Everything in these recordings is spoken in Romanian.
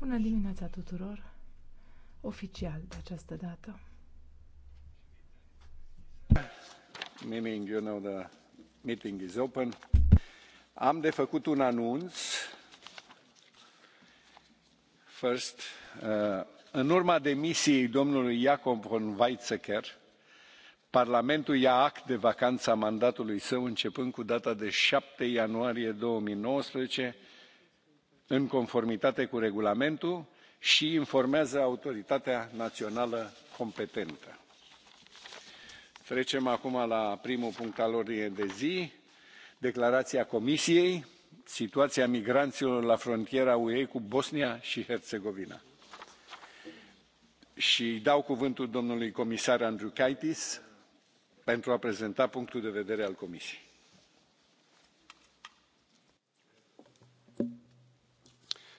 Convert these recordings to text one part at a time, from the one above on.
Bună dimineața tuturor, oficial de această dată. Meaning, you know, the meeting is open. Am de făcut un anunț. First, uh, în urma demisiei domnului Jacob von Weizsäcker, parlamentul ia act de vacanța mandatului său începând cu data de șapte ianuarie două mii nouăsprezece în conformitate cu regulamentul și informează autoritatea națională competentă. trecem acum la primul punct al ordinii de zi declarația comisiei situația migranților la frontiera ue cu bosnia și herțegovina și îi dau cuvântul domnului comisar andriukaitis pentru a prezenta punctul de vedere al comisiei.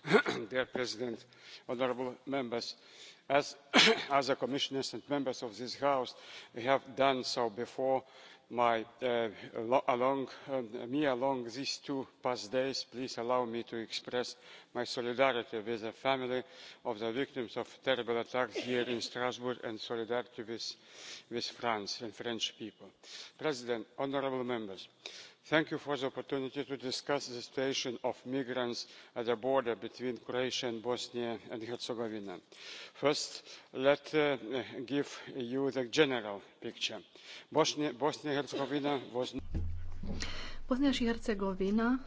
dear president honourable members as as other commissioners and members of this house have done so before my uh, along um, me along these two past days please allow me to express my solidarity with the family of the victims of terrible attacks here in strasbourg and solidarity with, with france and french people. president honorable members thank you for the opportunity to discuss the situation of migrants at the border between croatia and bosnia and herzegovina. first let me uh, give you the general picture. bosnia and herzegovina was Bosnia și Herțegovina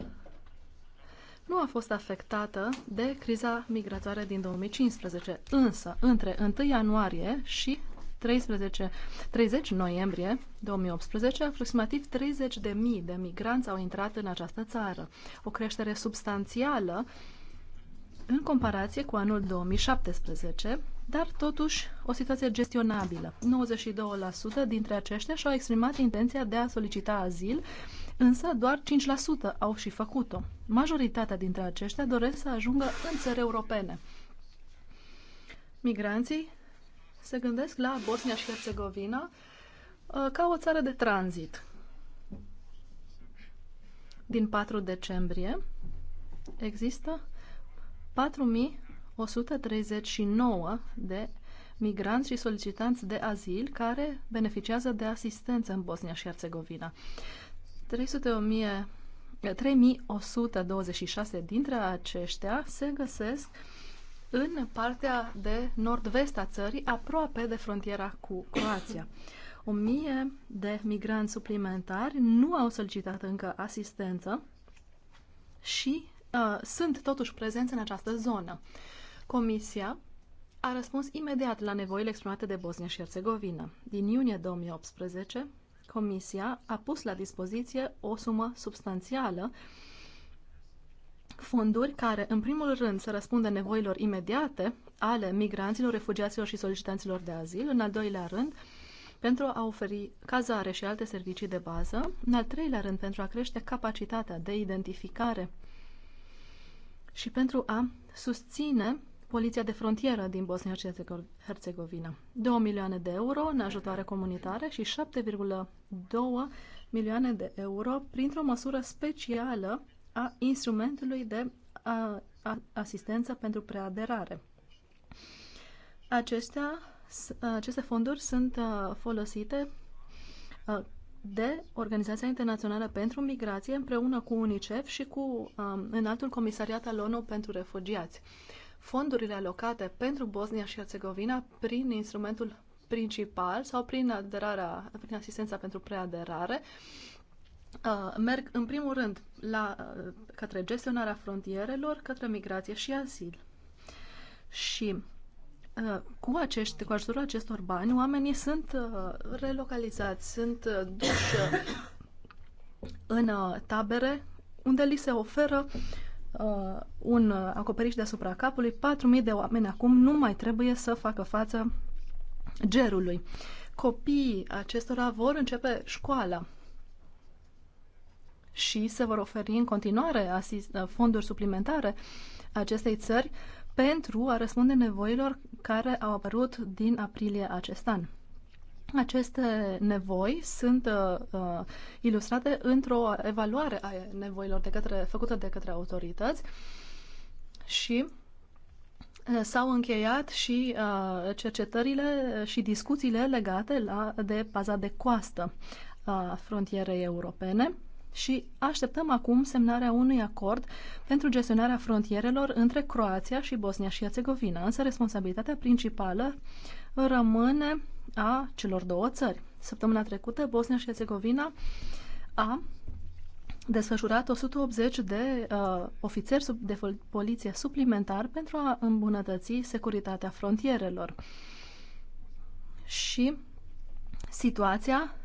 nu a fost afectată de criza migratoare din 2015, însă între 1 ianuarie și 13, 30 noiembrie 2018, aproximativ 30.000 de, mii de migranți au intrat în această țară, o creștere substanțială în comparație cu anul 2017, dar totuși o situație gestionabilă. 92% dintre aceștia și-au exprimat intenția de a solicita azil, însă doar 5% au și făcut-o. Majoritatea dintre aceștia doresc să ajungă în țări europene. Migranții se gândesc la Bosnia și Herțegovina uh, ca o țară de tranzit. Din 4 decembrie există 4139 de migranți și solicitanți de azil care beneficiază de asistență în Bosnia și Herțegovina. 3126 dintre aceștia se găsesc în partea de nord-vest a țării, aproape de frontiera cu Croația. O mie de migranți suplimentari nu au solicitat încă asistență și uh, sunt totuși prezenți în această zonă. Comisia a răspuns imediat la nevoile exprimate de Bosnia și Herțegovina. Din iunie 2018, Comisia a pus la dispoziție o sumă substanțială uh, fonduri care, în primul rând, să răspundă nevoilor imediate ale migranților, refugiaților și solicitanților de azil, în al doilea rând, pentru a oferi cazare și alte servicii de bază, în al treilea rând, pentru a crește capacitatea de identificare și pentru a susține Poliția de Frontieră din Bosnia herzegovina Herțegovina. 2 milioane de euro în ajutoare comunitare și 7,2 milioane de euro printr-o măsură specială a instrumentului de a, a, asistență pentru preaderare. Acestea, aceste fonduri sunt folosite de Organizația Internațională pentru Migrație împreună cu UNICEF și cu Înaltul Comisariat al ONU pentru Refugiați. Fondurile alocate pentru Bosnia și Herțegovina prin instrumentul principal sau prin, aderarea, prin asistența pentru preaderare merg în primul rând la, către gestionarea frontierelor, către migrație și asil. Și uh, cu, acești, cu ajutorul acestor bani, oamenii sunt uh, relocalizați, sunt uh, duși în tabere unde li se oferă uh, un acoperiș deasupra capului. 4.000 de oameni acum nu mai trebuie să facă față gerului. Copiii acestora vor începe școala și se vor oferi în continuare fonduri suplimentare acestei țări pentru a răspunde nevoilor care au apărut din aprilie acest an. Aceste nevoi sunt uh, uh, ilustrate într-o evaluare a nevoilor de către, făcută de către autorități și uh, s-au încheiat și uh, cercetările și discuțiile legate la, de paza de coastă a frontierei europene și așteptăm acum semnarea unui acord pentru gestionarea frontierelor între Croația și Bosnia și Herțegovina, însă responsabilitatea principală rămâne a celor două țări. Săptămâna trecută, Bosnia și Herțegovina a desfășurat 180 de uh, ofițeri sub, de poliție suplimentar pentru a îmbunătăți securitatea frontierelor. Și situația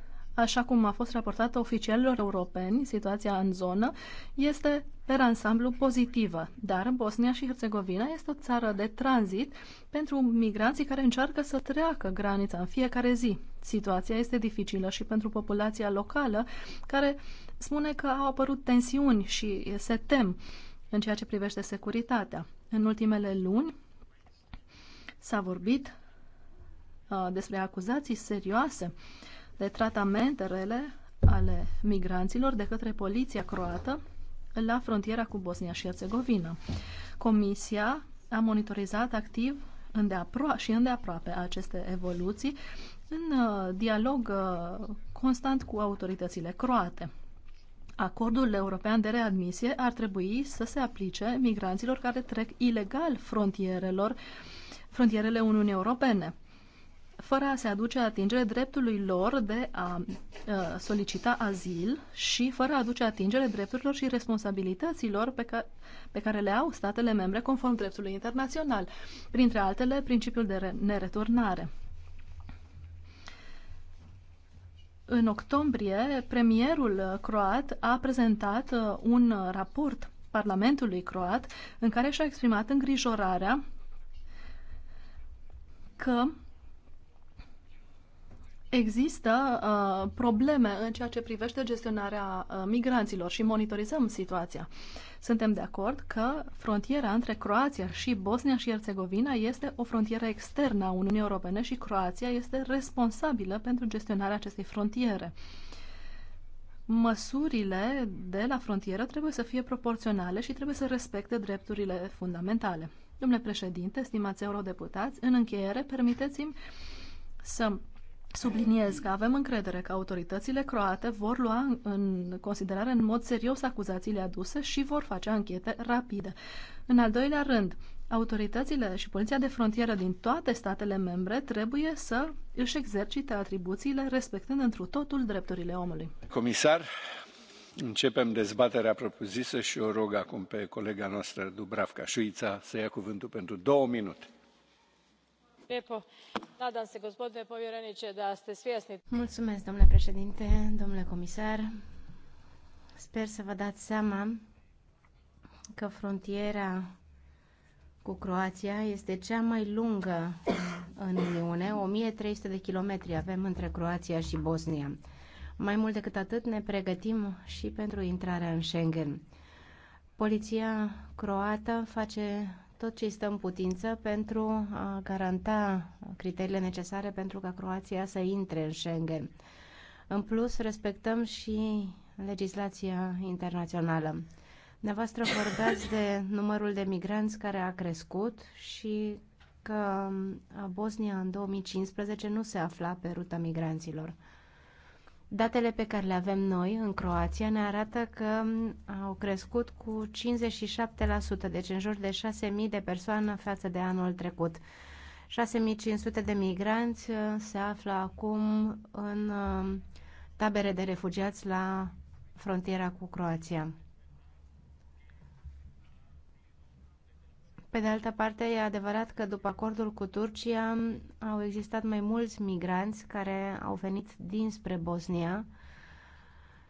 așa cum a fost raportată oficialilor europeni, situația în zonă este per ansamblu pozitivă, dar Bosnia și Herțegovina este o țară de tranzit pentru migranții care încearcă să treacă granița în fiecare zi. Situația este dificilă și pentru populația locală, care spune că au apărut tensiuni și se tem în ceea ce privește securitatea. În ultimele luni s-a vorbit uh, despre acuzații serioase uh, de tratamente rele ale migranților de către poliția croată la frontiera cu Bosnia și Herțegovina. Comisia a monitorizat activ îndeapro- și îndeaproape aceste evoluții în uh, dialog uh, constant cu autoritățile croate. Acordul european de readmisie ar trebui să se aplice migranților care trec ilegal frontierelor, frontierele Uniunii Europene fără a se aduce atingere dreptului lor de a uh, solicita azil și fără a aduce atingere drepturilor și responsabilităților pe, ca, pe care le au statele membre conform dreptului internațional, printre altele principiul de nereturnare. În octombrie, premierul croat a prezentat uh, un raport Parlamentului croat în care și-a exprimat îngrijorarea că Există uh, probleme în ceea ce privește gestionarea uh, migranților și monitorizăm situația. Suntem de acord că frontiera între Croația și Bosnia și Herțegovina este o frontieră externă a Uniunii Europene și Croația este responsabilă pentru gestionarea acestei frontiere. Măsurile de la frontieră trebuie să fie proporționale și trebuie să respecte drepturile fundamentale. Domnule președinte, stimați eurodeputați, în încheiere, permiteți-mi să Subliniez că avem încredere că autoritățile croate vor lua în considerare în mod serios acuzațiile aduse și vor face anchete rapide. În al doilea rând, autoritățile și Poliția de Frontieră din toate statele membre trebuie să își exercite atribuțiile respectând întru totul drepturile omului. Comisar, începem dezbaterea propriu și o rog acum pe colega noastră Dubravka Șuița să ia cuvântul pentru două minute. Da Mulțumesc, domnule președinte, domnule comisar. Sper să vă dați seama că frontiera cu Croația este cea mai lungă în Uniune, O mie trei sute de kilometri avem între Croația și Bosnia. Mai mult decât atât, ne pregătim și pentru intrarea în Schengen. Poliția croată face tot ce stă în putință pentru a garanta criteriile necesare pentru ca Croația să intre în Schengen. În plus, respectăm și legislația internațională. Nevastră vorbeați de numărul de migranți care a crescut și că Bosnia în 2015 nu se afla pe ruta migranților. Datele pe care le avem noi în Croația ne arată că mm, au crescut cu 57%, deci în jur de 6.000 de persoane față de anul trecut. 6.500 de migranți uh, se află acum în uh, tabere de refugiați la frontiera cu Croația. Pe de altă parte, e adevărat că după acordul cu Turcia au existat mai mulți migranți care au venit dinspre Bosnia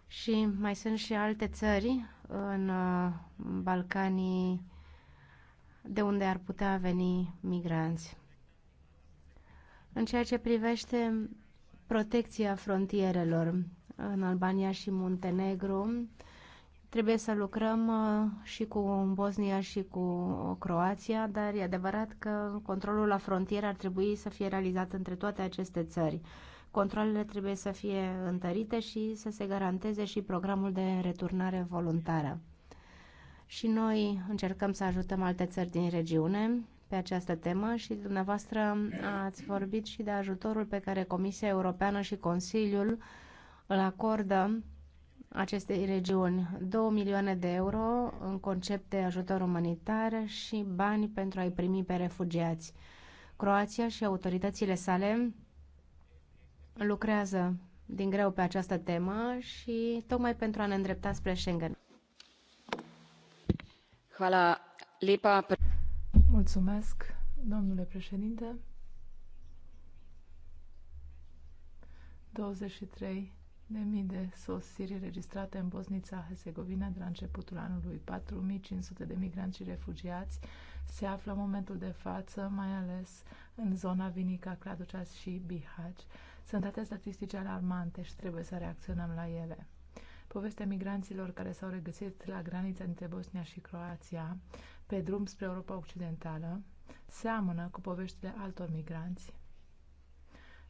și mai sunt și alte țări în uh, Balcanii de unde ar putea veni migranți. În ceea ce privește protecția frontierelor în Albania și Muntenegru, Trebuie să lucrăm uh, și cu Bosnia și cu Croația, dar e adevărat că controlul la frontieră ar trebui să fie realizat între toate aceste țări. Controlele trebuie să fie întărite și să se garanteze și programul de returnare voluntară. Și noi încercăm să ajutăm alte țări din regiune pe această temă și dumneavoastră ați vorbit și de ajutorul pe care Comisia Europeană și Consiliul îl acordă acestei regiuni. 2 milioane de euro în concept de ajutor umanitar și bani pentru a-i primi pe refugiați. Croația și autoritățile sale lucrează din greu pe această temă și tocmai pentru a ne îndrepta spre Schengen. Hvala Mulțumesc, domnule președinte. 23 de mii de sosiri registrate în Bosnia-Herzegovina de la începutul anului. 4.500 de migranți și refugiați se află în momentul de față, mai ales în zona Vinica, Claducea și Bihaci. Sunt date statistice alarmante și trebuie să reacționăm la ele. Povestea migranților care s-au regăsit la granița dintre Bosnia și Croația, pe drum spre Europa Occidentală, seamănă cu poveștile altor migranți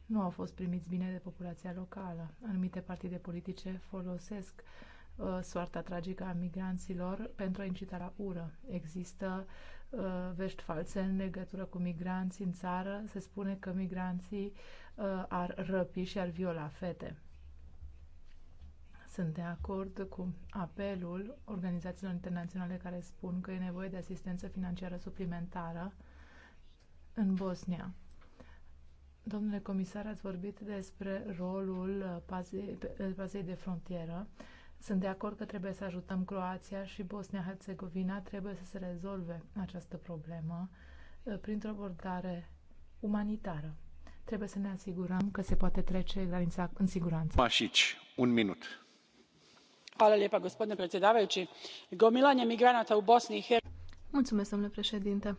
nu au fost primiți bine de populația locală. Anumite partide politice folosesc uh, soarta tragică a migranților pentru a incita la ură. Există uh, vești false în legătură cu migranții în țară. Se spune că migranții uh, ar răpi și ar viola fete. Sunt de acord cu apelul organizațiilor internaționale care spun că e nevoie de asistență financiară suplimentară în Bosnia Domnule comisar, ați vorbit despre rolul uh, pazei de frontieră. Sunt de acord că trebuie să ajutăm Croația și Bosnia-Herzegovina trebuie să se rezolve această problemă uh, printr-o abordare umanitară. Trebuie să ne asigurăm că se poate trece granița în siguranță. Mașici, un minut. Mulțumesc, domnule președinte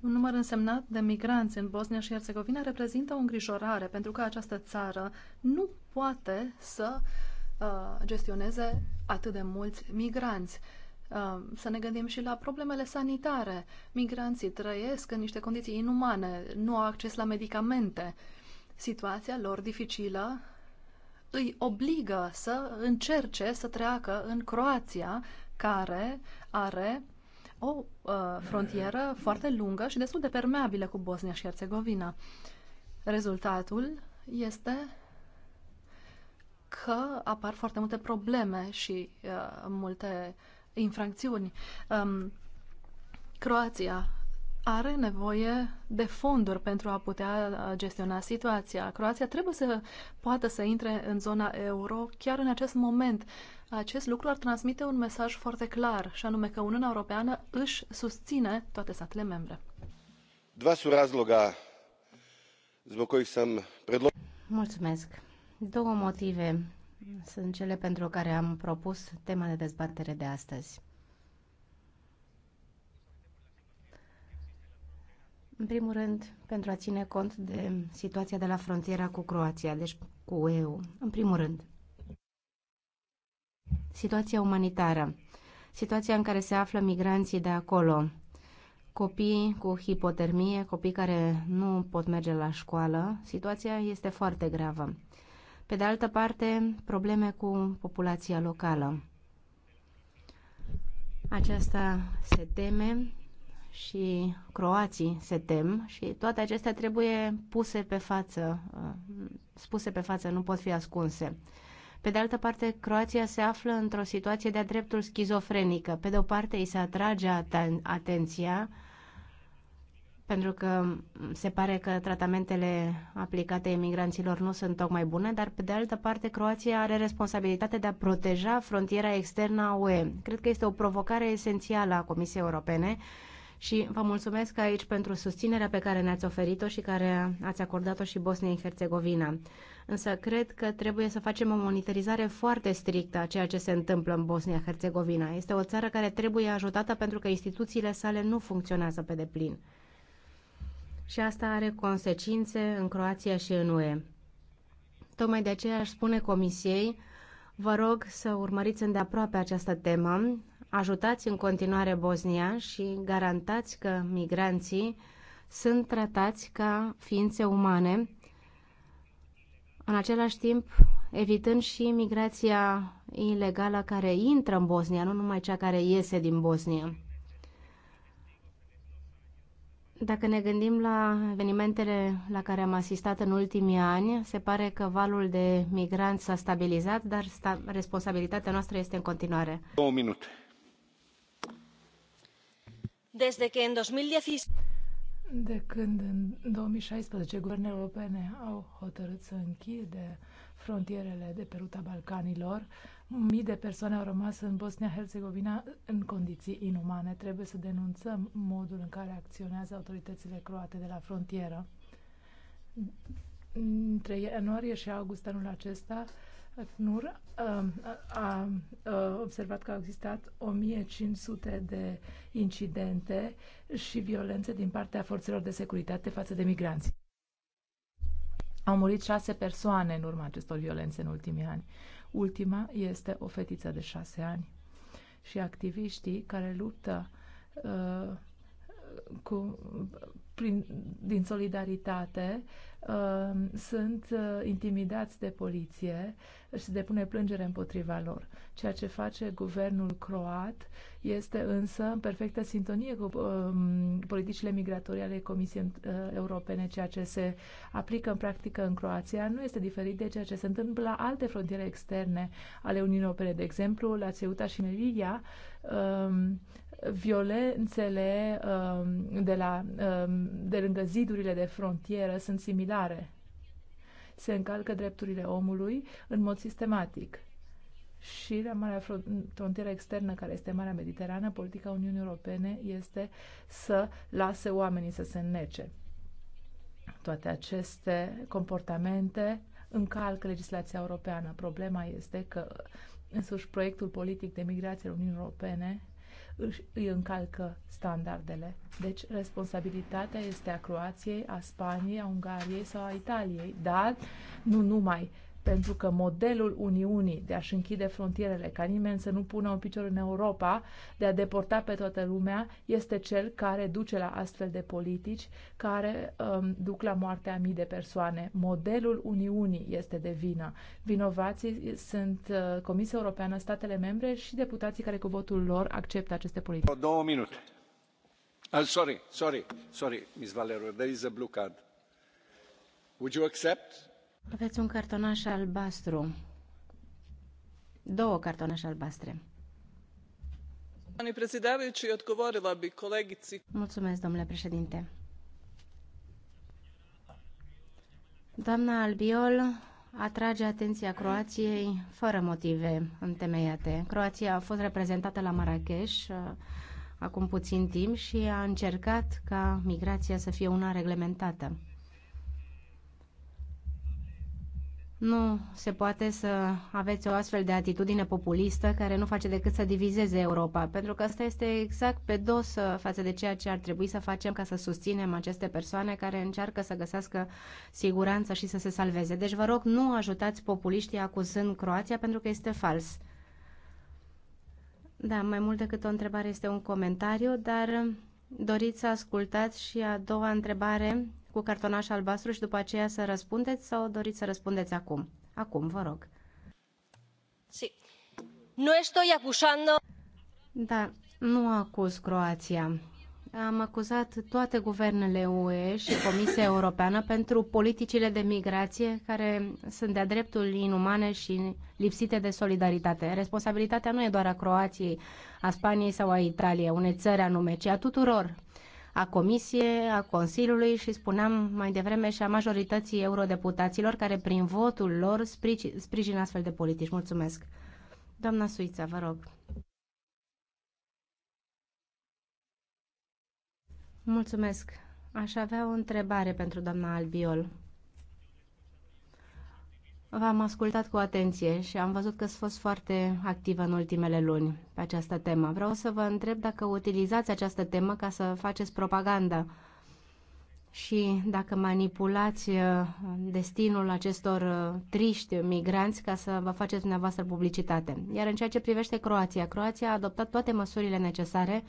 un număr însemnat de migranți în Bosnia și Herțegovina reprezintă o îngrijorare pentru că această țară nu poate să uh, gestioneze atât de mulți migranți. Uh, să ne gândim și la problemele sanitare. Migranții trăiesc în niște condiții inumane, nu au acces la medicamente. Situația lor dificilă îi obligă să încerce să treacă în Croația, care are o uh, frontieră foarte lungă și destul de permeabilă cu Bosnia și Herțegovina. Rezultatul este că apar foarte multe probleme și uh, multe infracțiuni. Um, Croația are nevoie de fonduri pentru a putea uh, gestiona situația. Croația trebuie să poată să intre în zona euro chiar în acest moment. Acest lucru ar transmite un mesaj foarte clar, și anume că Uniunea Europeană își susține toate statele membre. Dva su razloga zbog kojih sam Mulțumesc. Două motive sunt cele pentru care am propus tema de dezbatere de astăzi. În primul rând, pentru a ține cont de situația de la frontiera cu Croația, deci cu EU. În primul rând, situația umanitară, situația în care se află migranții de acolo, copii cu hipotermie, copii care nu pot merge la școală, situația este foarte gravă. Pe de altă parte, probleme cu populația locală. Aceasta se teme și croații se tem și toate acestea trebuie puse pe față, uh, spuse pe față, nu pot fi ascunse. Pe de altă parte, Croația se află într-o situație de-a dreptul schizofrenică. Pe de o parte, îi se atrage aten- atenția pentru că se pare că tratamentele aplicate emigranților nu sunt tocmai bune, dar pe de altă parte Croația are responsabilitatea de a proteja frontiera externă a UE. Cred că este o provocare esențială a Comisiei Europene și vă mulțumesc aici pentru susținerea pe care ne-ați oferit-o și care ați acordat-o și Bosniei-Herzegovina. Însă cred că trebuie să facem o monitorizare foarte strictă a ceea ce se întâmplă în Bosnia-Herzegovina. Este o țară care trebuie ajutată pentru că instituțiile sale nu funcționează pe deplin. Și asta are consecințe în Croația și în UE. Tocmai de aceea aș spune Comisiei Vă rog să urmăriți îndeaproape această temă ajutați în continuare Bosnia și garantați că migranții sunt tratați ca ființe umane, în același timp evitând și migrația ilegală care intră în Bosnia, nu numai cea care iese din Bosnia. Dacă ne gândim la evenimentele la care am asistat în ultimii ani, se pare că valul de migranți s-a stabilizat, dar sta- responsabilitatea noastră este în continuare. Două minute. Desde que en 2016... De când în 2016 guvernele europene au hotărât să închide frontierele de pe ruta Balcanilor, mii de persoane au rămas în Bosnia-Herzegovina în condiții inumane. Trebuie să denunțăm modul în care acționează autoritățile croate de la frontieră. Între ianuarie și august anul acesta, FNUR um, a observat că au existat 1500 de incidente și violențe din partea forțelor de securitate față de migranți. Au murit șase persoane în urma acestor violențe în ultimii ani. Ultima este o fetiță de șase ani. Și activiștii care luptă uh, cu prin, din solidaritate uh, sunt uh, intimidați de poliție și se depune plângere împotriva lor. Ceea ce face guvernul croat este însă în perfectă sintonie cu uh, politicile migratorii ale Comisiei uh, Europene. Ceea ce se aplică în practică în Croația nu este diferit de ceea ce se întâmplă la alte frontiere externe ale Uniunii Europene, de exemplu la Ceuta și Melilla um, violențele um, de, la, um, de lângă zidurile de frontieră sunt similare. Se încalcă drepturile omului în mod sistematic. Și la marea frontieră externă, care este Marea Mediterană, politica Uniunii Europene este să lase oamenii să se înnece. Toate aceste comportamente încalcă legislația europeană. Problema este că însuși proiectul politic de migrație al Uniunii Europene își, îi încalcă standardele. Deci responsabilitatea este a Croației, a Spaniei, a Ungariei sau a Italiei, dar nu numai pentru că modelul Uniunii de a-și închide frontierele, ca nimeni să nu pună un picior în Europa, de a deporta pe toată lumea, este cel care duce la astfel de politici care um, duc la moartea mii de persoane. Modelul Uniunii este de vină. Vinovații sunt uh, Comisia Europeană, statele membre și deputații care cu votul lor acceptă aceste politici. Oh, două minute. Uh, sorry, sorry, sorry, Ms. Valero, there is a blue card. Would you accept? Aveți un cartonaș albastru. Două cartonașe albastre. Mulțumesc, domnule președinte. Doamna Albiol atrage atenția Croației fără motive întemeiate. Croația a fost reprezentată la Marrakesh uh, acum puțin timp și a încercat ca migrația să fie una reglementată. Nu se poate să aveți o astfel de atitudine populistă care nu face decât să divizeze Europa, pentru că asta este exact pe dos uh, față de ceea ce ar trebui să facem ca să susținem aceste persoane care încearcă să găsească siguranță și să se salveze. Deci vă rog, nu ajutați populiștii acuzând Croația pentru că este fals. Da, mai mult decât o întrebare este un comentariu, dar doriți să ascultați și a doua întrebare cu cartonaș albastru și după aceea să răspundeți sau doriți să răspundeți acum? Acum, vă rog. Sí. Nu estoy acusando... Da, nu acuz Croația. Am acuzat toate guvernele UE și Comisia Europeană pentru politicile de migrație care sunt de-a dreptul inumane și lipsite de solidaritate. Responsabilitatea nu e doar a Croației, a Spaniei sau a Italiei, unei țări anume, ci a tuturor a Comisiei, a Consiliului și spuneam mai devreme și a majorității eurodeputaților care prin votul lor sprijină astfel de politici. Mulțumesc. Doamna Suița, vă rog. Mulțumesc. Aș avea o întrebare pentru doamna Albiol. V-am ascultat cu atenție și am văzut că ați fost foarte activă în ultimele luni pe această temă. Vreau să vă întreb dacă utilizați această temă ca să faceți propagandă și dacă manipulați uh, destinul acestor uh, triști migranți ca să vă faceți dumneavoastră publicitate. Iar în ceea ce privește Croația, Croația a adoptat toate măsurile necesare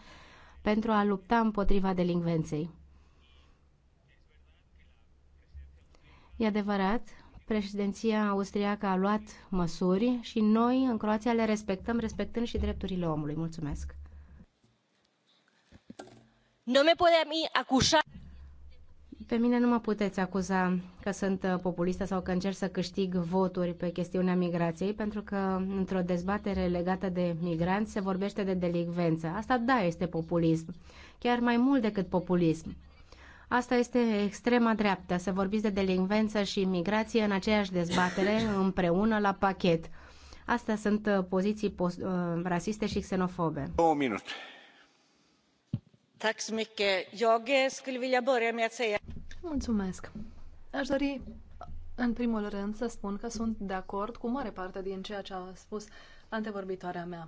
pentru a lupta împotriva delinvenței. E adevărat Președinția austriacă a luat măsuri și noi în Croația le respectăm, respectând și drepturile omului. Mulțumesc! Nu me putem acușa pe mine nu mă puteți acuza că sunt populistă sau că încerc să câștig voturi pe chestiunea migrației, pentru că într-o dezbatere legată de migranți se vorbește de delicvență. Asta, da, este populism. Chiar mai mult decât populism. Asta este extrema dreaptă, să vorbiți de delinvență și imigrație în aceeași dezbatere, împreună la pachet. Astea sunt uh, poziții post, uh, rasiste și xenofobe. Două minute. Eh, Mulțumesc. Aș dori, în primul rând, să spun că sunt de acord cu mare parte din ceea ce a spus antevorbitoarea mea. Uh,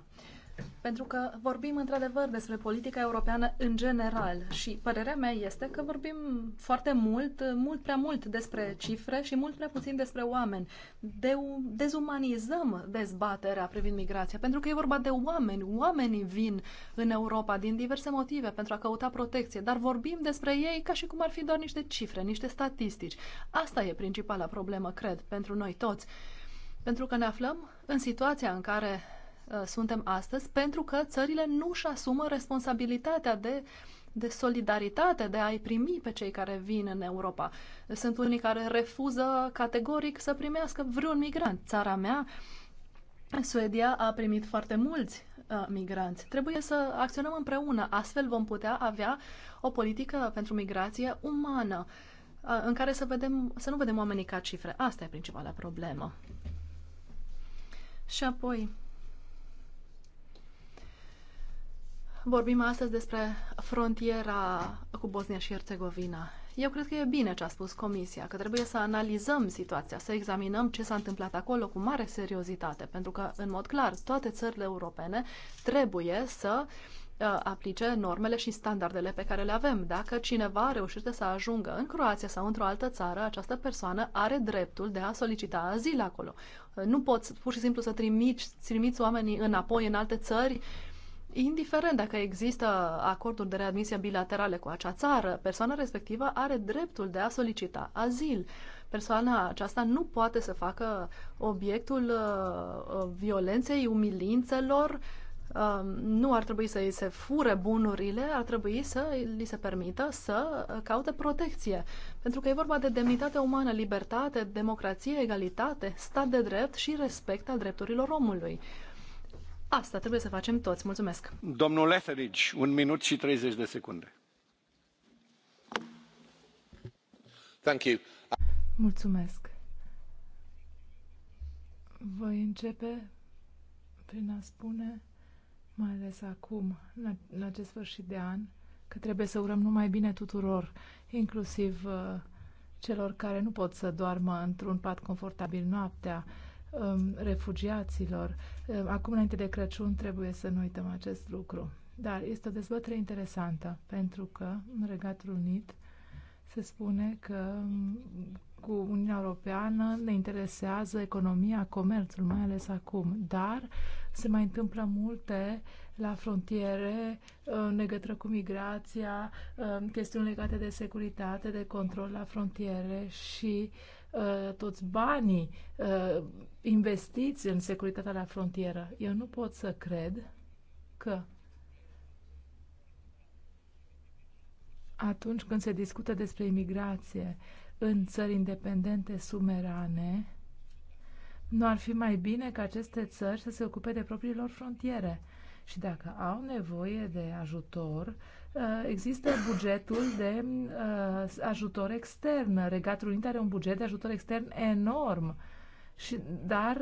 pentru că vorbim într-adevăr despre politica europeană în general și părerea mea este că vorbim foarte mult, mult prea mult despre cifre și mult prea puțin despre oameni. De, dezumanizăm dezbaterea privind migrația, pentru că e vorba de oameni. Oamenii vin în Europa din diverse motive pentru a căuta protecție, dar vorbim despre ei ca și cum ar fi doar niște cifre, niște statistici. Asta e principala problemă, cred, pentru noi toți. Pentru că ne aflăm în situația în care Uh, suntem astăzi, pentru că țările nu își asumă responsabilitatea de de solidaritate, de a-i primi pe cei care vin în Europa. Sunt unii care refuză categoric să primească vreun migrant. Țara mea, Suedia, a primit foarte mulți uh, migranți. Trebuie să acționăm împreună. Astfel vom putea avea o politică pentru migrație umană, uh, în care să, vedem, să nu vedem oamenii ca cifre. Asta e principala problemă. Și apoi, vorbim astăzi despre frontiera cu Bosnia și Herțegovina. Eu cred că e bine ce a spus Comisia, că trebuie să analizăm situația, să examinăm ce s-a întâmplat acolo cu mare seriozitate, pentru că, în mod clar, toate țările europene trebuie să uh, aplice normele și standardele pe care le avem. Dacă cineva reușește să ajungă în Croația sau într-o altă țară, această persoană are dreptul de a solicita azil acolo. Uh, nu poți pur și simplu să trimiți, trimiți oamenii înapoi în alte țări uh, indiferent dacă există acorduri de readmisie bilaterale cu acea țară, persoana respectivă are dreptul de a solicita azil. Persoana aceasta nu poate să facă obiectul uh, uh, violenței, umilințelor, um, nu ar trebui să îi se fure bunurile, ar trebui să li se permită să uh, caute protecție. Pentru că e vorba de demnitate umană, libertate, democrație, egalitate, stat de drept și respect al drepturilor omului. Asta trebuie să facem toți. Mulțumesc. Domnul Etheridge, un minut și 30 de secunde. Thank you. Mulțumesc. Voi începe prin a spune, mai ales acum, în acest sfârșit de an, că trebuie să urăm numai bine tuturor, inclusiv uh, celor care nu pot să doarmă într-un pat confortabil noaptea, um, refugiaților, Ehm, acum, înainte de Crăciun, trebuie să nu uităm acest lucru. Dar este o dezbatere interesantă, pentru că în Regatul Unit se spune că mm, cu Uniunea Europeană ne interesează economia, comerțul, mai ales acum. Dar se mai întâmplă multe la frontiere în legătură cu migrația, ehm, chestiuni legate de securitate, de control la frontiere și uh, Uh, toți banii uh, investiți în securitatea la frontieră. Eu nu pot să cred că atunci când se discută despre imigrație în țări independente sumerane, nu ar fi mai bine ca aceste țări să se ocupe de propriilor frontiere. Și dacă au nevoie de ajutor, Uh, există bugetul de uh, ajutor extern. Regatul Unit are un buget de ajutor extern enorm, și, dar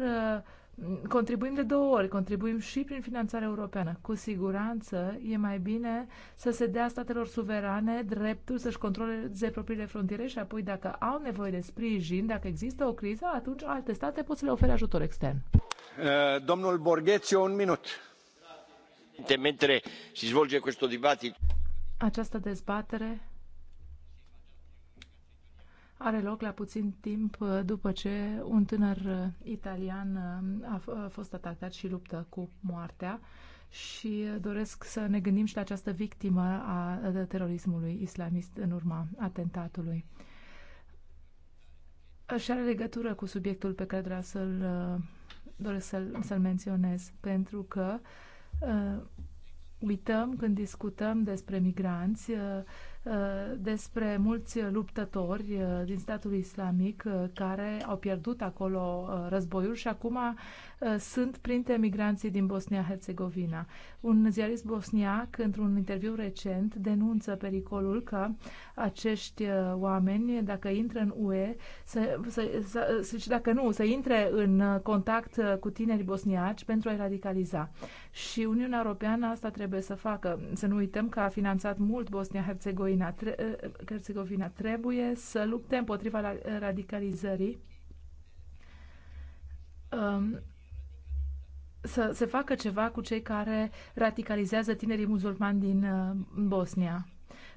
uh, contribuim de două ori, contribuim și prin finanțarea europeană. Cu siguranță e mai bine să se dea statelor suverane dreptul să-și controleze propriile frontiere și apoi dacă au nevoie de sprijin, dacă există o criză, atunci alte state pot să le ofere ajutor extern. Domnul Borghețiu, un minut. Mentre si svolge questo dibattito această dezbatere are loc la puțin timp uh, după ce un tânăr uh, italian uh, a fost atacat și luptă cu moartea și doresc să ne gândim și la această victimă a terorismului islamist în urma atentatului. Și are legătură cu subiectul pe care vreau să-l doresc să-l, să, să -l menționez, pentru că uităm când discutăm despre migranți, uh, uh, despre mulți luptători uh, din statul islamic care au pierdut acolo războiul și acum Uh, sunt printre migranții din Bosnia-Herzegovina. Un ziarist bosniac, într-un interviu recent, denunță pericolul că acești uh, oameni, dacă intră în UE, să, să, să, să, și dacă nu, să intre în uh, contact cu tineri bosniaci pentru a-i radicaliza. Și Uniunea Europeană asta trebuie să facă. Să nu uităm că a finanțat mult Bosnia-Herzegovina. Tre- trebuie să lupte împotriva radicalizării. Um, să se facă ceva cu cei care radicalizează tinerii musulmani din uh, Bosnia.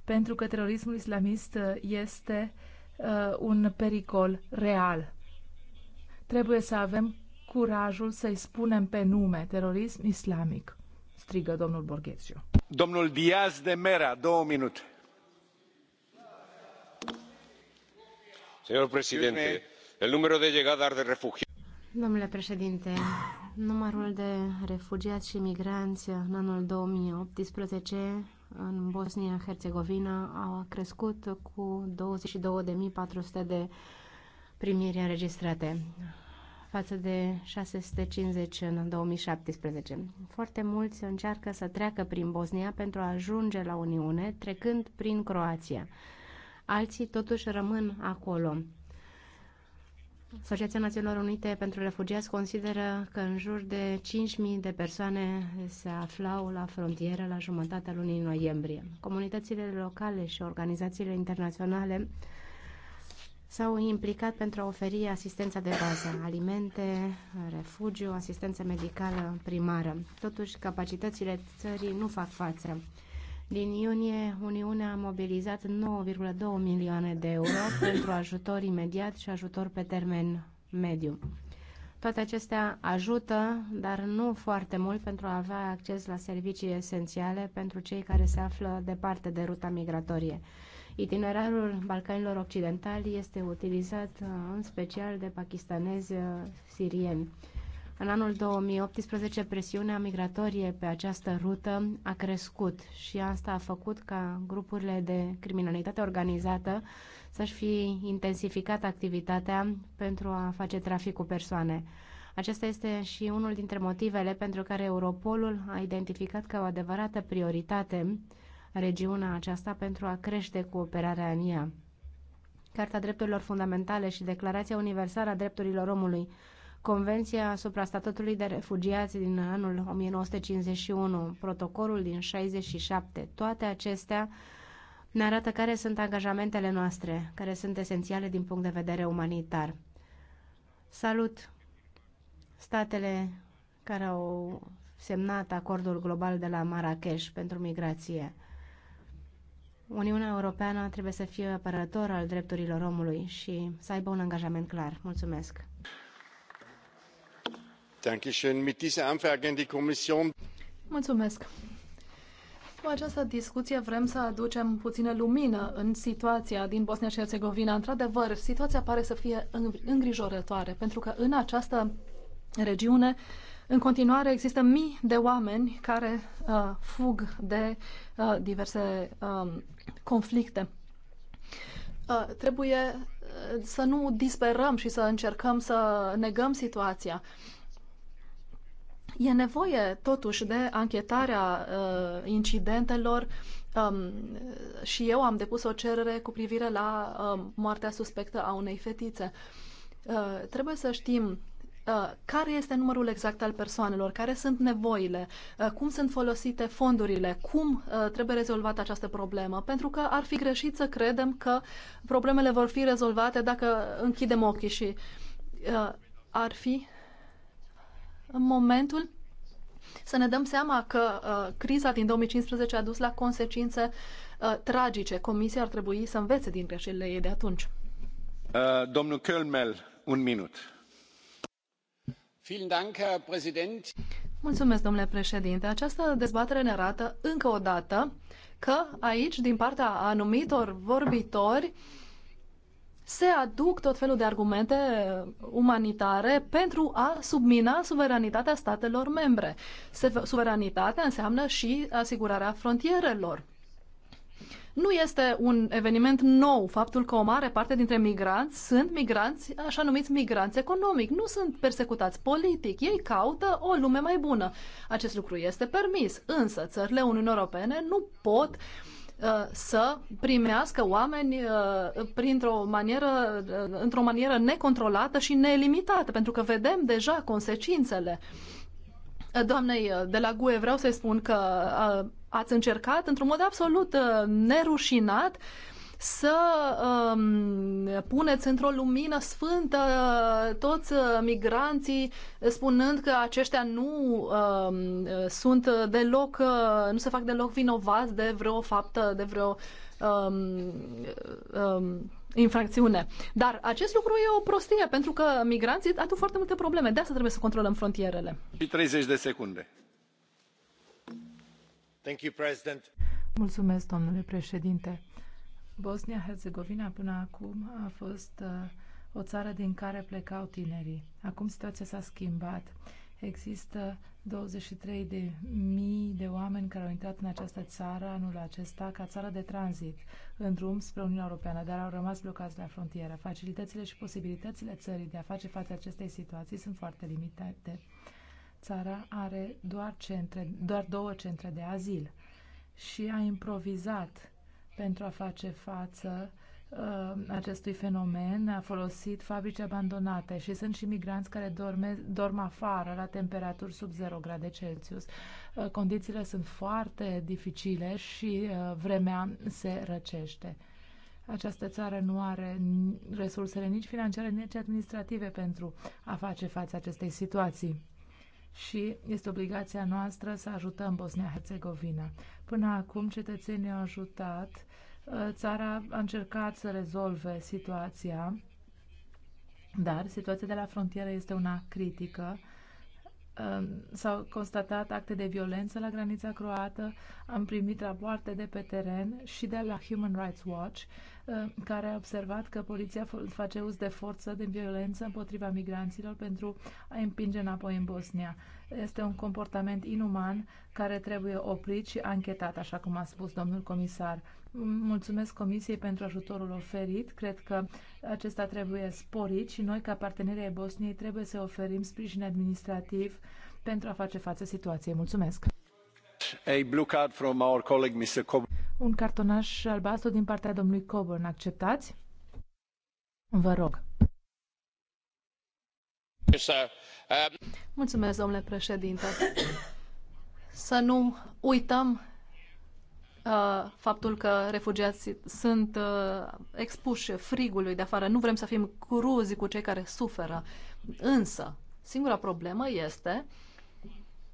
Pentru că terorismul islamist uh, este uh, un pericol real. Trebuie să avem curajul să-i spunem pe nume terorism islamic, strigă domnul Borghețiu. Domnul Diaz de Mera, două minute. Señor presidente, el número de llegadas de refugiados. Domnule președinte, numărul de refugiați și migranți în anul 2018 în Bosnia-Herzegovina a crescut cu 22.400 de primiri înregistrate față de 650 în 2017. Foarte mulți încearcă să treacă prin Bosnia pentru a ajunge la Uniune, trecând prin Croația. Alții totuși rămân acolo Asociația Națiunilor Unite pentru Refugiați consideră că în jur de 5.000 de persoane se aflau la frontieră la jumătatea lunii noiembrie. Comunitățile locale și organizațiile internaționale s-au implicat pentru a oferi asistența de bază, alimente, refugiu, asistență medicală primară. Totuși, capacitățile țării nu fac față. Din iunie, Uniunea a mobilizat 9,2 milioane de euro pentru ajutor imediat și ajutor pe termen mediu. Toate acestea ajută, dar nu foarte mult pentru a avea acces la servicii esențiale pentru cei care se află departe de ruta migratorie. Itinerarul Balcanilor Occidentali este utilizat în special de pakistanezi sirieni. În anul 2018, presiunea migratorie pe această rută a crescut și asta a făcut ca grupurile de criminalitate organizată să-și fi intensificat activitatea pentru a face trafic cu persoane. Acesta este și unul dintre motivele pentru care Europolul a identificat ca o adevărată prioritate regiunea aceasta pentru a crește cooperarea în ea. Carta Drepturilor Fundamentale și Declarația Universală a Drepturilor Omului Convenția asupra statutului de refugiați din anul 1951, protocolul din 67, toate acestea ne arată care sunt angajamentele noastre, care sunt esențiale din punct de vedere umanitar. Salut statele care au semnat acordul global de la Marrakesh pentru migrație. Uniunea Europeană trebuie să fie apărător al drepturilor omului și să aibă un angajament clar. Mulțumesc! Mulțumesc. Cu această discuție vrem să aducem puțină lumină în situația din Bosnia și Herțegovina. Într-adevăr, situația pare să fie îngrijorătoare, pentru că în această regiune în continuare există mii de oameni care uh, fug de uh, diverse uh, conflicte. Uh, trebuie uh, să nu disperăm și să încercăm să negăm situația. Uh, E nevoie totuși de anchetarea uh, incidentelor um, și eu am depus o cerere cu privire la um, moartea suspectă a unei fetițe. Uh, trebuie să știm uh, care este numărul exact al persoanelor, care sunt nevoile, uh, cum sunt folosite fondurile, cum uh, trebuie rezolvată această problemă, pentru că ar fi greșit să credem că problemele vor fi rezolvate dacă închidem ochii și uh, ar fi momentul să ne dăm seama că uh, criza din 2015 a dus la consecințe uh, tragice. Comisia ar trebui să învețe din greșelile ei de atunci. Uh, domnul Kölmel, un minut. Mulțumesc, domnule președinte. Această dezbatere ne arată încă o dată că aici, din partea anumitor vorbitori, uh, se aduc tot felul de argumente uh, umanitare pentru a submina suveranitatea statelor membre. Suveranitatea înseamnă și asigurarea frontierelor. Nu este un eveniment nou faptul că o mare parte dintre migranți sunt migranți, așa numiți migranți economic, nu sunt persecutați politic, ei caută o lume mai bună. Acest lucru este permis, însă țările Uniunii Europene nu pot uh, Uh, să primească oameni uh, printr-o manieră, uh, într-o manieră necontrolată și nelimitată, pentru că vedem deja consecințele. Doamnei de la GUE vreau să-i spun că ați încercat într-un mod absolut nerușinat să um, puneți într-o lumină sfântă uh, toți uh, migranții, spunând că aceștia nu um, sunt deloc, uh, nu se fac deloc vinovați de vreo faptă, de vreo um, um, infracțiune. Dar acest lucru e o prostie, pentru că migranții aduc foarte multe probleme. De asta trebuie să controlăm frontierele. Și 30 de secunde. Thank you, President. Mulțumesc, domnule președinte. Bosnia-Herzegovina până acum a fost uh, o țară din care plecau tinerii. Acum situația s-a schimbat. Există 23 de, mii de oameni care au intrat în această țară anul acesta ca țară de tranzit în drum spre Uniunea Europeană, dar au rămas blocați la frontieră. Facilitățile și posibilitățile țării de a face față acestei situații sunt foarte limitate. Țara are doar, centre, doar două centre de azil și a improvizat pentru a face față uh, acestui fenomen a folosit fabrici abandonate și sunt și migranți care dorme, dorm afară la temperaturi sub 0 grade Celsius. Uh, condițiile sunt foarte dificile și uh, vremea se răcește. Această țară nu are resursele nici financiare, nici administrative pentru a face față acestei situații și este obligația noastră să ajutăm Bosnia-Herzegovina. Până acum, cetățenii au ajutat, uh, țara a încercat să rezolve situația, dar situația de la frontieră este una critică. Uh, s-au constatat acte de violență la granița croată, am primit rapoarte de pe teren și de la Human Rights Watch Uh, care a observat că poliția face uz de forță, de violență împotriva migranților pentru a împinge înapoi în Bosnia. Este un comportament inuman care trebuie oprit și anchetat, așa cum a spus domnul comisar. Mulțumesc Comisiei pentru ajutorul oferit. Cred că acesta trebuie sporit și noi, ca partenerii Bosniei, trebuie să oferim sprijin administrativ pentru a face față situației. Mulțumesc! A blue card from our colleague, Mr un cartonaș albastru din partea domnului Coburn. Acceptați? Vă rog. Mulțumesc, domnule președinte. Să nu uităm uh, faptul că refugiații sunt uh, expuși frigului de afară. Nu vrem să fim cruzi cu cei care suferă. Însă, singura problemă este uh,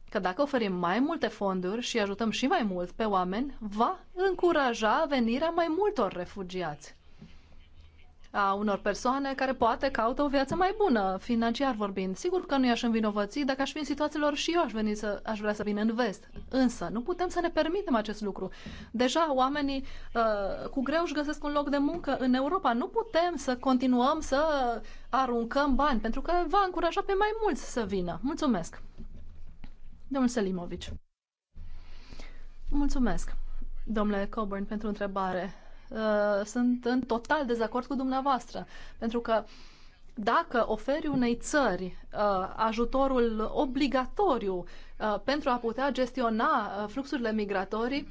că dacă oferim mai multe fonduri și ajutăm și mai mult pe oameni, va încuraja venirea mai multor refugiați a unor persoane care poate caută o viață mai bună, financiar vorbind. Sigur că nu i-aș învinovăți, dacă aș fi în situațiilor și eu aș, veni să, aș vrea să vin în vest. Însă, nu putem să ne permitem acest lucru. Deja oamenii uh, cu greu își găsesc un loc de muncă în Europa. Nu putem să continuăm să aruncăm bani, pentru că va încuraja pe mai mulți să vină. Mulțumesc! Domnul Selimovic. Mulțumesc, domnule Coburn, pentru întrebare. Uh, sunt în total dezacord cu dumneavoastră, pentru că dacă oferi unei țări uh, ajutorul obligatoriu uh, pentru a putea gestiona fluxurile migratorii,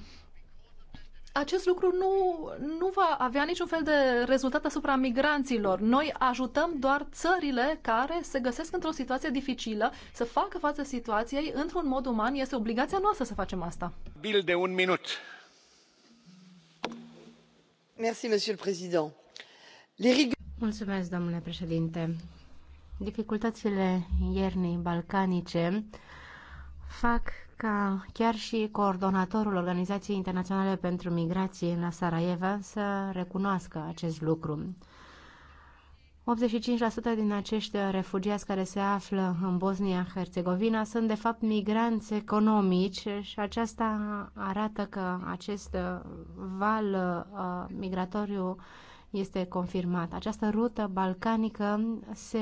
acest lucru nu, nu va avea niciun fel de rezultat asupra migranților. Noi ajutăm doar țările care se găsesc într-o situație dificilă să facă față situației într-un mod uman. Este obligația noastră să facem asta. Bill de un minut. Merci, monsieur le président. Les Mulțumesc, domnule președinte. Dificultățile iernii balcanice fac ca chiar și coordonatorul Organizației Internaționale pentru Migrație la Sarajevo să recunoască acest lucru. 85% din acești refugiați care se află în Bosnia-Herzegovina sunt de fapt migranți economici și aceasta arată că acest val uh, migratoriu este confirmat. Această rută balcanică se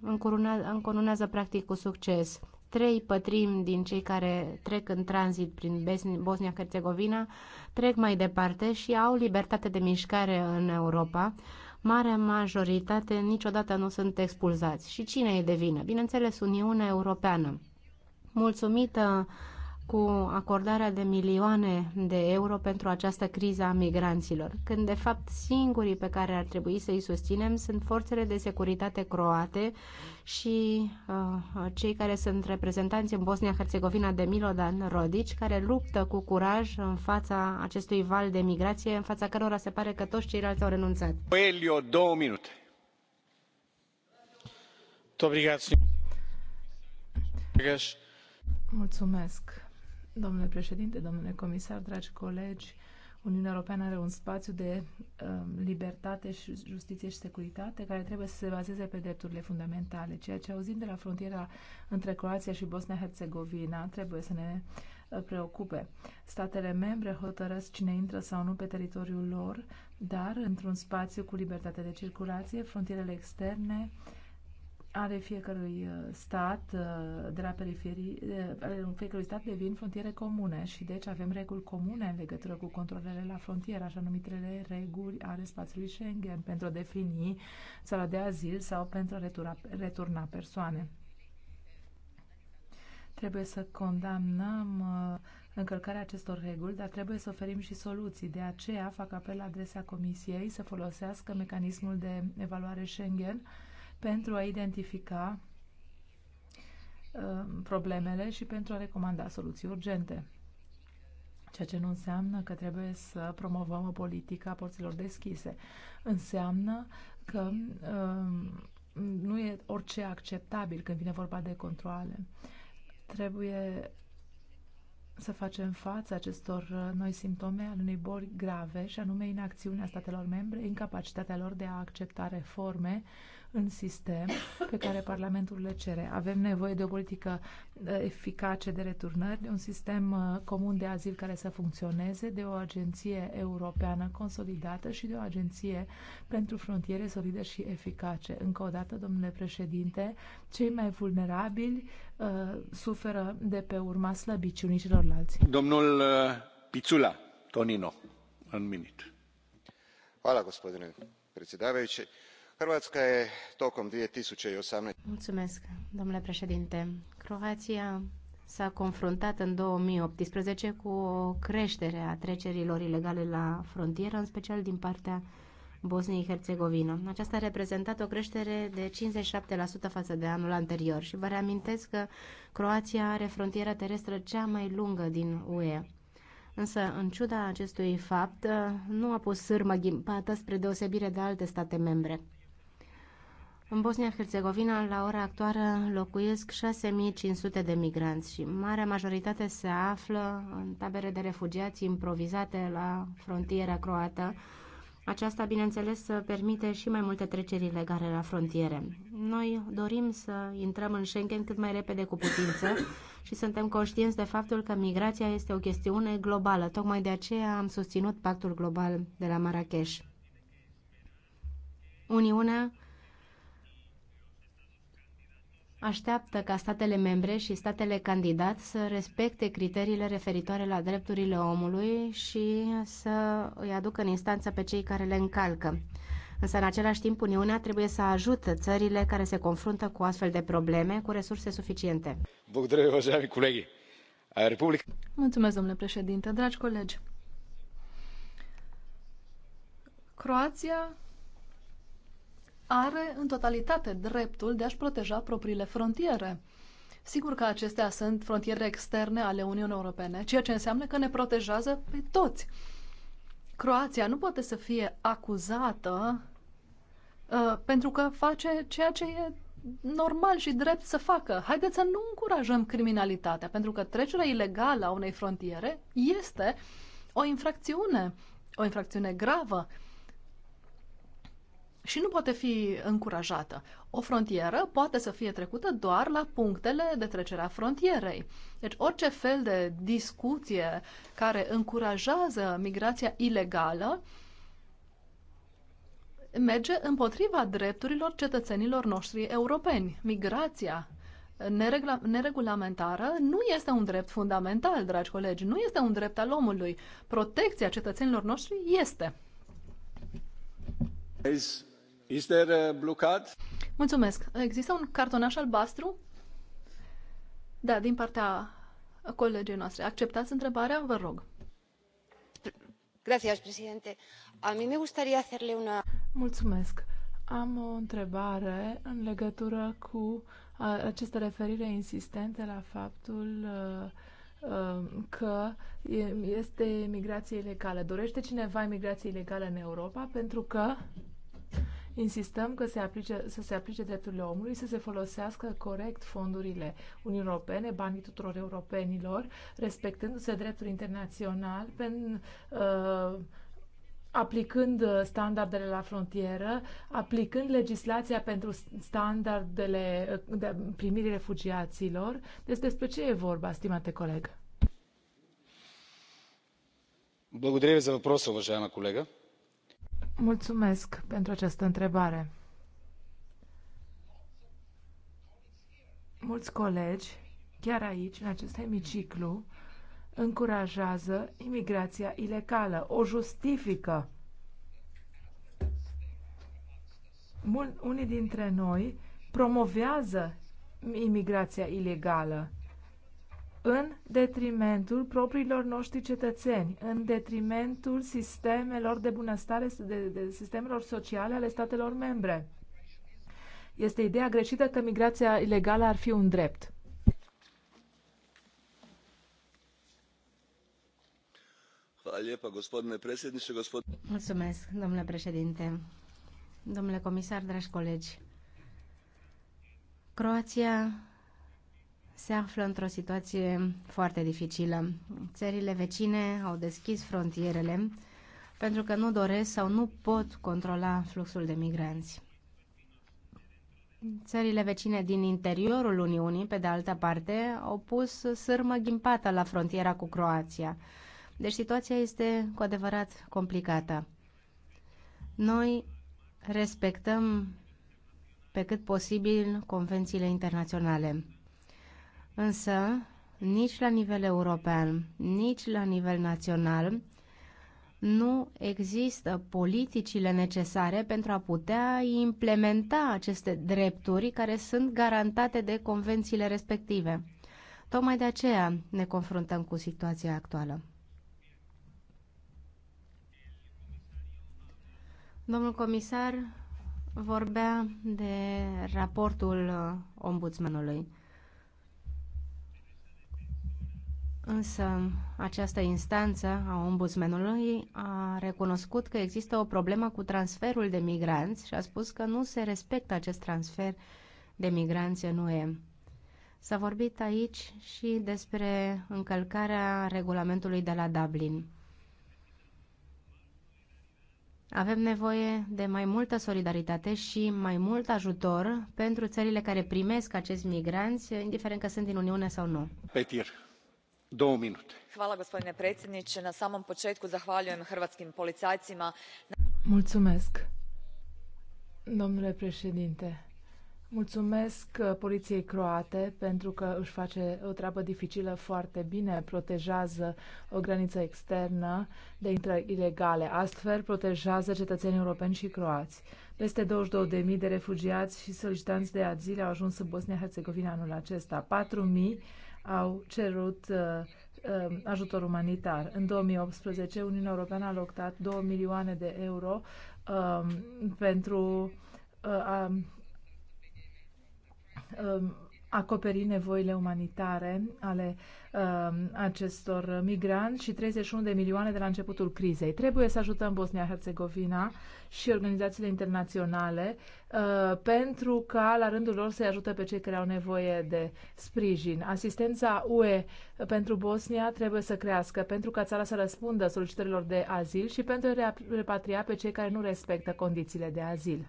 încurunează, încurunează practic cu succes trei pătrimi din cei care trec în tranzit prin Bosnia-Herzegovina trec mai departe și au libertate de mișcare în Europa. Marea majoritate niciodată nu sunt expulzați. Și cine e de vină? Bineînțeles, Uniunea Europeană. Mulțumită cu acordarea de milioane de euro pentru această criză a migranților, când de fapt singurii pe care ar trebui să i susținem sunt forțele de securitate croate și uh, cei care sunt reprezentanți în Bosnia-Herzegovina de Milodan Rodic, care luptă cu curaj în fața acestui val de migrație, în fața cărora se pare că toți ceilalți au renunțat. Elio, două minute. Mulțumesc. Domnule președinte, domnule comisar, dragi colegi, Uniunea Europeană are un spațiu de um, libertate și justiție și securitate care trebuie să se bazeze pe drepturile fundamentale. Ceea ce auzim de la frontiera între Croația și Bosnia-Herzegovina trebuie să ne uh, preocupe. Statele membre hotărăsc cine intră sau nu pe teritoriul lor, dar într-un spațiu cu libertate de circulație, frontierele externe uh, ale fiecărui uh, stat uh, de la periferie, uh, în fiecărui stat devin frontiere comune și deci avem reguli comune în legătură cu controlele la frontieră, așa numitele reguli ale spațiului Schengen pentru a defini țara de azil sau pentru a retura, returna persoane. Trebuie să condamnăm încălcarea acestor reguli, dar trebuie să oferim și soluții. De aceea fac apel la adresa Comisiei să folosească mecanismul de evaluare Schengen pentru a identifica uh, problemele și pentru a recomanda soluții urgente. Ceea ce nu înseamnă că trebuie să promovăm o politică a porților deschise. Înseamnă că uh, nu e orice acceptabil când vine vorba de controle. Trebuie să facem față acestor uh, noi simptome al unei boli grave, și anume inacțiunea statelor membre, incapacitatea lor de a accepta reforme în sistem pe care Parlamentul le cere. Avem nevoie de o politică uh, eficace de returnări, de un sistem uh, comun de azil care să funcționeze, de o agenție europeană consolidată și de o agenție pentru frontiere solide și eficace. Încă o dată, domnule președinte, cei mai vulnerabili uh, suferă de pe urma slăbiciunii celorlalți. Domnul uh, Pițula, Tonino, un minut. Hvala, gospodine predsjedavajući Hrvatska je tokom 2018... Mulțumesc, domnule președinte. Croația s-a confruntat în 2018 cu o creștere a trecerilor ilegale la frontieră, în special din partea bosniei herțegovina Aceasta a reprezentat o creștere de 57% față de anul anterior și vă reamintesc că Croația are frontiera terestră cea mai lungă din UE. Însă, în ciuda acestui fapt, nu a pus sârmă ghimpată spre deosebire de alte state membre. În Bosnia-Herzegovina, la ora actuală, locuiesc 6500 de migranți și marea majoritate se află în tabere de refugiați improvizate la frontiera croată. Aceasta, bineînțeles, permite și mai multe treceri ilegale la frontiere. Noi dorim să intrăm în Schengen cât mai repede cu putință și suntem conștienți de faptul că migrația este o chestiune globală. Tocmai de aceea am susținut pactul global de la Marrakesh. Uniunea așteaptă ca statele membre și statele candidat să respecte criteriile referitoare la drepturile omului și să îi aducă în instanță pe cei care le încalcă. Însă, în același timp, Uniunea trebuie să ajute țările care se confruntă cu astfel de probleme cu resurse suficiente. Mulțumesc, domnule președinte, dragi colegi. Croația are în totalitate dreptul de a-și proteja propriile frontiere. Sigur că acestea sunt frontiere externe ale Uniunii Europene, ceea ce înseamnă că ne protejează pe toți. Croația nu poate să fie acuzată uh, pentru că face ceea ce e normal și drept să facă. Haideți să nu încurajăm criminalitatea, pentru că trecerea ilegală a unei frontiere este o infracțiune, o infracțiune gravă și nu poate fi încurajată. O frontieră poate să fie trecută doar la punctele de trecere a frontierei. Deci orice fel de discuție care încurajează migrația ilegală merge împotriva drepturilor cetățenilor noștri europeni. Migrația neregla- neregulamentară nu este un drept fundamental, dragi colegi, nu este un drept al omului. Protecția cetățenilor noștri este. Is there blue card? Mulțumesc. Există un cartonaș albastru? Da, din partea colegii noastre. Acceptați întrebarea? Vă rog. Gracias, presidente. A mí me gustaría hacerle una... Mulțumesc. Am o întrebare în legătură cu această referire insistente la faptul că este migrație ilegală. Dorește cineva migrație ilegală în Europa pentru că Insistăm că se aplice, să se aplice drepturile omului, să se folosească corect fondurile Uniunii Europene, banii tuturor europenilor, respectându-se dreptul internațional, pen, uh, aplicând standardele la frontieră, aplicând legislația pentru standardele uh, de primirii refugiaților. Deci despre ce e vorba, stimate coleg? Благодаря ви за въпроса, уважаема колега. Mulțumesc pentru această întrebare. Mulți colegi, chiar aici, în acest hemiciclu, încurajează imigrația ilegală, o justifică. Mul- unii dintre noi promovează imigrația ilegală în detrimentul propriilor noștri cetățeni, în detrimentul sistemelor de bunăstare, de, de sistemelor sociale ale statelor membre. Este ideea greșită că migrația ilegală ar fi un drept. Mulțumesc, domnule președinte. Domnule comisar, dragi colegi, Croația se află într-o situație foarte dificilă. Țările vecine au deschis frontierele pentru că nu doresc sau nu pot controla fluxul de migranți. Țările vecine din interiorul Uniunii, pe de altă parte, au pus sârmă ghimpată la frontiera cu Croația. Deci situația este cu adevărat complicată. Noi respectăm pe cât posibil convențiile internaționale. Însă, nici la nivel european, nici la nivel național, nu există politicile necesare pentru a putea implementa aceste drepturi care sunt garantate de convențiile respective. Tocmai de aceea ne confruntăm cu situația actuală. Domnul comisar vorbea de raportul uh, ombudsmanului. Însă această instanță a ombudsmanului a recunoscut că există o problemă cu transferul de migranți și a spus că nu se respectă acest transfer de migranți în UE. S-a vorbit aici și despre încălcarea regulamentului de la Dublin. Avem nevoie de mai multă solidaritate și mai mult ajutor pentru țările care primesc acești migranți, indiferent că sunt din Uniune sau nu. Petir gospodine predsjednie na samom poetku zahvaljujem hrvatskim policajcima. domnule președinte mulțumesc poliției croate pentru că își face o treabă dificilă foarte bine protejează o graniță externă de intrări ilegale astfel protejează cetățenii europeni și croați. Peste 22.000 de refugiați și solicitanți de azil au ajuns în Bosnia-Herzegovina anul acesta. Patru 4.000 au cerut uh, uh, ajutor umanitar. În 2018, Uniunea Europeană a alocat 2 milioane de euro um, pentru uh, a, a, um, a acoperi nevoile umanitare ale uh, acestor migranți și 31 de milioane de la începutul crizei. Trebuie să ajutăm Bosnia-Herzegovina și organizațiile internaționale uh, pentru ca la rândul lor să-i ajute pe cei care au nevoie de sprijin. Asistența UE pentru Bosnia trebuie să crească pentru ca țara să răspundă solicitărilor de azil și pentru a repatria pe cei care nu respectă condițiile de azil.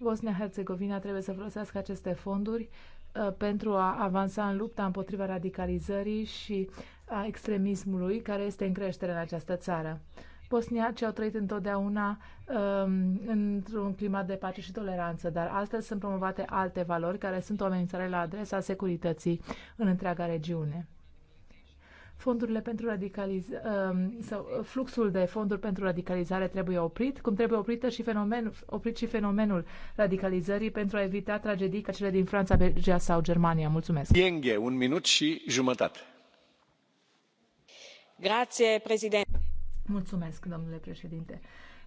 Bosnia-Herzegovina trebuie să folosească aceste fonduri uh, pentru a avansa în lupta împotriva radicalizării și a extremismului care este în creștere în această țară. Bosniacii au trăit întotdeauna um, într-un climat de pace și toleranță, dar astăzi sunt promovate alte valori care sunt o amenințare la adresa securității în întreaga regiune fondurile pentru radicalizare um, sau uh, fluxul de fonduri pentru radicalizare trebuie oprit, cum trebuie oprită și fenomenul, oprit și fenomenul radicalizării pentru a evita tragedii ca cele din Franța, Belgia sau Germania. Mulțumesc. Ienghe, un minut și jumătate. Grazie, președinte. Mulțumesc, domnule președinte.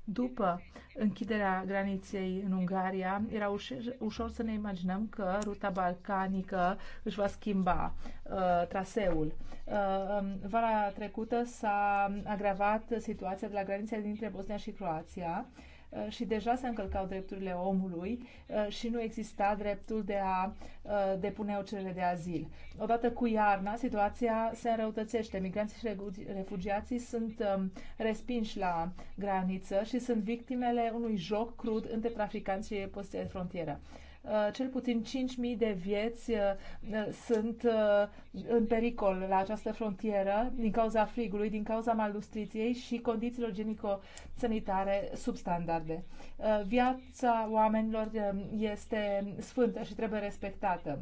După închiderea graniței în Ungaria, era ușor, să ne imaginăm că ruta balcanică își va schimba uh, traseul. Uh, um, vara trecută s-a agravat situația de la granița dintre Bosnia și Croația. Uh, Uh, și deja se încălcau drepturile omului uh, și nu exista dreptul de a uh, depune o cerere de azil. Odată cu iarna, situația se înrăutățește. Migranții și refugiații sunt um, respinși la graniță și sunt victimele unui joc crud între traficanți și poste de frontieră. Uh, cel puțin 5.000 de vieți uh, uh, sunt în pericol la această frontieră din cauza frigului, din cauza malnutriției și condițiilor genico-sanitare substandarde. Viața oamenilor este sfântă și trebuie respectată.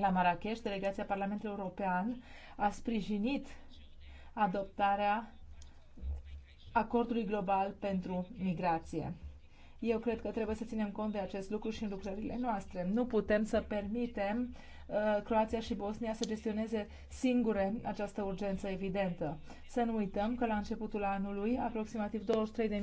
La Marrakesh, delegația Parlamentului European a sprijinit adoptarea acordului global pentru migrație. Eu cred că trebuie să ținem cont de acest lucru și în lucrările noastre. Nu putem să permitem uh, Croația și Bosnia să gestioneze singure această urgență evidentă. Să nu uităm că la începutul anului aproximativ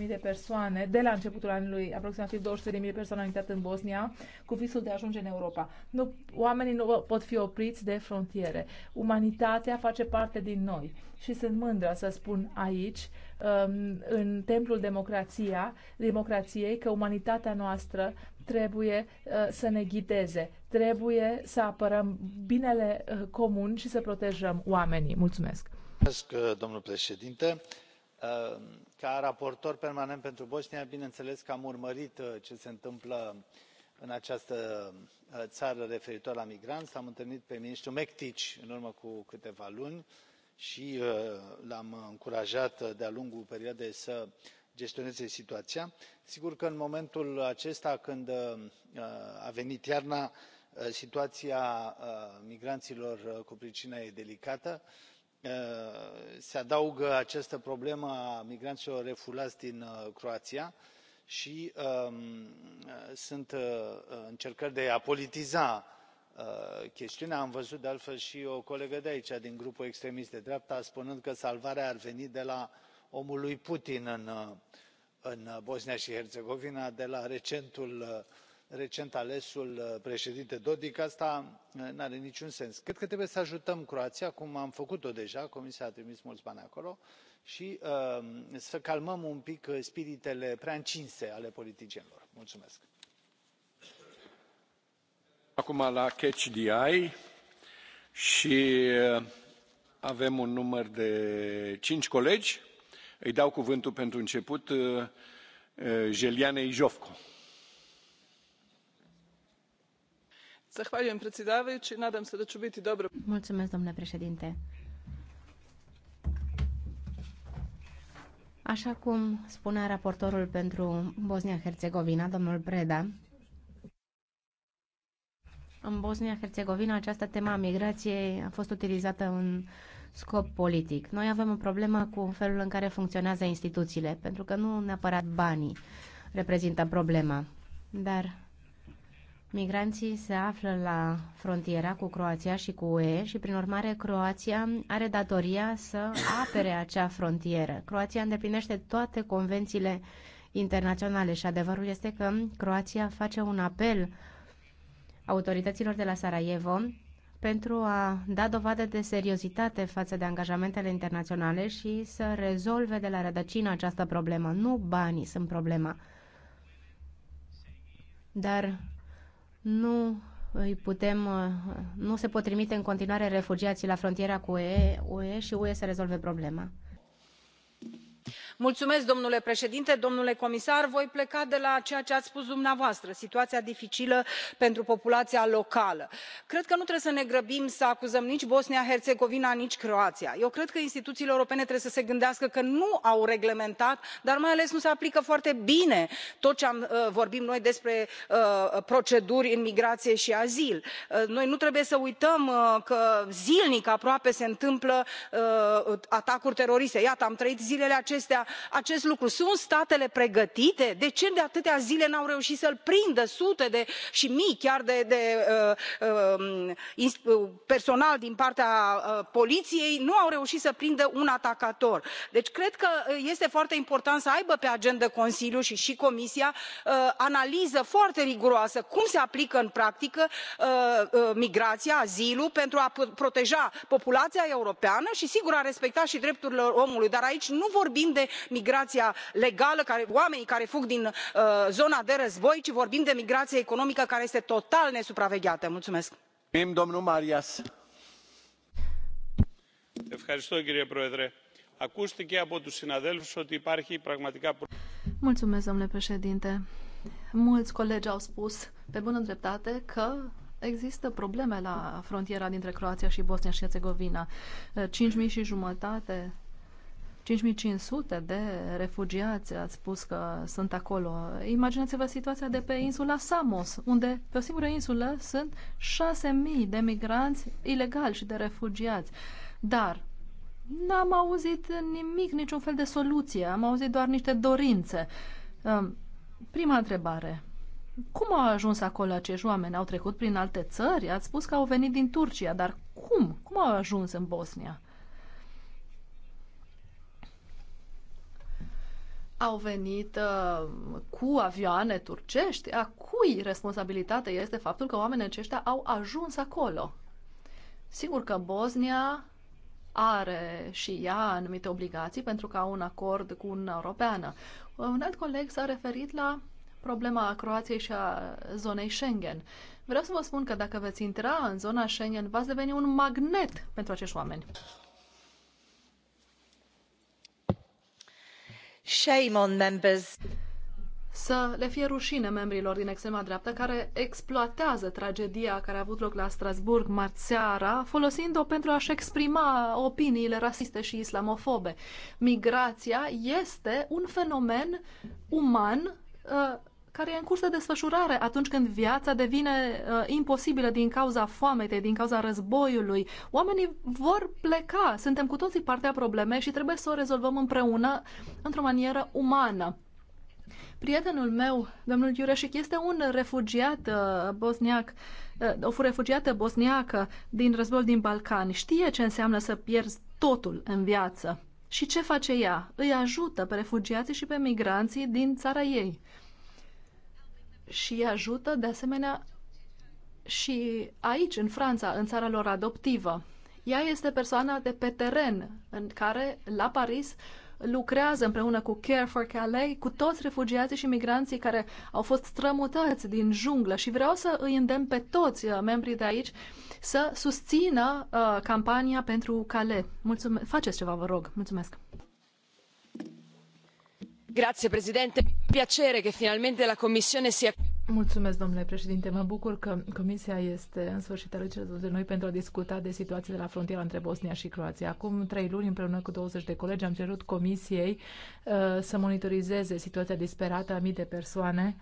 23.000 de persoane, de la începutul anului aproximativ 23.000 de persoane au intrat în Bosnia cu visul de a ajunge în Europa. Nu, oamenii nu pot fi opriți de frontiere. Umanitatea face parte din noi și sunt mândră să spun aici, um, în templul democrația, democrației, că umanitatea noastră trebuie uh, să ne ghideze, trebuie să apărăm binele uh, comun și să protejăm oamenii. Mulțumesc! Mulțumesc, uh, domnul președinte. Ca raportor permanent pentru Bosnia, bineînțeles că am urmărit ce se întâmplă în această țară referitor la migranți. am întâlnit pe ministrul Mectici în urmă cu câteva luni și uh, l am încurajat uh, de a lungul perioadei să gestioneze situația. sigur că în momentul acesta când uh, a venit iarna situația migranților cu pricina e delicată. se adaugă această problemă a migranților refulați din croația și um, sunt încercări de a politiza Uh, chestiune. am văzut de altfel și o colegă de aici din grupul extremist de dreapta spunând că salvarea ar veni de la omul lui putin în uh, bosnia și herțegovina de la uh, recent alesul președinte dodik. asta nu are niciun sens. cred că trebuie să ajutăm croația cum am făcut o deja comisia a trimis mulți bani acolo și să calmăm un pic spiritele prea încinse ale politicienilor. mulțumesc acum la catch the eye și uh, avem un număr de cinci colegi. Îi dau cuvântul pentru început uh, uh, Jelianei Jovco. Da Mulțumesc, domnule președinte. Așa cum spunea raportorul pentru Bosnia-Herzegovina, domnul Preda, în Bosnia-Herzegovina această temă a migrației a fost utilizată în scop politic. Noi avem o problemă cu felul în care funcționează instituțiile, pentru că nu neapărat banii reprezintă problema, dar Migranții se află la frontiera cu Croația și cu UE și, prin urmare, Croația are datoria să apere acea frontieră. Croația îndeplinește toate convențiile internaționale și adevărul este că Croația face un apel autorităților de la Sarajevo pentru a da dovadă de seriozitate față de angajamentele internaționale și să rezolve de la rădăcină această problemă. Nu banii sunt problema. Dar nu îi putem, nu se pot trimite în continuare refugiații la frontiera cu UE, UE și UE să rezolve problema domnule președinte domnule comisar voi pleca de la ceea ce ați spus dumneavoastră situația dificilă pentru populația locală. cred că nu trebuie să ne grăbim să acuzăm nici bosnia herțegovina nici croația. eu cred că instituțiile europene trebuie să se gândească că nu au reglementat dar mai ales nu se aplică foarte bine tot ce uh, vorbim noi despre uh, proceduri în migrație și azil. Uh, noi nu trebuie să uităm că zilnic aproape se întâmplă atacuri teroriste iată am trăit zilele acestea acest lucru sunt statele pregătite? de ce de atâtea zile nu au reușit să l prindă sute și mii chiar de uh, uh, um, uh, personal din partea poliției nu au reușit să prindă un atacator? deci cred că este foarte important să aibă pe agendă consiliul și și comisia o analiză foarte riguroasă cum se aplică în practică migrația azilul pentru a proteja populația europeană și sigur a respecta și drepturile omului dar aici nu vorbim de migrația legală oamenii care fug din uh, zona de război ci vorbim de migrație economică care este total nesupravegheată. mulțumesc. Mulțumesc, domnule președinte mulți colegi au spus pe bună dreptate că există probleme la frontiera dintre Croația și Bosnia și Herțegovina. mii și jumătate 5500 de refugiați ați spus că sunt acolo. Imaginați-vă situația de pe insula Samos, unde pe o singură insulă sunt 6000 de migranți ilegali și de refugiați. Dar n-am auzit nimic, niciun fel de soluție, am auzit doar niște dorințe. Um, prima întrebare. Cum au ajuns acolo acești oameni? Au trecut prin alte țări? Ați spus că au venit din Turcia, dar cum? Cum au ajuns în Bosnia? au venit uh, cu avioane turcești? A cui responsabilitate este faptul că oamenii aceștia au ajuns acolo? Sigur că Bosnia are și ea anumite obligații pentru că au un acord cu Uniunea Europeană. Un alt coleg s-a referit la problema Croației și a zonei Schengen. Vreau să vă spun că dacă veți intra în zona Schengen, va deveni un magnet pentru acești oameni. Shame on members. Să le fie rușine membrilor din extrema dreaptă care exploatează tragedia care a avut loc la Strasburg marți seara, folosind-o pentru a-și exprima opiniile rasiste și islamofobe. Migrația este un fenomen uman uh, care e în curs de desfășurare atunci când viața devine uh, imposibilă din cauza foametei, din cauza războiului. Oamenii vor pleca, suntem cu toții partea problemei și trebuie să o rezolvăm împreună într-o manieră umană. Prietenul meu, domnul Iureșic, este un refugiat uh, bosniac, uh, o refugiată bosniacă din războiul din Balcani. Știe ce înseamnă să pierzi totul în viață. Și ce face ea? Îi ajută pe refugiații și pe migranții din țara ei și ajută de asemenea și aici, în Franța, în țara lor adoptivă. Ea este persoana de pe teren în care, la Paris, lucrează împreună cu Care for Calais, cu toți refugiații și migranții care au fost strămutați din junglă și vreau să îi îndemn pe toți uh, membrii de aici să susțină uh, campania pentru Calais. Mulțumesc. Faceți ceva, vă rog. Mulțumesc. Mulțumesc, domnule președinte. Mă bucur că Comisia este în sfârșit alături de noi pentru a discuta de situația de la frontiera între Bosnia și Croația. Acum trei luni, împreună cu douăzeci de colegi, am cerut Comisiei uh, să monitorizeze situația disperată a mii de persoane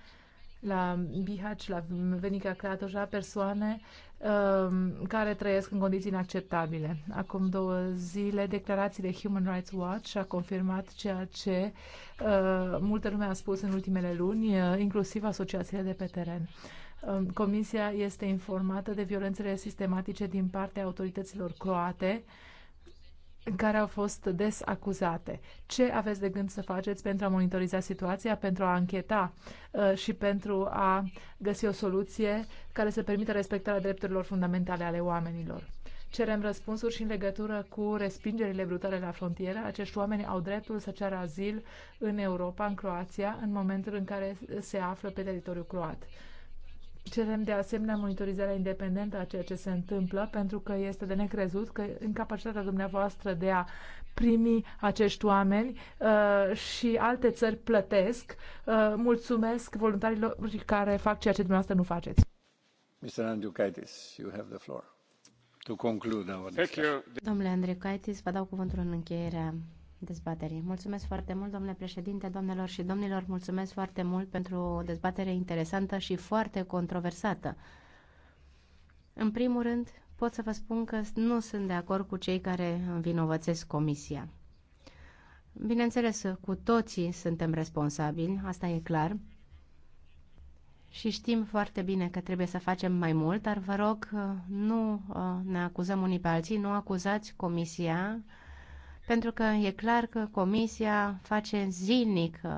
la Bihaci, la Venica Creatoja, persoane um, care trăiesc în condiții inacceptabile. Acum două zile, declarațiile Human Rights Watch a confirmat ceea ce uh, multă lume a spus în ultimele luni, uh, inclusiv asociațiile de pe teren. Um, comisia este informată de violențele sistematice din partea autorităților croate uh, care au fost des acuzate. Ce aveți de gând să faceți pentru a monitoriza situația, pentru a ancheta uh, și pentru a găsi o soluție care să permită respectarea drepturilor fundamentale ale oamenilor? Cerem răspunsuri și în legătură cu respingerile brutale la frontieră. Acești oameni au dreptul să ceară azil în Europa, în Croația, în momentul în care se află pe teritoriul croat. Cerem de asemenea monitorizarea independentă a ceea ce se întâmplă, pentru că este de necrezut că capacitatea dumneavoastră de a primi acești oameni uh, și alte țări plătesc. Uh, mulțumesc voluntarilor care fac ceea ce dumneavoastră nu faceți. Mr. Andriukaitis, you have the floor. To conclude our Domnule Andriukaitis, vă dau cuvântul în încheierea dezbaterii. Mulțumesc foarte mult, domnule președinte, domnilor și domnilor, mulțumesc foarte mult pentru o dezbatere interesantă și foarte controversată. În primul rând, pot să vă spun că nu sunt de acord cu cei care învinovățesc Comisia. Bineînțeles, cu toții suntem responsabili, asta e clar, și știm foarte bine că trebuie să facem mai mult, dar vă rog, nu uh, ne acuzăm unii pe alții, nu acuzați Comisia pentru că e clar că Comisia face zilnic uh,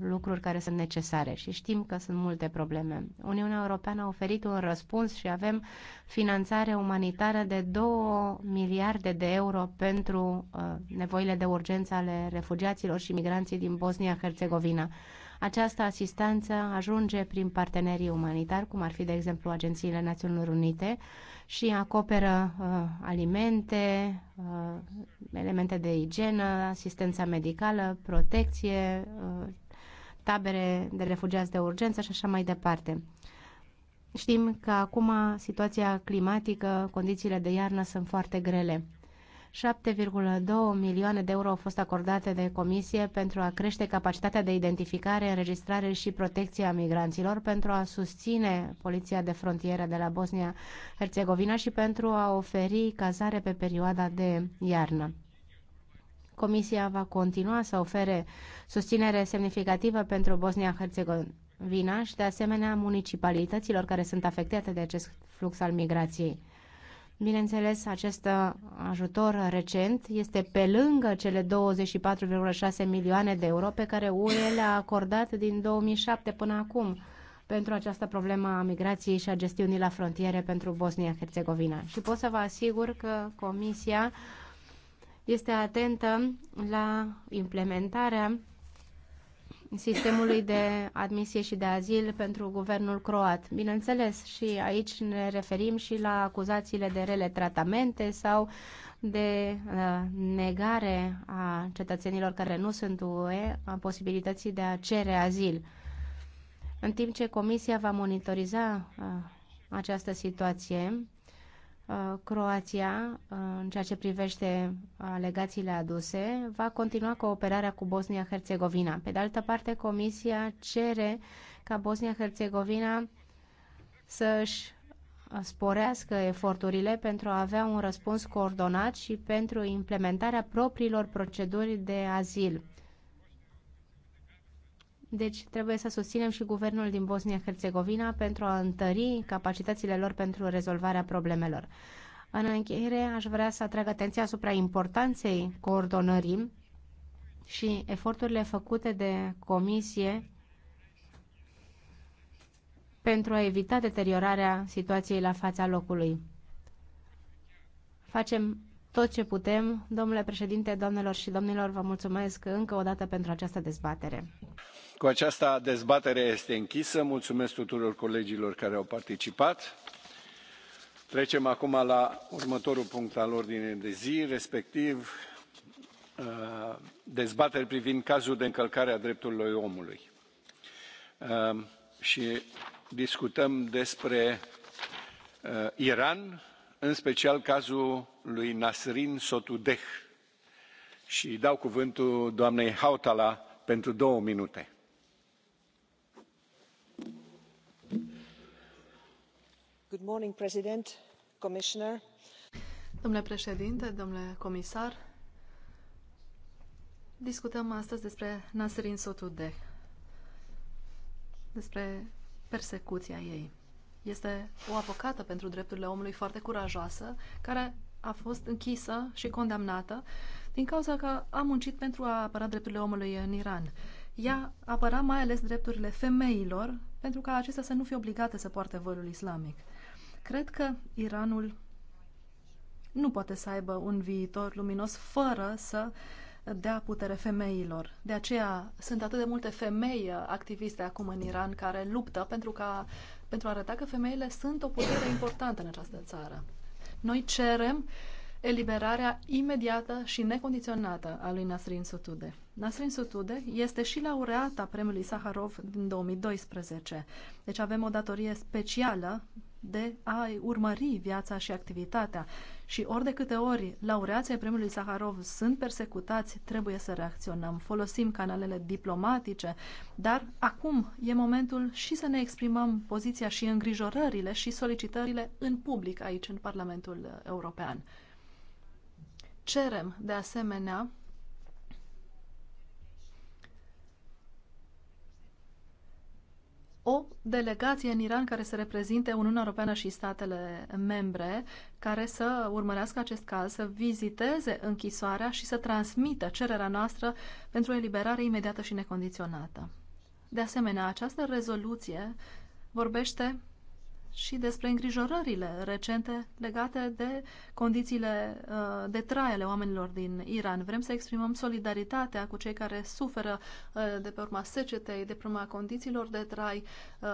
lucruri care sunt necesare și știm că sunt multe probleme. Uniunea Europeană a oferit un răspuns și avem finanțare umanitară de 2 miliarde de euro pentru uh, nevoile de urgență ale refugiaților și migranții din Bosnia-Herzegovina. Această asistență ajunge prin partenerii umanitari, cum ar fi, de exemplu, Agențiile Națiunilor Unite și acoperă uh, alimente, uh, elemente de igienă, asistența medicală, protecție, uh, tabere de refugiați de urgență și așa mai departe. Știm că acum situația climatică, condițiile de iarnă sunt foarte grele 7,2 milioane de euro au fost acordate de Comisie pentru a crește capacitatea de identificare, înregistrare și protecție a migranților, pentru a susține Poliția de Frontieră de la Bosnia-Herzegovina și pentru a oferi cazare pe perioada de iarnă. Comisia va continua să ofere susținere semnificativă pentru Bosnia-Herzegovina și, de asemenea, municipalităților care sunt afectate de acest flux al migrației. Bineînțeles, acest uh, ajutor recent este pe lângă cele 24,6 milioane de euro pe care UE le-a acordat din 2007 până acum pentru această problemă a migrației și a gestiunii la frontiere pentru Bosnia-Herzegovina. Și pot să vă asigur că Comisia este atentă la implementarea sistemului de admisie și de azil pentru guvernul croat. Bineînțeles, și aici ne referim și la acuzațiile de rele tratamente sau de uh, negare a cetățenilor care nu sunt UE a posibilității de a cere azil. În timp ce Comisia va monitoriza uh, această situație, Uh, Croația, uh, în ceea ce privește alegațiile uh, aduse, va continua cooperarea cu Bosnia-Herzegovina. Pe de altă parte, Comisia cere ca Bosnia-Herzegovina să-și sporească eforturile pentru a avea un răspuns coordonat și pentru implementarea propriilor proceduri de azil. Deci trebuie să susținem și guvernul din Bosnia-Herzegovina pentru a întări capacitățile lor pentru rezolvarea problemelor. În încheiere, aș vrea să atrag atenția asupra importanței coordonării și eforturile făcute de comisie pentru a evita deteriorarea situației la fața locului. Facem tot ce putem. Domnule președinte, doamnelor și domnilor, vă mulțumesc încă o dată pentru această dezbatere cu aceasta dezbaterea este închisă mulțumesc tuturor colegilor care au participat. trecem acum la următorul punct al ordinii de zi respectiv uh, dezbateri privind cazul de încălcare a drepturilor omului uh, și discutăm despre uh, iran în special cazul lui nasrin sotudeh și dau cuvântul doamnei hautala pentru două minute. Domnule președinte, domnule comisar, discutăm astăzi despre Nasrin sotoudeh despre persecuția ei. Este o avocată pentru drepturile omului foarte curajoasă, care a fost închisă și condamnată din cauza că a muncit pentru a apăra drepturile omului în Iran. Ea apăra mai ales drepturile femeilor pentru ca acestea să nu fie obligate să poarte vărul islamic. Cred că Iranul nu poate să aibă un viitor luminos fără să dea putere femeilor. De aceea sunt atât de multe femei activiste acum în Iran care luptă pentru, ca, pentru a arăta că femeile sunt o putere importantă în această țară. Noi cerem eliberarea imediată și necondiționată a lui Nasrin Sotude. Nasrin Sotude este și laureata premiului Saharov din 2012. Deci avem o datorie specială de a urmări viața și activitatea. Și ori de câte ori laureații premiului Saharov sunt persecutați, trebuie să reacționăm. Folosim canalele diplomatice, dar acum e momentul și să ne exprimăm poziția și îngrijorările și solicitările în public aici, în Parlamentul European. Cerem, de asemenea, o delegație în Iran care să reprezinte Uniunea Europeană și statele membre, care să urmărească acest caz, să viziteze închisoarea și să transmită cererea noastră pentru eliberare imediată și necondiționată. De asemenea, această rezoluție vorbește și despre îngrijorările recente legate de condițiile uh, de trai ale oamenilor din Iran. Vrem să exprimăm solidaritatea cu cei care suferă uh, de pe urma secetei, de pe urma condițiilor de trai uh,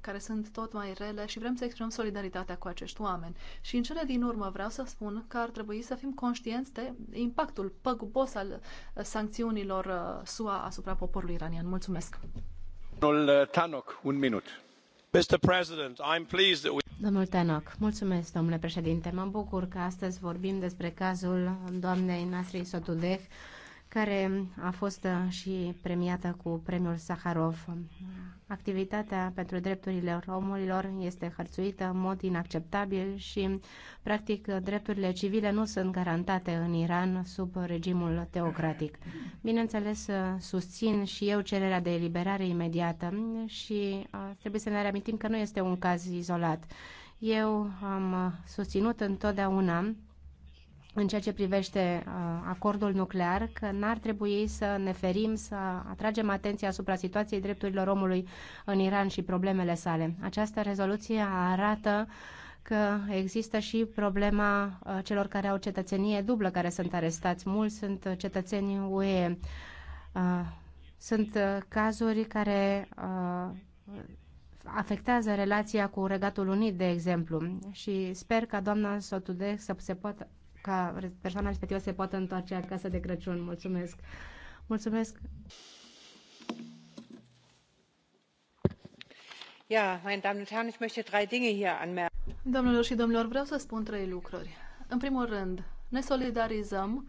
care sunt tot mai rele și vrem să exprimăm solidaritatea cu acești oameni. Și în cele din urmă vreau să spun că ar trebui să fim conștienți de impactul păgubos al sancțiunilor SUA asupra poporului iranian. Mulțumesc! Tanok, un minut Domnul Tenoc, mulțumesc, domnule președinte. Mă bucur că astăzi vorbim despre cazul doamnei Nasri Sotudeh, care a fost uh, și premiată cu premiul Saharov. Activitatea pentru drepturile omurilor este hărțuită în mod inacceptabil și, practic, drepturile civile nu sunt garantate în Iran sub regimul teocratic. Bineînțeles, uh, susțin și eu cererea de eliberare imediată și uh, trebuie să ne reamintim că nu este un caz izolat. Eu am susținut întotdeauna în ceea ce privește uh, acordul nuclear, că n-ar trebui să ne ferim, să atragem atenția asupra situației drepturilor omului în Iran și problemele sale. Această rezoluție arată că există și problema uh, celor care au cetățenie dublă, care sunt arestați. Mulți sunt cetățeni UE. Uh, sunt cazuri care afectează relația cu Regatul Unit, de exemplu. Și sper ca doamna Sotudeh să se poată ca persoana respectivă se poată întoarce acasă de Crăciun. Mulțumesc! Mulțumesc! Ja, meine Damen und Herren, ich möchte drei Dinge hier anmerken. Domnilor și domnilor, vreau să spun trei lucruri. În primul rând, ne solidarizăm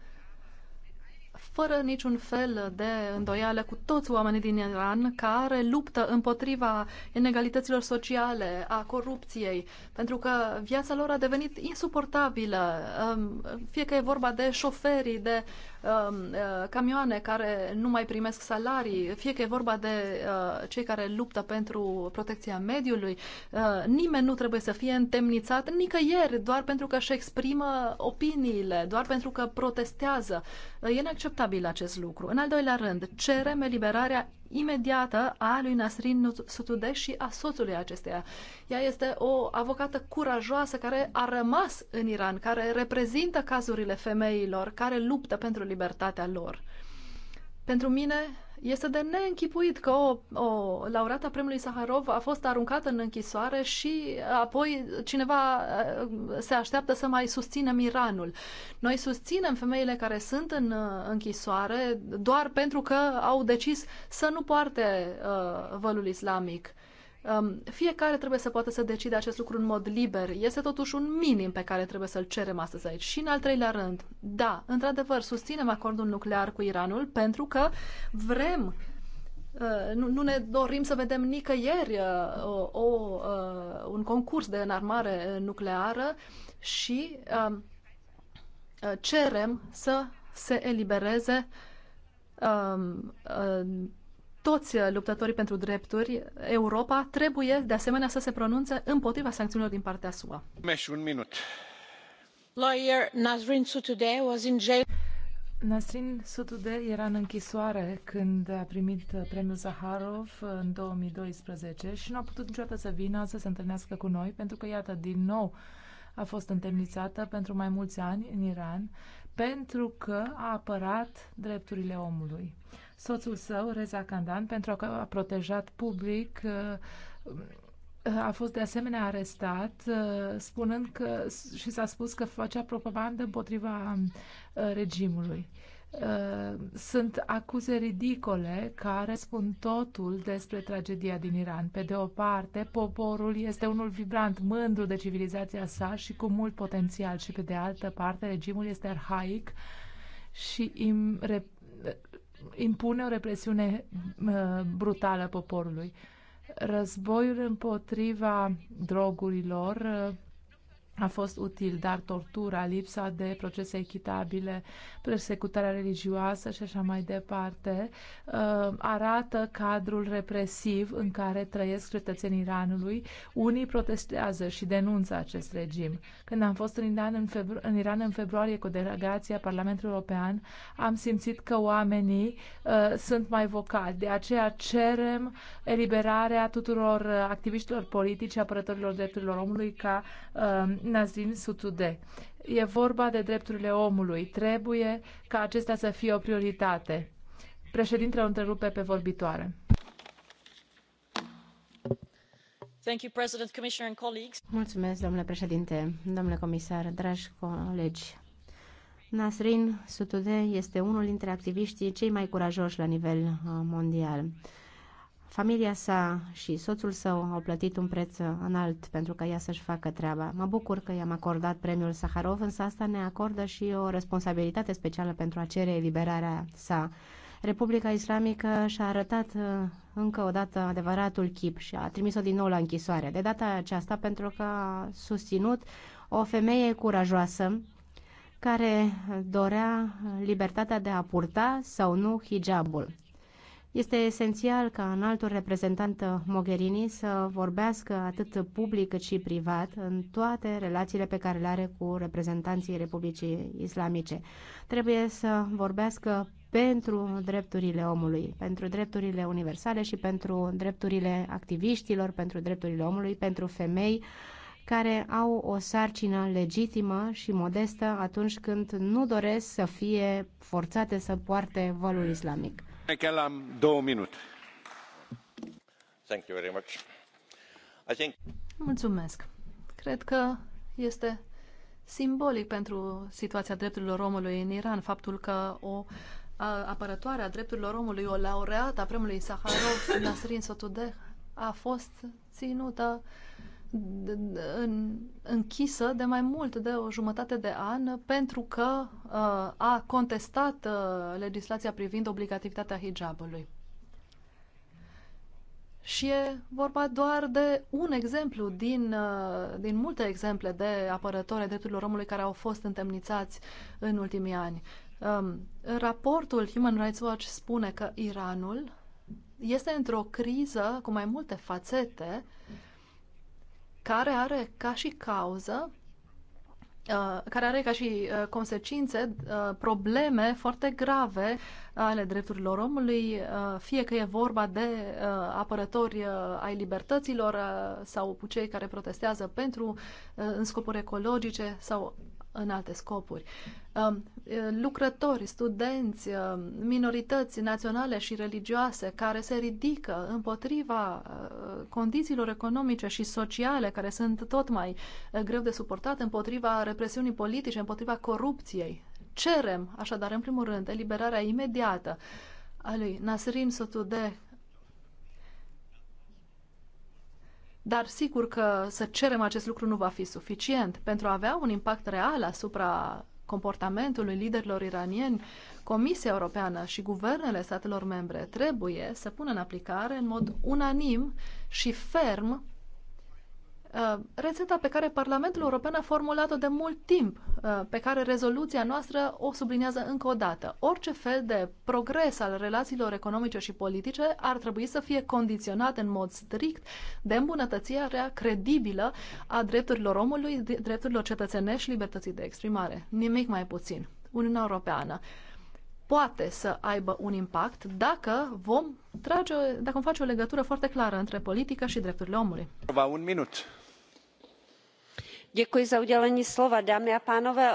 fără niciun fel de îndoială cu toți oamenii din Iran care luptă împotriva inegalităților sociale, a corupției, pentru că viața lor a devenit insuportabilă, fie că e vorba de șoferii, de Um, uh, camioane care nu mai primesc salarii, fie că e vorba de uh, cei care luptă pentru protecția mediului, uh, nimeni nu trebuie să fie întemnițat nicăieri doar pentru că își exprimă opiniile, doar pentru că protestează. E inacceptabil acest lucru. În al doilea rând, cerem eliberarea imediată a lui Nasrin Sutudeși a soțului acesteia. Ea este o avocată curajoasă care a rămas în Iran, care reprezintă cazurile femeilor, care luptă pentru libertatea lor. Pentru mine, este de neînchipuit că o, o laureată a premiului Saharov a fost aruncată în închisoare și apoi cineva eh, se așteaptă să mai susținem Iranul. Noi susținem femeile care sunt în eh, închisoare doar pentru că au decis să nu poarte uh, vălul islamic. Um, fiecare trebuie să poată să decide acest lucru în mod liber. Este totuși un minim pe care trebuie să-l cerem astăzi aici. Și în al treilea rând, da, într-adevăr, susținem acordul nuclear cu Iranul pentru că vrem uh, nu, nu ne dorim să vedem nicăieri uh, o, o, uh, un concurs de înarmare nucleară și um, cerem să se elibereze um, toți uh, luptătorii pentru drepturi, Europa trebuie de asemenea să se pronunțe împotriva sancțiunilor din partea SUA. un minut. Lawyer Nasrin Sotoudeh was in jail. Nasrin Sotoudeh era în închisoare când a primit uh, premiul Zaharov uh, în 2012 și nu a putut niciodată să vină să se întâlnească cu noi pentru că, iată, din nou a fost întemnițată pentru mai mulți ani în Iran pentru că a apărat drepturile omului soțul său, Reza Candan, pentru că a protejat public uh, a fost de asemenea arestat, uh, spunând că și s-a spus că făcea propagandă împotriva uh, regimului. Sunt acuze ridicole care spun totul despre tragedia din Iran. Pe de o parte, poporul este unul vibrant, mândru de civilizația sa și cu mult potențial, și pe de altă parte, regimul este arhaic și im- impune o represiune uh, brutală poporului. Războiul împotriva drogurilor uh, a fost util, dar tortura, lipsa de procese echitabile, persecutarea religioasă și așa mai departe, uh, arată cadrul represiv în care trăiesc cetățenii Iranului. Unii protestează și denunță acest regim. Când am fost în Iran în, febru- în, Iran în februarie cu delegația Parlamentului European, am simțit că oamenii uh, sunt mai vocali. De aceea cerem eliberarea tuturor uh, activiștilor politici, apărătorilor drepturilor omului ca uh, Nazim Sutude. E vorba de drepturile omului. Trebuie ca acestea să fie o prioritate. Președintele o întrerupe pe vorbitoare. Mulțumesc, domnule președinte, domnule comisar, dragi colegi. Nasrin Sutude este unul dintre activiștii cei mai curajoși la nivel uh, mondial. Familia sa și soțul său au plătit un preț înalt pentru ca ea să-și facă treaba. Mă bucur că i-am acordat premiul Saharov, însă asta ne acordă și o responsabilitate specială pentru a cere eliberarea sa. Republica Islamică și-a arătat uh, încă o dată adevăratul chip și a trimis-o din nou la închisoare. De data aceasta pentru că a susținut o femeie curajoasă care dorea libertatea de a purta sau nu hijabul. Este esențial ca altul reprezentant uh, Mogherini să vorbească atât public cât și privat în toate relațiile pe care le are cu reprezentanții Republicii Islamice. Trebuie să vorbească pentru drepturile omului, pentru drepturile universale și pentru drepturile activiștilor, pentru drepturile omului, pentru femei care au o sarcină legitimă și modestă atunci când nu doresc să fie forțate să poarte valul islamic. Kelam, două Cred că este simbolic pentru situația drepturilor omului în Iran faptul că o apărătoare a drepturilor omului, o laureată a premiului Saharov, Nasrin Sotudeh, a fost ținută uh, în, închisă de mai mult de o jumătate de an pentru că uh, a contestat uh, legislația privind obligativitatea hijabului. Și e vorba doar de un exemplu din, uh, din multe exemple de apărători ai drepturilor omului care au fost întemnițați în ultimii ani. Um, raportul Human Rights Watch spune că Iranul este într-o criză cu mai multe fațete uh, care are ca și cauză uh, care are ca și uh, consecințe uh, probleme foarte grave ale drepturilor omului, fie că e vorba de apărători ai libertăților sau cei care protestează pentru în scopuri ecologice sau în alte scopuri. Um, lucrători, studenți, um, minorități naționale și religioase care se ridică împotriva uh, condițiilor economice și sociale care sunt tot mai uh, greu de suportat, împotriva represiunii politice, împotriva corupției. Cerem, așadar, în primul rând, eliberarea imediată a lui Nasrin Sotude, Dar sigur că să cerem acest lucru nu va fi suficient. Pentru a avea un impact real asupra comportamentului liderilor iranieni, Comisia Europeană și guvernele statelor membre trebuie să pună în aplicare în mod unanim și ferm Uh, rețeta pe care Parlamentul European a formulat-o de mult timp, uh, pe care rezoluția noastră o subliniază încă o dată. Orice fel de progres al relațiilor economice și politice ar trebui să fie condiționat în mod strict de îmbunătățirea credibilă a drepturilor omului, drepturilor cetățenești și libertății de exprimare. Nimic mai puțin. Uniunea Europeană poate să aibă un impact dacă vom trage, dacă vom face o legătură foarte clară între politică și drepturile omului. Un minut dámy a pánové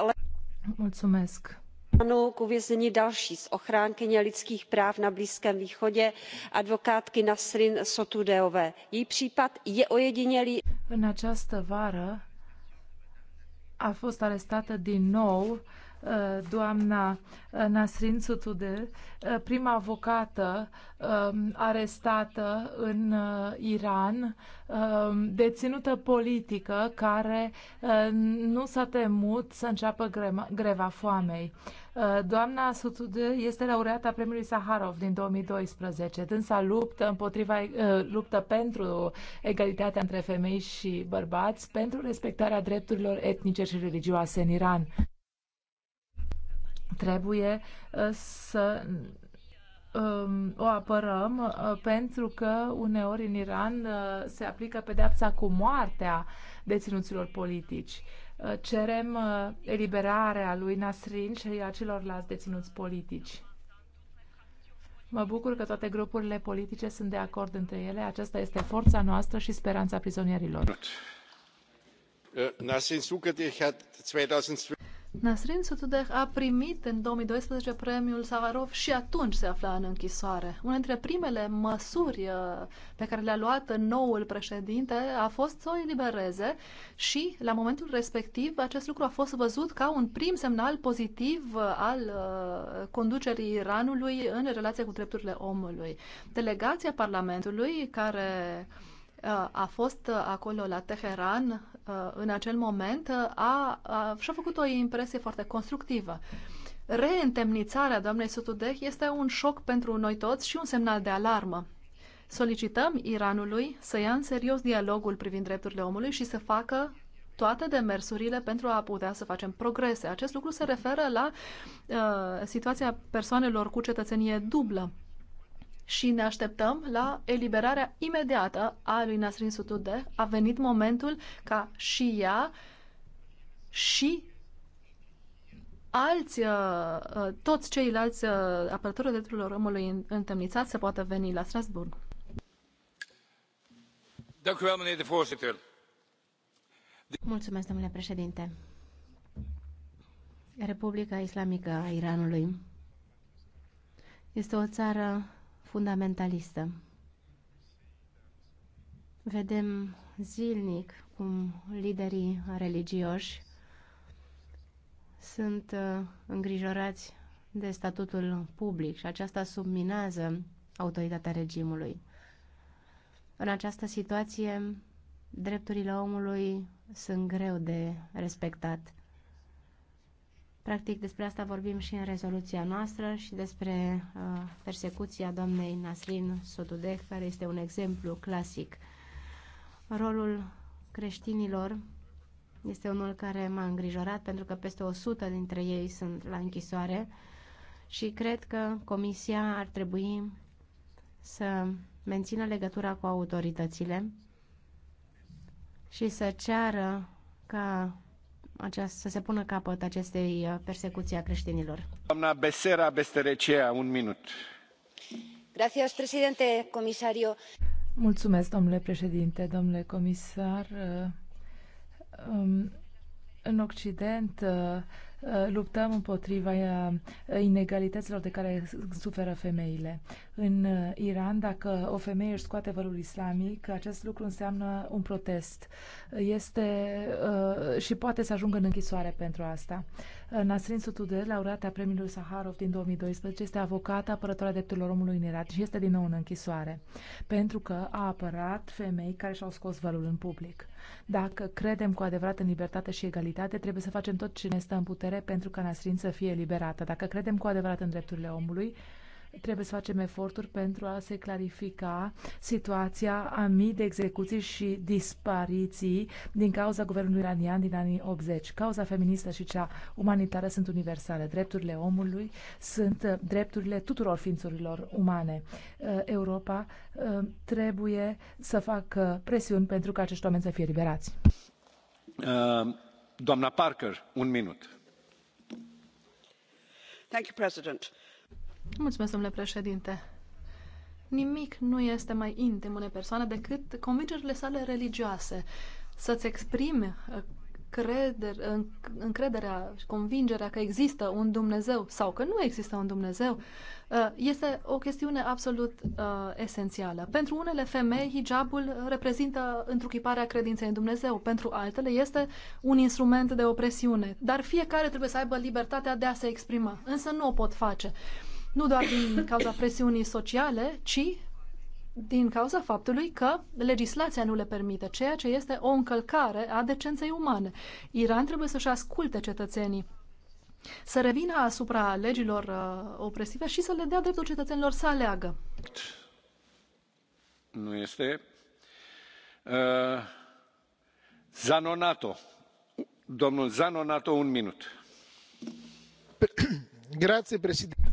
panu k uvěznění další z ochránkyně lidských práv na blízkém východě advokátky nasrin sotudéové. její případ je ojedinělý. în această vară a fost arestată din nou Uh, doamna uh, Nasrin Sutude, uh, prima avocată um, arestată în Iran, um, deținută politică care nu s-a temut să înceapă greva foamei. Doamna Sutude este laureata premiului Saharov din 2012. Dânsa luptă, împotriva, luptă pentru egalitatea între femei și bărbați, pentru respectarea drepturilor etnice și religioase în Iran trebuie uh, să um, o apărăm uh, pentru că uneori în Iran uh, se aplică pedeapsa cu moartea deținuților politici. Cerem eliberarea lui Nasrin și a celorlalți deținuți politici. Mă bucur că toate grupurile politice sunt de acord între ele. Aceasta este forța noastră și speranța prizonierilor. Nasrin Sukhati, 2012 Nasrin Sotudeh a primit în 2012 premiul Savarov și atunci se afla în închisoare. Una dintre primele măsuri uh, pe care le-a luat noul președinte a fost să o elibereze și la momentul respectiv acest lucru a fost văzut ca un prim semnal pozitiv uh, al uh, conducerii Iranului în relație cu drepturile omului. Delegația Parlamentului care a fost acolo la Teheran uh, în acel moment, uh, a, a, și-a făcut o impresie foarte constructivă. Reîntemnițarea doamnei Sutudeh este un șoc pentru noi toți și un semnal de alarmă. Solicităm Iranului să ia în serios dialogul privind drepturile omului și să facă toate demersurile pentru a putea să facem progrese. Acest lucru se referă la uh, situația persoanelor cu cetățenie dublă și ne așteptăm la eliberarea imediată a lui Nasrin Sotoudeh. A venit momentul ca și ea și alți, uh, uh, toți ceilalți uh, apărători drepturilor omului întemnițați să poată veni la Strasburg. Mulțumesc, domnule președinte. Republica Islamică a Iranului este o țară fundamentalistă. Vedem zilnic cum liderii religioși sunt uh, îngrijorați de statutul public și aceasta subminează autoritatea regimului. În această situație, drepturile omului sunt greu de respectat. Practic despre asta vorbim și în rezoluția noastră și despre uh, persecuția doamnei Nasrin Sotudeh, care este un exemplu clasic. Rolul creștinilor este unul care m-a îngrijorat pentru că peste 100 dintre ei sunt la închisoare și cred că Comisia ar trebui să mențină legătura cu autoritățile și să ceară ca aceast, să se pună capăt acestei uh, persecuții a creștinilor. Doamna Besera Besterecea, un minut. Gracias, presidente, comisario. Mulțumesc, domnule președinte, domnule comisar. Uh, um, în Occident, uh, Eh, luptăm împotriva eh, inegalităților de care suferă femeile. În eh, Iran, dacă o femeie își scoate vărul islamic, acest lucru înseamnă un protest. Este și poate să ajungă în închisoare pentru asta. Nasrin laureată a premiului Saharov din 2012, este avocată apărătoare drepturilor omului în Iran și este din nou în închisoare pentru că a apărat femei care și-au scos vărul în public. Dacă credem cu adevărat în libertate și egalitate, trebuie să facem tot ce ne stă în putere pentru ca Nasrin să fie eliberată. Dacă credem cu adevărat în drepturile omului, Trebuie să facem eforturi pentru a se clarifica situația a mii de execuții și dispariții din cauza guvernului iranian din anii 80. Cauza feministă și cea umanitară sunt universale. Drepturile omului sunt drepturile tuturor ființurilor umane. Uh, Europa uh, trebuie să facă presiuni pentru ca acești oameni să fie liberați. Uh, doamna Parker, un minut. Thank you, President Mulțumesc, domnule președinte. Nimic nu este mai intim unei persoane decât convingerile sale religioase. Să-ți exprimi uh, creder, încrederea și convingerea că există un Dumnezeu sau că nu există un Dumnezeu uh, este o chestiune absolut uh, esențială. Pentru unele femei, hijabul reprezintă întruchiparea credinței în Dumnezeu, pentru altele este un instrument de opresiune. Dar fiecare trebuie să aibă libertatea de a se exprima, însă nu o pot face nu doar din cauza presiunii sociale, ci din cauza faptului că legislația nu le permite, ceea ce este o încălcare a decenței umane. Iran trebuie să-și asculte cetățenii, să revină asupra legilor uh, opresive și să le dea dreptul cetățenilor să aleagă. Nu este. Uh, Zanonato. Domnul Zanonato, un minut. Grație, președinte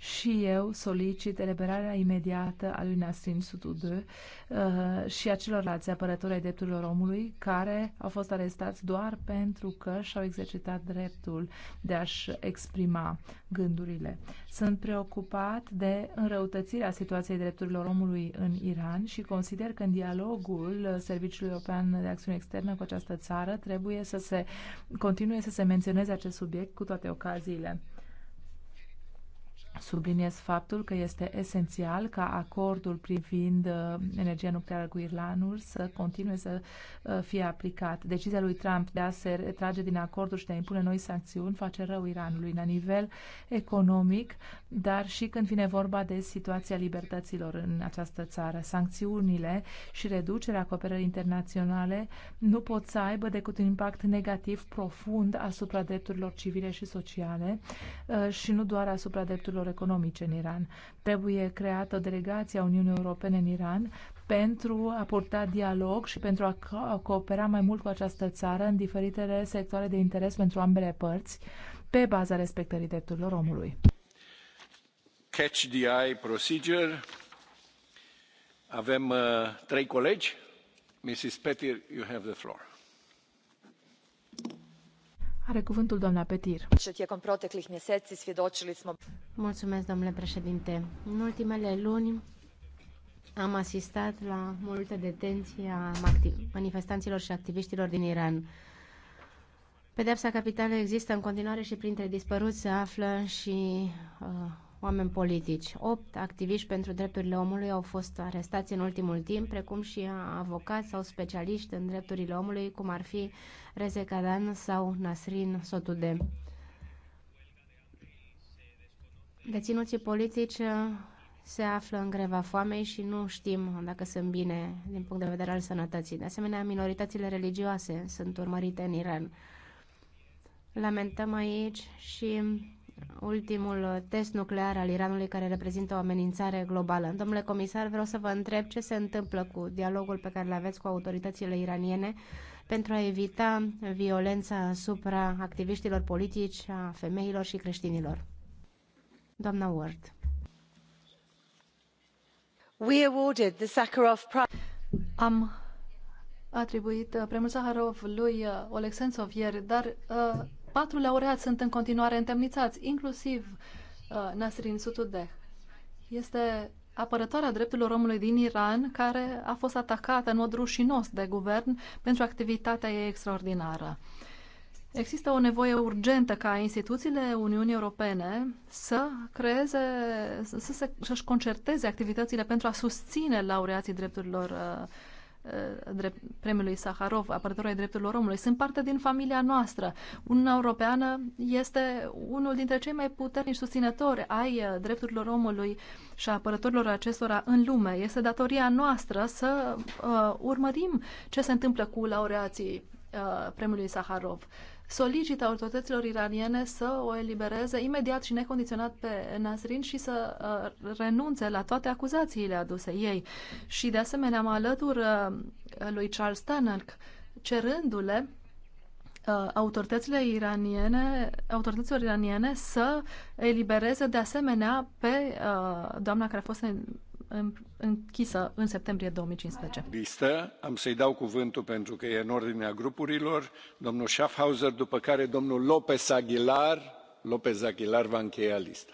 și eu solicit eliberarea imediată a lui Nasrin uh, și a celorlalți apărători ai drepturilor omului care au fost arestați doar pentru că și-au exercitat dreptul de a-și exprima gândurile. Sunt preocupat de înrăutățirea situației drepturilor omului în Iran și consider că în dialogul Serviciului European de Acțiune Externă cu această țară trebuie să se continue să se menționeze acest subiect cu toate ocaziile. Subliniez faptul că este esențial ca acordul privind uh, energia nucleară cu Irlandul să continue să uh, fie aplicat. Decizia lui Trump de a se retrage din acordul și de a impune noi sancțiuni face rău Iranului la nivel economic, dar și când vine vorba de situația libertăților în această țară. Sancțiunile și reducerea cooperării internaționale nu pot să aibă decât un impact negativ profund asupra drepturilor civile și sociale uh, și nu doar asupra drepturilor economice în Iran. Trebuie creată o delegație a Uniunii Europene în Iran pentru a purta dialog și pentru a, a coopera mai mult cu această țară în diferitele sectoare de interes pentru ambele părți, pe baza respectării drepturilor omului. Catch the eye procedure. Avem uh, trei colegi. Mrs. Petir, you have the floor. Are cuvântul doamna Petir. Mulțumesc, domnule președinte. În ultimele luni am asistat la multe detenții a manifestanților și activiștilor din Iran. Pedepsa capitală există în continuare și printre dispăruți se află și uh, oameni politici. Opt activiști pentru drepturile omului au fost arestați în ultimul timp, precum și avocați sau specialiști în drepturile omului, cum ar fi Reze Kadan sau Nasrin Sotude. Deținuții politici uh, se află în greva foamei și nu știm dacă sunt bine din punct de vedere al sănătății. De asemenea, minoritățile religioase sunt urmărite în Iran. Lamentăm aici și ultimul test nuclear al Iranului care reprezintă o amenințare globală. Domnule comisar, vreau să vă întreb ce se întâmplă cu dialogul pe care îl aveți cu autoritățile iraniene pentru a evita violența asupra activiștilor politici, a femeilor și creștinilor. Doamna Ward. We awarded the Sakharov Prize. Am atribuit uh, premiul Saharov lui uh, Oleg Sentsov ieri, dar uh, patru laureați sunt în continuare întemnițați, inclusiv uh, Nasrin Sutudeh. Este apărătoarea drepturilor omului din Iran, care a fost atacată în mod rușinos de guvern pentru activitatea ei extraordinară. Există o nevoie urgentă ca instituțiile Uniunii Europene să creeze, să se, să-și concerteze activitățile pentru a susține laureații drepturilor uh, Uh, drept, premiului Saharov, apărătorul drepturilor omului, sunt parte din familia noastră. Uniunea Europeană este unul dintre cei mai puternici susținători ai uh, drepturilor omului și a apărătorilor acestora în lume. Este datoria noastră să uh, urmărim ce se întâmplă cu laureații uh, premiului Saharov solicită autorităților iraniene să o elibereze imediat și necondiționat pe Nasrin și să uh, renunțe la toate acuzațiile aduse ei. Și de asemenea mă alătur uh, lui Charles Tannock cerându-le uh, autoritățile iraniene, autorităților iraniene să elibereze de asemenea pe doamna care a fost închisă în septembrie 2015. Listă, am să-i dau cuvântul pentru că e în ordinea grupurilor, domnul Schaffhauser, după care domnul López Aguilar, López Aguilar va încheia lista.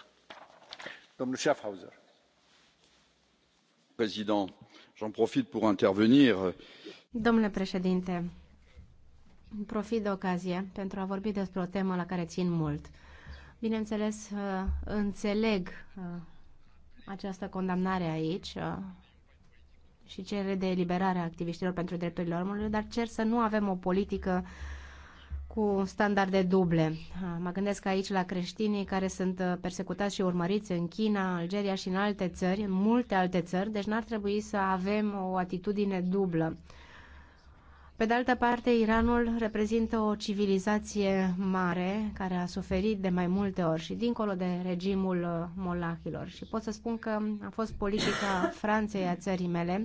Domnul Schaffhauser. Président, j'en profite pour intervenir. Domnule președinte, profit de ocazie pentru a vorbi despre o temă la care țin mult. Bineînțeles, uh, înțeleg uh, această condamnare aici uh, și cerere de eliberare a activiștilor pentru drepturile omului, dar cer să nu avem o politică cu standarde duble. Uh, mă gândesc aici la creștinii care sunt uh, persecutați și urmăriți în China, Algeria și în alte țări, în multe alte țări, deci n-ar trebui să avem o atitudine dublă. Pe de altă parte, Iranul reprezintă o civilizație mare care a suferit de mai multe ori și dincolo de regimul uh, molahilor. Și pot să spun că a fost politica Franței a țării mele,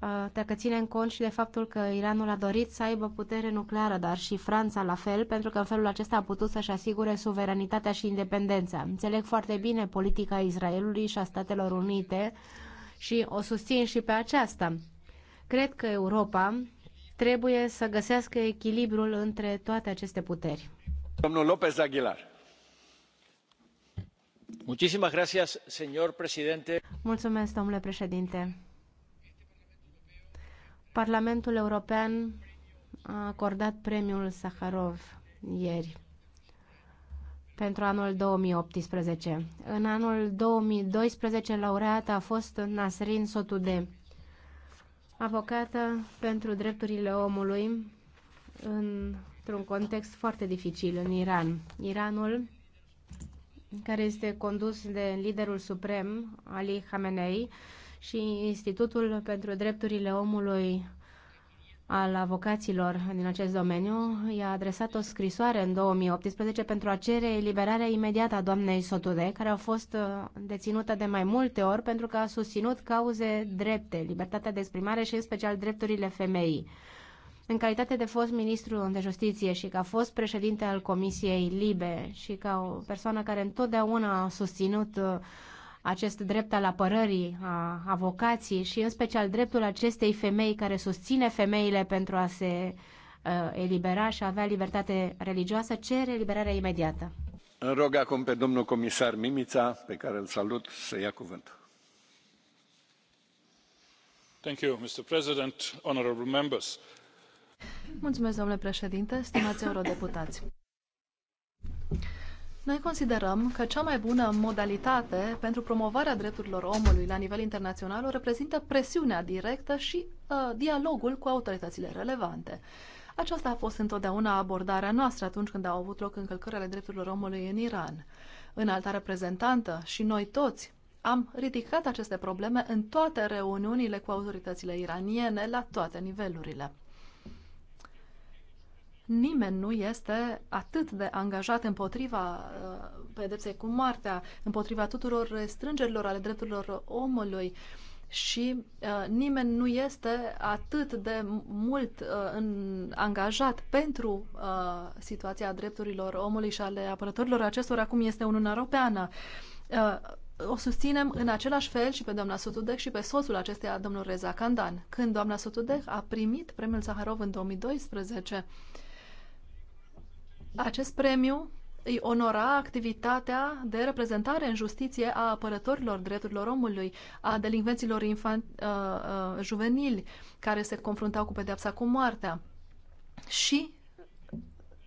uh, dacă ținem cont și de faptul că Iranul a dorit să aibă putere nucleară, dar și Franța la fel, pentru că în felul acesta a putut să-și asigure suveranitatea și independența. Înțeleg foarte bine politica Israelului și a Statelor Unite și o susțin și pe aceasta. Cred că Europa trebuie să găsească echilibrul între toate aceste puteri. Domnul López Aguilar. Muchísimas gracias, señor presidente. Mulțumesc, domnule președinte. Parlamentul European a acordat premiul Saharov ieri pentru anul 2018. În anul 2012, laureata a fost Nasrin Sotudeh avocată pentru drepturile omului într-un context foarte dificil în Iran. Iranul, care este condus de liderul suprem, Ali Khamenei, și Institutul pentru Drepturile Omului al avocaților din acest domeniu i-a adresat o scrisoare în 2018 pentru a cere eliberarea imediată a doamnei Sotude, care a fost uh, deținută de mai multe ori pentru că a susținut cauze drepte, libertatea de exprimare și în special drepturile femeii. În calitate de fost ministru de justiție și ca fost președinte al Comisiei Libe și ca o persoană care întotdeauna a susținut uh, acest drept al apărării a avocației și în special dreptul acestei femei care susține femeile pentru a se uh, elibera și a avea libertate religioasă, cere eliberarea imediată. Îl rog acum pe domnul comisar Mimița, pe care îl salut, să ia cuvântul. Mr. President, honorable members. Mulțumesc, domnule președinte stimați eurodeputați noi considerăm că cea mai bună modalitate pentru promovarea drepturilor omului la nivel internațional o reprezintă presiunea directă și uh, dialogul cu autoritățile relevante. Aceasta a fost întotdeauna abordarea noastră atunci când au avut loc încălcările drepturilor omului în Iran. În alta reprezentantă și noi toți am ridicat aceste probleme în toate reuniunile cu autoritățile iraniene la toate nivelurile nimeni nu este atât de angajat împotriva uh, pedepsei cu moartea, împotriva tuturor restrângerilor ale drepturilor omului și uh, nimeni nu este atât de mult uh, în, angajat pentru uh, situația drepturilor omului și ale apărătorilor acestora, cum este Uniunea Europeană. Uh, o susținem în același fel și pe doamna Sotudec și pe soțul acesteia, domnul Reza Candan. Când doamna Sotudec a primit premiul Saharov în 2012, uh, acest premiu îi onora activitatea de reprezentare în justiție a apărătorilor drepturilor omului, a delinvenților infant, uh, uh, juvenili care se confruntau cu pedepsa cu moartea. Și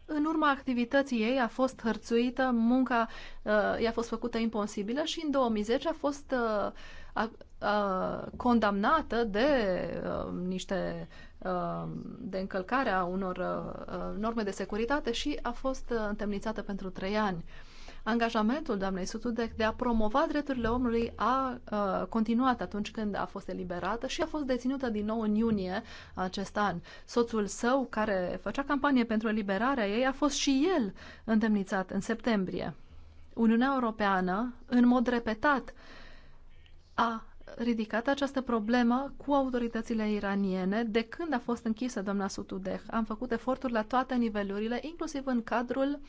în urma activității ei a fost hărțuită, munca uh, i-a fost făcută imposibilă și în 2010 a fost uh, a, a, condamnată de uh, niște Uh, de încălcare a unor uh, norme de securitate și a fost uh, întemnițată pentru trei ani. Angajamentul doamnei Sutudec de a promova drepturile omului a, continuat atunci când a fost eliberată și a fost deținută din nou în iunie acest an. Soțul său, care făcea campanie pentru eliberarea ei, a fost și el întemnițat în septembrie. Uniunea Europeană, în mod repetat, a ridicat această problemă cu autoritățile iraniene de când a fost închisă doamna Sutudeh. Am făcut eforturi la toate nivelurile, inclusiv în cadrul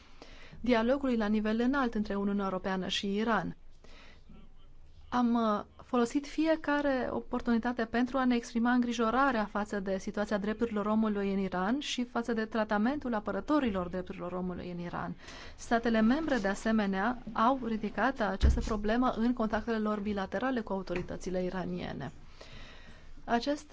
dialogului la nivel înalt între Uniunea Europeană și Iran. Am uh, folosit fiecare oportunitate pentru a ne exprima îngrijorarea față de situația drepturilor omului în Iran și față de tratamentul apărătorilor drepturilor omului în Iran. Statele membre, de asemenea, au ridicat această problemă în contactele lor bilaterale cu autoritățile iraniene. Acest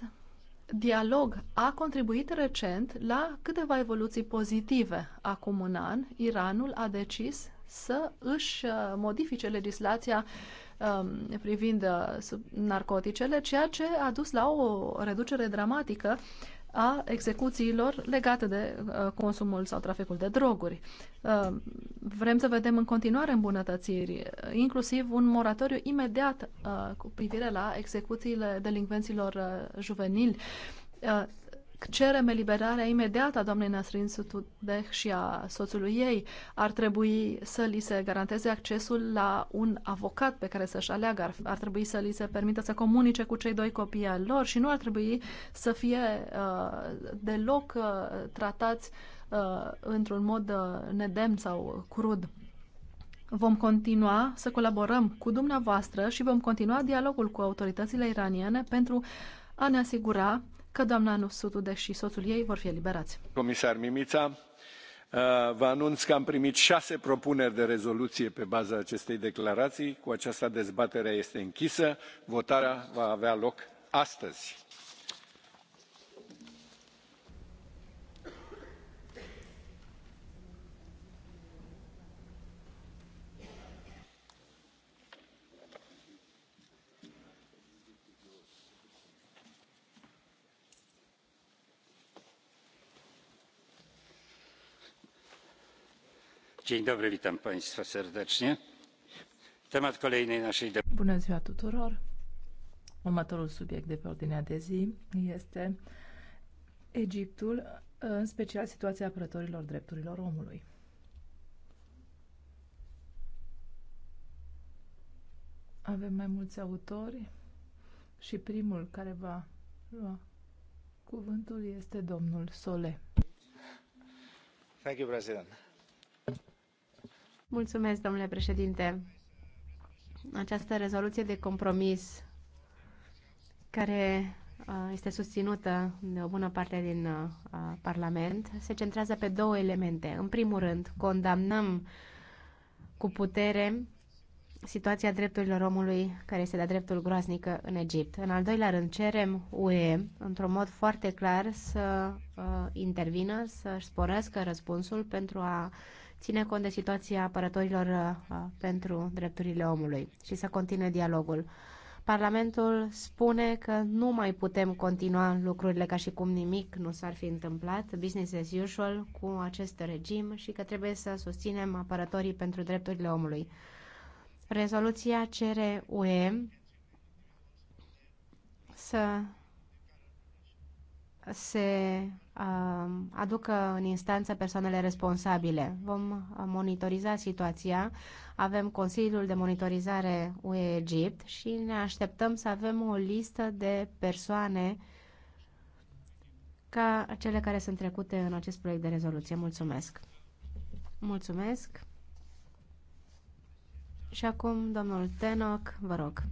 dialog a contribuit recent la câteva evoluții pozitive. Acum un an, Iranul a decis să își uh, modifice legislația uh, Um, privind uh, narcoticele, ceea ce a dus la o reducere dramatică a execuțiilor legate de uh, consumul sau traficul de droguri. Um, vrem să vedem în continuare îmbunătățiri, inclusiv un moratoriu imediat uh, cu privire la execuțiile delincvenților juvenili cerem eliberarea imediată a doamnei Nasrin Sutudeh și a soțului ei. Ar trebui să li se garanteze accesul la un avocat pe care să-și aleagă. Ar, ar trebui să li se permită să comunice cu cei doi copii al lor și nu ar trebui să fie uh, deloc uh, tratați uh, într-un mod uh, nedemn sau crud. Vom continua să colaborăm cu dumneavoastră și vom continua dialogul cu autoritățile iraniene pentru a ne asigura că doamna Nusutude și soțul ei vor fi eliberați. Comisar Mimița, uh, vă anunț că am primit șase propuneri de rezoluție pe baza acestei declarații. Cu aceasta dezbaterea este închisă. Votarea va avea loc astăzi. Bună ziua tuturor! Următorul subiect de pe ordinea de zi este Egiptul, în special situația apărătorilor drepturilor omului. Avem mai mulți autori și primul care va lua cuvântul este domnul Sole. Thank you, President. Mulțumesc, domnule președinte. Această rezoluție de compromis care uh, este susținută de o bună parte din uh, Parlament se centrează pe două elemente. În primul rând, condamnăm cu putere situația drepturilor omului care este de-a dreptul groaznică în Egipt. În al doilea rând, cerem UE, într-un mod foarte clar, să uh, intervină, să-și sporească răspunsul pentru a uh, ține cont de situația apărătorilor uh, uh, pentru drepturile omului și să continue dialogul. Parlamentul spune că nu mai putem continua lucrurile ca și cum nimic nu s-ar fi întâmplat, business as usual, cu acest regim și că trebuie să susținem apărătorii pentru drepturile omului. Rezoluția cere UE să se Um, aducă în instanță persoanele responsabile. Vom uh, monitoriza situația. Avem Consiliul de Monitorizare UE Egipt și ne așteptăm să avem o listă de persoane ca cele care sunt trecute în acest proiect de rezoluție. Mulțumesc! Mulțumesc! Și acum, domnul Tenoc, vă rog.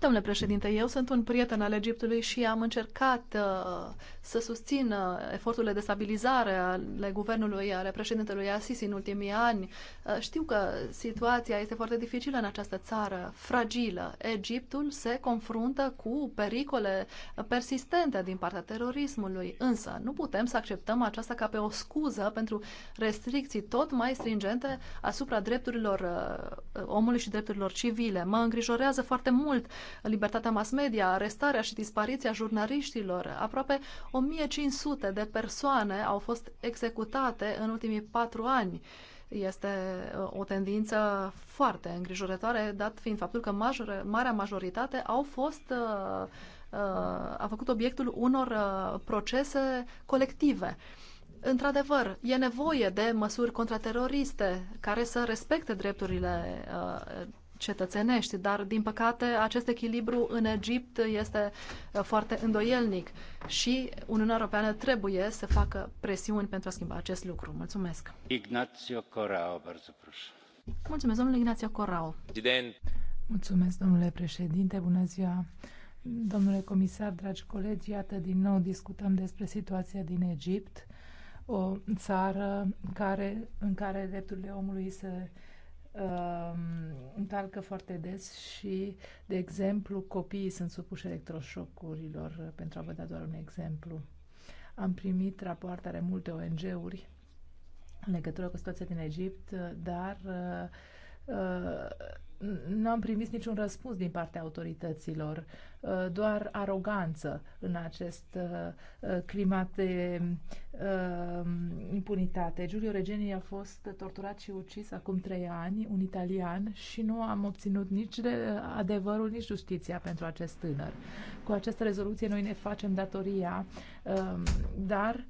Domnule președinte, eu sunt un prieten al Egiptului și am încercat uh, să susțin uh, eforturile de stabilizare ale guvernului, ale președintelui Assisi în ultimii ani. Uh, știu că situația este foarte dificilă în această țară, fragilă. Egiptul se confruntă cu pericole persistente din partea terorismului, însă nu putem să acceptăm aceasta ca pe o scuză pentru restricții tot mai stringente asupra drepturilor omului și drepturilor drepturilor civile. Mă îngrijorează foarte mult libertatea mass media, arestarea și dispariția jurnaliștilor. Aproape 1500 de persoane au fost executate în ultimii patru ani. Este uh, o tendință foarte îngrijorătoare, dat fiind faptul că major, marea majoritate au fost uh, uh a făcut obiectul unor uh, procese colective. Într-adevăr, e nevoie de măsuri contrateroriste care să respecte drepturile cetățenești, dar din păcate acest echilibru în Egipt este uh, foarte îndoielnic și Uniunea Europeană trebuie să facă presiuni pentru a schimba acest lucru. Mulțumesc! Ignacio Corao, Mulțumesc, domnule Ignacio Corao. President. Mulțumesc, domnule președinte, bună ziua! Domnule comisar, dragi colegi, iată din nou discutăm despre situația din Egipt, o țară care, în care drepturile omului se uh, încalcă foarte des și, de exemplu, copiii sunt supuși electroșocurilor, uh, pentru a vă da doar un exemplu. Am primit rapoarte ale multe ONG-uri în legătură cu situația din Egipt, uh, dar uh, Uh, nu am primit niciun răspuns din partea autorităților, uh, doar aroganță în acest uh, climat de impunitate. Giulio Regeni a fost torturat și ucis acum trei ani, un italian, și nu am obținut nici de adevărul, nici justiția pentru acest tânăr. Cu această rezoluție noi ne facem datoria, dar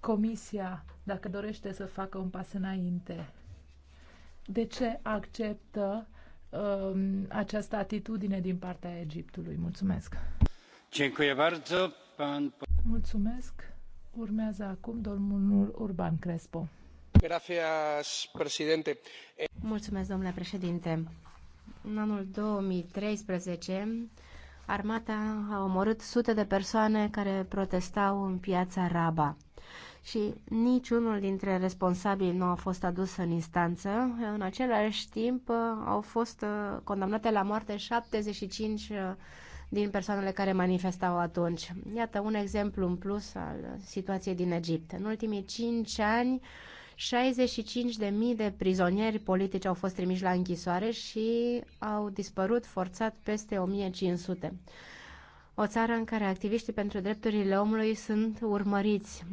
Comisia, dacă dorește să facă un pas înainte de ce acceptă um, această atitudine din partea Egiptului. Mulțumesc! Mulțumesc! Urmează acum domnul Urban Crespo. Mulțumesc, domnule președinte. În anul 2013, armata a omorât sute de persoane care protestau în piața Raba și niciunul dintre responsabili nu a fost adus în instanță. În același timp uh, au fost uh, condamnate la moarte 75 uh, din persoanele care manifestau atunci. Iată un exemplu în plus al situației din Egipt. În ultimii 5 ani 65.000 de prizonieri politici au fost trimiși la închisoare și au dispărut forțat peste 1500 o țară în care activiștii pentru drepturile omului sunt urmăriți.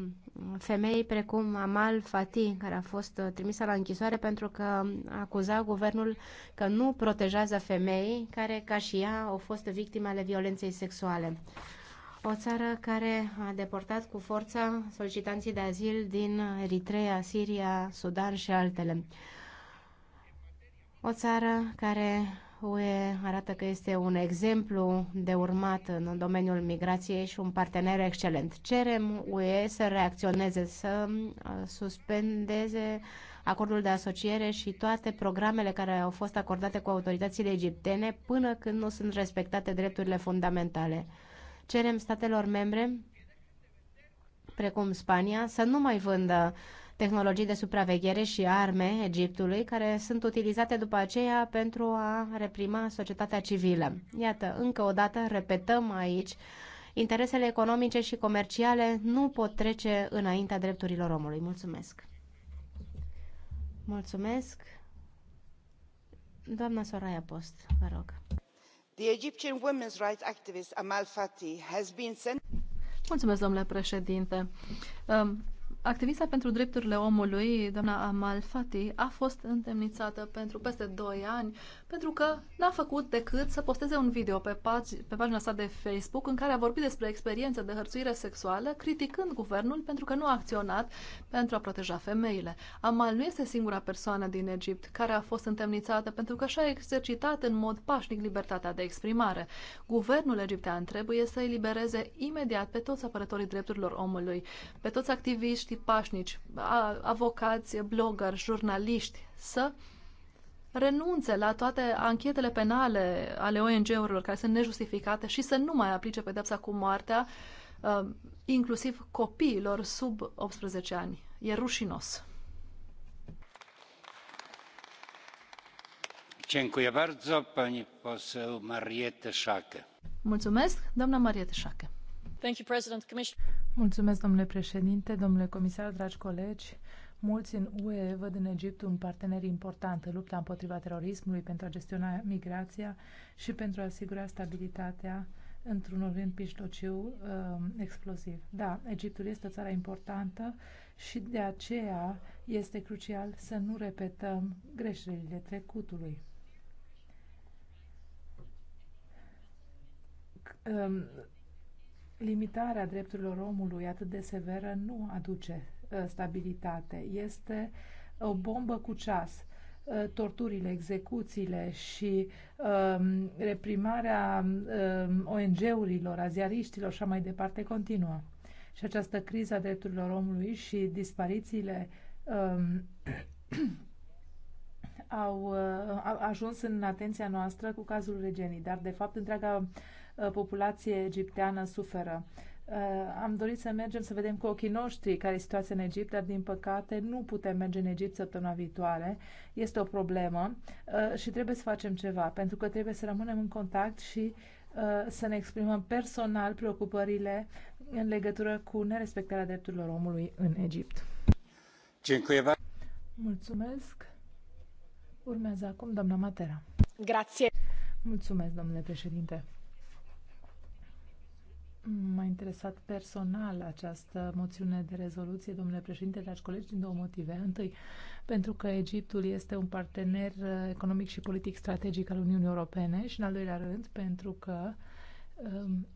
Femei precum Amal Fati, care a fost trimisă la închisoare pentru că acuza guvernul că nu protejează femei care, ca și ea, au fost victime ale violenței sexuale. O țară care a deportat cu forța solicitanții de azil din Eritrea, Siria, Sudan și altele. O țară care UE arată că este un exemplu de urmat în domeniul migrației și un partener excelent. Cerem UE să reacționeze, să uh, suspendeze acordul de asociere și toate programele care au fost acordate cu autoritățile egiptene până când nu sunt respectate drepturile fundamentale. Cerem statelor membre, precum Spania, să nu mai vândă uh, tehnologii de supraveghere și arme Egiptului, care sunt utilizate după aceea pentru a reprima societatea civilă. Iată, încă o dată repetăm aici, interesele economice și comerciale nu pot trece înaintea drepturilor omului. Mulțumesc! Mulțumesc! Doamna Soraya Post, vă rog. The Egyptian women's rights activist Amal Fati has been sent... Mulțumesc, domnule președinte. Um, Activista pentru drepturile omului, doamna Amal Fati, a fost întemnițată pentru peste 2 ani pentru că n-a făcut decât să posteze un video pe, pag- pe pagina sa de Facebook în care a vorbit despre experiență de hărțuire sexuală, criticând guvernul pentru că nu a acționat pentru a proteja femeile. Amal nu este singura persoană din Egipt care a fost întemnițată pentru că și-a exercitat în mod pașnic libertatea de exprimare. Guvernul egiptean trebuie să elibereze imediat pe toți apărătorii drepturilor omului, pe toți activiștii pașnici, avocați, blogger, jurnaliști, să renunțe la toate anchetele penale ale ONG-urilor care sunt nejustificate și să nu mai aplice pedepsa cu moartea, uh, inclusiv copiilor sub 18 ani. E rușinos. Mulțumesc, doamna Mariette Schaake. Mulțumesc, domnule președinte, domnule comisar, dragi colegi. Mulți în UE văd în Egipt un partener important în lupta împotriva terorismului pentru a gestiona migrația și pentru a asigura stabilitatea într-un orient pișlociu uh, um, exploziv. Da, Egiptul este o țară importantă și de aceea este crucial să nu repetăm greșelile trecutului. Um, limitarea drepturilor omului atât de severă nu aduce Uh, stabilitate. Este o bombă cu ceas. Uh, torturile, execuțiile și um, reprimarea um, ONG-urilor, a ziariștilor și mai departe continuă. Și această criză a drepturilor omului și disparițiile um, au uh, ajuns în atenția noastră cu cazul regenii, dar de fapt întreaga populație egipteană suferă. Uh, am dorit să mergem să vedem cu ochii noștri care e situația în Egipt, dar din păcate nu putem merge în Egipt săptămâna viitoare. Este o problemă uh, și trebuie să facem ceva, pentru că trebuie să rămânem în contact și uh, să ne exprimăm personal preocupările în legătură cu nerespectarea drepturilor omului în Egipt. Mulțumesc. Urmează acum doamna Matera. Grație. Mulțumesc, domnule președinte. M-a interesat personal această moțiune de rezoluție, domnule președinte, dragi colegi, din două motive. Întâi, pentru că Egiptul este un partener economic și politic strategic al Uniunii Europene și, în al doilea rând, pentru că um,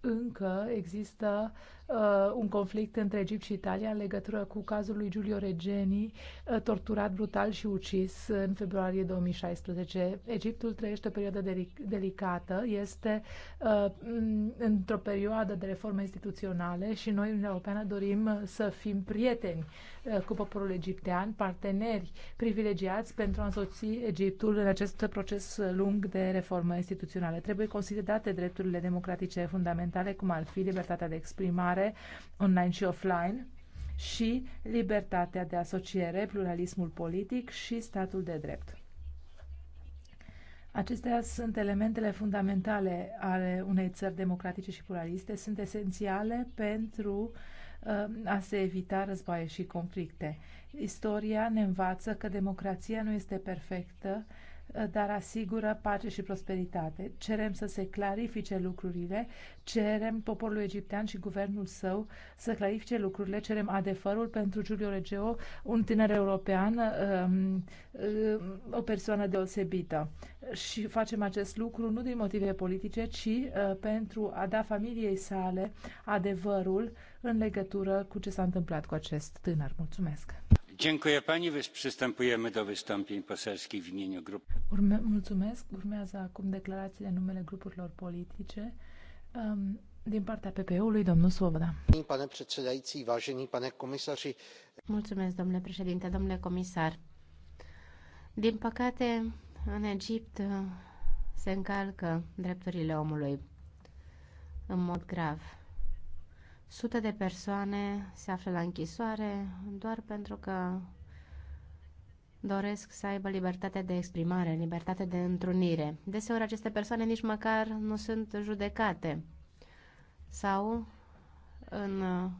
încă există uh, un conflict între Egipt și Italia în legătură cu cazul lui Giulio Regeni, uh, torturat brutal și ucis în februarie 2016. Egiptul trăiește o perioadă delic- delicată, este uh, într-o perioadă de reforme instituționale și noi, Uniunea Europeană, dorim uh, să fim prieteni uh, cu poporul egiptean, parteneri privilegiați pentru a însoți Egiptul în acest proces lung de reformă instituțională. Trebuie considerate drepturile democratice fundamentale fundamentale, cum ar fi libertatea de exprimare online și offline și libertatea de asociere, pluralismul politic și statul de drept. Acestea sunt elementele fundamentale ale unei țări democratice și pluraliste, sunt esențiale pentru uh, a se evita războaie și conflicte. Istoria ne învață că democrația nu este perfectă dar asigură pace și prosperitate. Cerem să se clarifice lucrurile, cerem poporul egiptean și guvernul său să clarifice lucrurile, cerem adevărul pentru Giulio Regeo, un tânăr european, um, um, o persoană deosebită. Și facem acest lucru nu din motive politice, ci uh, pentru a da familiei sale adevărul în legătură cu ce s-a întâmplat cu acest tânăr. Mulțumesc! Urme, mulțumesc. Urmează acum declarațiile în numele grupurilor politice. Um, din partea PPE-ului, domnul Svoboda. Pane președinții, vážení pane comisari. Mulțumesc, domnule președinte, domnule comisar. Din păcate, în Egipt uh, se încalcă drepturile omului în mod grav. Sute de persoane se află la închisoare doar pentru că doresc să aibă libertate de exprimare, libertate de întrunire. Deseori aceste persoane nici măcar nu sunt judecate sau în uh,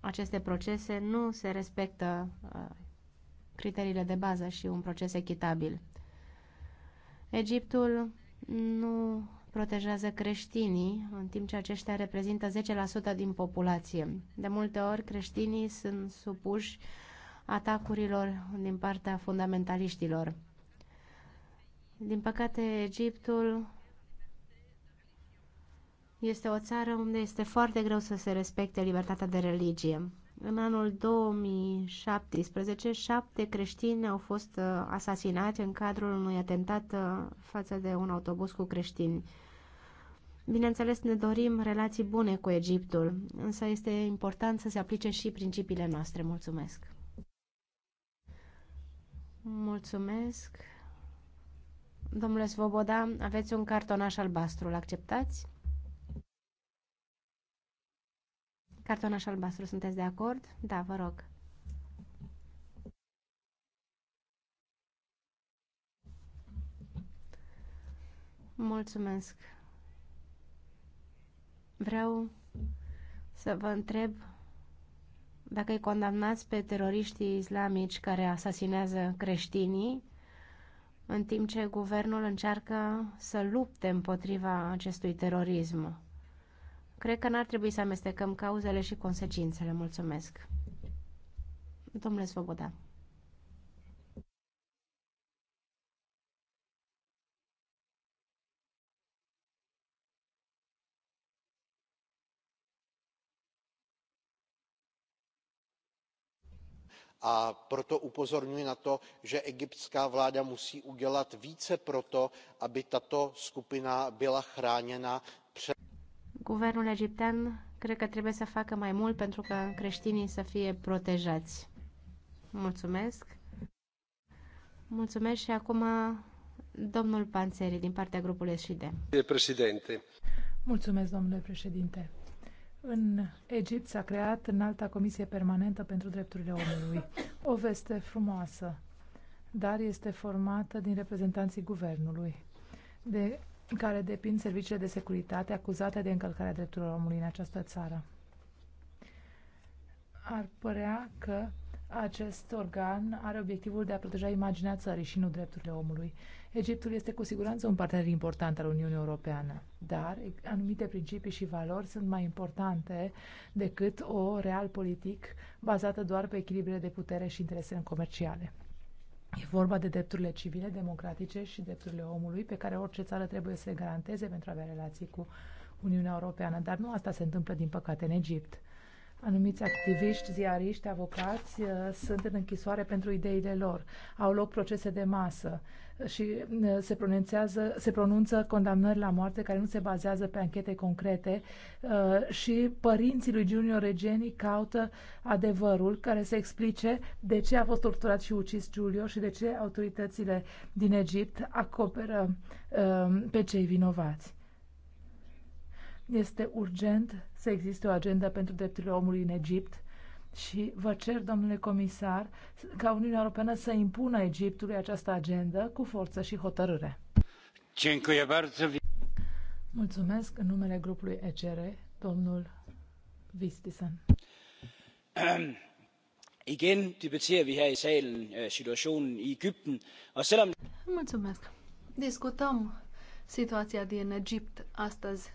aceste procese nu se respectă uh, criteriile de bază și un proces echitabil. Egiptul nu protejează creștinii, în timp ce aceștia reprezintă 10% din populație. De multe ori, creștinii sunt supuși atacurilor din partea fundamentaliștilor. Din păcate, Egiptul este o țară unde este foarte greu să se respecte libertatea de religie. În anul 2017, șapte creștini au fost uh, asasinați în cadrul unui atentat uh, față de un autobuz cu creștini. Bineînțeles, ne dorim relații bune cu Egiptul, însă este important să se aplice și principiile noastre. Mulțumesc! Mulțumesc! Domnule Svoboda, aveți un cartonaș albastru, l-acceptați? Cartonaș albastru, sunteți de acord? Da, vă rog. Mulțumesc! vreau să vă întreb dacă îi condamnați pe teroriștii islamici care asasinează creștinii, în timp ce guvernul încearcă să lupte împotriva acestui terorism. Cred că n-ar trebui să amestecăm cauzele și consecințele. Mulțumesc. Domnule Svoboda. a proto upozorňuji na to že egyptská vláda musí udělat více pro to aby tato skupina byla chráněna před. guvernul egiptean cred că trebuie să facă mai mult pentru ca creștinii să fie protejați. Mulțumesc. Mulțumesc și acum domnul Panțeri din partea grupului SID. Mulțumesc, domnule președinte. În Egipt s-a creat alta comisie permanentă pentru drepturile omului. O veste frumoasă, dar este formată din reprezentanții guvernului, de care depind serviciile de securitate acuzate de încălcarea drepturilor omului în această țară. Ar părea că acest organ are obiectivul de a proteja imaginea țării și nu drepturile omului. Egiptul este cu siguranță un partener important al Uniunii Europeană, dar anumite principii și valori sunt mai importante decât o real politic bazată doar pe echilibrele de putere și interese comerciale. E vorba de drepturile civile, democratice și drepturile omului pe care orice țară trebuie să le garanteze pentru a avea relații cu Uniunea Europeană, dar nu asta se întâmplă din păcate în Egipt. Anumiți activiști, ziariști, avocați uh, sunt în închisoare pentru ideile lor. Au loc procese de masă și uh, se, pronunțează, se pronunță condamnări la moarte care nu se bazează pe anchete concrete uh, și părinții lui Junior Regeni caută adevărul care să explice de ce a fost torturat și ucis Giulio și de ce autoritățile din Egipt acoperă pe cei vinovați. Este urgent să existe o agenda pentru drepturile omului în Egipt și vă cer, domnule comisar, ca Uniunea Europeană să impună Egiptului această agendă cu forță și hotărâre. Mulțumesc în numele grupului ECR, domnul Vistisen. Igen debatterer vi her i salen eh, situationen i Egypten, og selvom... Mulțumesc. Discutăm situația din Egipt astăzi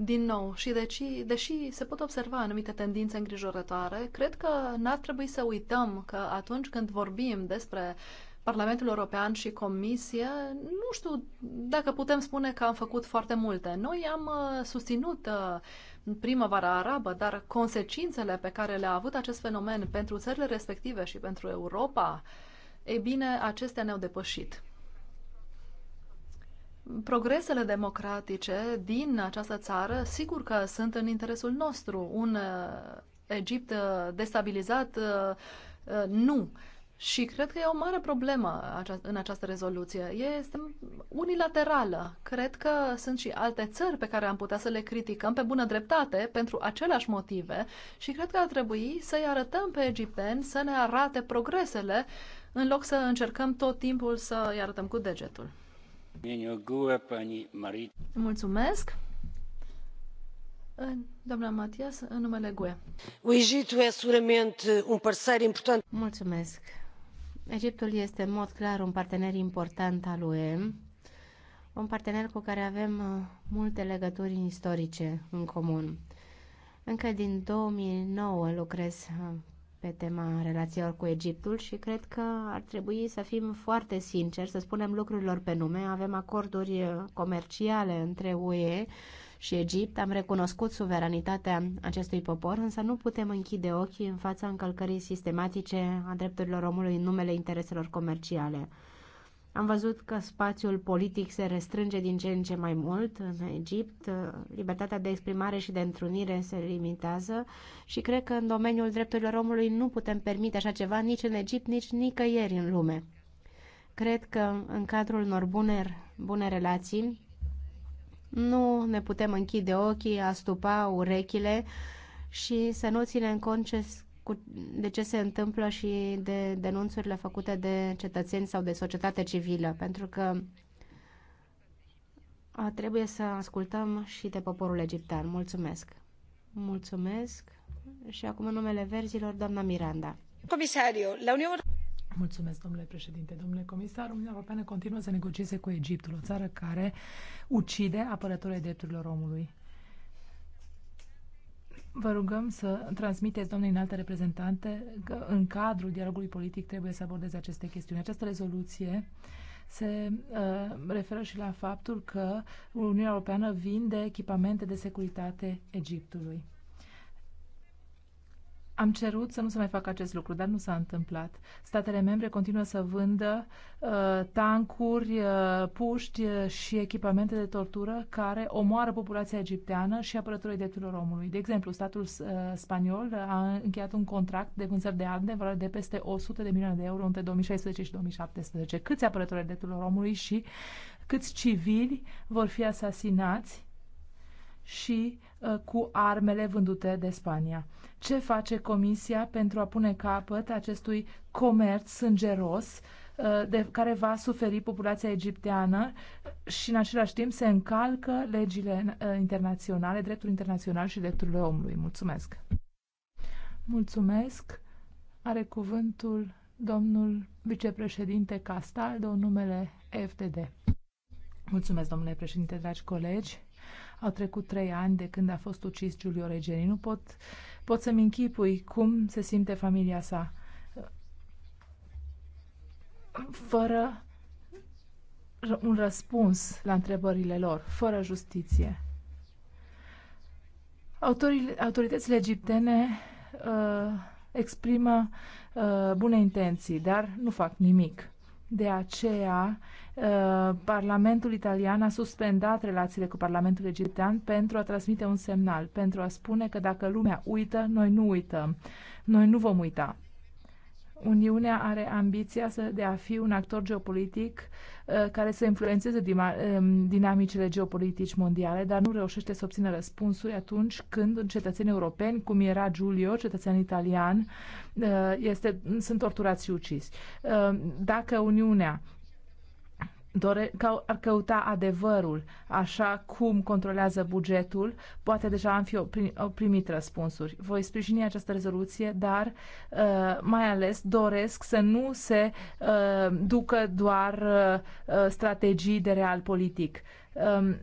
din nou. Și deci, deși se pot observa anumite tendințe îngrijorătoare, cred că n-ar trebui să uităm că atunci când vorbim despre Parlamentul European și Comisie, nu știu dacă putem spune că am făcut foarte multe. Noi am uh, susținut uh, primăvara arabă, dar consecințele pe care le-a avut acest fenomen pentru țările respective și pentru Europa, e bine, acestea ne-au depășit progresele democratice din această țară, sigur că sunt în interesul nostru. Un uh, Egipt uh, destabilizat, uh, nu. Și cred că e o mare problemă în această rezoluție. Este unilaterală. Cred că sunt și alte țări pe care am putea să le criticăm pe bună dreptate pentru aceleași motive și cred că ar trebui să-i arătăm pe egipteni să ne arate progresele în loc să încercăm tot timpul să-i arătăm cu degetul. Mulțumesc. Matias, numele Egiptul un um partener important. Mulțumesc. Egiptul este în mod clar un partener important al UE, un partener cu care avem uh, multe legături istorice în comun. Încă din 2009 lucrez uh, pe tema relațiilor cu Egiptul și cred că ar trebui să fim foarte sinceri, să spunem lucrurilor pe nume. Avem acorduri comerciale între UE și Egipt, am recunoscut suveranitatea acestui popor, însă nu putem închide ochii în fața încălcării sistematice a drepturilor omului în numele intereselor comerciale. Am văzut că spațiul politic se restrânge din ce în ce mai mult în Egipt, libertatea de exprimare și de întrunire se limitează și cred că în domeniul drepturilor omului nu putem permite așa ceva nici în Egipt, nici nicăieri în lume. Cred că în cadrul unor bune, bune relații nu ne putem închide ochii, astupa urechile și să nu ținem cont ce cu, de ce se întâmplă și de denunțurile făcute de cetățeni sau de societate civilă, pentru că a, trebuie să ascultăm și de poporul egiptean. Mulțumesc! Mulțumesc! Și acum în numele verzilor, doamna Miranda. Comisariu, la Uniunea Mulțumesc, domnule președinte. Domnule comisar, Uniunea Europeană continuă să negocieze cu Egiptul, o țară care ucide apărătorii drepturilor omului. Vă rugăm să transmiteți, domnului înalte reprezentante, că în cadrul dialogului politic trebuie să abordeze aceste chestiuni. Această rezoluție se uh, referă și la faptul că Uniunea Europeană vinde echipamente de securitate Egiptului. Am cerut să nu se mai facă acest lucru, dar nu s-a întâmplat. Statele membre continuă să vândă uh, tancuri, uh, puști uh, și echipamente de tortură care omoară populația egipteană și apărătorii drepturilor omului. De exemplu, statul uh, spaniol a încheiat un contract de vânzări de arme valoare de peste 100 de milioane de euro între 2016 și 2017. Câți apărători drepturilor omului și câți civili vor fi asasinați și uh, cu armele vândute de Spania. Ce face Comisia pentru a pune capăt acestui comerț sângeros uh, de care va suferi populația egipteană și în același timp se încalcă legile uh, internaționale, dreptul internațional și drepturile omului. Mulțumesc! Mulțumesc! Are cuvântul domnul vicepreședinte Castaldo, numele FDD. Mulțumesc, domnule președinte, dragi colegi. Au trecut trei ani de când a fost ucis Giulio Regeni. Nu pot Pot să-mi închipui cum se simte familia sa. Fără un răspuns la întrebările lor, fără justiție. Autorii, autoritățile egiptene uh, exprimă uh, bune intenții, dar nu fac nimic. De aceea Uh, Parlamentul italian a suspendat relațiile cu Parlamentul egiptean pentru a transmite un semnal, pentru a spune că dacă lumea uită, noi nu uităm. Noi nu vom uita. Uniunea are ambiția să, de a fi un actor geopolitic uh, care să influențeze um, dinamicile geopolitici mondiale, dar nu reușește să obțină răspunsuri atunci când cetățenii europeni, cum era Giulio, cetățean italian, uh, este, sunt torturați și ucis. Dacă Uniunea dore, că ar căuta adevărul, așa cum controlează bugetul, poate deja am fi primit răspunsuri. Voi sprijini această rezoluție, dar uh, mai ales doresc să nu se uh, ducă doar uh, strategii de real politic. Um,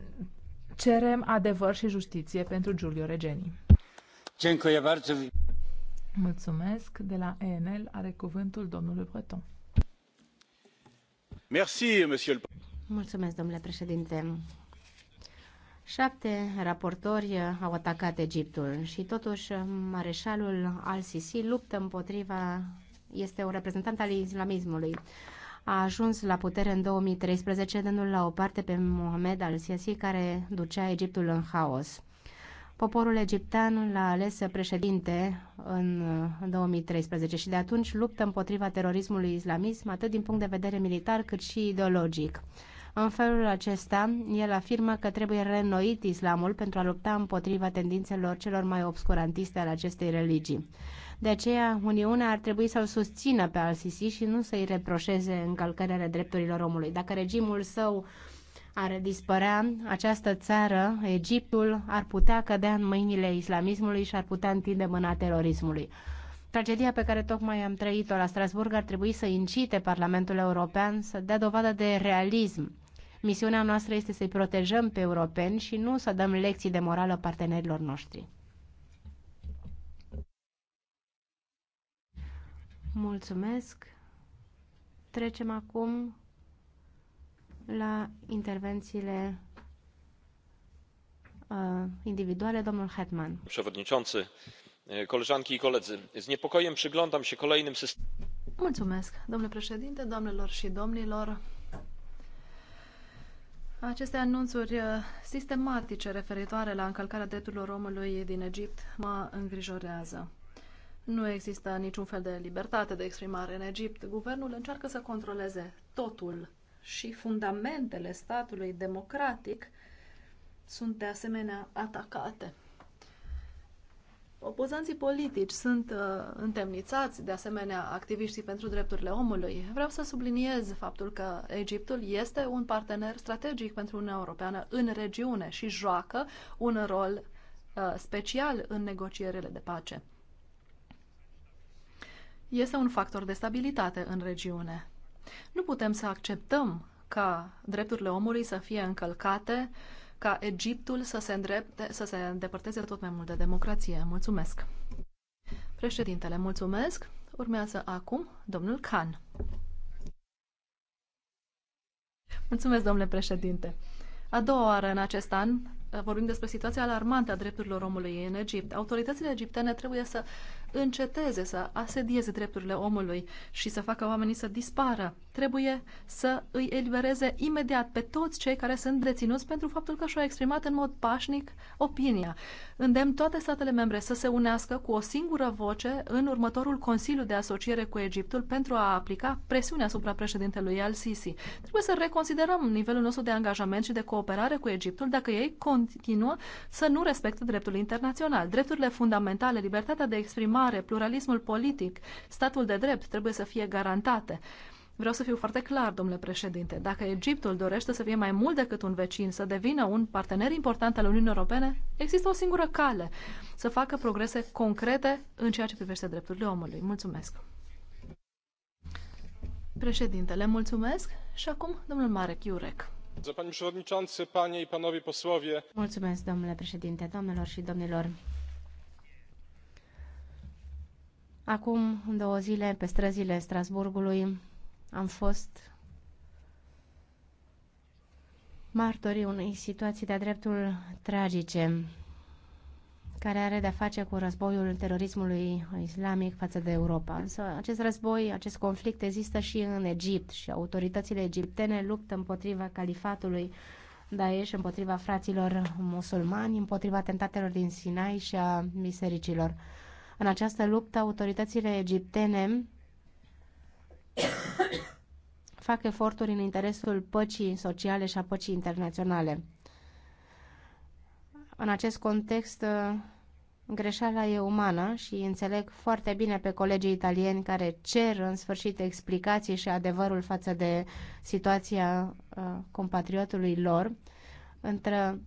cerem adevăr și justiție pentru Giulio Regeni. Mulțumesc. De la ENL are cuvântul domnul Breton. Mulțumesc, domnule președinte. Șapte raportori au atacat Egiptul și totuși mareșalul al-Sisi luptă împotriva, este un reprezentant al islamismului. A ajuns la putere în 2013, dându-l la o parte pe Mohamed al-Sisi, care ducea Egiptul în haos. Poporul egiptean l-a ales președinte în 2013 și de atunci luptă împotriva terorismului islamism, atât din punct de vedere militar cât și ideologic. În felul acesta, el afirmă că trebuie reînnoit islamul pentru a lupta împotriva tendințelor celor mai obscurantiste ale acestei religii. De aceea, Uniunea ar trebui să-l susțină pe al-Sisi și nu să-i reproșeze încălcările drepturilor omului. Dacă regimul său uh, ar dispărea această țară, Egiptul, ar putea cădea în mâinile islamismului și ar putea întinde mâna terorismului. Tragedia pe care tocmai am trăit-o la Strasburg ar trebui să incite Parlamentul European să dea dovadă de realism. Misiunea noastră este să-i protejăm pe europeni și nu să dăm lecții de morală partenerilor noștri. Mulțumesc. Trecem acum la intervențiile uh, individuale. Domnul Hetman. Przewodniczący, koleżanki i koledzy, z niepokojem przyglądam się kolejnym systemom. Mulțumesc, domnule președinte, domnilor și domnilor. Aceste anunțuri sistematice referitoare la încălcarea drepturilor omului din Egipt mă îngrijorează. Nu există niciun fel de libertate de exprimare în Egipt. Guvernul încearcă să controleze totul și fundamentele statului democratic sunt de asemenea atacate. Opozanții politici sunt uh, întemnițați, de asemenea activiștii pentru drepturile omului. Vreau să subliniez faptul că Egiptul este un partener strategic pentru Uniunea Europeană în regiune și joacă un rol uh, special în negocierile de pace. Este un factor de stabilitate în regiune. Nu putem să acceptăm ca drepturile omului să fie încălcate, ca Egiptul să se, îndrepte, să se îndepărteze tot mai mult de democrație. Mulțumesc! Președintele, mulțumesc! Urmează acum domnul Khan. Mulțumesc, domnule președinte! A doua oară în acest an uh, vorbim despre situația alarmantă a drepturilor omului în Egipt. Autoritățile egiptene trebuie să înceteze să asedieze drepturile omului și să facă oamenii să dispară. Trebuie să îi elibereze imediat pe toți cei care sunt deținuți pentru faptul că și-au exprimat în mod pașnic opinia. Îndemn toate statele membre să se unească cu o singură voce în următorul Consiliu de Asociere cu Egiptul pentru a aplica presiunea asupra președintelui al-Sisi. Trebuie să reconsiderăm nivelul nostru de angajament și de cooperare cu Egiptul dacă ei continuă să nu respecte dreptul internațional. Drepturile fundamentale, libertatea de exprimare, informare, pluralismul politic, statul de drept trebuie să fie garantate. Vreau să fiu foarte clar, domnule președinte. Dacă Egiptul dorește să fie mai mult decât un vecin, să devină un partener important al Uniunii Europene, există o singură cale să facă progrese concrete în ceea ce privește drepturile omului. Mulțumesc. Președintele, mulțumesc. Și acum, domnul Marek Iurec. Mulțumesc, domnule președinte, domnilor și domnilor. Acum două zile, pe străzile Strasburgului, am fost martorii unei situații de-a dreptul tragice, care are de-a face cu războiul terorismului islamic față de Europa. Însă acest război, acest conflict există și în Egipt și autoritățile egiptene luptă împotriva califatului Daesh, împotriva fraților musulmani, împotriva tentatelor din Sinai și a bisericilor. În această luptă, autoritățile egiptene fac eforturi în interesul păcii sociale și a păcii internaționale. În acest context, greșeala e umană și înțeleg foarte bine pe colegii italieni care cer în sfârșit explicații și adevărul față de situația uh, compatriotului lor. Între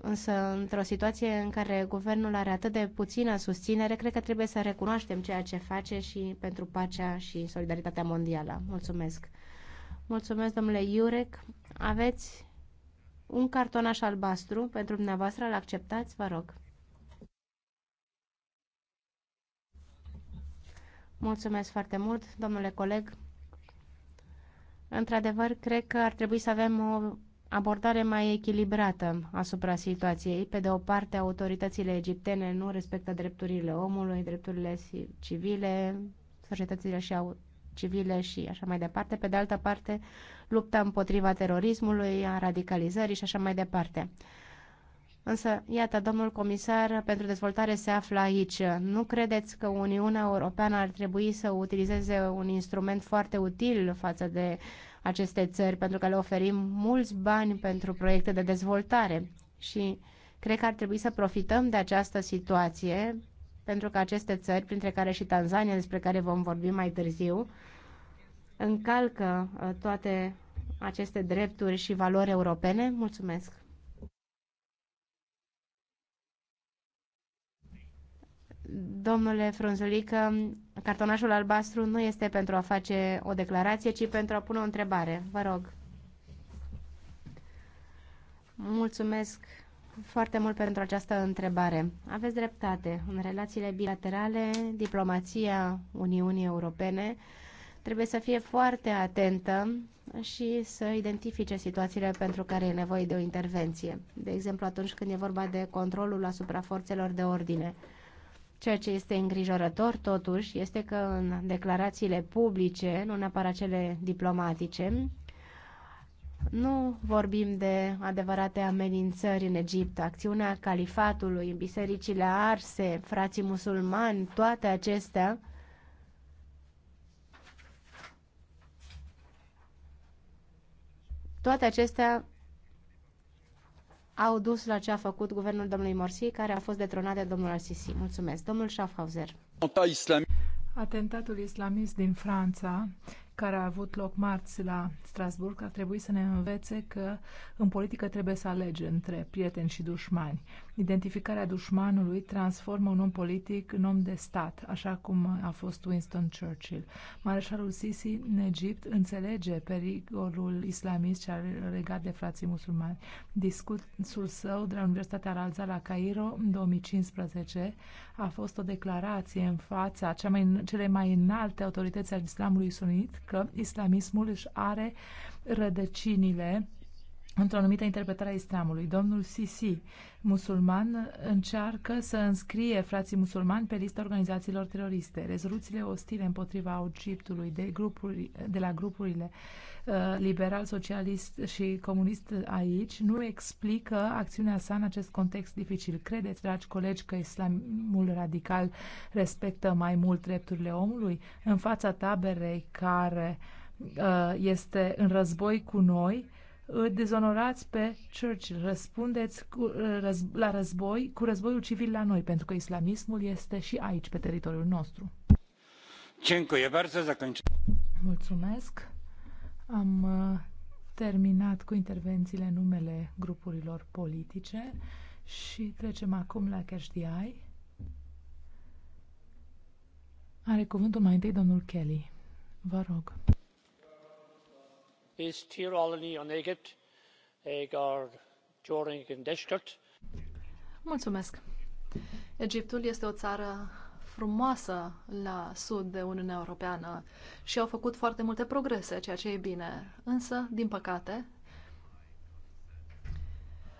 Însă, într-o situație în care guvernul are atât de puțină susținere, cred că trebuie să recunoaștem ceea ce face și pentru pacea și solidaritatea mondială. Mulțumesc! Mulțumesc, domnule Iurec. Aveți un cartonaș albastru pentru dumneavoastră. Îl acceptați? Vă rog. Mulțumesc foarte mult, domnule coleg. Într-adevăr, cred că ar trebui să avem o abordare mai echilibrată asupra situației. Pe de o parte, autoritățile egiptene nu respectă drepturile omului, drepturile civile, societățile și au civile și așa mai departe. Pe de altă parte, lupta împotriva terorismului, a radicalizării și așa mai departe. Însă, iată, domnul comisar pentru dezvoltare se află aici. Nu credeți că Uniunea Europeană ar trebui să utilizeze un instrument foarte util față de aceste țări pentru că le oferim mulți bani pentru proiecte de dezvoltare și cred că ar trebui să profităm de această situație pentru că aceste țări, printre care și Tanzania, despre care vom vorbi mai târziu, încalcă uh, toate aceste drepturi și valori europene. Mulțumesc! Domnule Frunzulică, cartonașul albastru nu este pentru a face o declarație, ci pentru a pune o întrebare. Vă rog. Mulțumesc foarte mult pentru această întrebare. Aveți dreptate. În relațiile bilaterale, diplomația Uniunii Europene trebuie să fie foarte atentă și să identifice situațiile pentru care e nevoie de o intervenție. De exemplu, atunci când e vorba de controlul asupra forțelor de ordine. Ceea ce este îngrijorător, totuși, este că în declarațiile publice, nu neapărat cele diplomatice, nu vorbim de adevărate amenințări în Egipt, acțiunea califatului, bisericile arse, frații musulmani, toate acestea. Toate acestea au dus la ce a făcut guvernul domnului Morsi, care a fost detronat de domnul Al-Sisi. Mulțumesc. Domnul Schaffhauser. Atentatul islamist din Franța care a avut loc marți la Strasburg ar trebui să ne învețe că în politică trebuie să alege între prieteni și dușmani. Identificarea dușmanului transformă un om politic în om de stat, așa cum a fost Winston Churchill. Mareșalul Sisi în Egipt înțelege pericolul islamist și legat de frații musulmani. Discursul său de la Universitatea al la Cairo în 2015 a fost o declarație în fața cea mai, cele mai înalte autorități al islamului sunit că islamismul își are rădăcinile într-o anumită interpretare a islamului. Domnul Sisi, musulman, încearcă să înscrie frații musulmani pe lista organizațiilor teroriste. Rezoluțiile ostile împotriva Egiptului de, grupuri, de la grupurile uh, liberal, socialist și comunist aici nu explică acțiunea sa în acest context dificil. Credeți, dragi colegi, că islamul radical respectă mai mult drepturile omului în fața taberei care uh, este în război cu noi? dezonorați pe Churchill, răspundeți cu, răz, la război, cu războiul civil la noi, pentru că islamismul este și aici, pe teritoriul nostru. Mulțumesc. Am uh, terminat cu intervențiile în numele grupurilor politice și trecem acum la Cash Are cuvântul mai întâi domnul Kelly. Vă rog is tíreálaí an éigipt ag ar deorainnig an deisceart. Mulțumesc. Egiptul este o țară frumoasă la sud de Uniunea Europeană și au făcut foarte multe progrese, ceea ce e bine. Însă, din păcate,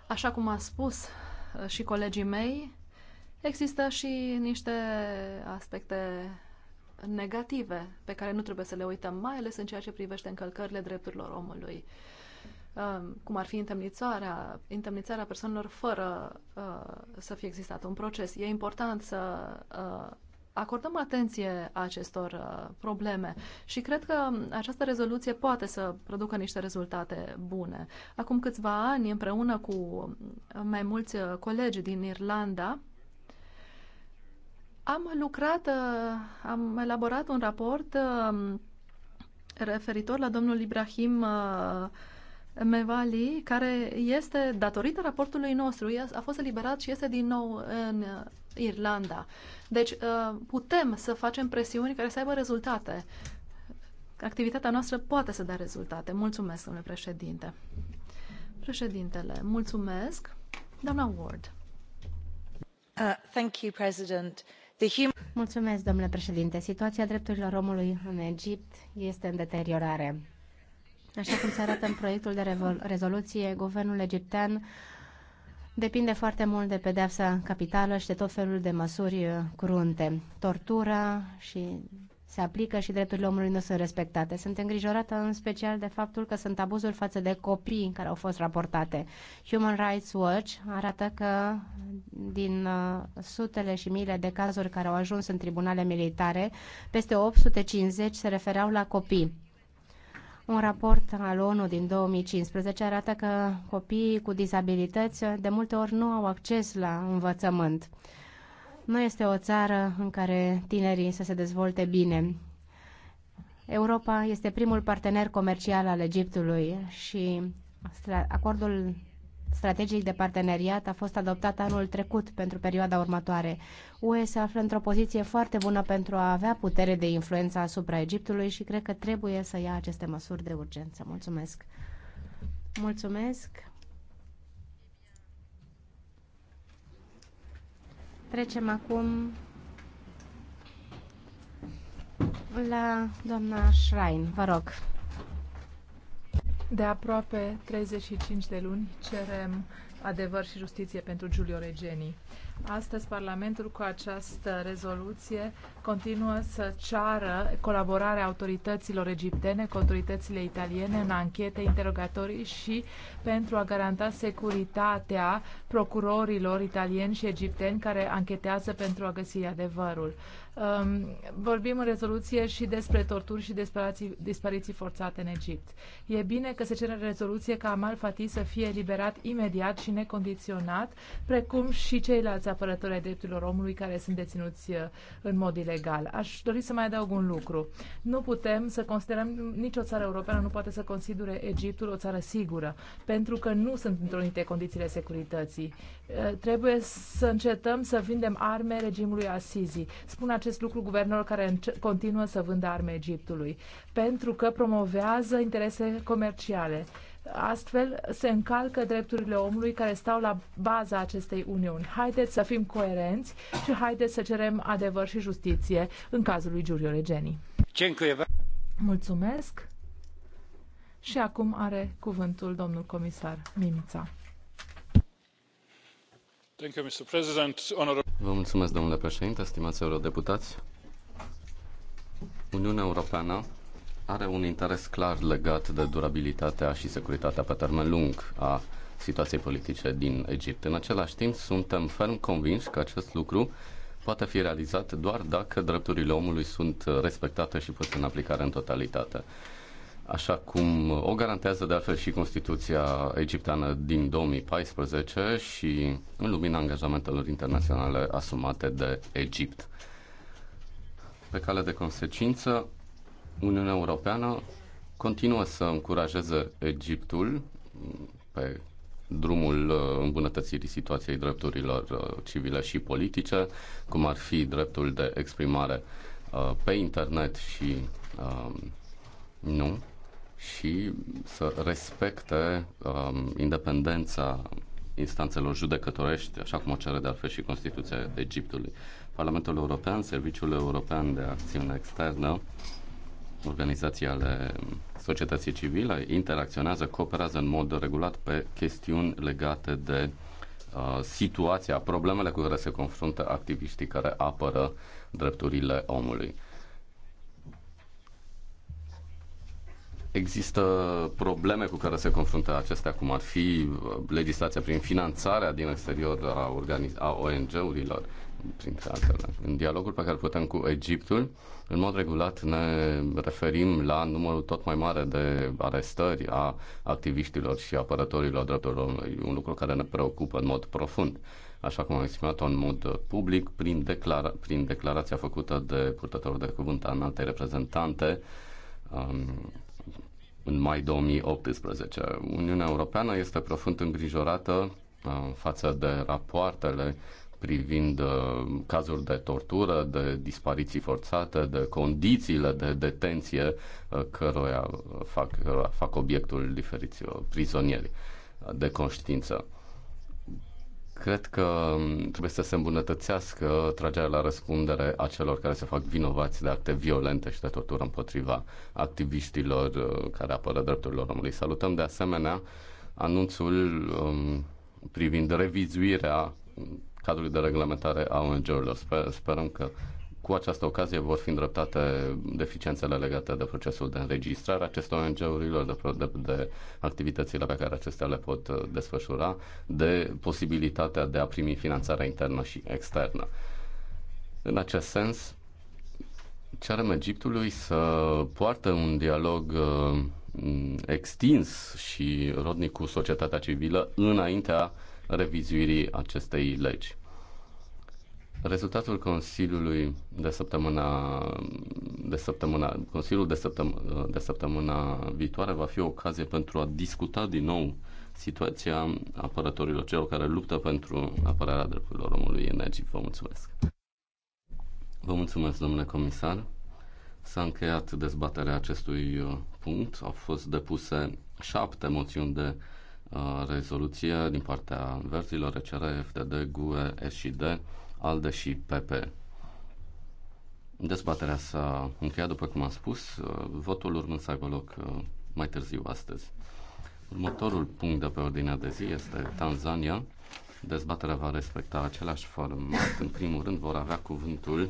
așa cum a spus uh, și colegii mei, există și niște aspecte negative pe care nu trebuie să le uităm, mai ales în ceea ce privește încălcările drepturilor omului, um, cum ar fi întemnițarea, întemnițarea persoanelor fără uh, să fie existat un proces. E important să uh, acordăm atenție acestor uh, probleme și cred că această rezoluție poate să producă niște rezultate bune. Acum câțiva ani, împreună cu mai mulți colegi din Irlanda, am lucrat, uh, am elaborat un raport uh, referitor la domnul Ibrahim uh, Mevali, care este, datorită raportului nostru, a fost eliberat și este din nou în Irlanda. Deci putem să facem presiuni care să aibă rezultate. Activitatea noastră poate să dea rezultate. Mulțumesc, domnule președinte. Președintele, mulțumesc. Doamna Ward. Uh, thank you, President. Mulțumesc, domnule președinte. Situația drepturilor omului în Egipt este în deteriorare. Așa cum se arată în proiectul de rezoluție, guvernul egiptean depinde foarte mult de pedeapsa capitală și de tot felul de măsuri uh, crunte. Tortura și se aplică și drepturile omului nu sunt respectate. Sunt îngrijorată în special de faptul că sunt abuzuri față de copii care au fost raportate. Human Rights Watch arată că din uh, sutele și miile de cazuri care au ajuns în tribunale militare, peste 850 se refereau la copii. Un raport al ONU din 2015 arată că copiii cu dizabilități de multe ori nu au acces la învățământ nu este o țară în care tinerii să se dezvolte bine. Europa este primul partener comercial al Egiptului și acordul strategic de parteneriat a fost adoptat anul trecut pentru perioada următoare. UE se află într-o poziție foarte bună pentru a avea putere de influență asupra Egiptului și cred că trebuie să ia aceste măsuri de urgență. Mulțumesc! Mulțumesc! Trecem acum la doamna Schrein. Vă rog. De aproape 35 de luni cerem adevăr și justiție pentru Giulio Regeni. Astăzi Parlamentul cu această rezoluție continuă să ceară colaborarea autorităților egiptene cu autoritățile italiene în anchete, interogatorii și pentru a garanta securitatea procurorilor italieni și egipteni care anchetează pentru a găsi adevărul. Um, vorbim în rezoluție și despre torturi și dispariții, dispariții forțate în Egipt. E bine că se cere în rezoluție ca Amal Fati să fie eliberat imediat și necondiționat, precum și ceilalți apărători ai drepturilor omului care sunt deținuți uh, în mod ilegal. Aș dori să mai adaug un lucru. Nu putem să considerăm, nicio țară europeană nu poate să considere Egiptul o țară sigură, pentru că nu sunt întrunite condițiile securității. Eh, trebuie să încetăm să vindem arme regimului Asizi. Spun acest lucru guvernelor care continuă să vândă arme Egiptului, pentru că promovează interese comerciale. Astfel se încalcă drepturile omului care stau la baza acestei uniuni. Haideți să fim coerenți și haideți să cerem adevăr și justiție în cazul lui Giulio Regeni. Mulțumesc! Și acum are cuvântul domnul comisar Mimița. Vă mulțumesc, domnule președinte, stimați eurodeputați. Uniunea Europeană are un interes clar legat de durabilitatea și securitatea pe termen lung a situației politice din Egipt. În același timp, suntem ferm convinși că acest lucru poate fi realizat doar dacă drepturile omului sunt respectate și puse în aplicare în totalitate așa cum o garantează de altfel și Constituția egipteană din 2014 și în lumina angajamentelor internaționale asumate de Egipt. Pe cale de consecință, Uniunea Europeană continuă să încurajeze Egiptul pe drumul uh, îmbunătățirii situației drepturilor uh, civile și politice, cum ar fi dreptul de exprimare uh, pe internet și nu și să respecte um, independența instanțelor judecătorești, așa cum o cere de altfel și Constituția Egiptului. Parlamentul European, Serviciul European de Acțiune Externă, organizații ale societății civile, interacționează, cooperează în mod regulat pe chestiuni legate de uh, situația, problemele cu care se confruntă activiștii care apără drepturile omului. Există probleme cu care se confruntă acestea, cum ar fi uh, legislația prin finanțarea din exterior a, organiz- a ONG-urilor, printre altele. În dialogul pe care putem cu Egiptul, în mod regulat ne referim la numărul tot mai mare de arestări a activiștilor și apărătorilor drepturilor omului, un lucru care ne preocupă în mod profund așa cum am exprimat-o în mod public, prin, declara- prin declarația făcută de purtătorul de cuvânt a înaltei reprezentante um, în mai 2018. Uniunea Europeană este profund îngrijorată uh, față de rapoartele privind uh, cazuri de tortură, de dispariții forțate, de condițiile de detenție uh, căroia fac, fac obiectul diferiți prizonieri de conștiință. Cred că trebuie să se îmbunătățească tragerea la răspundere a celor care se fac vinovați de acte violente și de tortură împotriva activiștilor uh, care apără drepturile omului. Salutăm de asemenea anunțul um, privind revizuirea um, cadrului de reglementare a ONG-urilor. Sper, sperăm că cu această ocazie vor fi îndreptate deficiențele legate de procesul de înregistrare acestor ONG-urilor, de, de, de activitățile pe care acestea le pot uh, desfășura, de posibilitatea de a primi finanțarea internă și externă. În acest sens, cerem Egiptului să poartă un dialog uh, extins și rodnic cu societatea civilă înaintea revizuirii acestei legi. Rezultatul Consiliului de săptămâna, de săptămâna Consiliul de săptămâna, de săptămâna viitoare va fi o ocazie pentru a discuta din nou situația apărătorilor, celor care luptă pentru apărarea drepturilor omului Egipt, Vă mulțumesc! Vă mulțumesc, domnule comisar! S-a încheiat dezbaterea acestui uh, punct. Au fost depuse șapte moțiuni de uh, rezoluție din partea verzilor, ECR, FDD, GUE, SID, ALDE și PP. Dezbaterea s-a încheiat, după cum am spus, votul urmând să aibă loc uh, mai târziu astăzi. Următorul punct de pe ordinea de zi este Tanzania. Dezbaterea va respecta același format. În primul rând vor avea cuvântul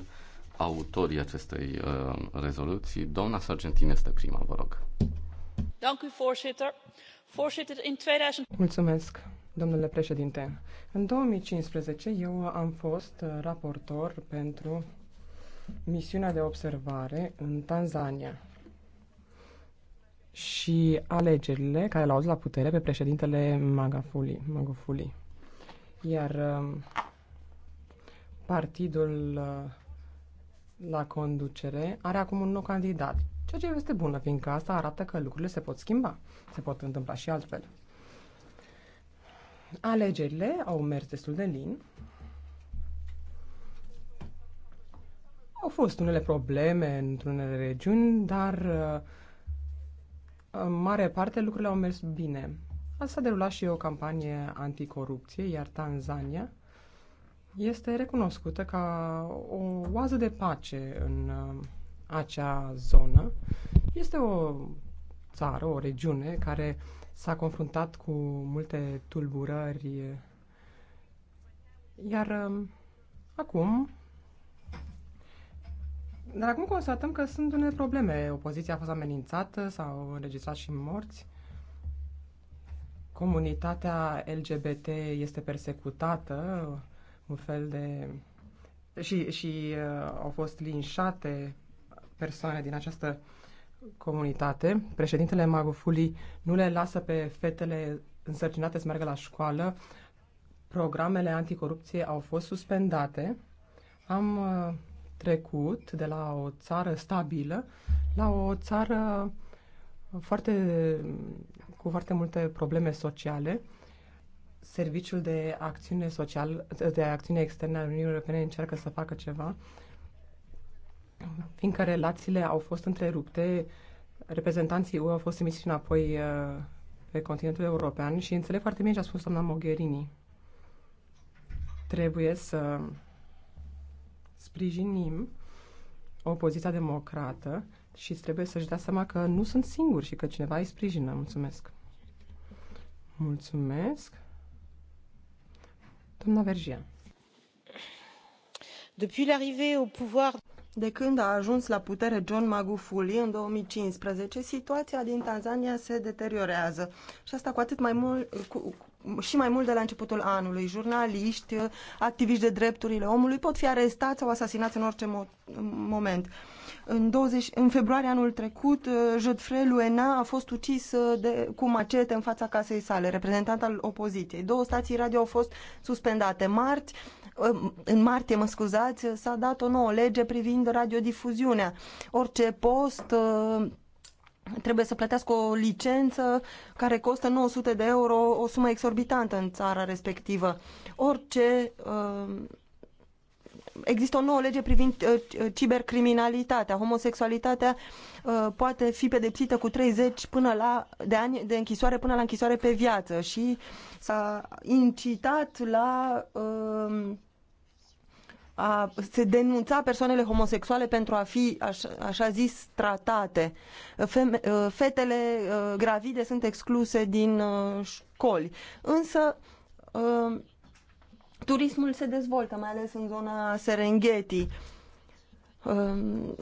autorii acestei uh, rezoluții. Doamna Sargentin este prima, vă rog. Mulțumesc. Domnule președinte, în 2015 eu am fost uh, raportor pentru misiunea de observare în Tanzania și alegerile care l-au la putere pe președintele Magafuli, Magafuli, Iar um, partidul uh, la conducere are acum un nou candidat, ceea ce este bună, fiindcă asta arată că lucrurile se pot schimba, se pot întâmpla și altfel. Alegerile au mers destul de lin. Au fost unele probleme într-unele regiuni, dar uh, în mare parte lucrurile au mers bine. Asta a derulat și o campanie anticorupție, iar Tanzania este recunoscută ca o oază de pace în uh, acea zonă. Este o țară, o regiune care uh, s-a confruntat cu multe tulburări, iar um, acum, dar acum constatăm că sunt unele probleme. Opoziția a fost amenințată, s-au înregistrat și morți. Comunitatea LGBT este persecutată, un fel de... și, și uh, au fost linșate persoane din această uh, comunitate, președintele Magufuli nu le lasă pe fetele însărcinate să meargă la școală, programele anticorupție au fost suspendate, am uh, trecut de la o țară stabilă la o țară foarte, cu foarte multe probleme sociale. Serviciul de acțiune, social, de acțiune externă al Uniunii Europene încearcă să facă ceva fiindcă relațiile au fost întrerupte, reprezentanții UE au fost emisi înapoi uh, pe continentul european și înțeleg foarte bine ce a spus doamna Mogherini. Trebuie să sprijinim opoziția democrată și trebuie să-și dea seama că nu sunt singuri și că cineva îi sprijină. Mulțumesc! Mulțumesc! Doamna Vergia. Depuis l'arrivée au pouvoir de când a ajuns la putere John Magufuli în 2015, situația din Tanzania se deteriorează. Și asta cu atât mai mult, cu, și mai mult de la începutul anului. Jurnaliști, activiști de drepturile omului pot fi arestați sau asasinați în orice mo- moment. În, 20, în februarie anul trecut, Jodfre Luena a fost ucis de, cu macete în fața casei sale, reprezentant al opoziției. Două stații radio au fost suspendate. Marți, în martie, mă scuzați, s-a dat o nouă lege privind radiodifuziunea. Orice post uh, trebuie să plătească o licență care costă 900 de euro, o sumă exorbitantă în țara respectivă. Orice uh, există o nouă lege privind uh, cibercriminalitatea. Homosexualitatea poate fi pedepsită cu 30 până la, de ani de închisoare până la închisoare pe viață și s-a incitat la uh, a se denunța persoanele homosexuale pentru a fi, așa, așa zis, tratate. Feme, fetele gravide sunt excluse din școli. Însă, turismul se dezvoltă, mai ales în zona Serengeti.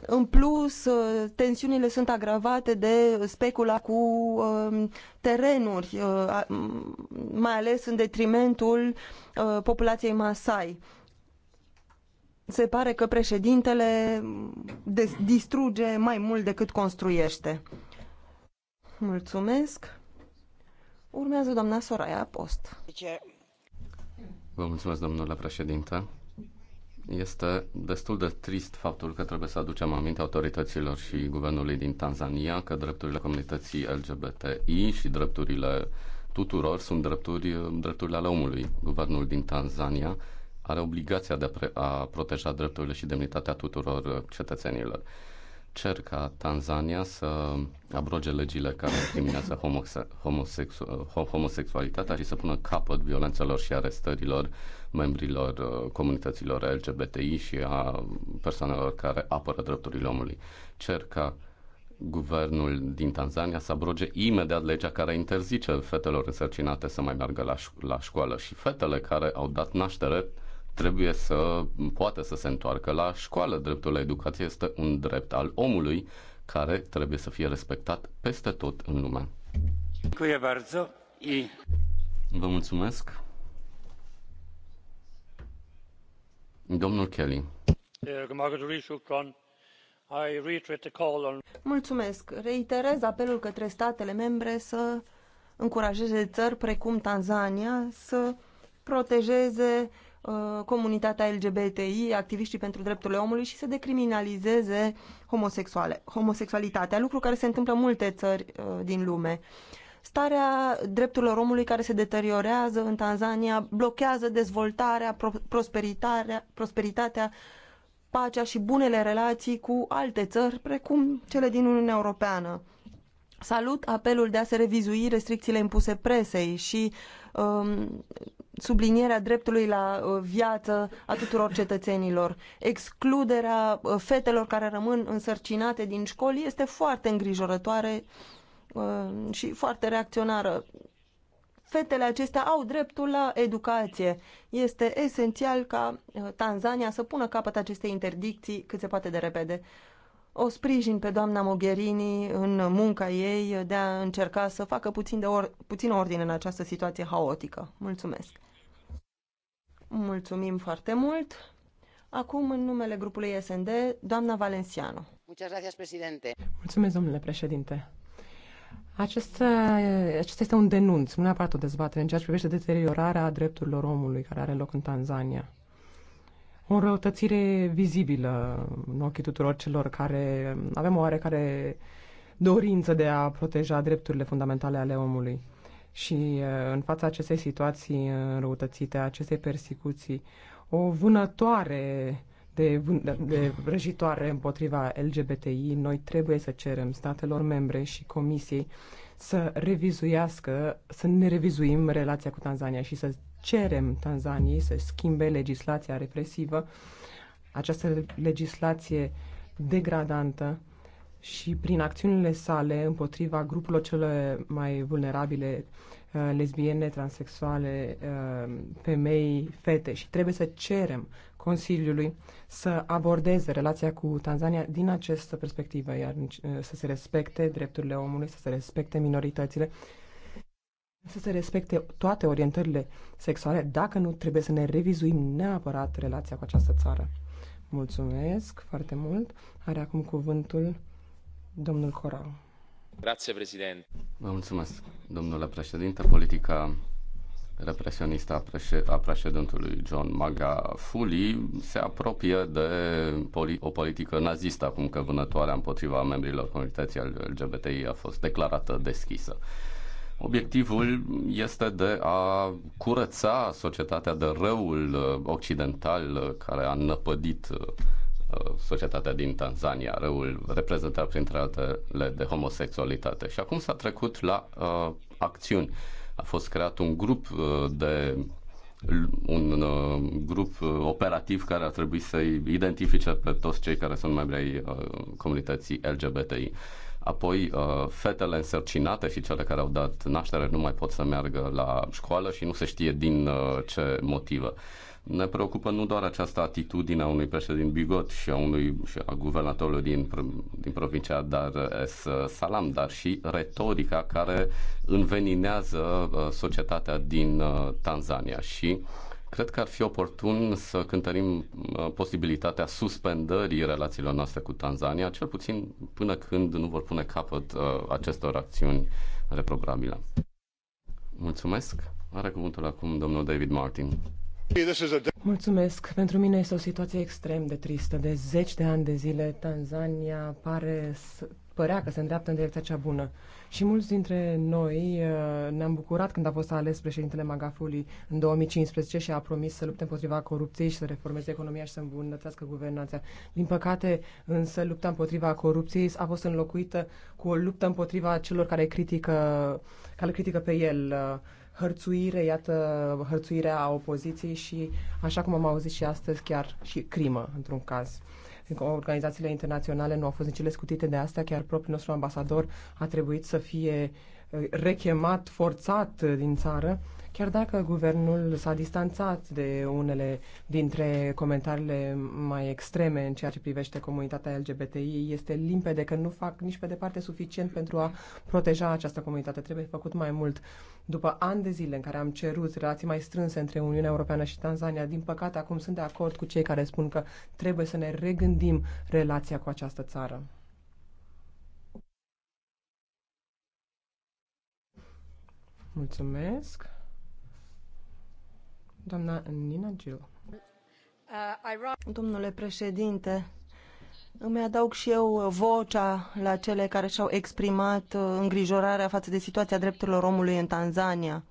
În plus, tensiunile sunt agravate de specula cu terenuri, mai ales în detrimentul populației Masai. Se pare că președintele distruge mai mult decât construiește. Mulțumesc. Urmează doamna Soraya Post. Vă mulțumesc, domnule președinte. Este destul de trist faptul că trebuie să aducem aminte autorităților și guvernului din Tanzania că drepturile comunității LGBTI și drepturile tuturor sunt drepturi, drepturile ale omului. Guvernul din Tanzania are obligația de a proteja drepturile și demnitatea tuturor uh, cetățenilor. Cer ca Tanzania să abroge legile care criminează homose- homosexu- uh, homosexualitatea și să pună capăt violențelor și arestărilor membrilor uh, comunităților LGBTI și a persoanelor care apără drepturile omului. Cer ca guvernul din Tanzania să abroge imediat legea care interzice fetelor însărcinate să mai meargă la, ș- la școală și fetele care au dat naștere trebuie să poată să se întoarcă la școală. Dreptul la educație este un drept al omului care trebuie să fie respectat peste tot în lume. Vă mulțumesc. Domnul Kelly. Mulțumesc. Reiterez apelul către statele membre să încurajeze țări precum Tanzania să protejeze Uh, comunitatea LGBTI, activiștii pentru drepturile omului și să decriminalizeze homosexuale, homosexualitatea, lucru care se întâmplă în multe țări uh, din lume. Starea drepturilor omului care se deteriorează în Tanzania blochează dezvoltarea, prosperitatea, prosperitatea, pacea și bunele relații cu alte țări, precum cele din Uniunea Europeană. Salut apelul de a se revizui restricțiile impuse presei și um, sublinierea dreptului la uh, viață a tuturor cetățenilor. Excluderea uh, fetelor care rămân însărcinate din școli este foarte îngrijorătoare um, și foarte reacționară. Fetele acestea au dreptul la educație. Este esențial ca Tanzania să pună capăt acestei interdicții cât se poate de repede. O sprijin pe doamna Mogherini în munca ei de a încerca să facă puțin, de or puțin ordine în această situație haotică. Mulțumesc! Mulțumim foarte mult! Acum, în numele grupului SND, doamna Valenciano. Mulțumesc, domnule președinte. Acesta, acesta este un denunț, nu neapărat o dezbatere, în ceea ce privește deteriorarea drepturilor omului care are loc în Tanzania o răutățire vizibilă în ochii tuturor celor care avem o oarecare dorință de a proteja drepturile fundamentale ale omului. Și în fața acestei situații răutățite, acestei persecuții, o vânătoare de, de vrăjitoare împotriva LGBTI, noi trebuie să cerem statelor membre și comisiei să revizuiască, să ne revizuim relația cu Tanzania și să cerem Tanzaniei să schimbe legislația represivă, această legislație degradantă și prin acțiunile sale împotriva grupurilor cele mai vulnerabile, uh, lesbiene, transexuale, uh, femei, fete. Și trebuie să cerem Consiliului să abordeze relația cu Tanzania din această perspectivă, iar uh, să se respecte drepturile omului, să se respecte minoritățile să se respecte toate orientările sexuale, dacă nu trebuie să ne revizuim neapărat relația cu această țară. Mulțumesc foarte mult. Are acum cuvântul domnul Corau. Grazie, prezident. Vă mulțumesc, domnule președinte. Politica represionistă a președintelui John Magafuli se apropie de poli- o politică nazistă, acum că vânătoarea împotriva membrilor comunității LGBTI a fost declarată deschisă. Obiectivul este de a curăța societatea de răul uh, occidental uh, care a năpădit uh, societatea din Tanzania, răul reprezentat printre altele de homosexualitate. Și acum s-a trecut la uh, acțiuni. A fost creat un grup de un uh, grup operativ care a trebuit să-i identifice pe toți cei care sunt membri ai uh, comunității LGBTI. Apoi, uh, fetele însărcinate și cele care au dat naștere nu mai pot să meargă la școală și nu se știe din uh, ce motivă. Ne preocupă nu doar această atitudine a unui președinte bigot și a unui și a guvernatorului din, din provincia Dar es uh, Salam, dar și retorica care înveninează societatea din Tanzania și uh, Cred că ar fi oportun să cântărim uh, posibilitatea suspendării relațiilor noastre cu Tanzania, cel puțin până când nu vor pune capăt uh, acestor acțiuni reprobabile. Mulțumesc. Are cuvântul acum domnul David Martin. Mulțumesc. Pentru mine este o situație extrem de tristă. De zeci de ani de zile, Tanzania pare părea că se îndreaptă în direcția cea bună. Și mulți dintre noi uh, ne-am bucurat când a fost ales președintele Magafuli în 2015 și a promis să lupte împotriva corupției și să reformeze economia și să îmbunătățească guvernanța. Din păcate, însă, lupta împotriva corupției a fost înlocuită cu o luptă împotriva celor care critică, care critică pe el uh, hărțuire, iată, hărțuirea opoziției și, așa cum am auzit și astăzi, chiar și crimă, într-un caz organizațiile internaționale nu au fost nici ele scutite de asta, chiar propriul nostru ambasador a trebuit să fie eh, rechemat forțat eh, din țară Chiar dacă guvernul s-a distanțat de unele dintre comentariile mai extreme în ceea ce privește comunitatea LGBTI, este limpede că nu fac nici pe departe suficient pentru a proteja această comunitate. Trebuie făcut mai mult. După ani de zile în care am cerut relații mai strânse între Uniunea Europeană și Tanzania, din păcate acum sunt de acord cu cei care spun că trebuie să ne regândim relația cu această țară. Mulțumesc. Doamna Nina Gil. Uh, Domnule președinte, îmi adaug și eu vocea la cele care și-au exprimat uh, îngrijorarea față de situația drepturilor omului în Tanzania.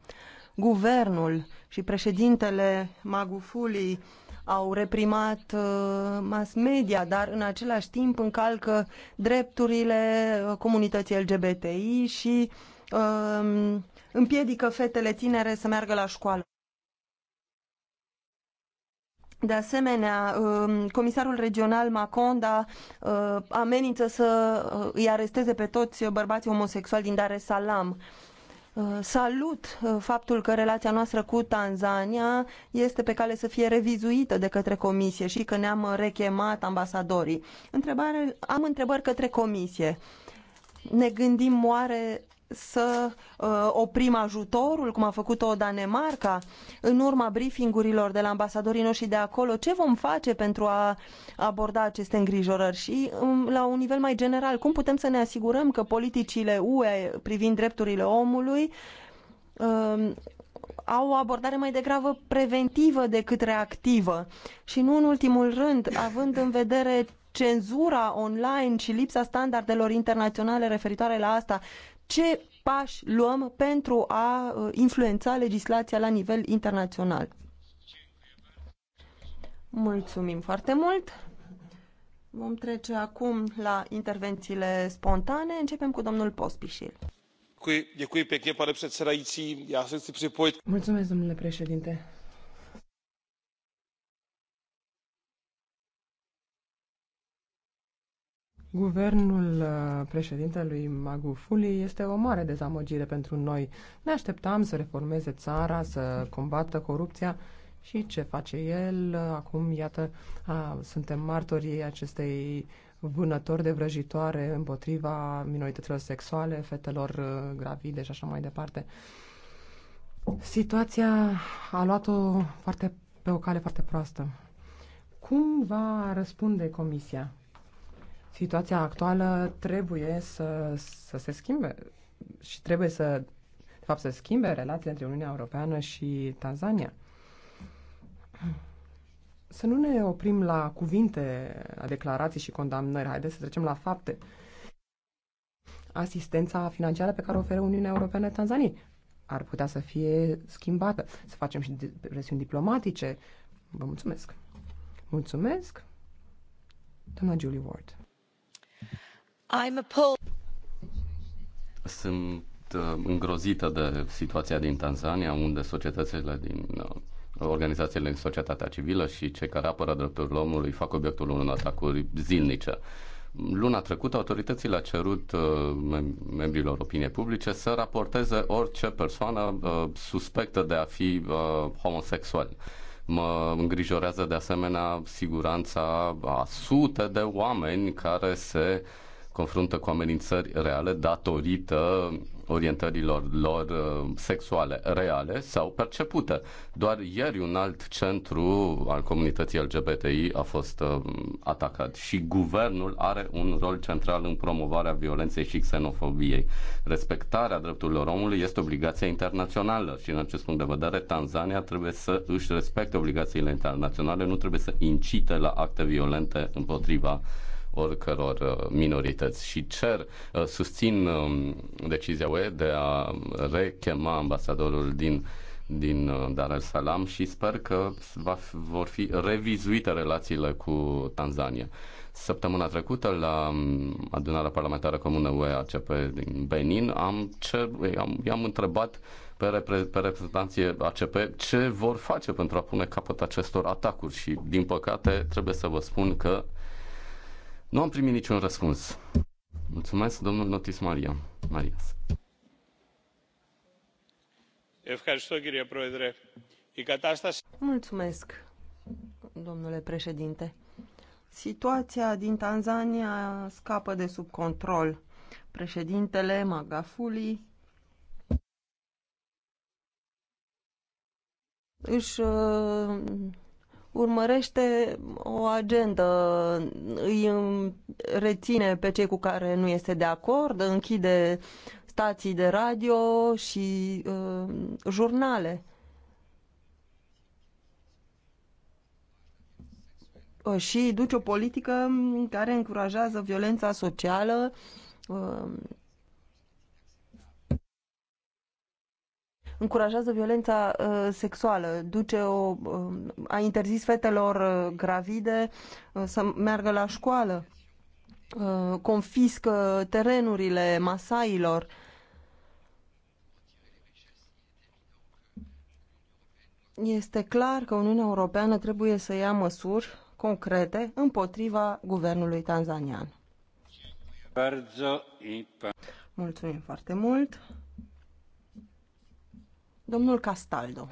Guvernul și președintele Magufuli au reprimat uh, mass media, dar în același timp încalcă drepturile comunității LGBTI și um, împiedică fetele tinere să meargă la școală. De asemenea, um, comisarul regional Maconda uh, amenință să uh, îi aresteze pe toți bărbații homosexuali din Dar es Salaam. Uh, salut faptul că relația noastră cu Tanzania este pe cale să fie revizuită de către comisie și că ne-am rechemat ambasadorii. Întrebare, am întrebări către comisie. Ne gândim oare să uh, oprim ajutorul, cum a făcut-o Danemarca, în urma briefingurilor de la ambasadorii noștri de acolo, ce vom face pentru a aborda aceste îngrijorări și um, la un nivel mai general, cum putem să ne asigurăm că politicile UE privind drepturile omului um, au o abordare mai degrabă preventivă decât reactivă. Și nu în ultimul rând, având în vedere cenzura online și lipsa standardelor internaționale referitoare la asta, ce pași luăm pentru a uh, influența legislația la nivel internațional. Mulțumim foarte mult! Vom trece acum la intervențiile spontane. Începem cu domnul Pospișil. Mulțumesc, domnule președinte Guvernul uh, președintelui Magufuli este o mare dezamăgire pentru noi. Ne așteptam să reformeze țara, să combată corupția și ce face el. Acum, iată, a, suntem martorii acestei vânători de vrăjitoare împotriva minorităților sexuale, fetelor uh, gravide și așa mai departe. Situația a luat-o foarte, pe o cale foarte proastă. Cum va răspunde Comisia? situația actuală trebuie să, să se schimbe și trebuie să, de fapt, să schimbe relațiile între Uniunea Europeană și Tanzania. Să nu ne oprim la cuvinte, la declarații și condamnări. Haideți să trecem la fapte. Asistența financiară pe care o oferă Uniunea Europeană Tanzaniei ar putea să fie schimbată. Să facem și presiuni diplomatice. Vă mulțumesc. Mulțumesc, doamna Julie Ward. Sunt uh, îngrozită de situația din Tanzania, unde societățile din uh, organizațiile din societatea civilă și cei care apără drepturile omului fac obiectul unor atacuri zilnice. Luna trecută, autoritățile a cerut uh, membrilor opiniei publice să raporteze orice persoană suspectă de a fi homosexual. Mă îngrijorează de asemenea siguranța a sute de oameni care se uh, confruntă cu amenințări reale datorită orientărilor lor uh, sexuale reale sau percepute. Doar ieri un alt centru al comunității LGBTI a fost uh, atacat și guvernul are un rol central în promovarea violenței și xenofobiei. Respectarea drepturilor omului este obligația internațională și în acest punct de vedere Tanzania trebuie să își respecte obligațiile internaționale, nu trebuie să incite la acte violente împotriva oricăror uh, minorități și cer, uh, susțin um, decizia UE de a rechema ambasadorul din din uh, Dar el Salam și sper că va, vor fi revizuite relațiile cu Tanzania. Săptămâna trecută, la um, adunarea parlamentară comună UE-ACP din Benin, am cer, am, i-am întrebat pe, repre, pe reprezentanție ACP ce vor face pentru a pune capăt acestor atacuri și, din păcate, trebuie să vă spun că nu am primit niciun răspuns. Mulțumesc, domnul Notis Maria. Marias. Mulțumesc, domnule președinte. Situația din Tanzania scapă de sub control. Președintele Magafuli își uh, urmărește o agendă, îi reține pe cei cu care nu este de acord, închide stații de radio și uh, jurnale. Uh, și duce o politică care încurajează violența socială, uh, încurajează violența uh, sexuală, duce o, uh, a interzis fetelor uh, gravide să meargă la școală, confiscă terenurile masailor. Este clar că Uniunea Europeană trebuie să ia măsuri concrete împotriva guvernului tanzanian. Mulțumim foarte mult. Domnule Castaldo.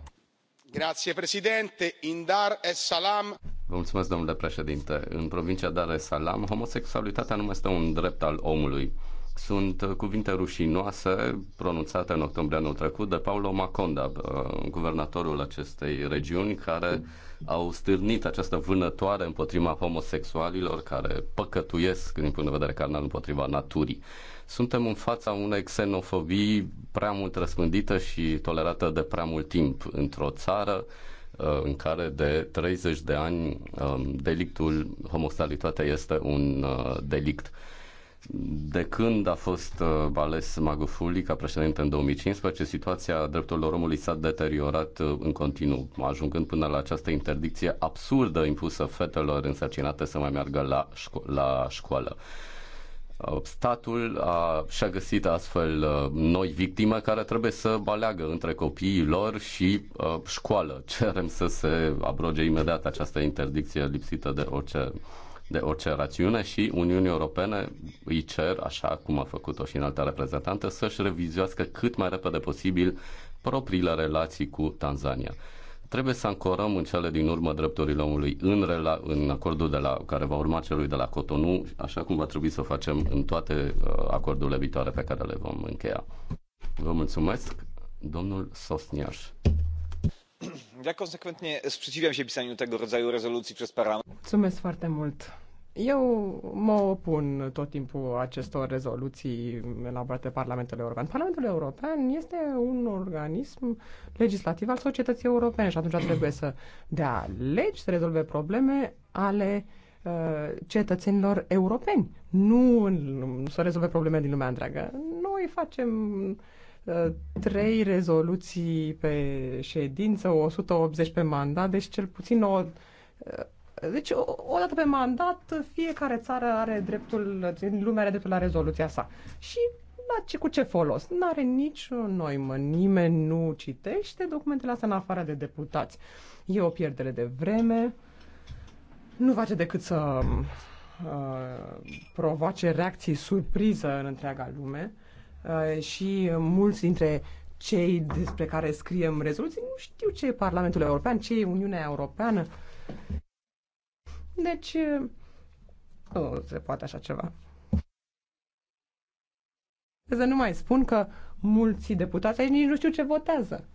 Grazie, președinte. In Dar es Salaam. Vă mulțumesc, domnule președinte. În provincia Dar es Salaam, homosexualitatea nu este un drept al omului. Sunt cuvinte rușinoase pronunțate în octombrie anul trecut de Paulo Maconda, guvernatorul acestei regiuni, care au stârnit această vânătoare împotriva homosexualilor care păcătuiesc din punct de vedere carnal împotriva naturii. Suntem în fața unei xenofobii prea mult răspândită și tolerată de prea mult timp într-o țară uh, în care de 30 de ani um, delictul homosexualitate este un uh, delict. De când a fost uh, ales Magufuli ca președinte în 2015, situația drepturilor omului s-a deteriorat în continuu, ajungând până la această interdicție absurdă impusă fetelor însărcinate să mai meargă la, șco- la școală. Uh, statul a, și-a găsit astfel uh, noi victime care trebuie să baleagă între copiii lor și uh, școală. Cerem să se abroge imediat această interdicție lipsită de orice, de orice rațiune și Uniunii Europene îi cer, așa cum a făcut-o și în alta reprezentantă, să-și revizuiască cât mai repede posibil propriile relații cu Tanzania. Trebuie să ancorăm în cele din urmă drepturile omului în, rela- în acordul de la, care va urma celui de la Cotonou, așa cum va trebui să o facem în toate uh, acordurile viitoare pe care le vom încheia. Vă mulțumesc, domnul Sosniaș. Ja konsekwentnie sprzeciwiam się pisaniu tego rodzaju rezolucji przez parlament. Mulțumesc foarte mult. Eu mă opun tot timpul acestor rezoluții elaborate Parlamentul European. Parlamentul European este un organism legislativ al societății europene și atunci trebuie să dea legi, să rezolve probleme ale uh, cetățenilor europeni. Nu, nu să rezolve probleme din lumea întreagă. Noi facem uh, trei rezoluții pe ședință, 180 pe mandat, deci cel puțin o uh, deci, o dată pe mandat, fiecare țară are dreptul, din lume are dreptul la rezoluția sa. Și la da, ce, cu ce folos? Nu are niciun noimă, nimeni nu citește documentele astea în afară de deputați. E o pierdere de vreme, nu face decât să uh, provoace reacții surpriză în întreaga lume uh, și mulți dintre cei despre care scriem rezoluții nu știu ce e Parlamentul European, ce e Uniunea Europeană. Deci, nu uh, uh, se poate așa ceva. Să nu mai spun că mulți deputați aici nici nu știu ce votează.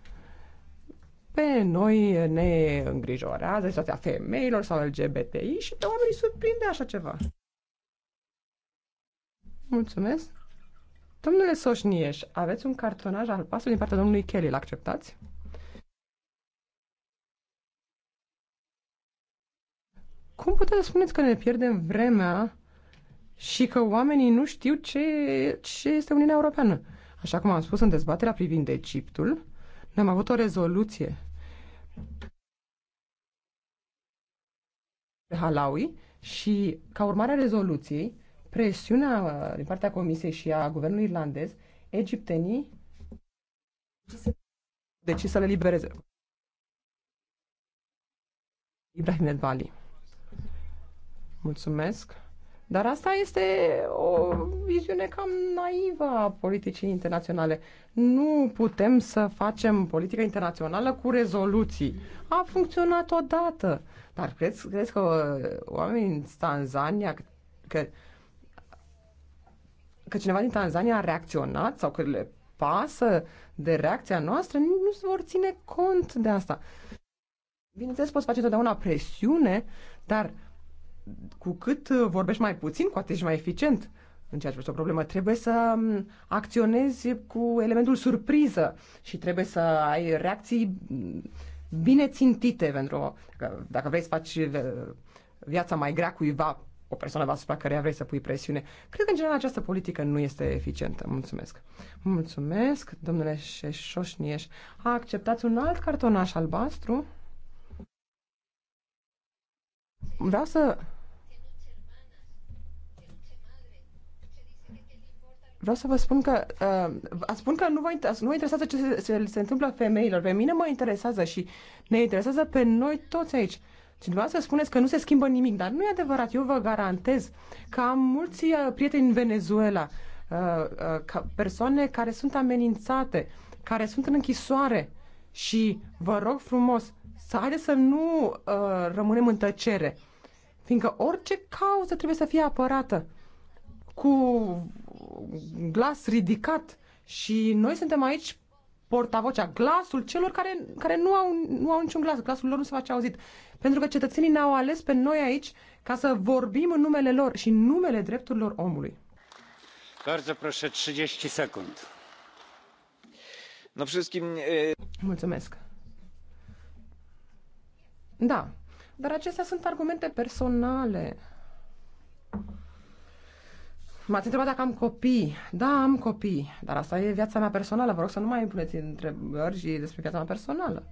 Pe noi ne îngrijorează situația femeilor sau LGBTI și pe oamenii surprinde așa ceva. Mulțumesc. Domnule Soșnieș, aveți un cartonaj al pasului din partea domnului Kelly, l-acceptați? Cum puteți spuneți că ne pierdem vremea și că oamenii nu știu ce, ce este Uniunea Europeană? Așa cum am spus în dezbaterea privind Egiptul, ne-am avut o rezoluție de Halawi și, ca urmare a rezoluției, presiunea din partea Comisiei și a guvernului irlandez, egiptenii decis să le libereze. Ibrahim Edbali. Mulțumesc. Dar asta este o viziune cam naivă a politicii internaționale. Nu putem să facem politică internațională cu rezoluții. A funcționat odată. Dar crezi, crezi că oamenii din Tanzania, că, că cineva din Tanzania a reacționat sau că le pasă de reacția noastră, nu se vor ține cont de asta. Bineînțeles, poți face totdeauna presiune, dar cu cât uh, vorbești mai puțin, cu atât ești mai eficient în ceea ce o problemă. Trebuie să um, acționezi cu elementul surpriză și trebuie să ai reacții mm, bine țintite pentru că dacă vrei să faci uh, viața mai grea cuiva, o persoană asupra care vrei să pui presiune. Cred că, în general, această politică nu este eficientă. Mulțumesc. Mulțumesc, domnule Șoșnieș. Acceptați un alt cartonaș albastru? Vreau să Vreau să vă spun că, uh, spun că nu vă, nu vă interesează ce se, se, se întâmplă femeilor. Pe mine mă interesează și ne interesează pe noi toți aici. Și deci, dumneavoastră spuneți că nu se schimbă nimic, dar nu e adevărat. Eu vă garantez că am mulți uh, prieteni în Venezuela, uh, uh, ca persoane care sunt amenințate, care sunt în închisoare și vă rog frumos să haideți să nu uh, rămânem în tăcere, fiindcă orice cauză trebuie să fie apărată cu glas ridicat și noi suntem aici portavocea, glasul celor care, care nu, au, nu au niciun glas, glasul lor nu se face auzit. Pentru că cetățenii ne-au ales pe noi aici ca să vorbim în numele lor și în numele drepturilor omului. Bardzo proszę, 30 secund. No wszystkim... Mulțumesc. Da, dar acestea sunt argumente personale. M-ați întrebat dacă am copii. Da, am copii, dar asta e viața mea personală. Vă rog să nu mai impuneți întrebări și despre viața mea personală.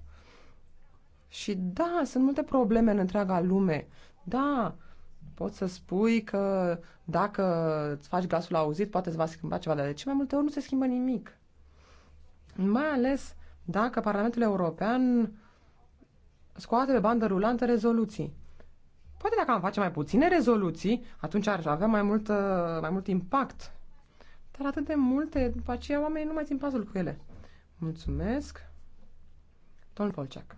Și da, sunt multe probleme în întreaga lume. Da, poți să spui că dacă îți faci glasul auzit, poate îți va schimba ceva, dar de ce mai multe ori nu se schimbă nimic. Mai ales dacă Parlamentul European scoate pe bandă rulantă rezoluții. Poate dacă am face mai puține rezoluții, atunci ar avea mai mult, uh, mai mult impact. Dar atât de multe, după aceea oamenii nu mai țin pasul cu ele. Mulțumesc. Domnul Polceac.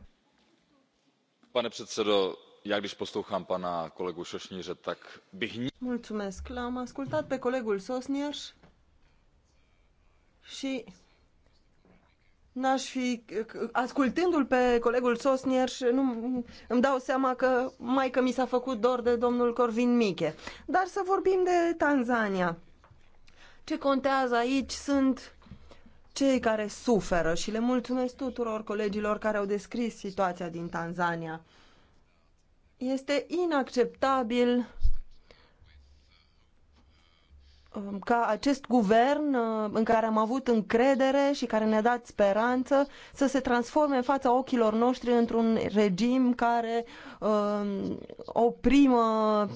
Pane předsedo, Ja, když poslouchám pana kolegu Šošníře, tak bych... Mulțumesc. L-am ascultat pe colegul Sosnier și N-aș fi, ascultându-l pe colegul Sosnier, nu, îmi dau seama că mai că mi s-a făcut dor de domnul Corvin Miche. Dar să vorbim de Tanzania. Ce contează aici sunt cei care suferă și le mulțumesc tuturor colegilor care au descris situația din Tanzania. Este inacceptabil Um, ca acest guvern uh, în care am avut încredere și care ne-a dat speranță să se transforme în fața ochilor noștri într-un regim care uh, oprimă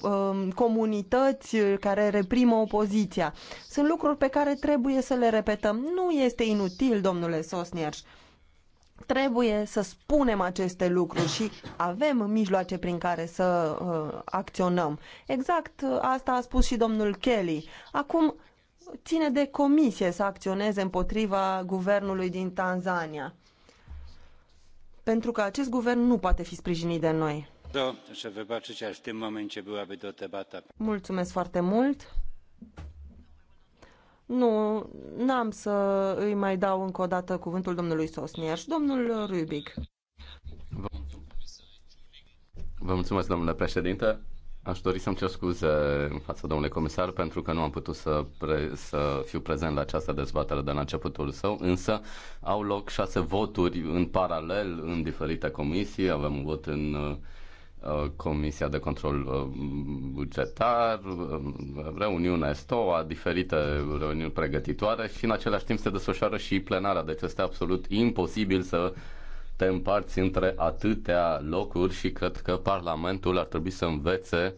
uh, comunități, care reprimă opoziția. Sunt lucruri pe care trebuie să le repetăm. Nu este inutil, domnule Sosnierș. Uh, trebuie să spunem aceste lucruri și avem mijloace prin care să uh, acționăm. Exact uh, asta a spus și domnul Kelly. Acum ține de comisie să acționeze împotriva guvernului din Tanzania. Pentru că acest guvern nu poate fi sprijinit de noi. Da, Mulțumesc foarte mult. Nu, n-am să îi mai dau încă o dată cuvântul domnului Sosnier și domnul Rubic. Vă mulțumesc, Vă mulțumesc domnule președinte. Aș dori să-mi cer scuze în fața domnului comisar pentru că nu am putut să, pre- să fiu prezent la această dezbatere de la începutul său, însă au loc șase voturi în paralel în diferite comisii. Avem un vot în Uh, Comisia de Control uh, Bugetar, uh, reuniunea STOA, diferite reuniuni pregătitoare și în același timp se desfășoară și plenara, deci este absolut imposibil să te împarți între atâtea locuri și cred că Parlamentul ar trebui să învețe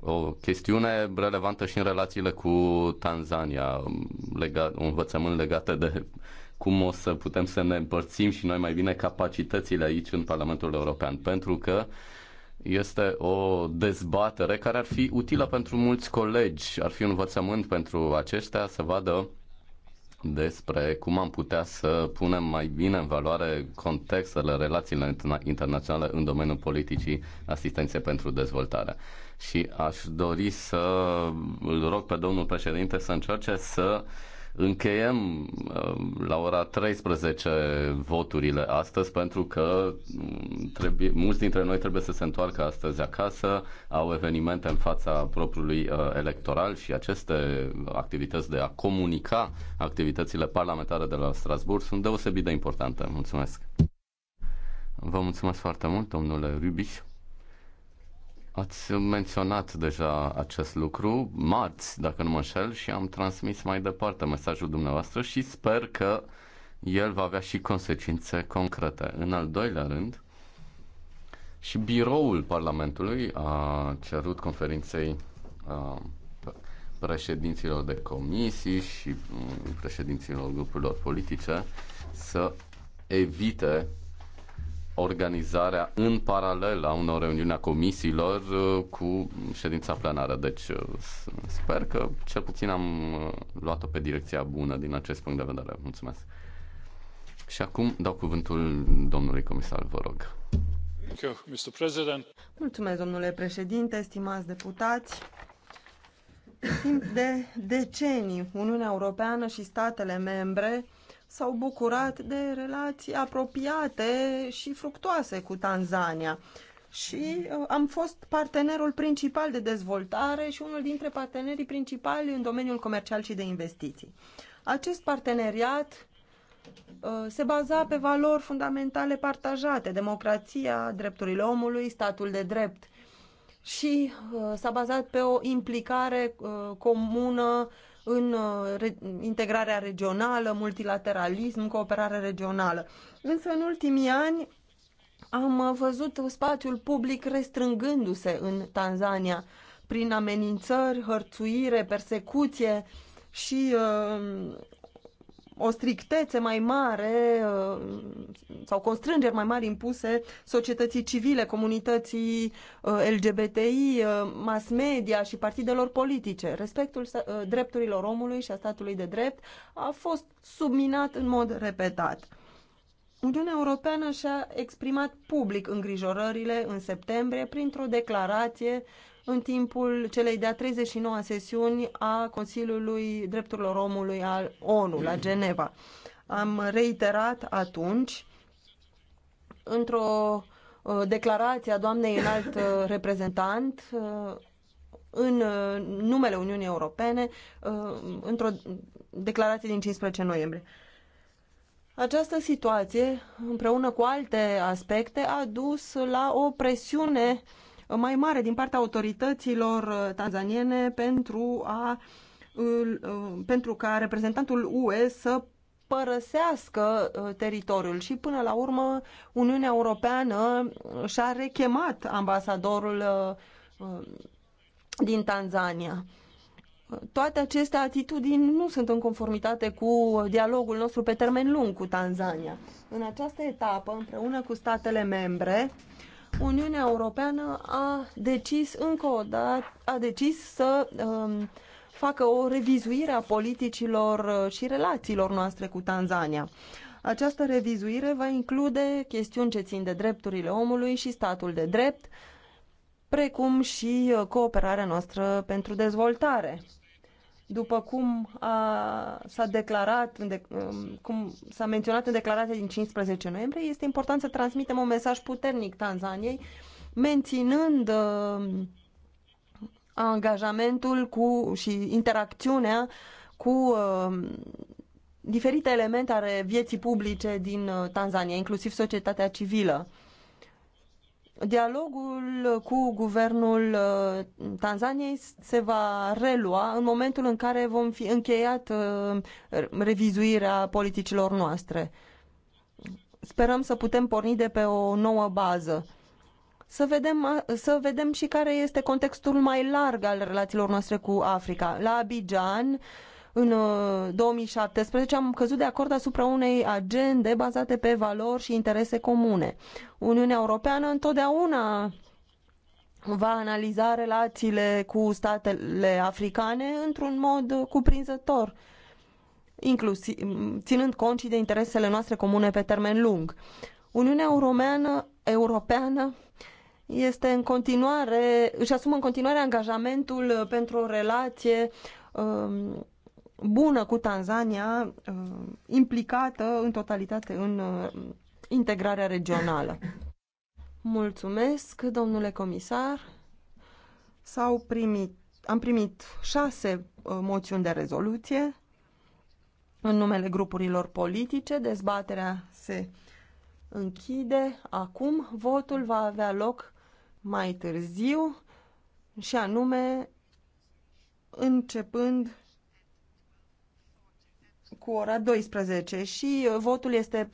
o chestiune relevantă și în relațiile cu Tanzania, lega, un învățământ legate de cum o să putem să ne împărțim și noi mai bine capacitățile aici în Parlamentul European, pentru că uh, este o dezbatere care ar fi utilă pentru mulți colegi, ar fi un învățământ pentru aceștia să vadă despre cum am putea să punem mai bine în valoare contextele, relațiile internaționale în domeniul politicii asistenței pentru dezvoltare. Și aș dori să îl rog pe domnul președinte să încerce să uh, Încheiem uh, la ora 13 voturile astăzi pentru că mm, trebuie, mulți dintre noi trebuie să se întoarcă astăzi acasă, au evenimente în fața propriului uh, electoral și aceste activități de a comunica activitățile parlamentare de la Strasburg sunt deosebit de importante. Mulțumesc! Vă mulțumesc foarte mult, domnule Rubiș. Ați menționat deja acest lucru marți, dacă nu mă înșel, și am transmis mai departe mesajul dumneavoastră și sper că el va avea și consecințe concrete. În al doilea rând, și biroul Parlamentului a cerut conferinței a, președinților de comisii și mm, președinților grupurilor politice să evite organizarea în paralel a unor reuniuni a comisiilor uh, cu ședința plenară. Deci uh, sper că cel puțin am uh, luat-o pe direcția bună din acest punct de vedere. Mulțumesc. Și acum dau cuvântul domnului comisar, vă rog. Mulțumesc, domnule președinte, stimați deputați. Timp de decenii, Uniunea Europeană și statele membre s-au bucurat de relații apropiate și fructoase cu Tanzania. Și uh, am fost partenerul principal de dezvoltare și unul dintre partenerii principali în domeniul comercial și de investiții. Acest parteneriat uh, se baza pe valori fundamentale partajate, democrația, drepturile omului, statul de drept și uh, s-a bazat pe o implicare comună în uh, integrarea regională, multilateralism, cooperare regională. Însă în ultimii ani am uh, văzut spațiul public restrângându-se în Tanzania prin amenințări, hărțuire, persecuție și uh, o strictețe mai mare uh, sau constrângeri mai mari impuse societății civile, comunității uh, LGBTI, uh, mass media și partidelor politice. Respectul drepturilor omului și a statului de drept a fost subminat în mod repetat. Uniunea Europeană și-a exprimat public îngrijorările în septembrie printr-o declarație în timpul celei de-a 39-a sesiuni a Consiliului Drepturilor Omului al ONU la Geneva. Am reiterat atunci într-o uh, declarație a doamnei înalt uh, reprezentant uh, în numele Uniunii Europene într-o declarație din 15 noiembrie. Această situație, împreună cu alte aspecte, a dus la o presiune uh, mai mare din partea autorităților uh, tanzaniene pentru, a, uh, pentru ca reprezentantul UE să părăsească uh, teritoriul și până la urmă Uniunea Europeană și-a rechemat ambasadorul din Tanzania. Toate aceste atitudini nu sunt în conformitate cu dialogul nostru pe termen lung cu Tanzania. În această etapă, împreună cu statele membre, Uniunea Europeană a decis încă o dată, a decis să um, facă o revizuire a politicilor uh, și relațiilor noastre cu Tanzania. Această revizuire va include chestiuni ce țin de drepturile omului și statul de drept, precum și uh, cooperarea noastră pentru dezvoltare după cum a, s-a declarat, de, um, cum s-a menționat în declarația din 15 noiembrie, este important să transmitem un mesaj puternic Tanzaniei, menținând uh, angajamentul cu, și interacțiunea cu uh, diferite elemente ale vieții publice din uh, Tanzania, inclusiv societatea civilă. Dialogul cu guvernul uh, Tanzaniei se va relua în momentul în care vom fi încheiat uh, revizuirea politicilor noastre. Sperăm să putem porni de pe o nouă bază. Să vedem, uh, să vedem și care este contextul mai larg al relațiilor noastre cu Africa. La Abidjan, uh, în 2017 uh, am căzut de acord asupra unei agende bazate pe valori și interese comune. Uniunea Europeană întotdeauna va analiza relațiile cu statele africane într-un mod cuprinzător, inclusiv ținând cont și de interesele noastre comune pe termen lung. Uniunea Europeană, Europeană este în continuare, își asumă în continuare angajamentul pentru o relație um, bună cu Tanzania, uh, implicată în totalitate în uh, integrarea regională. Mulțumesc, domnule comisar. S-au primit, am primit șase uh, moțiuni de rezoluție în numele grupurilor politice. Dezbaterea se închide acum. Votul va avea loc mai târziu și anume începând cu ora 12 și votul este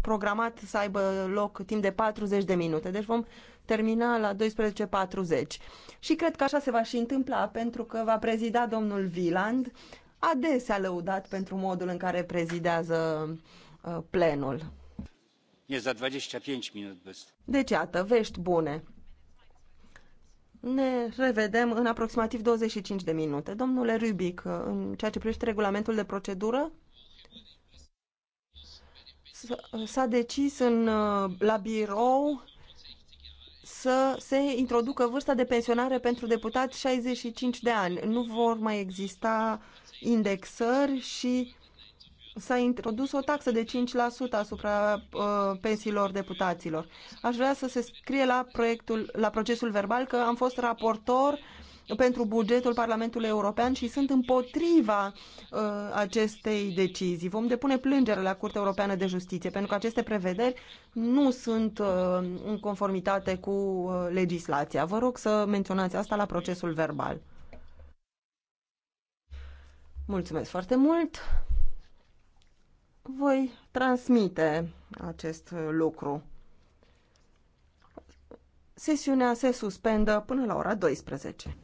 programat să aibă loc timp de 40 de minute. Deci vom termina la 12.40. Și cred că așa se va și întâmpla pentru că va prezida domnul Viland, adesea lăudat pentru modul în care prezidează uh, plenul. E za 25 minute Deci, iată, vești bune. Ne revedem în aproximativ 25 de minute. Domnule Rubic, în ceea ce privește regulamentul de procedură, s-a decis în, uh, la birou să se introducă vârsta de pensionare pentru deputați 65 de ani. Nu vor mai exista indexări și s-a introdus o taxă de 5% asupra uh, pensiilor deputaților. Aș vrea să se scrie la proiectul, la procesul verbal că am fost raportor pentru bugetul Parlamentului European și sunt împotriva uh, acestei decizii. Vom depune plângere la Curtea Europeană de Justiție pentru că aceste prevederi nu sunt uh, în conformitate cu uh, legislația. Vă rog să menționați asta la procesul verbal. Mulțumesc foarte mult. Voi transmite acest lucru. Sesiunea se suspendă până la ora 12.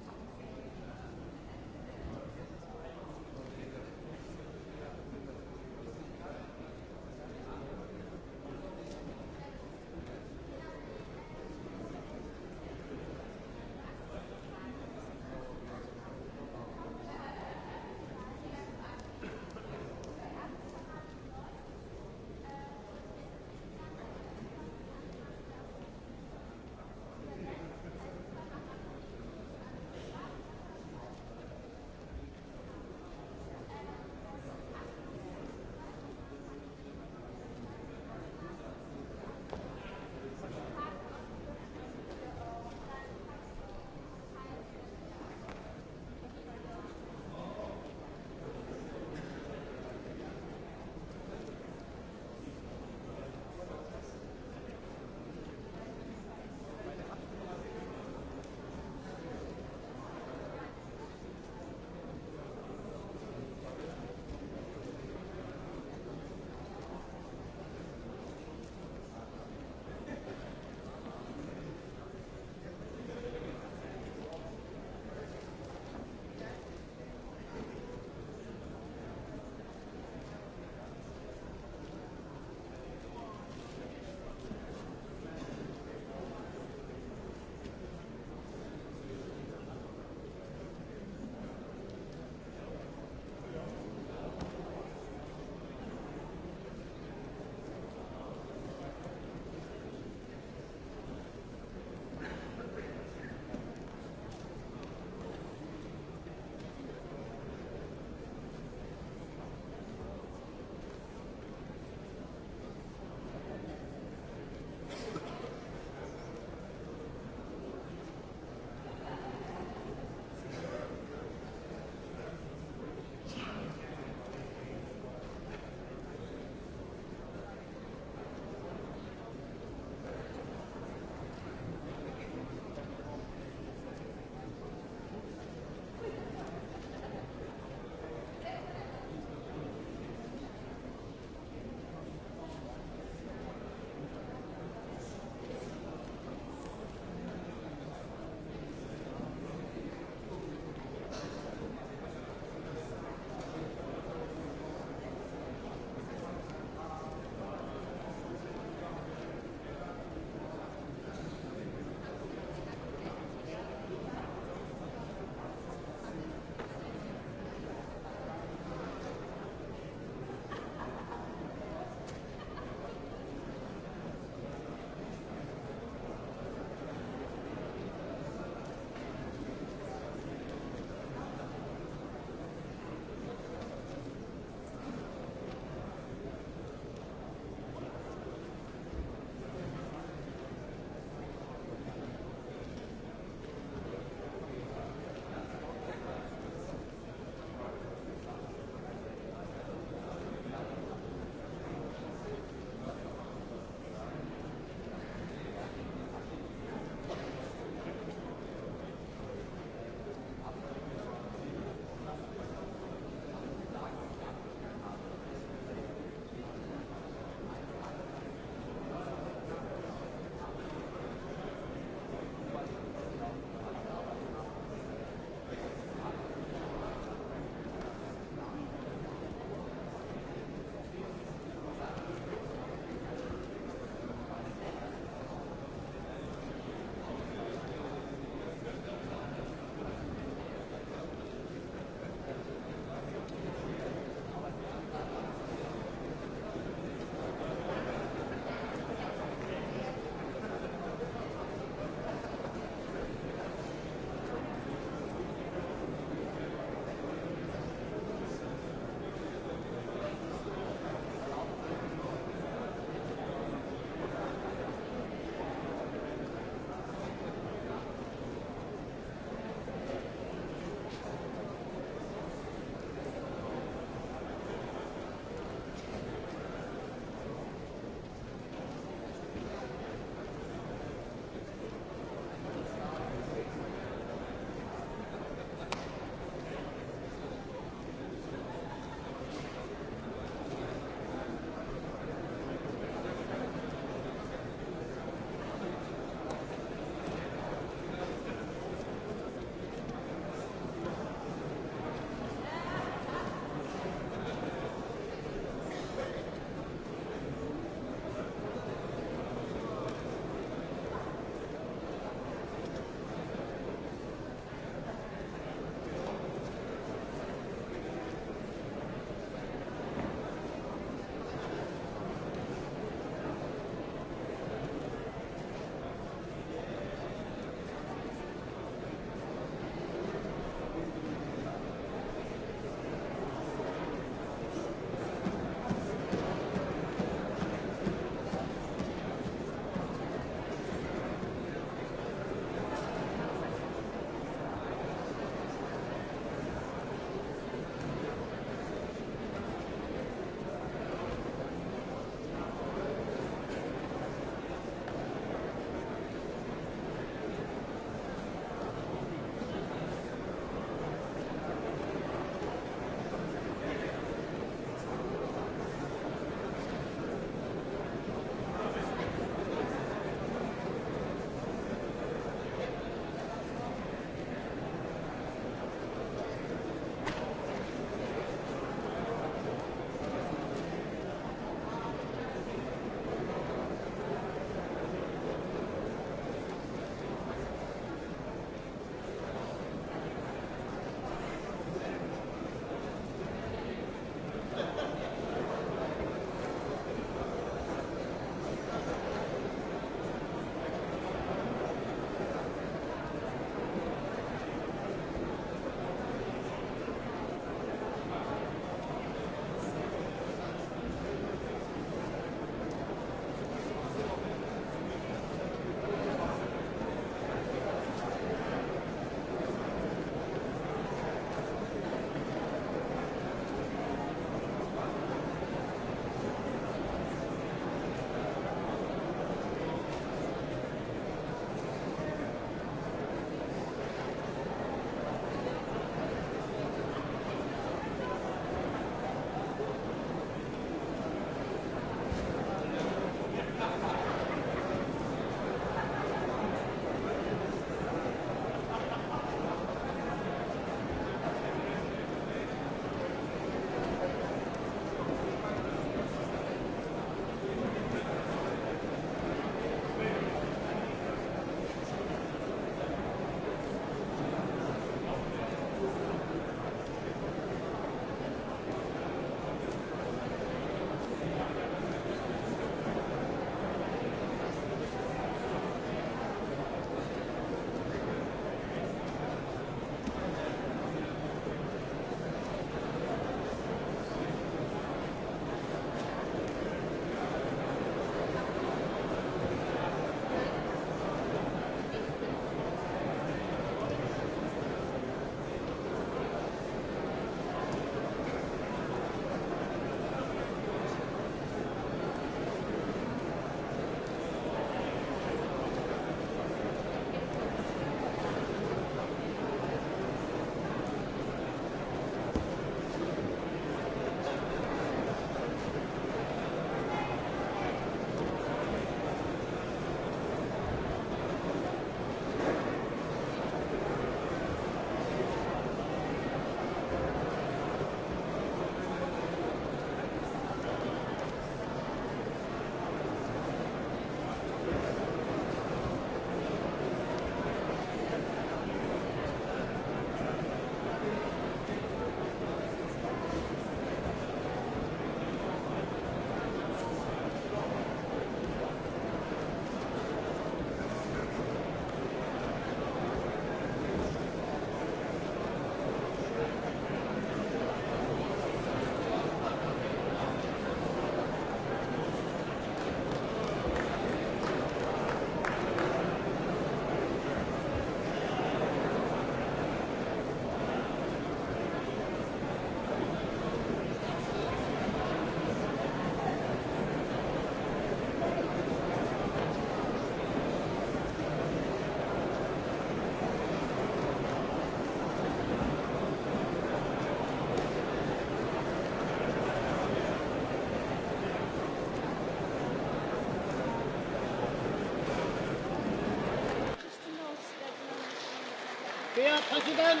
Präsident!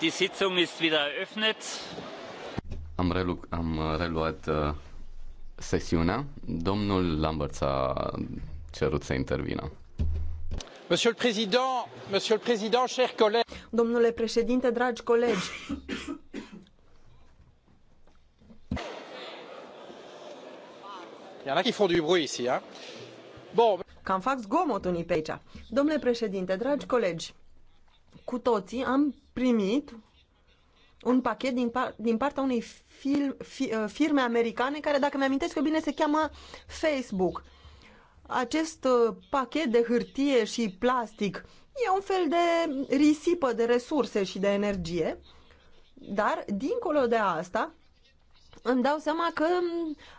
Die Sitzung ist wieder eröffnet. Am, relu- am reluat uh, sesiunea. Domnul Lambert a cerut să intervină. Monsieur le Président, Domnule președinte, dragi colegi. Cam fac zgomot unii pe aici. Domnule președinte, dragi colegi, cu toții am primit un pachet din, par- din partea unei fi, uh, firme americane care, dacă mi-amintesc eu bine, se cheamă Facebook. Acest uh, pachet de hârtie și plastic un fel de risipă de resurse și de energie, dar, dincolo de asta, îmi dau seama că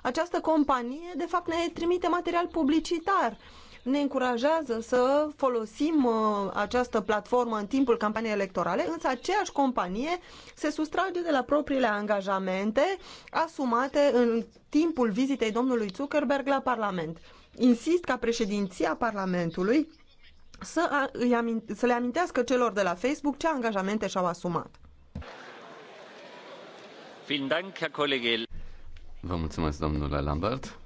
această companie, de fapt, ne trimite material publicitar. Ne încurajează să folosim uh, această platformă în timpul campaniei electorale, însă aceeași companie se sustrage de la propriile angajamente asumate în timpul vizitei domnului Zuckerberg la Parlament. Insist ca președinția Parlamentului să, îi aminte, să le amintească celor de la Facebook ce angajamente și-au asumat. Vă mulțumesc, domnule Lambert.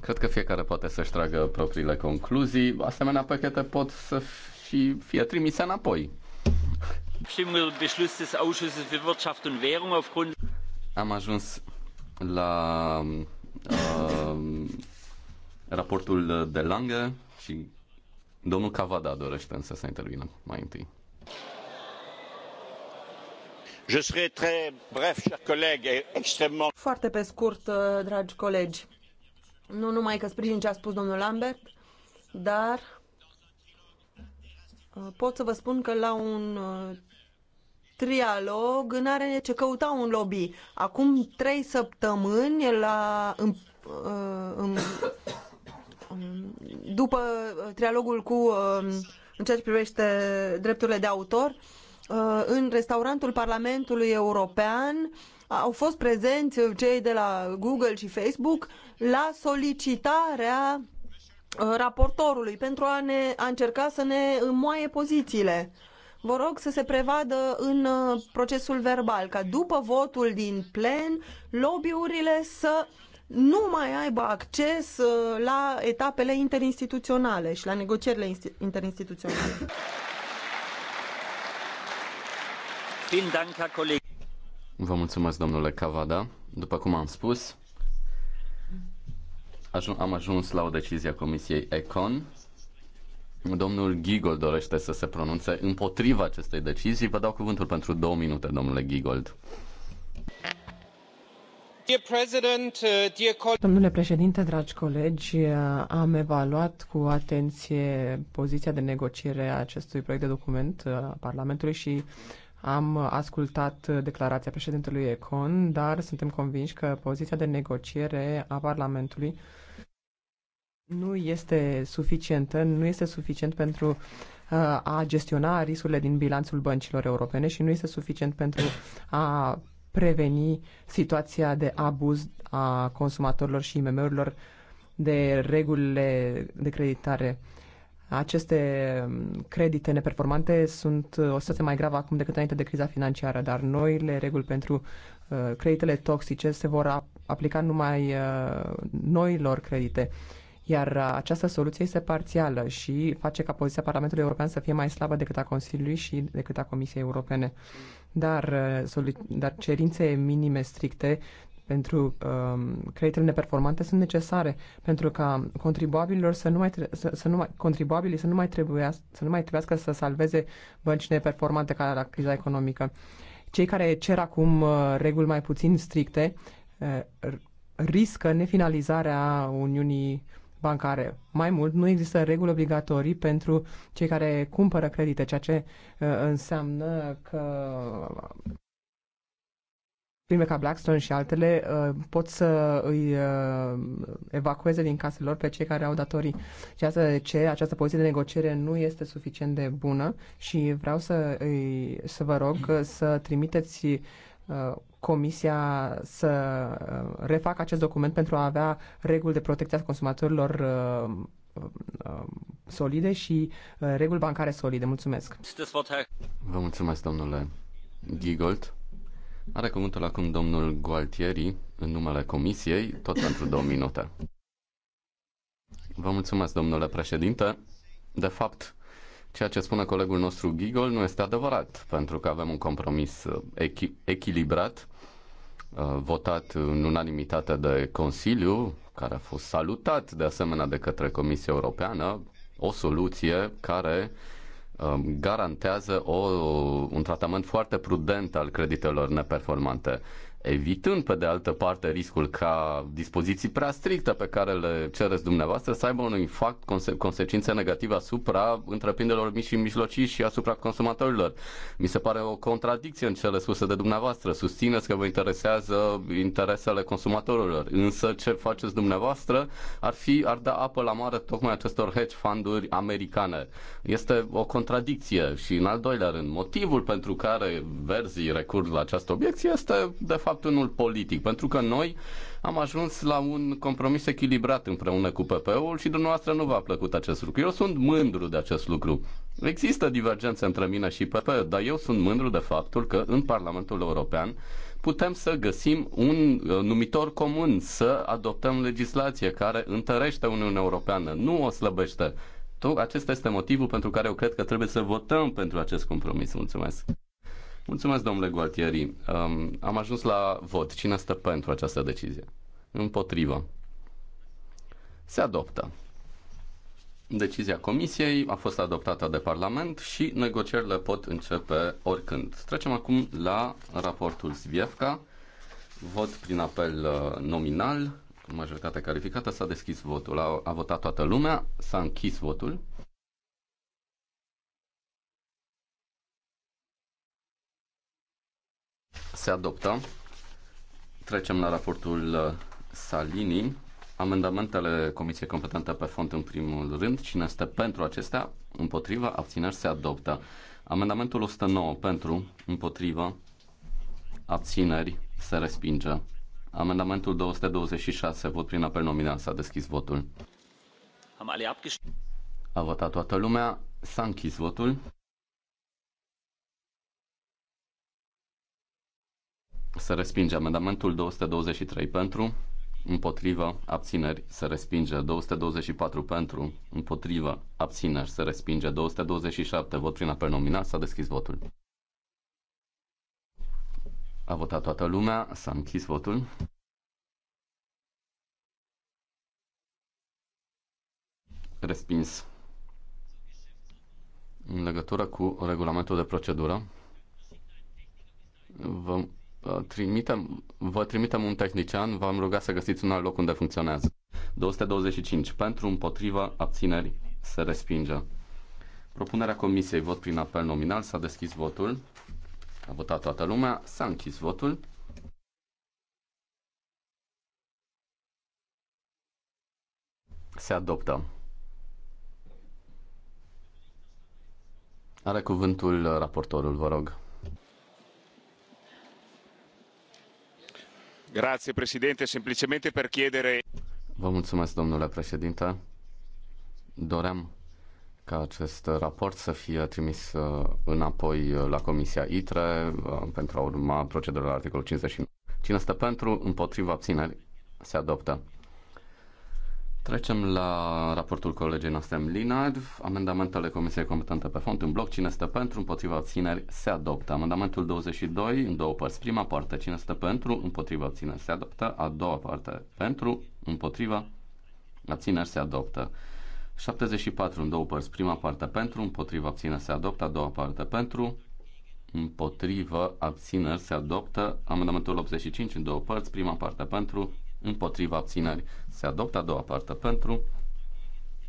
Cred că fiecare poate să-și tragă propriile concluzii. Asemenea, pachete pot să și fie trimise înapoi. Am ajuns la uh, raportul de Lange și Domnul Cavada dorește însă să intervină mai întâi. Je serai très bref, chers collègues, et extrêmement... Foarte pe scurt, uh, dragi colegi. Nu numai că sprijin ce a spus domnul Lambert, dar uh, pot să vă spun că la un uh, trialog n-are ce căuta un lobby. Acum trei săptămâni la, în, în, în, după uh, trialogul cu uh, în ceea ce privește drepturile de autor, uh, în restaurantul Parlamentului European au fost prezenți cei de la Google și Facebook la solicitarea raportorului pentru a, ne, a încerca să ne înmoaie pozițiile. Vă rog să se prevadă în procesul verbal ca după votul din plen, lobbyurile să uh, nu mai aibă acces uh, la etapele interinstituționale și la negocierile interinstituționale. Vă mulțumesc, domnule Cavada. După cum am spus, am ajuns la o decizie a Comisiei Econ. Domnul Gigold dorește să se pronunțe împotriva acestei decizii. Vă dau cuvântul pentru două minute, domnule Gigold. Uh, Domnule președinte, dragi colegi, uh, am evaluat cu atenție poziția de negociere a acestui proiect de document uh, a Parlamentului și am ascultat declarația președintelui Econ, dar suntem convinși că poziția de negociere a Parlamentului nu este suficientă, nu este suficient pentru a gestiona riscurile din bilanțul băncilor europene și nu este suficient pentru a preveni situația de abuz a consumatorilor și IMM-urilor de regulile de creditare. Aceste credite neperformante sunt o situație mai gravă acum decât înainte de criza financiară, dar noile reguli pentru uh, creditele toxice se vor aplica numai uh, noilor credite iar uh, această soluție este parțială și face ca poziția Parlamentului European să fie mai slabă decât a Consiliului și decât a Comisiei Europene. Dar, uh, dar cerințe minime stricte pentru um, creditele neperformante sunt necesare pentru ca contribuabililor să nu mai, să, să nu mai contribuabilii să nu mai trebuia să nu mai trebuiască să salveze bănci neperformante ca la criza economică. Cei care cer acum uh, reguli mai puțin stricte uh, riscă nefinalizarea Uniunii bancare. Mai mult, nu există reguli obligatorii pentru cei care cumpără credite, ceea ce uh, înseamnă că firme ca Blackstone și altele uh, pot să îi uh, evacueze din casele lor pe cei care au datorii. Și asta ce această poziție de negociere nu este suficient de bună și vreau să, îi, să vă rog uh, să trimiteți uh, Comisia să uh, refacă acest document pentru a avea reguli de protecție a consumatorilor uh, uh, solide și reguli bancare solide. Mulțumesc! Vă mulțumesc, domnule Gigold. Are cuvântul acum domnul Gualtieri în numele Comisiei, tot pentru două minute. Vă mulțumesc, domnule președinte. De fapt, ceea ce spune colegul nostru Gigol nu este adevărat, pentru că avem un compromis echi- echilibrat Uh, votat în unanimitate de Consiliu, care a fost salutat de asemenea de către Comisia Europeană, o soluție care um, garantează o, un tratament foarte prudent al creditelor neperformante evitând pe de altă parte riscul ca dispoziții prea stricte pe care le cereți dumneavoastră să aibă un impact, conse- consecințe negative asupra întreprinderilor mici și mijlocii și asupra consumatorilor. Mi se pare o contradicție în cele spuse de dumneavoastră. Susțineți că vă interesează interesele consumatorilor, însă ce faceți dumneavoastră ar fi ar da apă la mare tocmai acestor hedge funduri americane. Este o contradicție și în al doilea rând, motivul pentru care verzii recurg la această obiecție este de fapt fapt unul politic, pentru că noi am ajuns la un compromis echilibrat împreună cu PP-ul și dumneavoastră nu v-a plăcut acest lucru. Eu sunt mândru de acest lucru. Există divergențe între mine și PP, dar eu sunt mândru de faptul că în Parlamentul European putem să găsim un uh, numitor comun, să adoptăm legislație care întărește Uniunea Europeană, nu o slăbește. Acesta este motivul pentru care eu cred că trebuie să votăm pentru acest compromis. Mulțumesc! Mulțumesc, domnule Gualtieri. Um, am ajuns la vot. Cine stă pentru această decizie? Împotrivă. Se adoptă. Decizia Comisiei a fost adoptată de Parlament și negocierile pot începe oricând. Trecem acum la raportul Sviefka. Vot prin apel uh, nominal, majoritate calificată, s-a deschis votul. A, a votat toată lumea, s-a închis votul. Se adoptă. Trecem la raportul uh, Salini. Amendamentele Comisiei Competente pe Fond în primul rând. Cine este pentru acestea? Împotriva? Abțineri? Se adoptă. Amendamentul 109 pentru, împotriva, abțineri, se respinge. Amendamentul 226, vot prin apel nominal, s-a deschis votul. Am A votat toată lumea, s-a închis votul. se respinge. Amendamentul 223 pentru, împotrivă, abțineri, se respinge. 224 pentru, împotrivă, abțineri, se respinge. 227, vot prin apel nominal, s-a deschis votul. A votat toată lumea, s-a închis votul. Respins. În legătură cu regulamentul de procedură, vă Uh, trimitem, vă trimitem un tehnician, v-am rugat să găsiți un alt loc unde funcționează. 225. Pentru, împotriva, abțineri, se respinge. Propunerea comisiei, vot prin apel nominal, s-a deschis votul. A votat toată lumea, s-a închis votul. Se adoptă. Are cuvântul raportorul, vă rog. Grazie, președinte, semplicemente per chiedere... Vă mulțumesc, domnule președinte. Doream ca acest raport să fie trimis uh, înapoi uh, la Comisia ITRE uh, pentru a urma procedura articolul 59. Cine stă pentru, împotriva abțineri, se adoptă. Trecem la raportul colegii noastre Linard. Amendamentele Comisiei Competente pe Fond în bloc. Cine stă pentru, împotriva țineri, se adoptă. Amendamentul 22 în două părți. Prima parte, cine stă pentru, împotriva țineri, se adoptă. A doua parte, pentru, împotriva abțineri, se adoptă. 74 în două părți. Prima parte pentru, împotriva abțineri, se adoptă. A doua parte pentru, împotriva abțineri, se adoptă. Amendamentul 85 în două părți. Prima parte pentru, împotriva abțineri se adoptă, a doua parte pentru,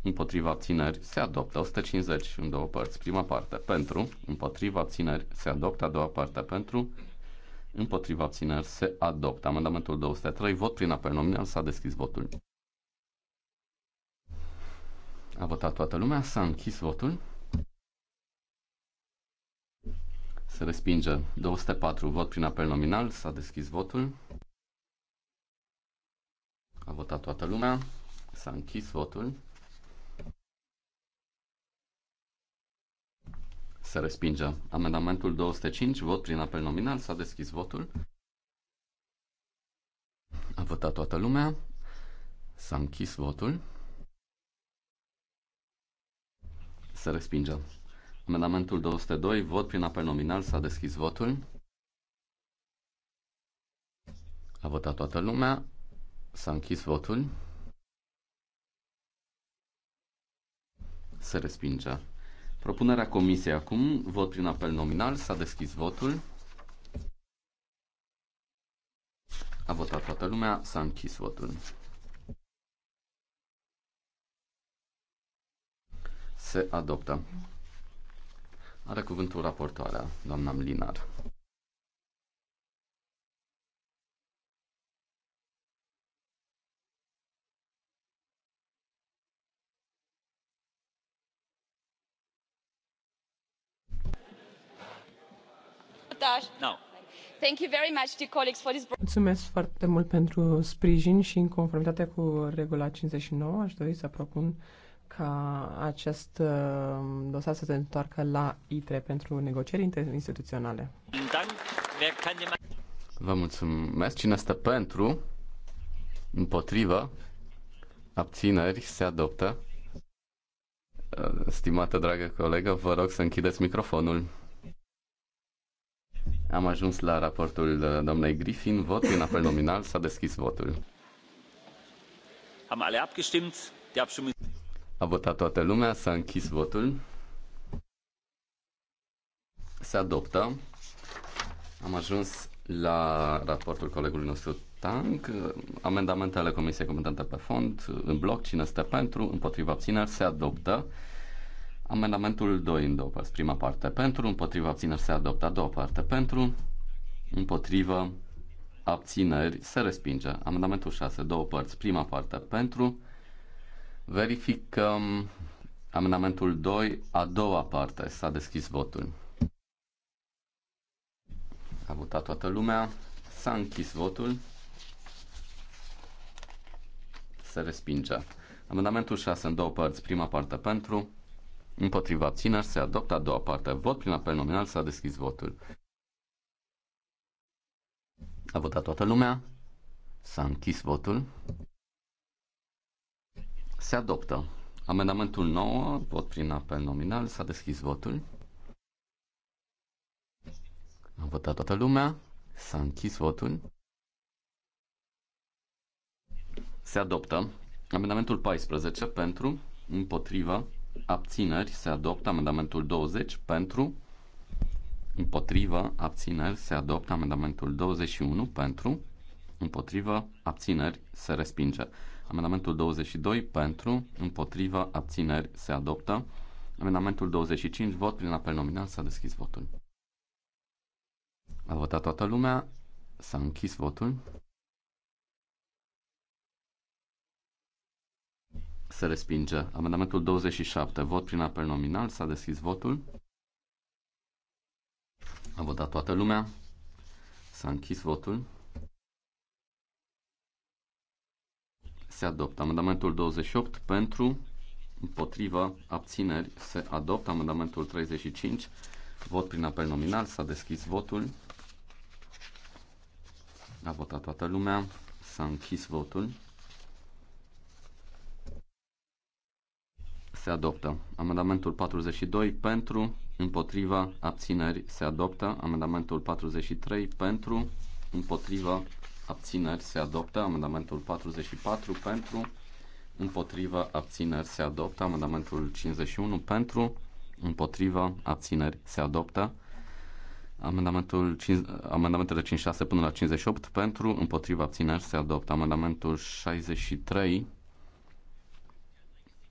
împotriva abțineri se adoptă, 150 în două părți, prima parte pentru, împotriva abțineri se adoptă, a doua parte pentru, împotriva abțineri se adoptă. Amendamentul 203, vot prin apel nominal, s-a deschis votul. A votat toată lumea, s-a închis votul. Se respinge 204 vot prin apel nominal, s-a deschis votul. A votat toată lumea. S-a închis votul. Se respinge. Amendamentul 205, vot prin apel nominal, s-a deschis votul. A votat toată lumea. S-a închis votul. Se respinge. Amendamentul 202, vot prin apel nominal, s-a deschis votul. A votat toată lumea. S-a închis votul. Se respinge. Propunerea comisiei acum, vot prin apel nominal, s-a deschis votul. A votat toată lumea, s-a închis votul. Se adoptă. Are cuvântul raportoarea, doamna Mlinar. Mulțumesc foarte mult pentru sprijin și în conformitate cu regula 59 aș dori să propun ca acest uh, dosar să se întoarcă la ITRE pentru negocieri interinstituționale. Vă mulțumesc. Cine stă pentru? Împotrivă? Abțineri? Se adoptă? Uh, stimată dragă colegă, vă rog să închideți microfonul. Am ajuns la raportul uh, doamnei Griffin. Vot în apel nominal. S-a deschis votul. Am alle abgestimmt. Die Abstimmung... A votat toată lumea. S-a închis votul. Se adoptă. Am ajuns la raportul colegului nostru Tank. Amendamentele Comisiei Comentante pe Fond în bloc. Cine este pentru? Împotriva abțineri. Se adoptă. Amendamentul 2 în două părți. Prima parte pentru, împotriva abțineri se adoptă. A doua parte pentru, împotriva abțineri se respinge. Amendamentul 6, două părți. Prima parte pentru, verificăm amendamentul 2, a doua parte. S-a deschis votul. A votat toată lumea. S-a închis votul. Se respinge. Amendamentul 6 în două părți. Prima parte pentru, împotriva țineri se adoptă a doua parte. Vot prin apel nominal s-a deschis votul. A votat toată lumea. S-a închis votul. Se adoptă. Amendamentul 9, vot prin apel nominal, s-a deschis votul. A votat toată lumea. S-a închis votul. Se adoptă. Amendamentul 14 pentru, împotriva, abțineri se adoptă amendamentul 20 pentru, împotrivă, abțineri se adoptă amendamentul 21 pentru, împotrivă, abțineri se respinge. Amendamentul 22 pentru, împotrivă, abțineri se adoptă. Amendamentul 25, vot prin apel nominal, s-a deschis votul. A votat toată lumea, s-a închis votul. Se respinge. Amendamentul 27. Vot prin apel nominal. S-a deschis votul. A votat toată lumea. S-a închis votul. Se adoptă. Amendamentul 28 pentru, împotriva, abțineri. Se adoptă. Amendamentul 35. Vot prin apel nominal. S-a deschis votul. A votat toată lumea. S-a închis votul. se adoptă. Amendamentul 42 pentru, împotriva, abțineri se adoptă. Amendamentul 43 pentru, împotriva, abțineri se adoptă. Amendamentul 44 pentru, împotriva, abțineri se adoptă. Amendamentul 51 pentru, împotriva, abțineri se adoptă. Amendamentul 5, amendamentele 56 până la 58 pentru, împotriva abțineri se adoptă. Amendamentul 63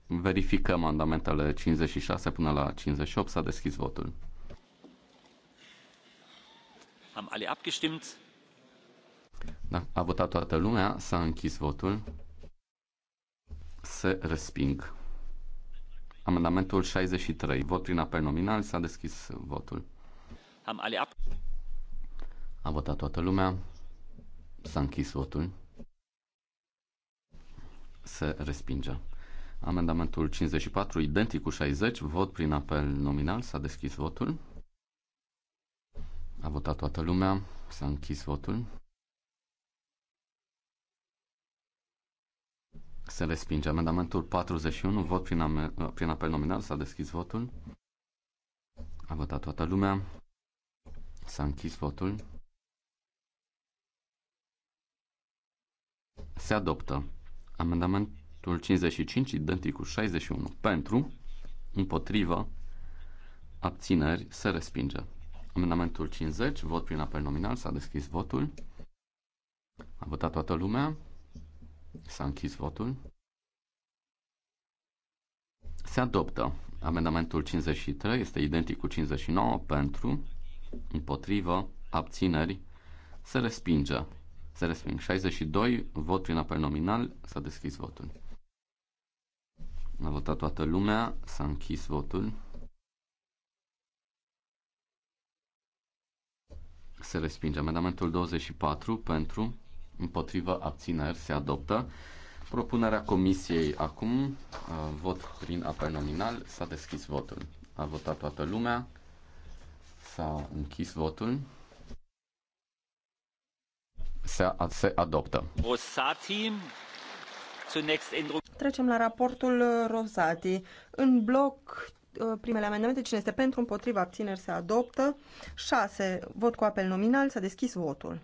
Verificăm amendamentele 56 până la 58. S-a deschis votul. Am alle abgestimmt? Da, a votat toată lumea, s-a închis votul. Se resping. Amendamentul 63. Vot prin apel nominal, s-a deschis votul. Am alle ab a votat toată lumea, s-a închis votul, se respinge. Amendamentul 54, identic cu 60, vot prin apel nominal, s-a deschis votul. A votat toată lumea, s-a închis votul. Se respinge amendamentul 41, vot prin, am- uh, prin apel nominal, s-a deschis votul. A votat toată lumea, s-a închis votul. Se adoptă amendamentul. Amendamentul 55, identic cu 61. Pentru, împotriva, abțineri, se respinge. Amendamentul 50, vot prin apel nominal, s-a deschis votul. A votat toată lumea. S-a închis votul. Se adoptă. Amendamentul 53 este identic cu 59 pentru, împotrivă, abțineri, se respinge. Se resping. 62, vot prin apel nominal, s-a deschis votul. A votat toată lumea, s-a închis votul. Se respinge. Amendamentul 24 pentru, împotrivă, abțineri se adoptă. Propunerea comisiei acum, uh, vot prin apel nominal, s-a deschis votul. A votat toată lumea, s-a închis votul. Se, se adoptă. Rosati. Trecem la raportul uh, Rosati. În bloc, uh, primele amendamente, cine este pentru, împotriva, abțineri, se adoptă. 6. Vot cu apel nominal, s-a deschis votul.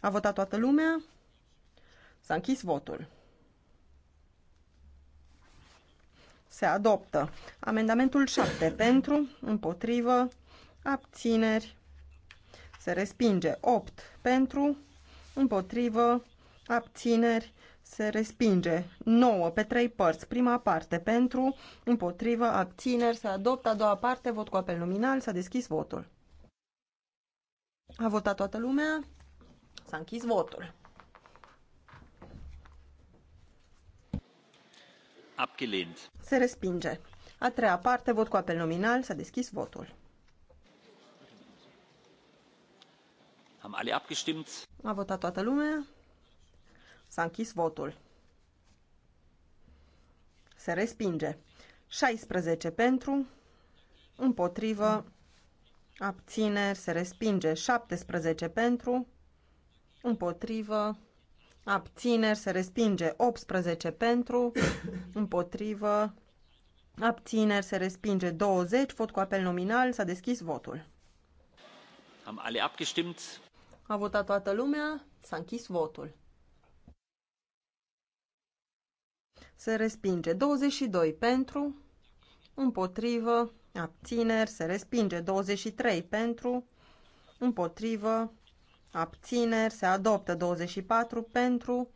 A votat toată lumea, s-a închis votul. Se adoptă. Amendamentul 7 pentru, împotrivă, abțineri, se respinge. 8 pentru, împotrivă, abțineri, se respinge. 9 pe 3 părți. Prima parte pentru, împotrivă, abțineri, se adoptă. A doua parte, vot cu apel nominal, s-a deschis votul. A votat toată lumea, s-a închis votul. Abgelehnt. Se respinge. A treia parte, vot cu apel nominal, s-a deschis votul. Am alle abgestimmt? A votat toată lumea. S-a închis votul. Se respinge. 16 pentru, împotrivă, abțineri, se respinge. 17 pentru, împotrivă, abțineri, se respinge. 18 pentru, împotrivă, abțineri, se respinge. 20, vot cu apel nominal, s-a deschis votul. Am alle abgestimt. A votat toată lumea, s-a închis votul. se respinge. 22 pentru, împotrivă, abțineri, se respinge. 23 pentru, împotrivă, abțineri, se adoptă. 24 pentru,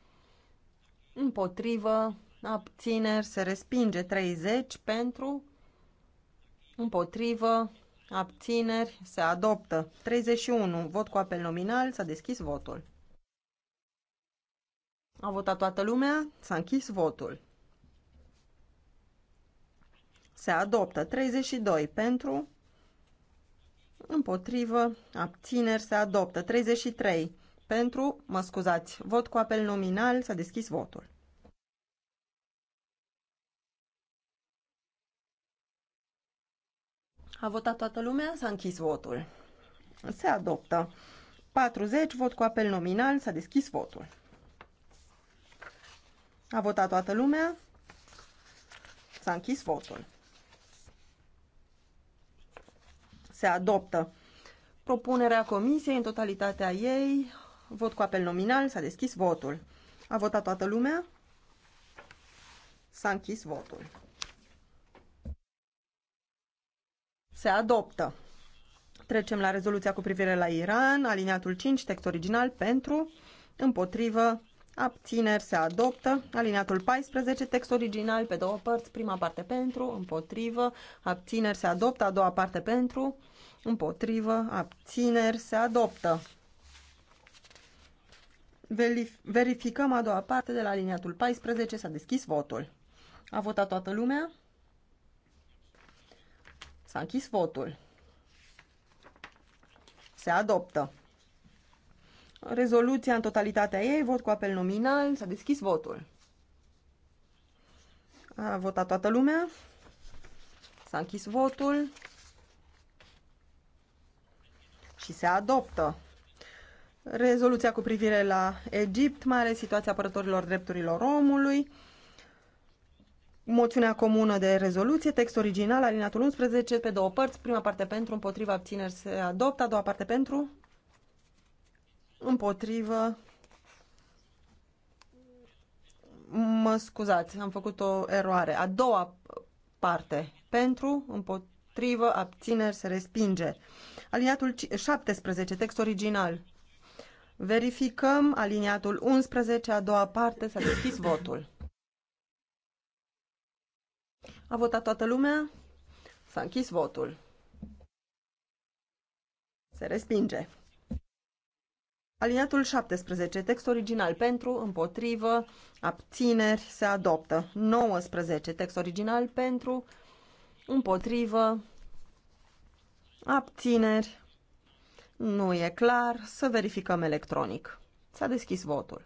împotrivă, abțineri, se respinge. 30 pentru, împotrivă, abțineri, se adoptă. 31, vot cu apel nominal, s-a deschis votul. A votat toată lumea, s-a închis votul se adoptă. 32 pentru, împotrivă, abțineri, se adoptă. 33 pentru, mă scuzați, vot cu apel nominal, s-a deschis votul. A votat toată lumea, s-a închis votul. Se adoptă. 40, vot cu apel nominal, s-a deschis votul. A votat toată lumea, s-a închis votul. se adoptă. Propunerea comisiei în totalitatea ei, vot cu apel nominal, s-a deschis votul. A votat toată lumea? S-a închis votul. Se adoptă. Trecem la rezoluția cu privire la Iran, aliniatul 5, text original, pentru, împotrivă, abțineri se adoptă. Alineatul 14, text original pe două părți, prima parte pentru, împotrivă, abțineri se adoptă, a doua parte pentru, împotrivă, abțineri se adoptă. Verificăm a doua parte de la alineatul 14, s-a deschis votul. A votat toată lumea? S-a închis votul. Se adoptă. Rezoluția în totalitatea ei, vot cu apel nominal, s-a deschis votul. A votat toată lumea, s-a închis votul și se adoptă. Rezoluția cu privire la Egipt, mai ales situația apărătorilor drepturilor omului, moțiunea comună de rezoluție, text original, alinatul 11, pe două părți, prima parte pentru, împotriva abțineri se adoptă, a doua parte pentru, împotrivă, mă scuzați, am făcut o eroare. A doua parte, pentru, împotrivă, abțineri, se respinge. Aliniatul 17, text original. Verificăm aliniatul 11, a doua parte, s-a deschis votul. A votat toată lumea? S-a închis votul. Se respinge. Aliniatul 17, text original pentru, împotrivă, abțineri, se adoptă. 19, text original pentru, împotrivă, abțineri, nu e clar, să verificăm electronic. S-a deschis votul.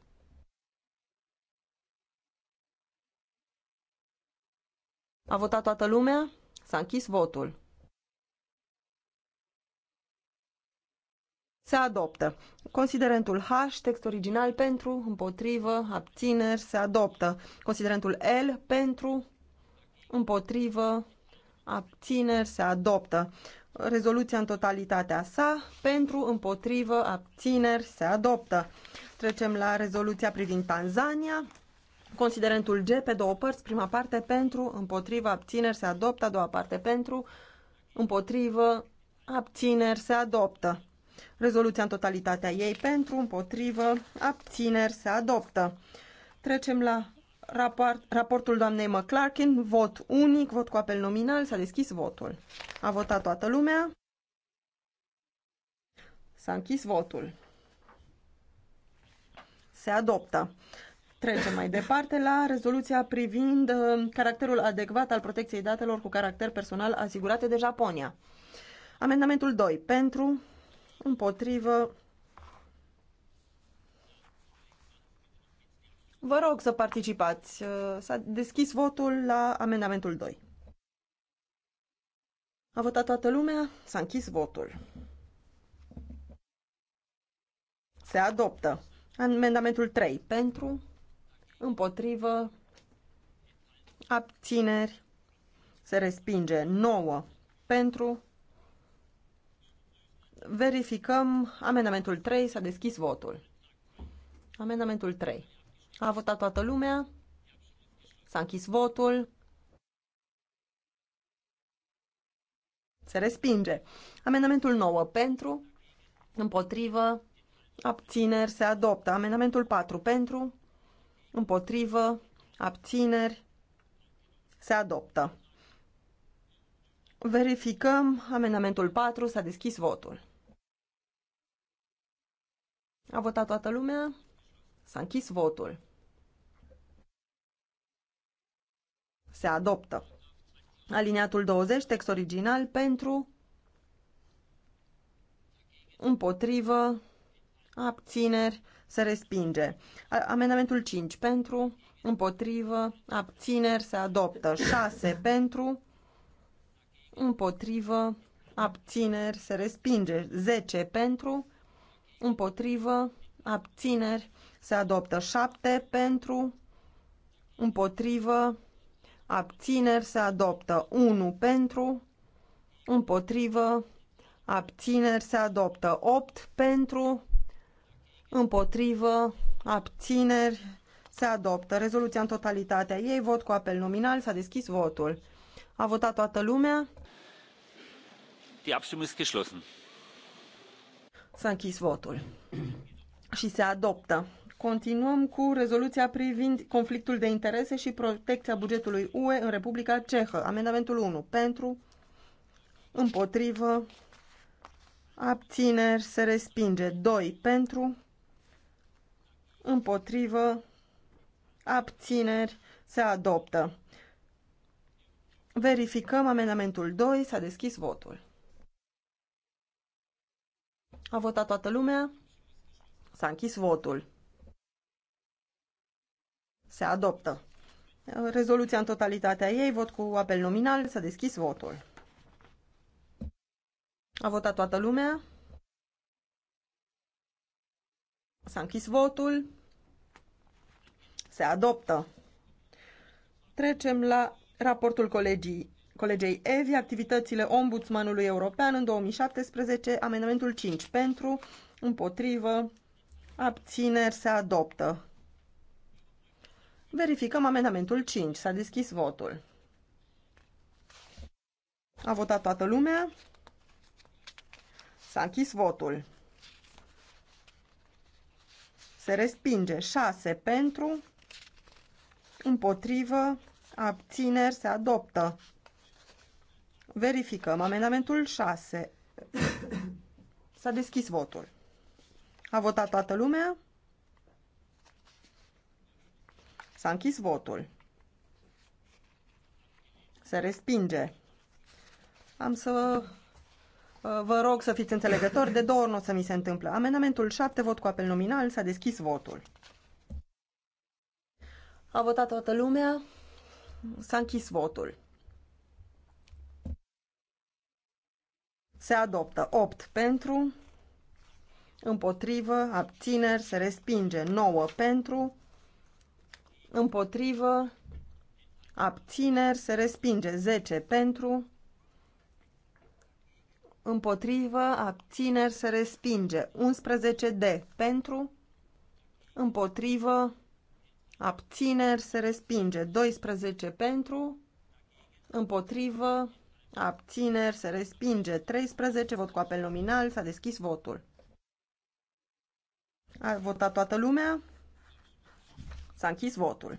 A votat toată lumea? S-a închis votul. Se adoptă. Considerentul H, text original pentru, împotrivă, abțineri, se adoptă. Considerentul L, pentru, împotrivă, abțineri, se adoptă. Rezoluția în totalitatea sa, pentru, împotrivă, abțineri, se adoptă. Trecem la rezoluția privind Tanzania. Considerentul G, pe două părți, prima parte pentru, împotrivă, abțineri, se adoptă, a doua parte pentru, împotrivă, abțineri, se adoptă. Rezoluția în totalitatea ei pentru, împotrivă, abțineri se adoptă. Trecem la raport, raportul doamnei McClarkin, vot unic, vot cu apel nominal, s-a deschis votul. A votat toată lumea. S-a închis votul. Se adoptă. Trecem mai departe la rezoluția privind uh, caracterul adecvat al protecției datelor cu caracter personal asigurate de Japonia. Amendamentul 2. Pentru, împotrivă. Vă rog să participați. S-a deschis votul la amendamentul 2. A votat toată lumea, s-a închis votul. Se adoptă. Amendamentul 3. Pentru, împotrivă, abțineri, se respinge. 9. Pentru, Verificăm amendamentul 3, s-a deschis votul. Amendamentul 3. A votat toată lumea, s-a închis votul, se respinge. Amendamentul 9 pentru, împotrivă, abțineri, se adoptă. Amendamentul 4 pentru, împotrivă, abțineri, se adoptă. Verificăm amendamentul 4, s-a deschis votul. A votat toată lumea. S-a închis votul. Se adoptă. Aliniatul 20, text original, pentru, împotrivă, abțineri, se respinge. Amendamentul 5, pentru, împotrivă, abțineri, se adoptă. 6, pentru, împotrivă, abțineri, se respinge. 10, pentru, împotrivă, abțineri, se adoptă 7 pentru, împotrivă, abțineri, se adoptă 1 pentru, împotrivă, abțineri, se adoptă 8 pentru, împotrivă, abțineri, se adoptă. Rezoluția în totalitatea ei, vot cu apel nominal, s-a deschis votul. A votat toată lumea. Die Abstimmung ist geschlossen. S-a închis votul și se adoptă. Continuăm cu rezoluția privind conflictul de interese și protecția bugetului UE în Republica Cehă. Amendamentul 1 pentru, împotrivă, abțineri, se respinge. 2 pentru, împotrivă, abțineri, se adoptă. Verificăm amendamentul 2, s-a deschis votul. A votat toată lumea. S-a închis votul. Se adoptă. Rezoluția în totalitatea ei, vot cu apel nominal, s-a deschis votul. A votat toată lumea. S-a închis votul. Se adoptă. Trecem la raportul colegii colegei Evi, activitățile Ombudsmanului European în 2017, amendamentul 5 pentru, împotrivă, abțineri se adoptă. Verificăm amendamentul 5. S-a deschis votul. A votat toată lumea. S-a închis votul. Se respinge 6 pentru, împotrivă, abțineri se adoptă. Verificăm. Amendamentul 6. S-a deschis votul. A votat toată lumea? S-a închis votul. Se respinge. Am să uh, vă rog să fiți înțelegători, de două ori nu o să mi se întâmplă. Amendamentul 7, vot cu apel nominal, s-a deschis votul. A votat toată lumea, s-a închis votul. se adoptă. 8 pentru, împotrivă, abțineri, se respinge. 9 pentru, împotrivă, abțineri, se respinge. 10 pentru, împotrivă, abțineri, se respinge. 11 de pentru, împotrivă, abțineri, se respinge. 12 pentru, împotrivă, abțineri, se respinge. 13, vot cu apel nominal, s-a deschis votul. A votat toată lumea? S-a închis votul.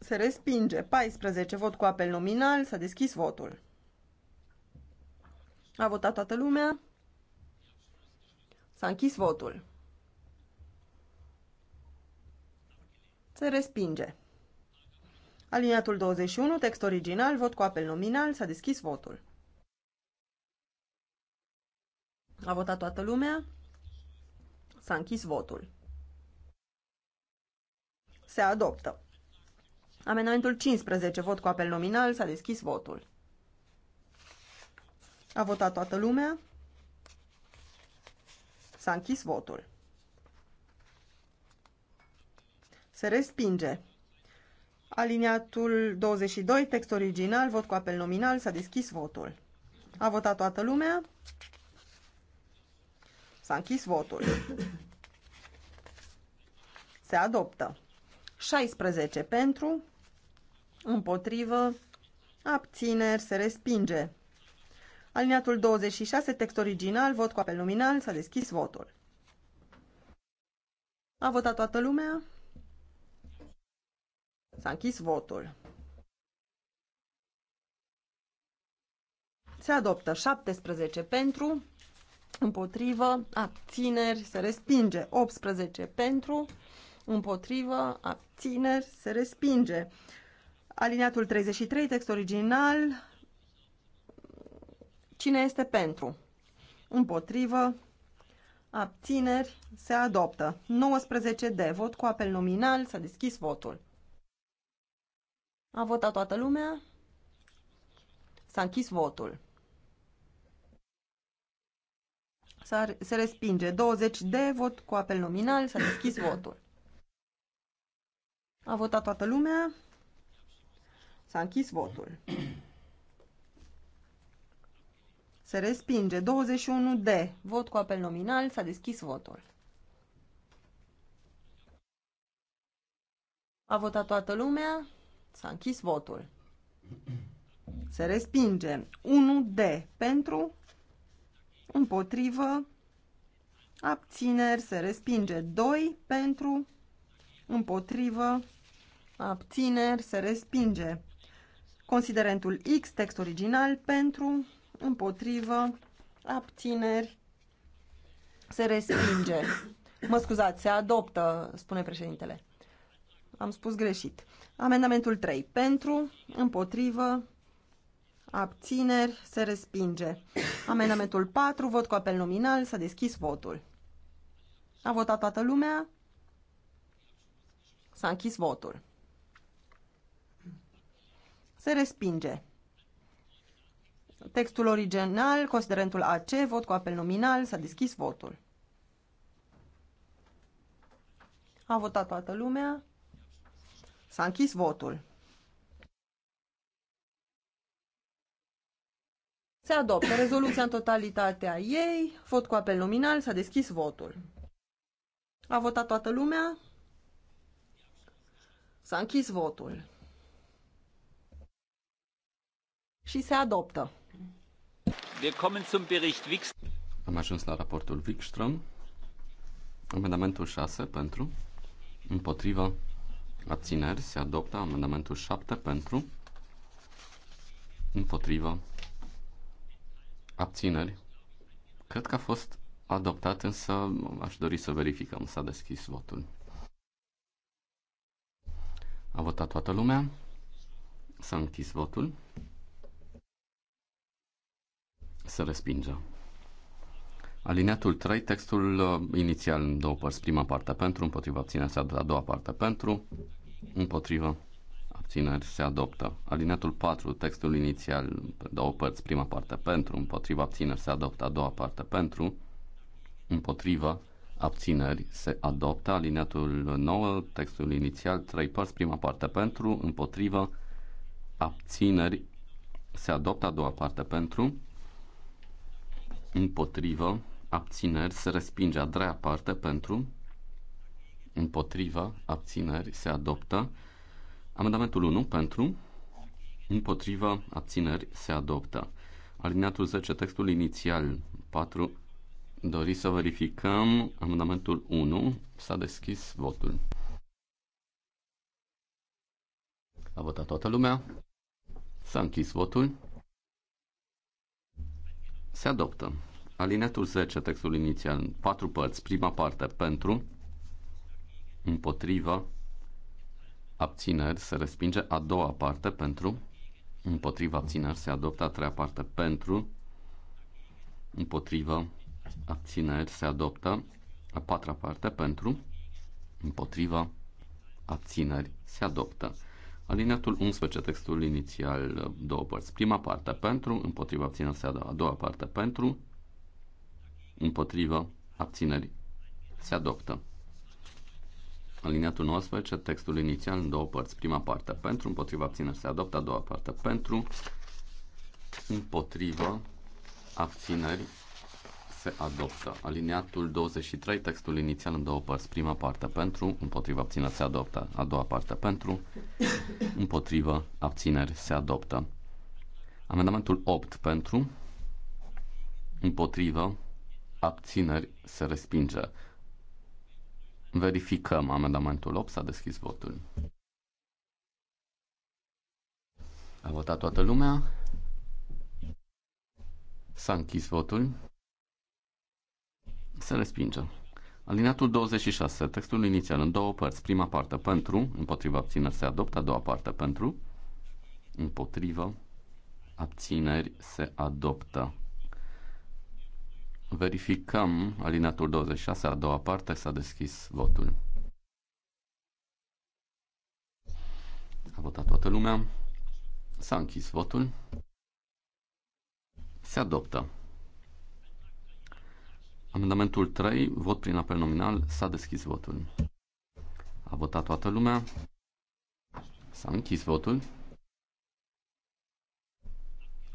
Se respinge. 14 vot cu apel nominal. S-a deschis votul. A votat toată lumea. S-a închis votul. Se respinge. Aliniatul 21, text original, vot cu apel nominal, s-a deschis votul. A votat toată lumea? S-a închis votul. Se adoptă. Amendamentul 15, vot cu apel nominal, s-a deschis votul. A votat toată lumea? S-a închis votul. Se respinge. Aliniatul 22, text original, vot cu apel nominal, s-a deschis votul. A votat toată lumea? S-a închis votul. Se adoptă. 16 pentru, împotrivă, abțineri, se respinge. Aliniatul 26, text original, vot cu apel nominal, s-a deschis votul. A votat toată lumea? S-a închis votul. Se adoptă 17 pentru, împotrivă, abțineri, se respinge. 18 pentru, împotrivă, abțineri, se respinge. Aliniatul 33, text original. Cine este pentru? Împotrivă, abțineri, se adoptă. 19 de vot cu apel nominal, s-a deschis votul. A votat toată lumea. S-a închis votul. se respinge 20 de vot cu apel nominal, s-a deschis votul. A votat toată lumea, s-a închis votul. Se respinge 21 de vot cu apel nominal, s-a deschis votul. A votat toată lumea, S-a închis votul. Se respinge. 1D pentru, împotrivă, abțineri, se respinge. 2 pentru, împotrivă, abțineri, se respinge. Considerentul X, text original, pentru, împotrivă, abțineri, se respinge. Mă scuzați, se adoptă, spune președintele. Am spus greșit. Amendamentul 3. Pentru, împotrivă, abțineri, se respinge. Amendamentul 4. Vot cu apel nominal. S-a deschis votul. A votat toată lumea. S-a închis votul. Se respinge. Textul original, considerentul AC, vot cu apel nominal, s-a deschis votul. A votat toată lumea. S-a închis votul. Se adoptă rezoluția în totalitatea ei, vot cu apel nominal, s-a deschis votul. A votat toată lumea? S-a închis votul. Și se adoptă. Am ajuns la raportul Wikström. Amendamentul 6 pentru, împotriva, Abțineri se adoptă amendamentul 7 pentru. Împotrivă. Abțineri. Cred că a fost adoptat, însă aș dori să verificăm. S-a deschis votul. A votat toată lumea. S-a închis votul. Se respinge. Alineatul 3, textul uh, inițial în două părți, prima parte pentru, împotriva abținerea se adoptă, a doua parte pentru, împotriva abținerea se adoptă. Alineatul 4, textul inițial, două părți, prima parte pentru, împotriva abținerea se adoptă, a doua parte pentru, împotriva abțineri se adoptă. Alineatul 9, textul inițial, trei părți, prima parte pentru, împotriva abțineri se adoptă, a doua parte pentru, împotrivă, abțineri se respinge. A treia parte pentru, împotriva, abțineri se adoptă. Amendamentul 1 pentru, împotriva, abțineri se adoptă. Alineatul 10, textul inițial 4. dori să verificăm amendamentul 1. S-a deschis votul. A votat toată lumea. S-a închis votul. Se adoptă. Alinetul 10, textul inițial, în patru părți. Prima parte pentru, împotrivă, abțineri, se respinge. A doua parte pentru, împotrivă, abțineri, se adoptă. A treia parte pentru, împotrivă, abțineri, se adoptă. A patra parte pentru, împotrivă, abțineri, se adoptă. Alineatul 11, textul inițial, două părți. Prima parte pentru, împotriva abțineri se adoptă. A doua parte pentru, împotrivă, abținerii. se adoptă. Aliniatul 19, textul inițial în două părți. Prima parte pentru, împotriva abținerii se adoptă, a doua parte pentru, împotriva abținerii se adoptă. Aliniatul 23, textul inițial în două părți. Prima parte pentru, împotriva abținerii se adoptă, a doua parte pentru, împotriva abținerii se adoptă. Amendamentul 8 pentru, împotriva abțineri, se respinge. Verificăm amendamentul 8, s-a deschis votul. A votat toată lumea. S-a închis votul. Se respinge. Alineatul 26, textul inițial în două părți. Prima parte pentru, împotriva abțineri se adoptă, a doua parte pentru, împotriva abțineri se adoptă. Verificăm alinatul 26, a doua parte, s-a deschis votul. A votat toată lumea. S-a închis votul. Se adoptă. Amendamentul 3, vot prin apel nominal, s-a deschis votul. A votat toată lumea. S-a închis votul.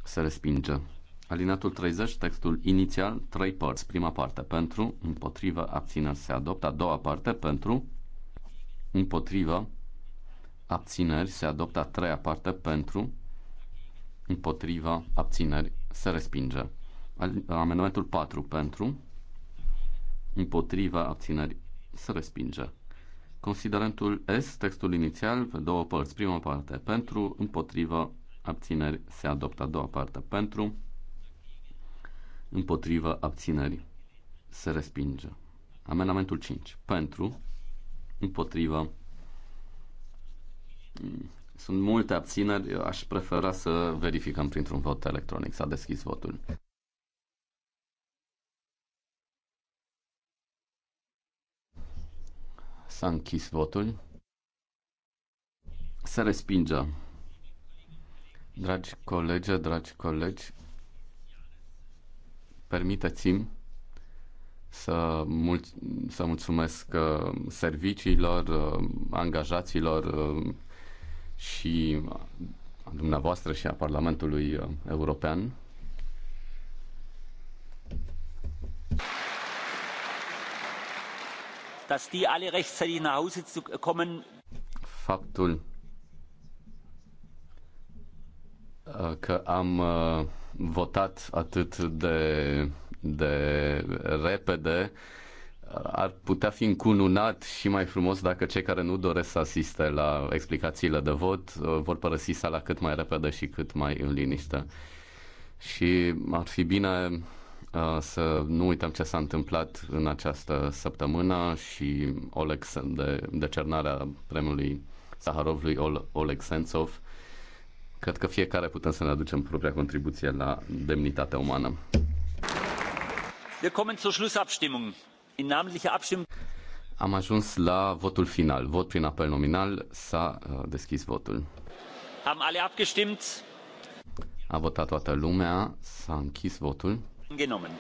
Se respinge. Alinatul 30, textul inițial, trei părți. Prima parte pentru, împotrivă, abțineri se adoptă. A doua parte pentru, împotrivă, abțineri se adoptă. A treia parte pentru, împotriva, abțineri se respinge. Amendamentul 4 pentru, împotriva, abțineri se respinge. Considerentul S, textul inițial, pe două părți. Prima parte pentru, împotriva, abțineri se adoptă. A doua parte pentru, împotriva abținerii. Se respinge. Amendamentul 5. Pentru, împotriva. Mm, sunt multe abțineri, Eu aș prefera să verificăm printr-un vot electronic. S-a deschis votul. S-a închis votul. Se respinge. Dragi colegi, dragi colegi, permiteți-mi să, mul- să mulțumesc uh, serviciilor, uh, angajaților uh, și a dumneavoastră și a Parlamentului European. Dass die alle rechtzeitig nach Hause zu kommen. Faptul că am votat atât de, de repede ar putea fi încununat și mai frumos dacă cei care nu doresc să asiste la explicațiile de vot uh, vor părăsi sala cât mai repede și cât mai în liniște. Și ar fi bine uh, să nu uităm ce s-a întâmplat în această săptămână și Oleg de de cernarea premiului Saharovului Oleg Sentsov Cred că fiecare putem să ne aducem propria contribuție la demnitatea umană. am ajuns la votul final. Vot prin apel nominal. S-a uh, deschis votul. Am alle abgestimmt. A votat toată lumea. S-a închis votul. Genomen.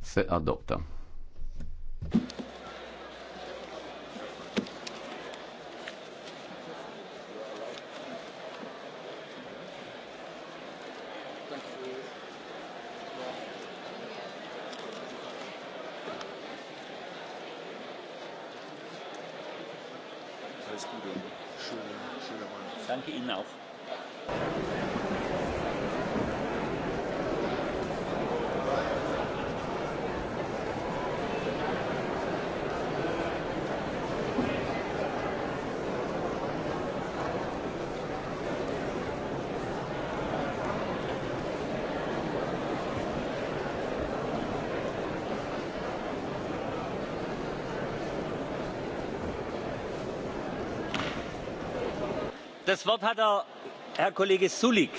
Se adoptă. Das Wort hat er, Herr Kollege Sulik.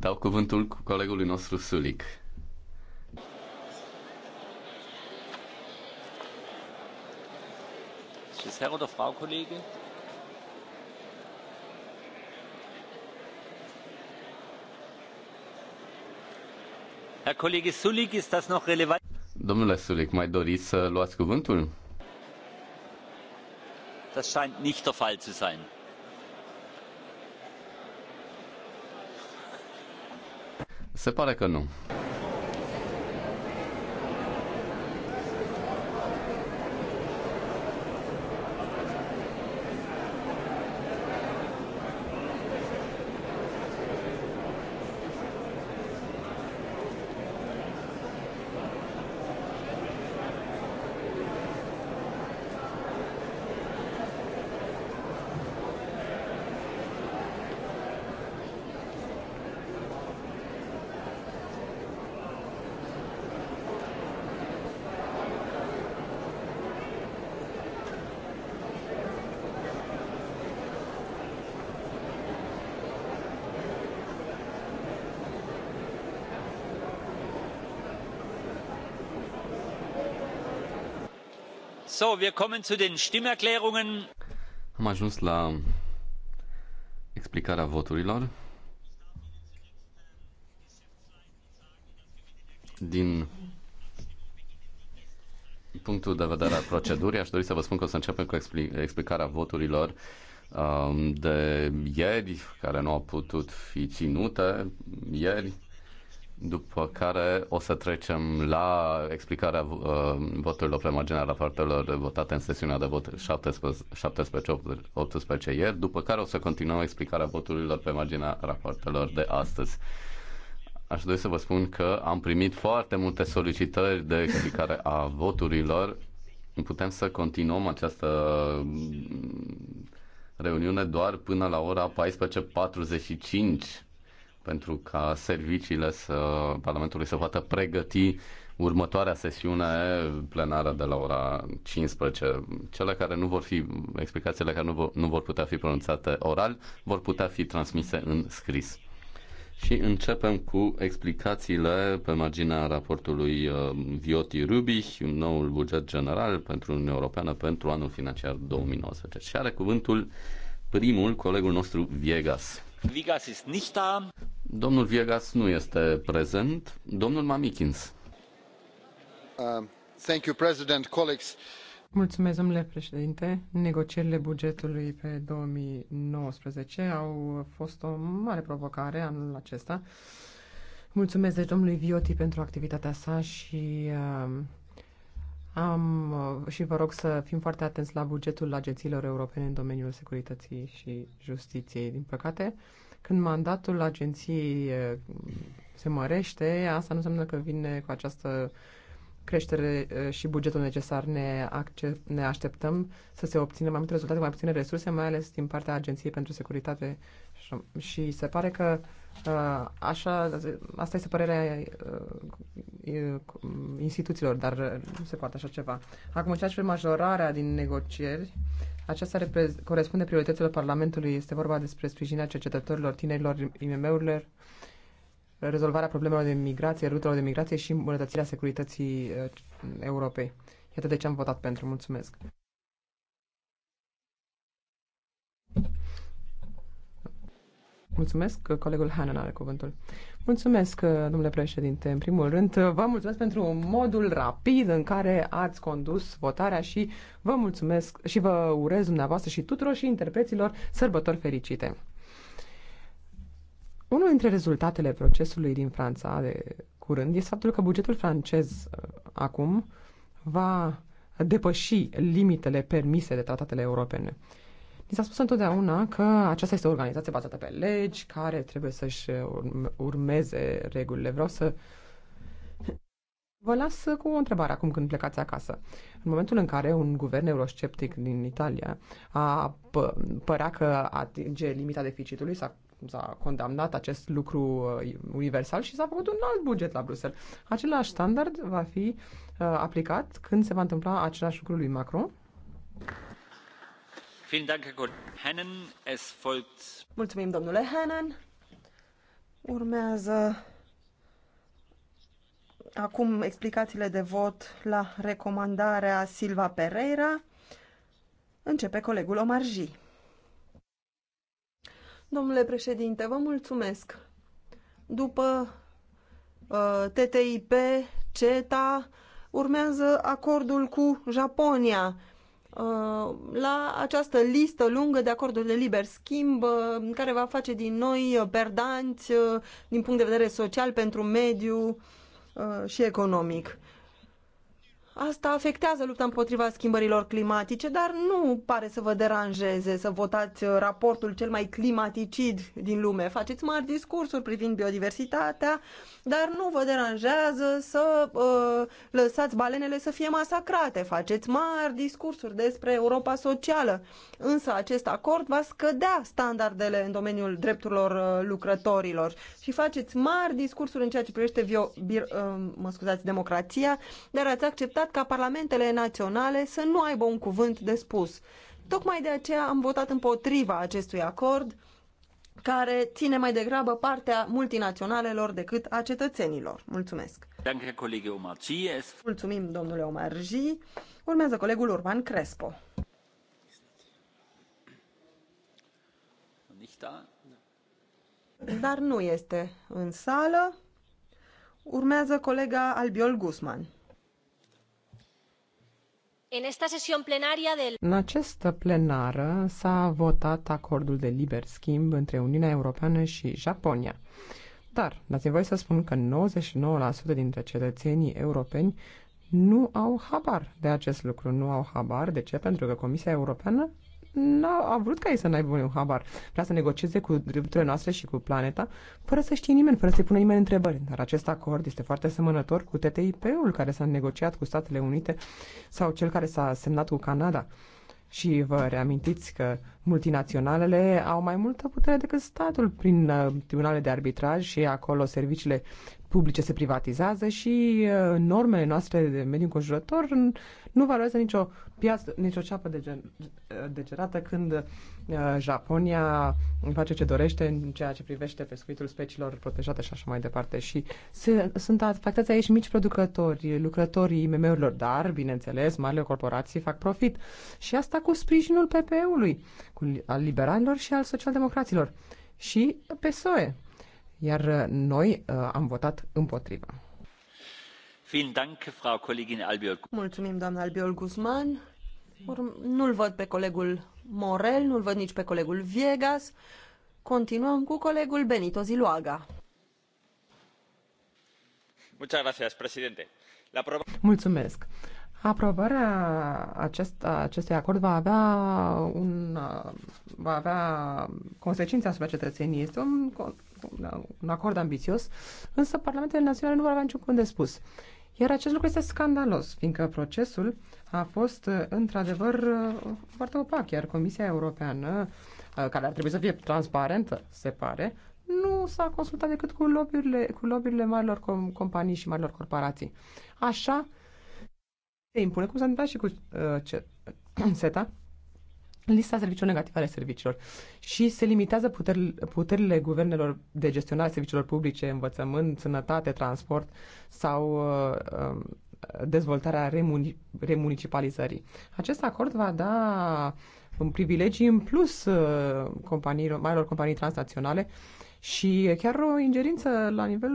Dau cuvântul colegului nostru Sulic. Ist Herr oder Frau Kollege? Herr Kollege Sulik, ist das noch relevant? Domnule Sulik, mai doriți să luați cuvântul? Das scheint nicht der Fall zu sein. Se pare că nu. Am ajuns la explicarea voturilor. Din punctul de vedere al procedurii, aș dori să vă spun că o să începem cu explicarea voturilor um, de ieri, care nu au putut fi ținute ieri, după care o să trecem la explicarea uh, voturilor marginea rapoartelor votate în sesiunea de vot 17-18 ieri, după care o să continuăm explicarea voturilor pe marginea rapoartelor de astăzi. Aș dori să vă spun că am primit foarte multe solicitări de explicare a voturilor. Putem să continuăm această reuniune doar până la ora 14.45 pentru ca serviciile să, Parlamentului să poată pregăti următoarea sesiune plenară de la ora 15. Cele care nu vor fi, explicațiile care nu vor, nu vor putea fi pronunțate oral, vor putea fi transmise în scris. Și începem cu explicațiile pe marginea raportului uh, Vioti Rubich, noul buget general pentru Uniunea Europeană pentru anul financiar 2019. Și are cuvântul primul, colegul nostru Viegas. Da. Domnul Viegas nu este prezent. Domnul Mamikins. Um, Mulțumesc, domnule președinte. Negocierile bugetului pe 2019 au fost o mare provocare anul acesta. Mulțumesc, deci, domnului Vioti pentru activitatea sa și uh, am, uh, și vă rog să fim foarte atenți la bugetul agențiilor europene în domeniul securității și justiției. Din păcate, când mandatul agenției uh, se mărește, asta nu înseamnă că vine cu această creștere uh, și bugetul necesar. Ne, accept, ne așteptăm să se obțină mai multe rezultate, mai puține resurse, mai ales din partea Agenției pentru Securitate. Și se pare că uh, Uh, așa, asta este părerea uh, instituțiilor, dar nu se poate așa ceva. Acum, ceea ce majorarea din negocieri, aceasta corespunde priorităților Parlamentului. Este vorba despre sprijinirea cercetătorilor, tinerilor, IMM-urilor, rezolvarea problemelor de migrație, rutelor de migrație și îmbunătățirea securității uh, Europei. Iată de ce am votat pentru. Mulțumesc! Mulțumesc. Colegul Hanan are cuvântul. Mulțumesc, uh, domnule președinte. În primul rând, uh, vă mulțumesc pentru modul rapid în care ați condus votarea și vă mulțumesc și vă urez dumneavoastră și tuturor și interpreților sărbători fericite. Unul dintre rezultatele procesului din Franța de curând este faptul că bugetul francez uh, acum va depăși limitele permise de tratatele europene. Ni s-a spus întotdeauna că aceasta este o organizație bazată pe legi, care trebuie să-și urmeze regulile. Vreau să Vă las cu o întrebare acum când plecați acasă. În momentul în care un guvern eurosceptic din Italia a părea că atinge limita deficitului, s-a, s-a condamnat acest lucru uh, universal și s-a făcut un alt buget la Bruxelles. Același standard va fi uh, aplicat când se va întâmpla același lucru lui Macron? Mulțumim, domnule Hannan. Urmează acum explicațiile de vot la recomandarea Silva Pereira. Începe colegul Omarji. Domnule președinte, vă mulțumesc. După uh, TTIP, CETA, urmează acordul cu Japonia Uh, la această listă lungă de acorduri de liber schimb uh, care va face din noi uh, perdanți din punct de vedere social pentru mediu și economic. Asta afectează lupta împotriva schimbărilor climatice, dar nu pare să vă deranjeze să votați uh, raportul cel mai climaticid din lume. Faceți mari discursuri privind biodiversitatea, dar nu vă deranjează să uh, lăsați balenele să fie masacrate. Faceți mari discursuri despre Europa socială. Însă acest acord va scădea standardele în domeniul drepturilor uh, lucrătorilor și faceți mari discursuri în ceea ce privește bio, bir, uh, mă scuzați, democrația, dar ați acceptat acceptat ca parlamentele naționale să nu aibă un cuvânt de spus. Tocmai de aceea am votat împotriva acestui acord care ține mai degrabă partea multinaționalelor decât a cetățenilor. Mulțumesc! Mulțumim, domnule Omarji. Urmează colegul Urban Crespo. Da? Dar nu este în sală. Urmează colega Albiol Guzman. În această plenară s-a votat acordul de liber schimb între Uniunea Europeană și Japonia. Dar dați-mi voie să spun că 99% dintre cetățenii europeni nu au habar de acest lucru. Nu au habar. De ce? Pentru că Comisia Europeană a vrut ca ei să n-aibă un habar. Vrea să negocieze cu drepturile noastre și cu planeta, fără să știe nimeni, fără să-i pună nimeni întrebări. Dar acest acord este foarte asemănător cu TTIP-ul care s-a negociat cu Statele Unite sau cel care s-a semnat cu Canada. Și vă reamintiți că multinaționalele au mai multă putere decât statul prin uh, tribunale de arbitraj și acolo serviciile publice se privatizează și uh, normele noastre de mediu înconjurător nu valorează nicio piață, nicio ceapă dege, uh, degerată când uh, Japonia face ce dorește în ceea ce privește pescuitul speciilor protejate și așa mai departe. Și se, sunt afectați aici mici producători, lucrătorii IMM-urilor, dar, bineînțeles, marile corporații fac profit. Și asta cu sprijinul PPE-ului, al liberalilor și al socialdemocraților și PSOE iar uh, noi uh, am votat împotriva. Mulțumim, doamna Albiol Guzman. Nu-l văd pe colegul Morel, nu-l văd nici pe colegul Viegas. Continuăm cu colegul Benito Ziluaga. Mulțumesc. Aprobarea acest, acestui acord va avea, un, va avea consecințe asupra cetățenii. Este un un acord ambițios, însă Parlamentele Naționale nu vor avea niciun cuvânt de spus. Iar acest lucru este scandalos, fiindcă procesul a fost într-adevăr foarte opac, iar Comisia Europeană, care ar trebui să fie transparentă, se pare, nu s-a consultat decât cu lobbyurile, cu lobbyurile marilor com- companii și marilor corporații. Așa se impune, cum s-a întâmplat și cu uh, CETA, lista serviciilor negative ale serviciilor și se limitează puterile, puterile guvernelor de gestionare a serviciilor publice, învățământ, sănătate, transport sau uh, um, dezvoltarea remuni, remunicipalizării. Acest acord va da un privilegii în plus uh, companiilor, marilor companii transnaționale și chiar o ingerință la nivel,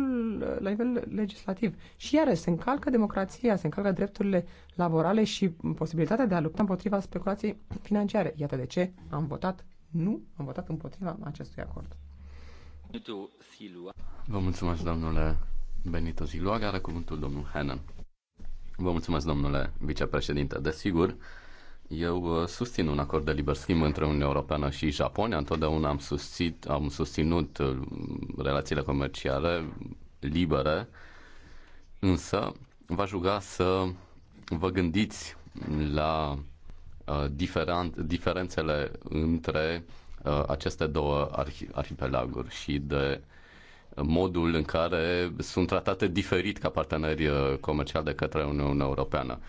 la nivel legislativ. Și iarăși se încalcă democrația, se încalcă drepturile laborale și posibilitatea de a lupta împotriva speculației financiare. Iată de ce am votat nu, am votat împotriva acestui acord. Vă mulțumesc, domnule Benito Ziluaga, are cuvântul domnul Hannan. Vă mulțumesc, domnule vicepreședinte. Desigur, eu uh, susțin un acord de liber schimb între Uniunea Europeană și Japonia. Întotdeauna am, susțit, am susținut uh, relațiile comerciale libere, însă va aș ruga să vă gândiți la uh, diferent, diferențele între aceste două arhi- arhipelaguri și de modul în care sunt tratate diferit ca parteneri comerciali de către Uniunea Europeană.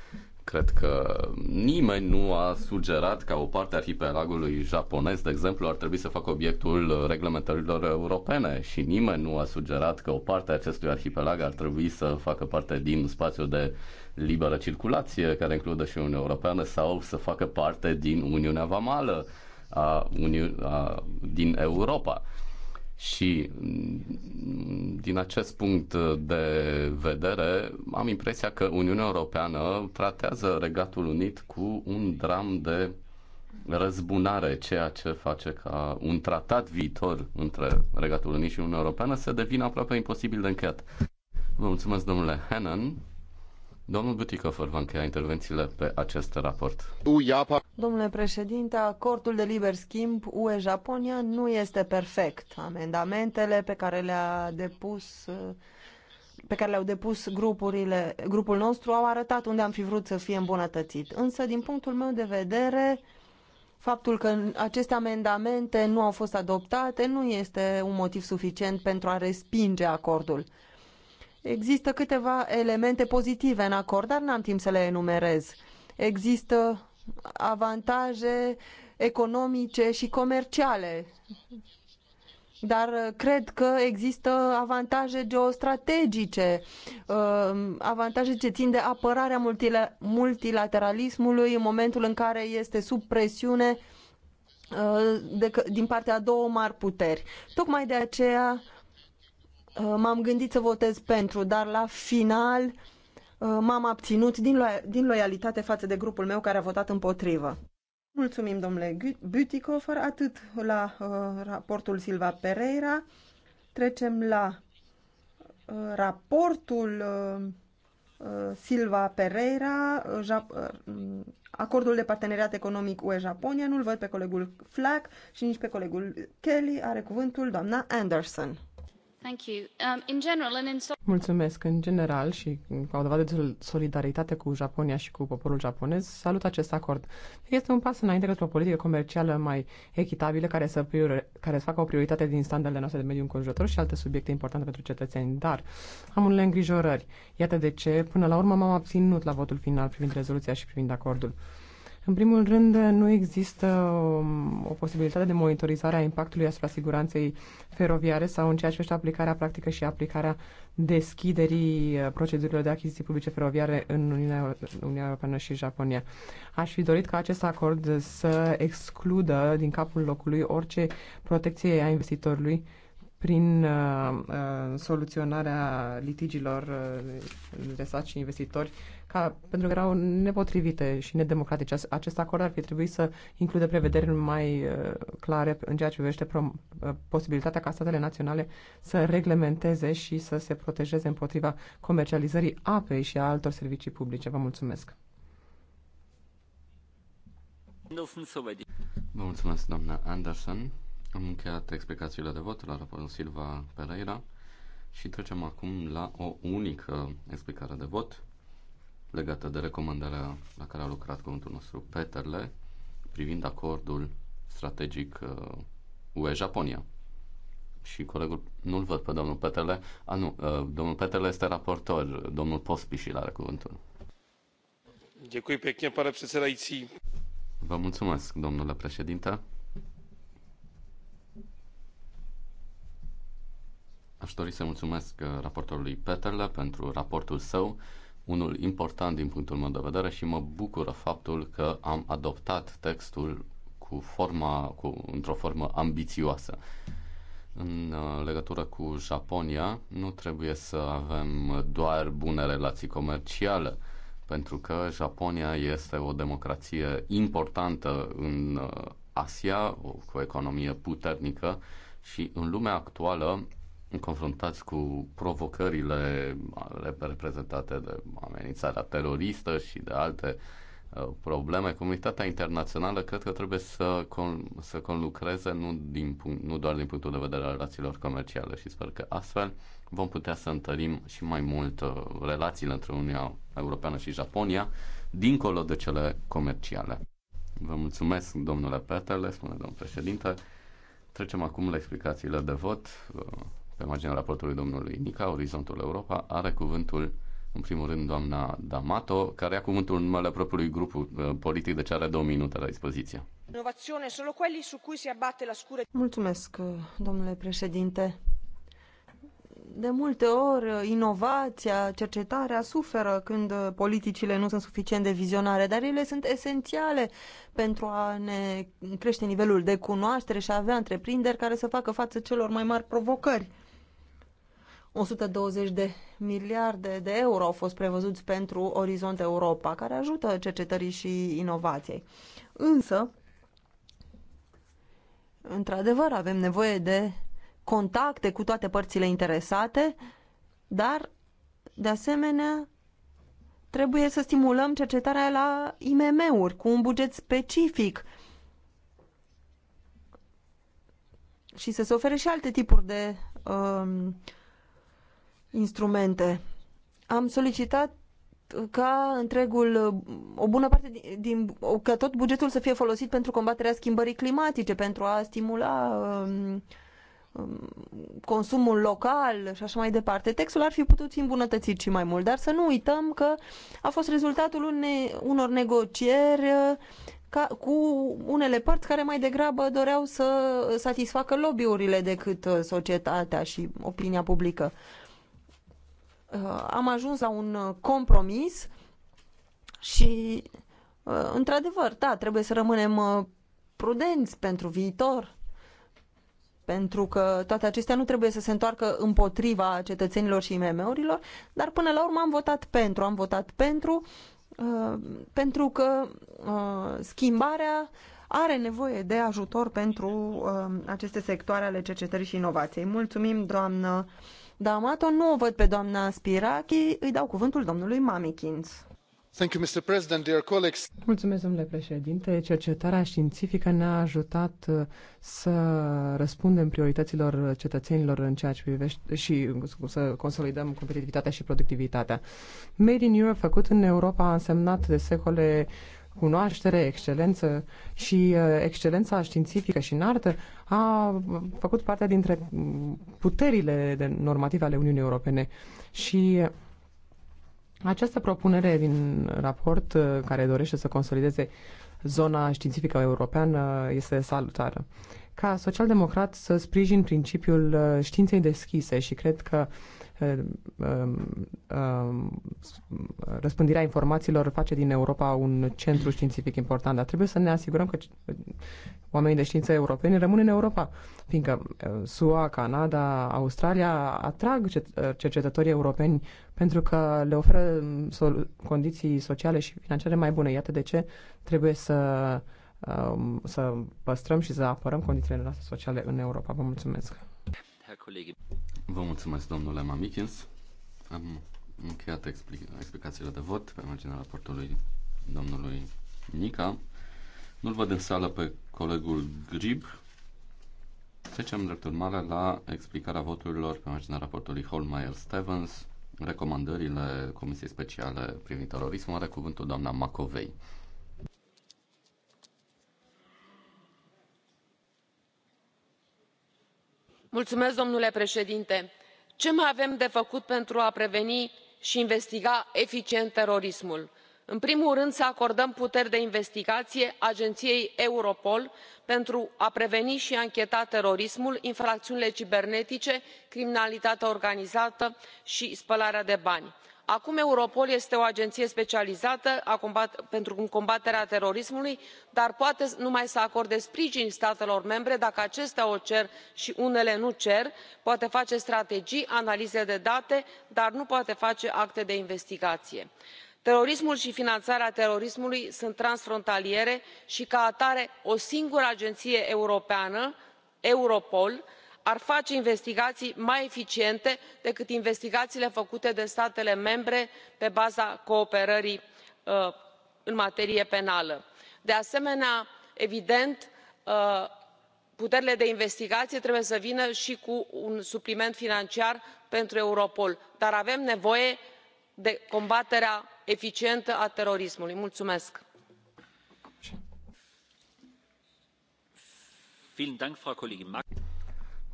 Cred că nimeni nu a sugerat că o parte a arhipelagului japonez, de exemplu, ar trebui să facă obiectul reglementărilor europene și nimeni nu a sugerat că o parte a acestui arhipelag ar trebui să facă parte din spațiul de liberă circulație, care include și Uniunea Europeană, sau să facă parte din Uniunea Vamală a Uni- a, din Europa. Și mm, din acest punct de vedere, am impresia că Uniunea Europeană tratează Regatul Unit cu un dram de răzbunare, ceea ce face ca un tratat viitor între Regatul Unit și Uniunea Europeană să devină aproape imposibil de încheiat. Vă mulțumesc, domnule Hannan. Domnul Buticofer va încheia intervențiile pe acest raport. Uiapa. Domnule președinte, acordul de liber schimb UE-Japonia nu este perfect. Amendamentele pe care le-a depus pe care le-au depus grupurile, grupul nostru au arătat unde am fi vrut să fie îmbunătățit. Însă, din punctul meu de vedere, faptul că aceste amendamente nu au fost adoptate nu este un motiv suficient pentru a respinge acordul. Există câteva elemente pozitive în acord, dar n-am timp să le enumerez. Există avantaje economice și comerciale, dar uh, cred că există avantaje geostrategice, uh, avantaje ce țin de apărarea multilateralismului în momentul în care este sub presiune uh, de, din partea a două mari puteri. Tocmai de aceea Uh, m-am gândit să votez pentru, dar la final uh, m-am abținut din, lo- din loialitate față de grupul meu care a votat împotrivă. Mulțumim, domnule Butikofer, atât la uh, raportul Silva Pereira. Trecem la uh, raportul uh, uh Silva Pereira, uh, uh, acordul de parteneriat economic UE-Japonia. Nu-l văd pe colegul Flack și nici pe colegul Kelly. Are cuvântul doamna Anderson. Um, Mulțumesc. În general și ca o dovadă de solidaritate cu Japonia și cu poporul japonez, salut acest acord. Este un pas înainte către o politică comercială mai echitabilă care să, priori, care să facă o prioritate din standardele noastre de mediu înconjurător și alte subiecte importante pentru cetățeni. Dar am unele îngrijorări. Iată de ce, până la urmă, m-am abținut la votul final privind rezoluția și privind acordul. În primul rând, nu există um, o posibilitate de monitorizare a impactului asupra siguranței feroviare sau în ceea ce este aplicarea practică și aplicarea deschiderii uh, procedurilor de achiziții publice feroviare în Uniunea, Uniunea Europeană și Japonia. Aș fi dorit ca acest acord să excludă din capul locului orice protecție a investitorului prin uh, uh, soluționarea litigilor uh, de stat și investitori, ca, pentru că erau nepotrivite și nedemocratice. Acest acord ar fi trebuit să includă prevederi mai uh, clare în ceea ce privește prom- uh, posibilitatea ca statele naționale să reglementeze și să se protejeze împotriva comercializării apei și a altor servicii publice. Vă mulțumesc! Vă mulțumesc, doamna Anderson. Am încheiat explicațiile de vot la raportul Silva Pereira și trecem acum la o unică explicare de vot legată de recomandarea la care a lucrat cuvântul nostru Peterle privind acordul strategic uh, UE-Japonia. Și colegul, nu-l văd pe domnul Peterle. A, nu, uh, domnul Peterle este raportor, domnul Pospișil are cuvântul. Děkuji pěkně, pane předsedající. Vă mulțumesc, domnule președinte. Aș dori să mulțumesc uh, raportorului Peterle pentru raportul său, unul important din punctul meu de vedere și mă bucură faptul că am adoptat textul cu forma, cu, într-o formă ambițioasă. În uh, legătură cu Japonia, nu trebuie să avem doar bune relații comerciale, pentru că Japonia este o democrație importantă în uh, Asia, cu o economie puternică și în lumea actuală confruntați cu provocările reprezentate de amenințarea teroristă și de alte uh, probleme, comunitatea internațională cred că trebuie să, con- să conlucreze nu, din punct, nu doar din punctul de vedere al relațiilor comerciale și sper că astfel vom putea să întărim și mai mult uh, relațiile între Uniunea Europeană și Japonia, dincolo de cele comerciale. Vă mulțumesc, domnule Petele, spune domnul președinte. Trecem acum la explicațiile de vot pe marginea raportului domnului Nica, Orizontul Europa, are cuvântul în primul rând doamna D'Amato, care ia cuvântul în numele propriului grup uh, politic, deci are două minute la dispoziție. Inovațiune, solo quelli su cui se abate la scură. Mulțumesc, uh, domnule președinte. De multe ori, uh, inovația, cercetarea suferă când politicile nu sunt suficient de vizionare, dar ele sunt esențiale pentru a ne crește nivelul de cunoaștere și a avea întreprinderi care să facă față celor mai mari provocări 120 de miliarde de euro au fost prevăzuți pentru Orizont Europa, care ajută cercetării și inovației. Însă, într-adevăr, avem nevoie de contacte cu toate părțile interesate, dar, de asemenea, trebuie să stimulăm cercetarea la IMM-uri cu un buget specific și să se ofere și alte tipuri de uh, instrumente. Am solicitat ca întregul, o bună parte din, ca tot bugetul să fie folosit pentru combaterea schimbării climatice, pentru a stimula um, um, consumul local și așa mai departe. Textul ar fi putut fi îmbunătățit și mai mult, dar să nu uităm că a fost rezultatul une, unor negocieri ca, cu unele părți care mai degrabă doreau să satisfacă lobby-urile decât uh, societatea și opinia publică. Uh, am ajuns la un uh, compromis și, uh, într-adevăr, da, trebuie să rămânem prudenți pentru viitor, pentru că toate acestea nu trebuie să se întoarcă împotriva cetățenilor și IMM-urilor, dar până la urmă am votat pentru. Am votat pentru pentru că schimbarea are nevoie de ajutor pentru aceste sectoare ale cercetării și inovației. Mulțumim, doamnă D'Amato, nu o văd pe doamna Spiraki, îi dau cuvântul domnului Mamikins. Thank you, Mr. President, dear colleagues. Mulțumesc, domnule președinte. Cercetarea științifică ne-a ajutat uh, să răspundem priorităților cetățenilor în ceea ce privește și uh, să consolidăm competitivitatea și productivitatea. Made in Europe, făcut în Europa, a însemnat de secole cunoaștere, excelență și uh, excelența științifică și în artă a făcut parte dintre puterile de normative ale Uniunii Europene și această propunere din raport uh, care dorește să consolideze zona științifică europeană este salutară. Ca socialdemocrat să sprijin principiul uh, științei deschise și cred că Um, um, răspândirea informațiilor face din Europa un centru științific important, dar trebuie să ne asigurăm că uh, oamenii de știință europeni rămân în Europa, fiindcă uh, SUA, Canada, Australia atrag uh, cercetătorii europeni pentru că le oferă um, condiții sociale și financiare mai bune. Iată de ce trebuie să să păstrăm și să apărăm condițiile noastre sociale în Europa. Vă mulțumesc! Vă mulțumesc, domnule Mamichins. Am încheiat explica- explicațiile de vot pe marginea raportului domnului Nica. Nu-l văd în sală pe colegul Grib. Trecem drept urmare la explicarea voturilor pe marginea raportului Holmeyer Stevens, recomandările Comisiei Speciale privind terorismul. Are cuvântul doamna Macovei. domnule președinte ce mai avem de făcut pentru a preveni și investiga eficient terorismul? în primul rând să acordăm puteri de investigație agenției europol pentru a preveni și ancheta terorismul infracțiunile cibernetice criminalitatea organizată și spălarea de bani acum europol este o agenție specializată pentru combaterea terorismului dar poate numai să acorde sprijin statelor membre dacă acestea o cer și unele nu cer poate face strategii analize de date dar nu poate face acte de investigație. terorismul și finanțarea terorismului sunt transfrontaliere și ca atare o singură agenție europeană europol ar face investigații mai eficiente decât investigațiile făcute de statele membre pe baza cooperării uh, în materie penală. de asemenea evident uh, puterile de investigație trebuie să vină și cu un supliment financiar pentru europol dar avem nevoie de combaterea eficientă a terorismului. mulțumesc.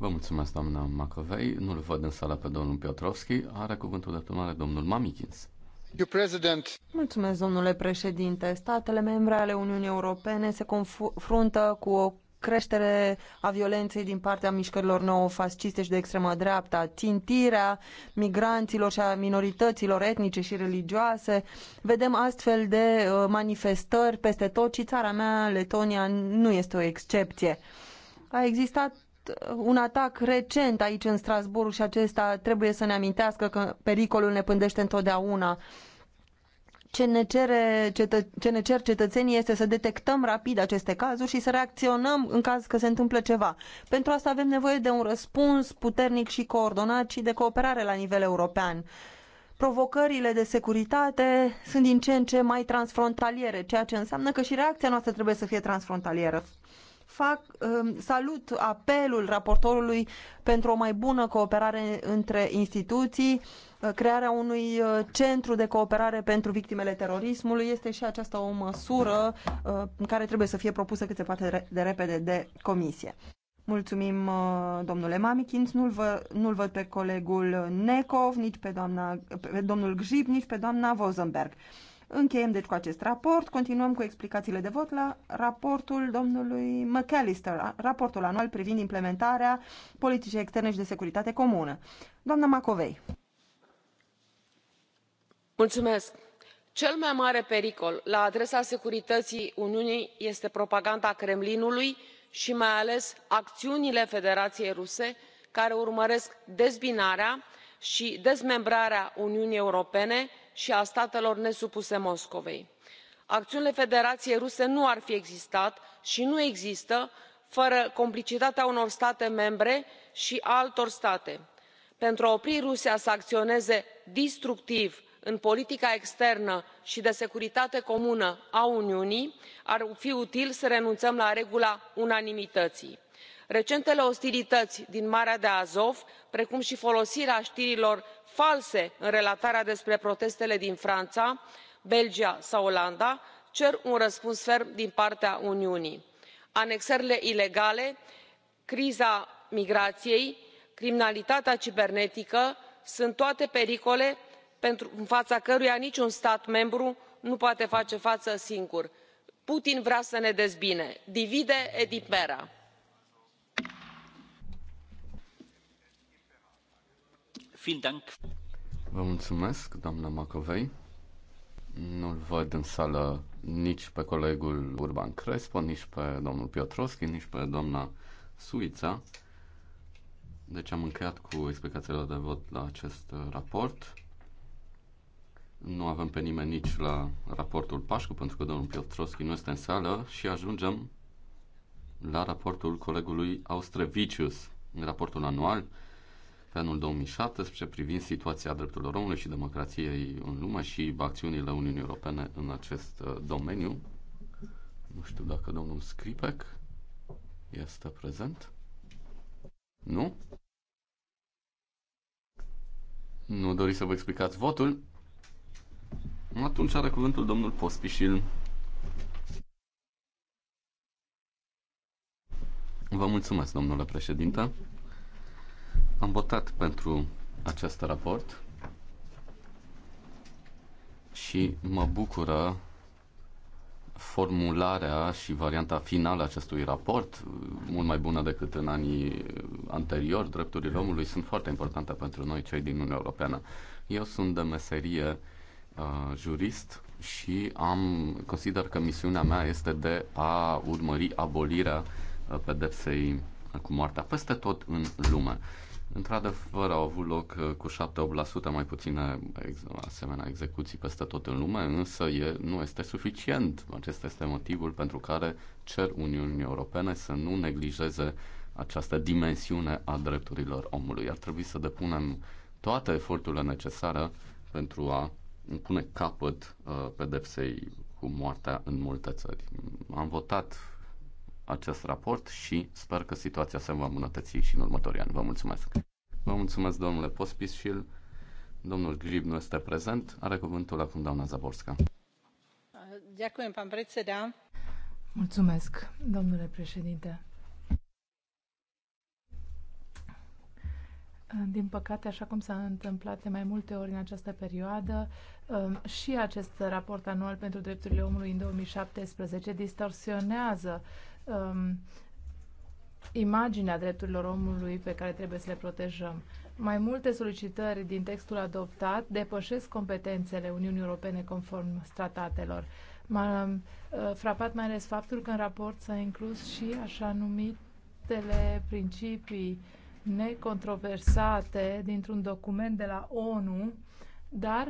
Vă mulțumesc, doamna Macovei. Nu-l văd în sala pe domnul Piotrovski. Are cuvântul de urmare domnul Mamikins. Mulțumesc, domnule președinte. Statele membre ale Uniunii Europene se confruntă cu o creștere a violenței din partea mișcărilor neofasciste și de extrema dreapta, țintirea migranților și a minorităților etnice și religioase. Vedem astfel de uh, manifestări peste tot și țara mea, Letonia, nu este o excepție. A existat un atac recent aici în Strasburg și acesta trebuie să ne amintească că pericolul ne pândește întotdeauna. Ce ne, cere cetă- ce ne cer cetățenii este să detectăm rapid aceste cazuri și să reacționăm în caz că se întâmplă ceva. Pentru asta avem nevoie de un răspuns puternic și coordonat și de cooperare la nivel european provocările de securitate sunt din ce în ce mai transfrontaliere, ceea ce înseamnă că și reacția noastră trebuie să fie transfrontalieră fac, um, salut apelul raportorului pentru o mai bună cooperare între instituții. Uh, crearea unui uh, centru de cooperare pentru victimele terorismului este și aceasta o măsură uh, care trebuie să fie propusă cât se poate de repede de comisie. Mulțumim, domnule Mamichins. Nu-l vă, nu văd pe colegul Necov, nici pe, doamna, pe domnul Gjib, nici pe doamna Vozenberg. Încheiem deci cu acest raport, continuăm cu explicațiile de vot la raportul domnului McAllister, raportul anual privind implementarea politicii externe și de securitate comună. Doamna Macovei. Mulțumesc. Cel mai mare pericol la adresa securității Uniunii este propaganda Kremlinului și mai ales acțiunile Federației Ruse care urmăresc dezbinarea și dezmembrarea Uniunii Europene și a statelor nesupuse moscovei. acțiunile federației ruse nu ar fi existat și nu există fără complicitatea unor state membre și a altor state. pentru a opri rusia să acționeze distructiv în politica externă și de securitate comună a uniunii ar fi util să renunțăm la regula unanimității recentele ostilități din marea de azov precum și folosirea știrilor false în relatarea despre protestele din franța belgia sau olanda cer un răspuns ferm din partea uniunii. anexările ilegale criza migrației criminalitatea cibernetică sunt toate pericole în fața cărora niciun stat membru nu poate face față singur. putin vrea să ne dezbine divide et impera. Vă mulțumesc, doamna Macovei. Nu-l văd în sală nici pe colegul Urban Crespo, nici pe domnul Piotrowski, nici pe doamna Suița. Deci am încheiat cu explicațiile de vot la acest raport. Nu avem pe nimeni nici la raportul Pașcu, pentru că domnul Piotrowski nu este în sală și ajungem la raportul colegului Austrevicius, în raportul anual pe anul 2017 privind situația drepturilor omului și democrației în lume și acțiunile Uniunii Europene în acest uh, domeniu. Nu știu dacă domnul Scripec este prezent. Nu? Nu doriți să vă explicați votul? Atunci are cuvântul domnul Pospișil. Vă mulțumesc, domnule președinte. Am votat pentru acest raport și mă bucură formularea și varianta finală a acestui raport, mult mai bună decât în anii anteriori, drepturile omului sunt foarte importante pentru noi, cei din Uniunea Europeană. Eu sunt de meserie uh, jurist și am consider că misiunea mea este de a urmări abolirea uh, pedepsei cu moartea peste tot în lume. Într-adevăr, au avut loc uh, cu 7-8% mai puține asemenea execuții peste tot în lume, însă e, nu este suficient. Acesta este motivul pentru care cer Uniunii Europene să nu neglijeze această dimensiune a drepturilor omului. Ar trebui să depunem toate eforturile necesare pentru a pune capăt uh, pedepsei cu moartea în multe țări. Am votat acest raport și sper că situația se va îmbunătăți și în următorii ani. Vă mulțumesc! Vă mulțumesc, domnule Pospisil. Domnul Grib nu este prezent. Are cuvântul acum doamna Zaborska. Mulțumesc, domnule președinte. Din păcate, așa cum s-a întâmplat de mai multe ori în această perioadă, um, și acest raport anual pentru drepturile omului în 2017 distorsionează um, imaginea drepturilor omului pe care trebuie să le protejăm. Mai multe solicitări din textul adoptat depășesc competențele Uniunii Europene conform tratatelor. M-a uh, frapat mai ales faptul că în raport s-a inclus și așa numitele principii necontroversate dintr-un document de la ONU, dar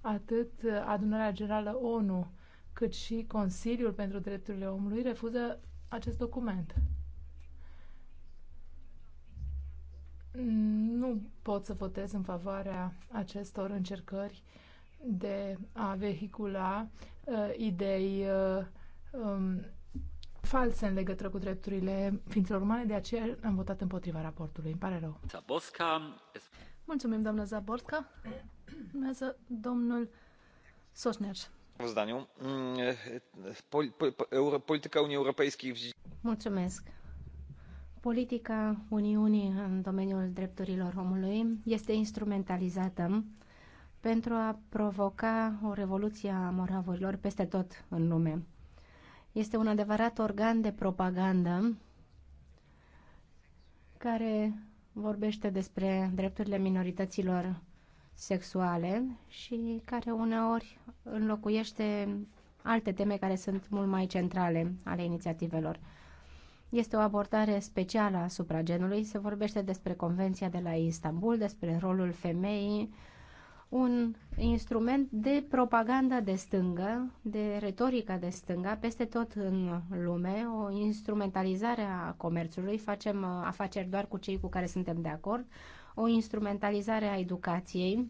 atât uh, adunarea generală ONU cât și Consiliul pentru Drepturile Omului refuză acest document. Nu pot să votez în favoarea acestor încercări de a vehicula uh, idei uh, um, false în legătură cu drepturile ființelor umane, de aceea am votat împotriva raportului. Îmi pare rău. Zaborska. Mulțumim, doamna Zaborska. Urmează domnul Sosner. Zdaniu. Mm, Politica Unii Europejskiej. Mulțumesc. Politica Uniunii în domeniul drepturilor omului este instrumentalizată pentru a provoca o revoluție a moravurilor peste tot în lume. Este un adevărat organ de propagandă care vorbește despre drepturile minorităților sexuale și care uneori înlocuiește alte teme care sunt mult mai centrale ale inițiativelor. Este o abordare specială asupra genului, se vorbește despre Convenția de la Istanbul, despre rolul femeii, un instrument de propaganda de stângă, de retorica de stânga, peste tot în lume, o instrumentalizare a comerțului, facem uh, afaceri doar cu cei cu care suntem de acord, o instrumentalizare a educației.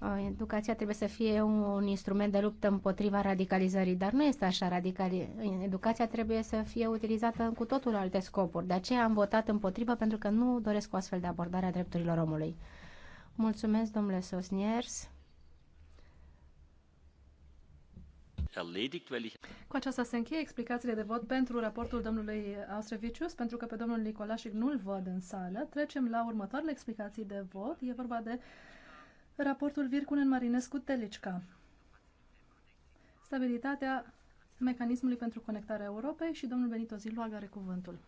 Uh, educația trebuie să fie un instrument de luptă împotriva radicalizării, dar nu este așa. radical. Educația trebuie să fie utilizată cu totul alte scopuri. De aceea am votat împotriva pentru că nu doresc o astfel de abordare a drepturilor omului. Mulțumesc, domnule Sosniers. erledigt, weil ich... Cu aceasta se încheie explicațiile de vot pentru raportul domnului Austrevicius, pentru că pe domnul Nicolașic nu-l văd în sală. Trecem la următoarele explicații de vot. E vorba de raportul Virkunen Marinescu Telicca. Stabilitatea mecanismului pentru conectarea Europei și domnul Benito Ziluaga are cuvântul.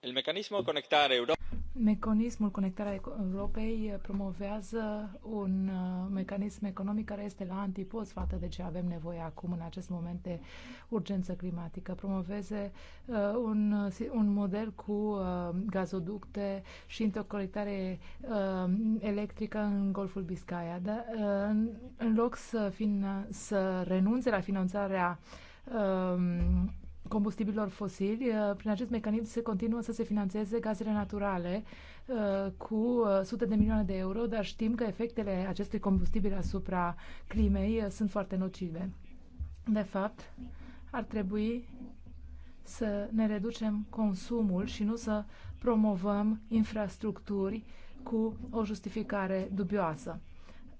El mecanismo conectare Europa Mecanismul Conectarea Europei promovează un uh, mecanism economic care este la antipos față de ce avem nevoie acum în acest moment de urgență climatică. Promoveze uh, un, uh, un model cu gazoducte și interconectare electrică în Golful Biscaya. Dar, în loc să, fin, să renunțe la finanțarea combustibililor fosili. Uh, prin acest mecanism se continuă să se financeze gazele naturale uh, cu uh, sute de milioane de euro, dar știm că efectele acestui combustibil asupra climei sunt foarte nocive. De fapt, ar trebui să ne reducem consumul și nu să promovăm infrastructuri cu o justificare dubioasă.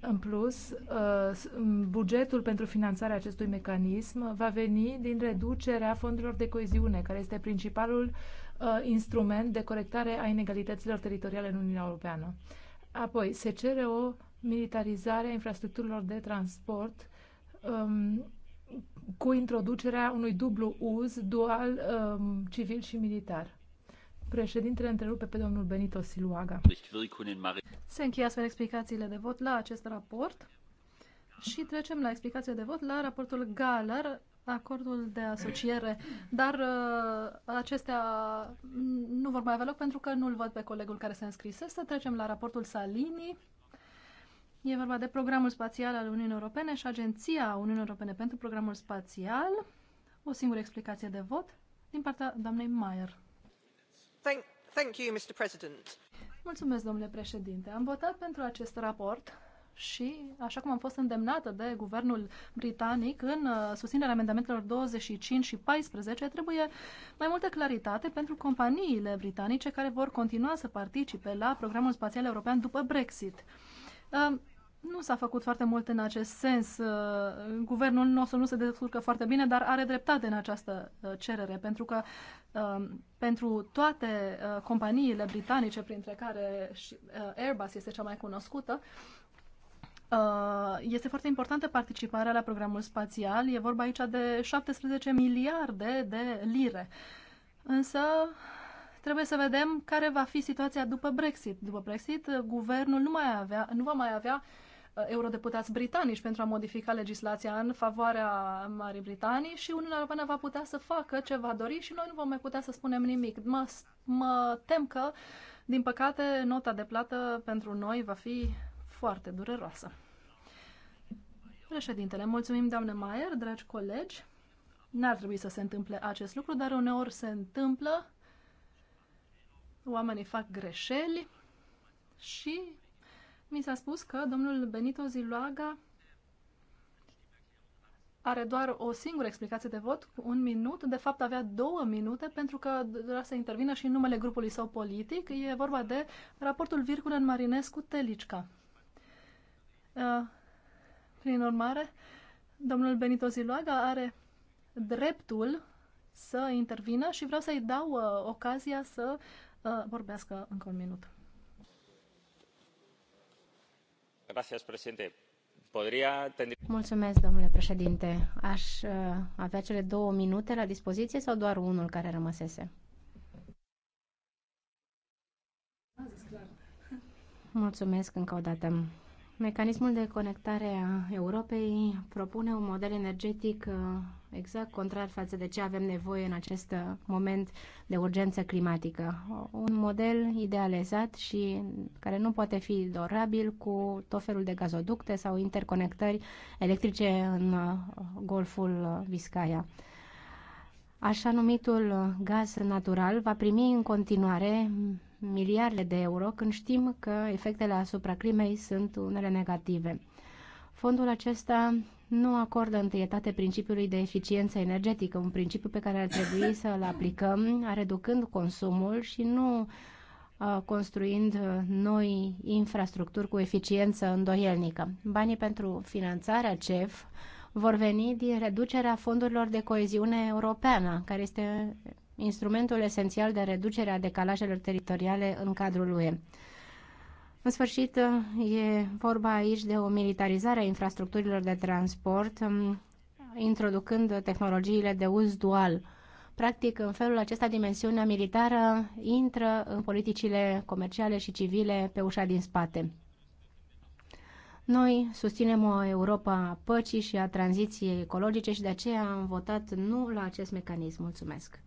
În plus, uh, bugetul pentru finanțarea acestui mecanism va veni din reducerea fondurilor de coeziune, care este principalul uh, instrument de corectare a inegalităților teritoriale în Uniunea Europeană. Apoi, se cere o militarizare a infrastructurilor de transport um, cu introducerea unui dublu uz dual um, civil și militar. Președintele întrerupe pe domnul Benito Siluaga. Se încheie astfel explicațiile de vot la acest raport și trecem la explicația de vot la raportul Galar, acordul de asociere, dar uh, acestea nu vor mai avea loc pentru că nu-l văd pe colegul care se înscrise. Să trecem la raportul Salini. E vorba de programul spațial al Uniunii Europene și Agenția Uniunii Europene pentru programul spațial. O singură explicație de vot din partea doamnei Mayer. Mulțumesc, domnule președinte. Am votat pentru acest raport și, așa cum am fost îndemnată de guvernul britanic în uh, susținerea amendamentelor 25 și 14, trebuie mai multă claritate pentru companiile britanice care vor continua să participe la programul spațial european după Brexit. Uh, nu s-a făcut foarte mult în acest sens. Uh, guvernul nostru nu se descurcă foarte bine, dar are dreptate în această uh, cerere, pentru că um, pentru toate uh, companiile britanice, printre care Airbus este cea mai cunoscută, este foarte importantă participarea la programul spațial. E vorba aici de 17 miliarde de lire. Însă, trebuie să vedem care va fi situația după Brexit. După Brexit, guvernul nu, mai avea, nu va mai avea uh, Uh, eurodeputați britanici pentru a modifica legislația în favoarea Marii Britanii și Uniunea Europeană va putea să facă ce va dori și noi nu vom mai putea să spunem nimic. Mă, mă tem că, din păcate, nota de plată pentru noi va fi foarte dureroasă. Președintele, mulțumim, doamne Maier, dragi colegi. N-ar trebui să se întâmple acest lucru, dar uneori se întâmplă. Oamenii fac greșeli și mi s-a spus că domnul Benito Ziluaga are doar o singură explicație de vot, un minut. De fapt, avea două minute pentru că vrea să intervină și în numele grupului său politic. E vorba de raportul Virgulen marinescu Telicca. Uh, prin urmare, domnul Benito Ziluaga are dreptul să intervină și vreau să-i dau uh, ocazia să uh, vorbească încă un minut. Mulțumesc, domnule președinte. Aș uh, avea cele două minute la dispoziție sau doar unul care rămăsese? Mulțumesc încă o dată. Mecanismul de conectare a Europei propune un model energetic uh, exact contrar față de ce avem nevoie în acest uh, moment de urgență climatică. Un model idealizat și care nu poate fi dorabil cu tot felul de gazoducte sau interconectări electrice în uh, golful uh, Viscaia. Așa numitul gaz natural va primi în continuare miliarde de euro când știm că efectele asupra climei sunt unele negative. Fondul acesta nu acordă întâietate principiului de eficiență energetică, un principiu pe care ar trebui să-l aplicăm, reducând consumul și nu uh, construind uh, noi infrastructuri cu eficiență îndoielnică. Banii pentru finanțarea CEF vor veni din reducerea fondurilor de coeziune europeană, care este instrumentul esențial de reducere a decalajelor teritoriale în cadrul UE. În sfârșit, e vorba aici de o militarizare a infrastructurilor de transport, um, introducând tehnologiile de uz dual. Practic, în felul acesta, dimensiunea militară intră în politicile comerciale și civile pe ușa din spate. Noi susținem o Europa a păcii și a tranziției ecologice și de aceea am votat nu la acest mecanism. Mulțumesc!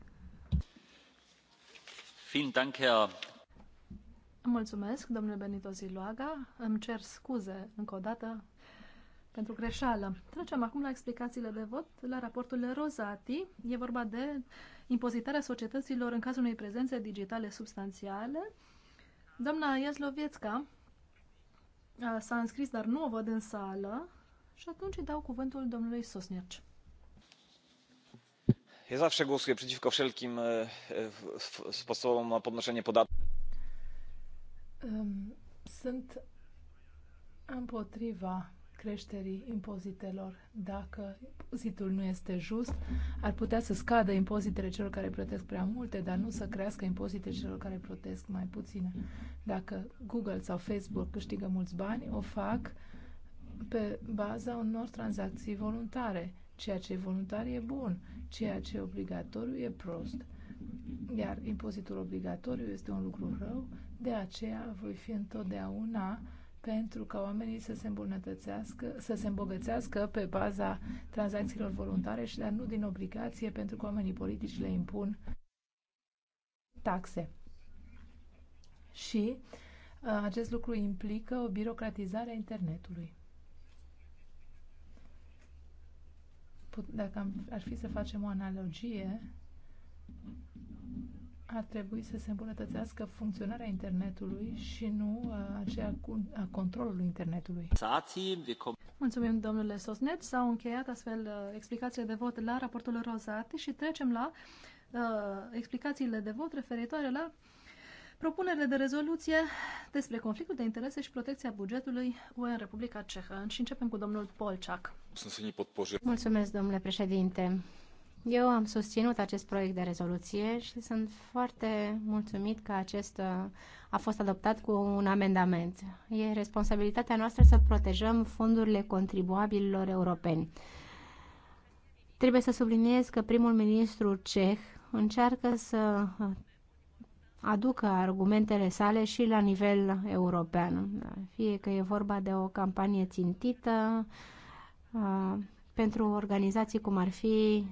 Mulțumesc, domnule Benito Ziluaga. Îmi cer scuze încă o dată pentru greșeală. Trecem acum la explicațiile de vot la raportul Rozati. E vorba de impozitarea societăților în cazul unei prezențe digitale substanțiale. Doamna Iaslovietska s-a înscris, dar nu o văd în sală și atunci îi dau cuvântul domnului Sosnerci. Ja zawsze głosuję przeciwko wszelkim sposobom na podnoszenie podatków um, sunt împotriva creșterii impozitelor. Dacă impozitul nu este just, ar putea să scadă impozitele celor care plătesc prea multe, dar nu să crească impozitele celor care plătesc mai puține. Dacă Google sau Facebook câștigă mulți bani, o fac pe baza unor tranzacții voluntare. Ceea ce e voluntar e bun, ceea ce e obligatoriu e prost. Iar impozitul obligatoriu este un lucru rău de aceea voi fi întotdeauna pentru ca oamenii să se îmbunătățească, să se îmbogățească pe baza tranzacțiilor voluntare și dar nu din obligație, pentru că oamenii politici le impun taxe. Și uh, acest lucru implică o birocratizare a internetului. Dacă am, ar fi să facem o analogie ar trebui să se îmbunătățească funcționarea internetului și nu uh, aceea a controlului internetului. Mulțumim, domnule Sosnet. S-au încheiat astfel uh, explicațiile de vot la raportul Rozati și trecem la uh, explicațiile de vot referitoare la propunerile de rezoluție despre conflictul de interese și protecția bugetului UE în Republica Cehă. Și începem cu domnul Polciac. Mulțumesc, domnule președinte. Eu am susținut acest proiect de rezoluție și sunt foarte mulțumit că acesta uh, a fost adoptat cu un amendament. E responsabilitatea noastră să protejăm fondurile contribuabililor europeni. Trebuie să subliniez că primul ministru ceh încearcă să uh, aducă argumentele sale și la nivel european. Da, fie că e vorba de o campanie țintită, uh, pentru organizații cum ar fi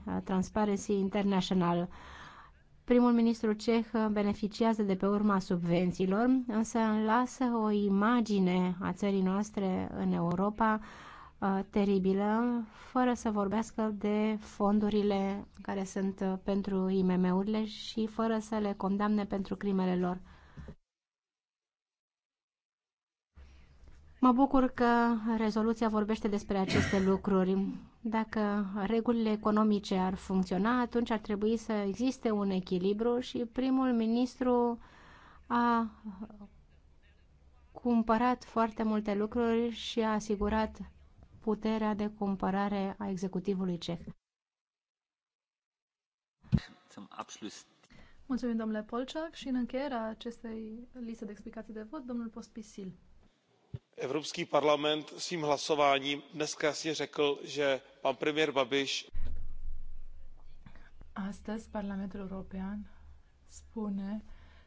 uh, Transparency International. Primul ministru ceh uh, beneficiază de pe urma subvențiilor, însă lasă o imagine a țării noastre în Europa uh, teribilă, fără să vorbească de fondurile care sunt pentru IMM-urile și fără să le condamne pentru crimele lor. Mă bucur că rezoluția vorbește despre aceste lucruri. Dacă regulile economice ar funcționa, atunci ar trebui să existe un echilibru și primul ministru a cumpărat foarte multe lucruri și a asigurat puterea de cumpărare a executivului ceh. Mulțumim, domnule Polciac, și în încheierea acestei liste de explicații de vot, domnul Pospisil evropský parlament svým hlasováním dnes jasně řekl že pan premiér babiš. astăzi parlamentul european spune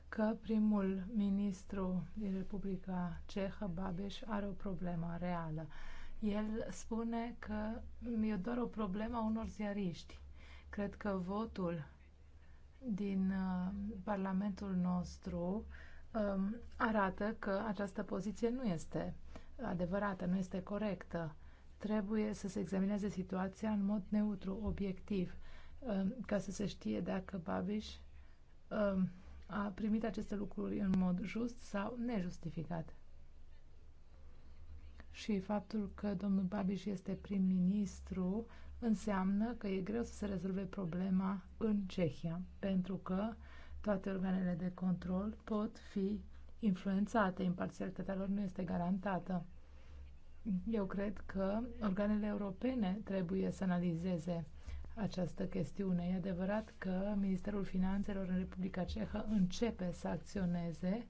că primul ministru din republica cehă Babiš are o problemă reală. el spune că e doar o problemă a unor ziariști. cred că votul din uh, parlamentul nostru uh, Um, arată că această poziție nu este adevărată, nu este corectă. Trebuie să se examineze situația în mod neutru, obiectiv, um, ca să se știe dacă Babiș um, a primit aceste lucruri în mod just sau nejustificat. Și faptul că domnul Babiș este prim-ministru înseamnă că e greu să se rezolve problema în Cehia, pentru că uh, toate organele de control pot fi influențate, imparțialitatea lor nu este garantată. Eu cred că organele europene trebuie să analizeze această chestiune. E adevărat că Ministerul Finanțelor în Republica Cehă începe să acționeze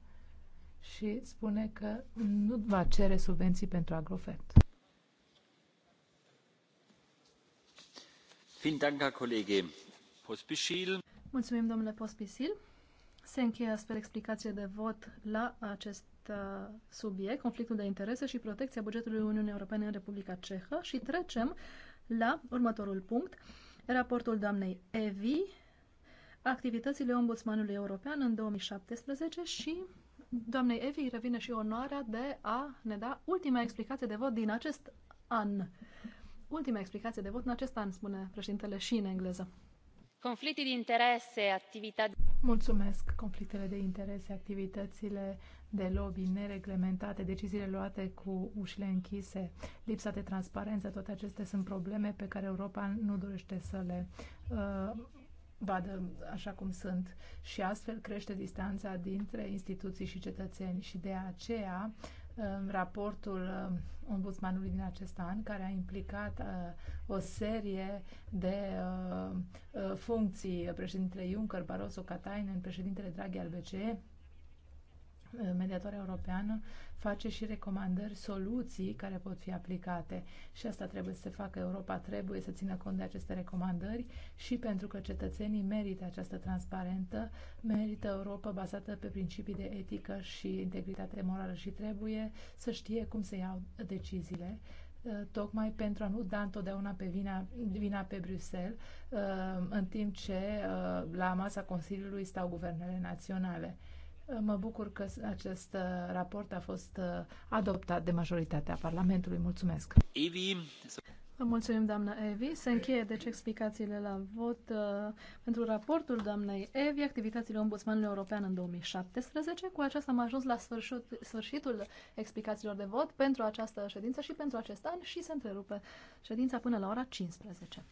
și spune că nu va cere subvenții pentru agrofert. Vielen Dank, Herr Kollege Pospischil. Mulțumim, domnule Pospisil. Se încheie astfel explicație de vot la acest uh, subiect, conflictul de interese și protecția bugetului Uniunii Europene în Republica Cehă și trecem la următorul punct, raportul doamnei Evi, activitățile Ombudsmanului European în 2017 și doamnei Evi revine și onoarea de a ne da ultima explicație de vot din acest an. Ultima explicație de vot în acest an, spune președintele și în engleză. Conflicte de interese, activități. Mulțumesc. Conflictele de interese, activitățile de lobby nereglementate, deciziile luate cu ușile închise, lipsa de transparență, toate acestea sunt probleme pe care Europa nu dorește să le uh, vadă așa cum sunt și astfel crește distanța dintre instituții și cetățeni și de aceea raportul um, ombudsmanului din acest an, care a implicat uh, o serie de uh, uh, funcții, președintele Juncker, Barroso, Katainen, președintele Draghi al BCE, Mediatorul europeană face și recomandări, soluții care pot fi aplicate. Și asta trebuie să se facă. Europa trebuie să țină cont de aceste recomandări și pentru că cetățenii merită această transparentă, merită Europa bazată pe principii de etică și integritate morală și trebuie să știe cum să iau deciziile uh, tocmai pentru a nu da întotdeauna pe vina, vina pe Bruxelles, uh, în timp ce uh, la masa Consiliului stau guvernele naționale. Mă bucur că acest uh, raport a fost uh, adoptat de majoritatea Parlamentului. Mulțumesc! Evi. Vă mulțumim, doamna Evi. Se încheie, deci, explicațiile la vot uh, pentru raportul doamnei Evi, activitățile Ombudsmanului European în 2017. Cu aceasta am ajuns la sfârșit, sfârșitul explicațiilor de vot pentru această ședință și pentru acest an și se întrerupe ședința până la ora 15.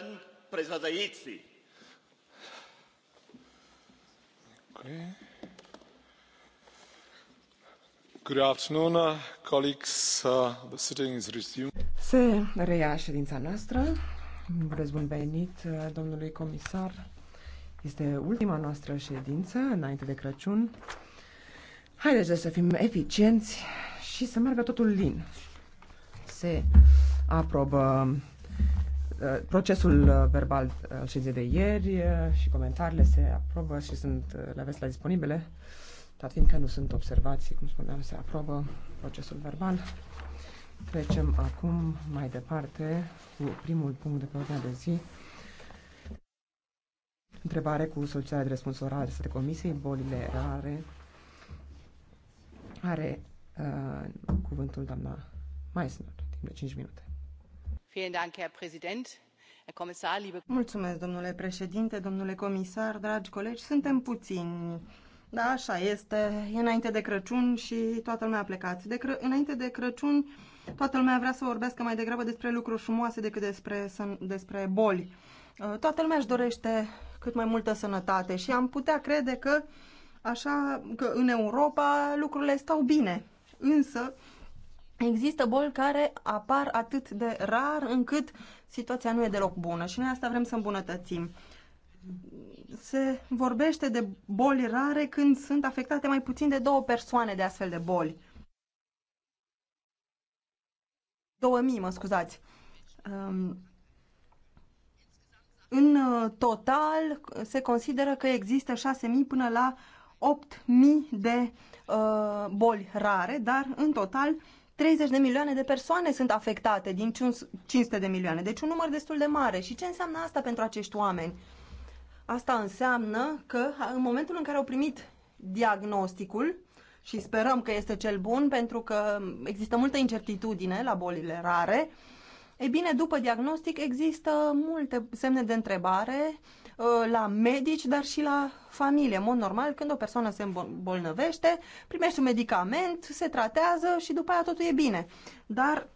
în prezadăiții. Okay. Good afternoon, uh, colleagues. Uh, the sitting is resumed. Se reia ședința noastră. Vreți bun venit, uh, domnului comisar. Este ultima noastră ședință înainte de Crăciun. Haideți să fim eficienți și să meargă totul lin. Se aprobă Eh, procesul eh, verbal eh, al ședinței de ieri și comentariile se aprobă și sunt, le aveți la disponibile. Dar fiindcă nu sunt observații, cum spuneam, se aprobă procesul verbal. Trecem acum mai departe cu primul punct de pe ordinea de zi. Întrebare cu solicitarea de răspuns oral de comisiei, bolile rare. Are uh, cuvântul doamna Meissner, timp de 5 minute. Mulțumesc, domnule președinte, domnule comisar, dragi colegi. Suntem puțini. Da, așa este. E înainte de Crăciun și toată lumea a plecat. De Cră... Înainte de Crăciun, toată lumea vrea să vorbească mai degrabă despre lucruri frumoase decât despre, despre boli. Uh, toată lumea își dorește cât mai multă sănătate și am putea crede că, așa, că în Europa lucrurile stau bine. Însă, Există boli care apar atât de rar încât situația nu e deloc bună și noi asta vrem să îmbunătățim. Se vorbește de boli rare când sunt afectate mai puțin de două persoane de astfel de boli. 2000, mă scuzați. Um, în uh, total se consideră că există 6.000 până la 8.000 de uh, boli rare, dar în total 30 de milioane de persoane sunt afectate din 500 de milioane, deci un număr destul de mare. Și ce înseamnă asta pentru acești oameni? Asta înseamnă că în momentul în care au primit diagnosticul, și sperăm că este cel bun pentru că există multă incertitudine la bolile rare, ei bine, după diagnostic există multe semne de întrebare Uh, la medici, dar și la familie. În mod normal, când o persoană se îmbolnăvește, primește un medicament, se tratează și după aia totul e bine. Dar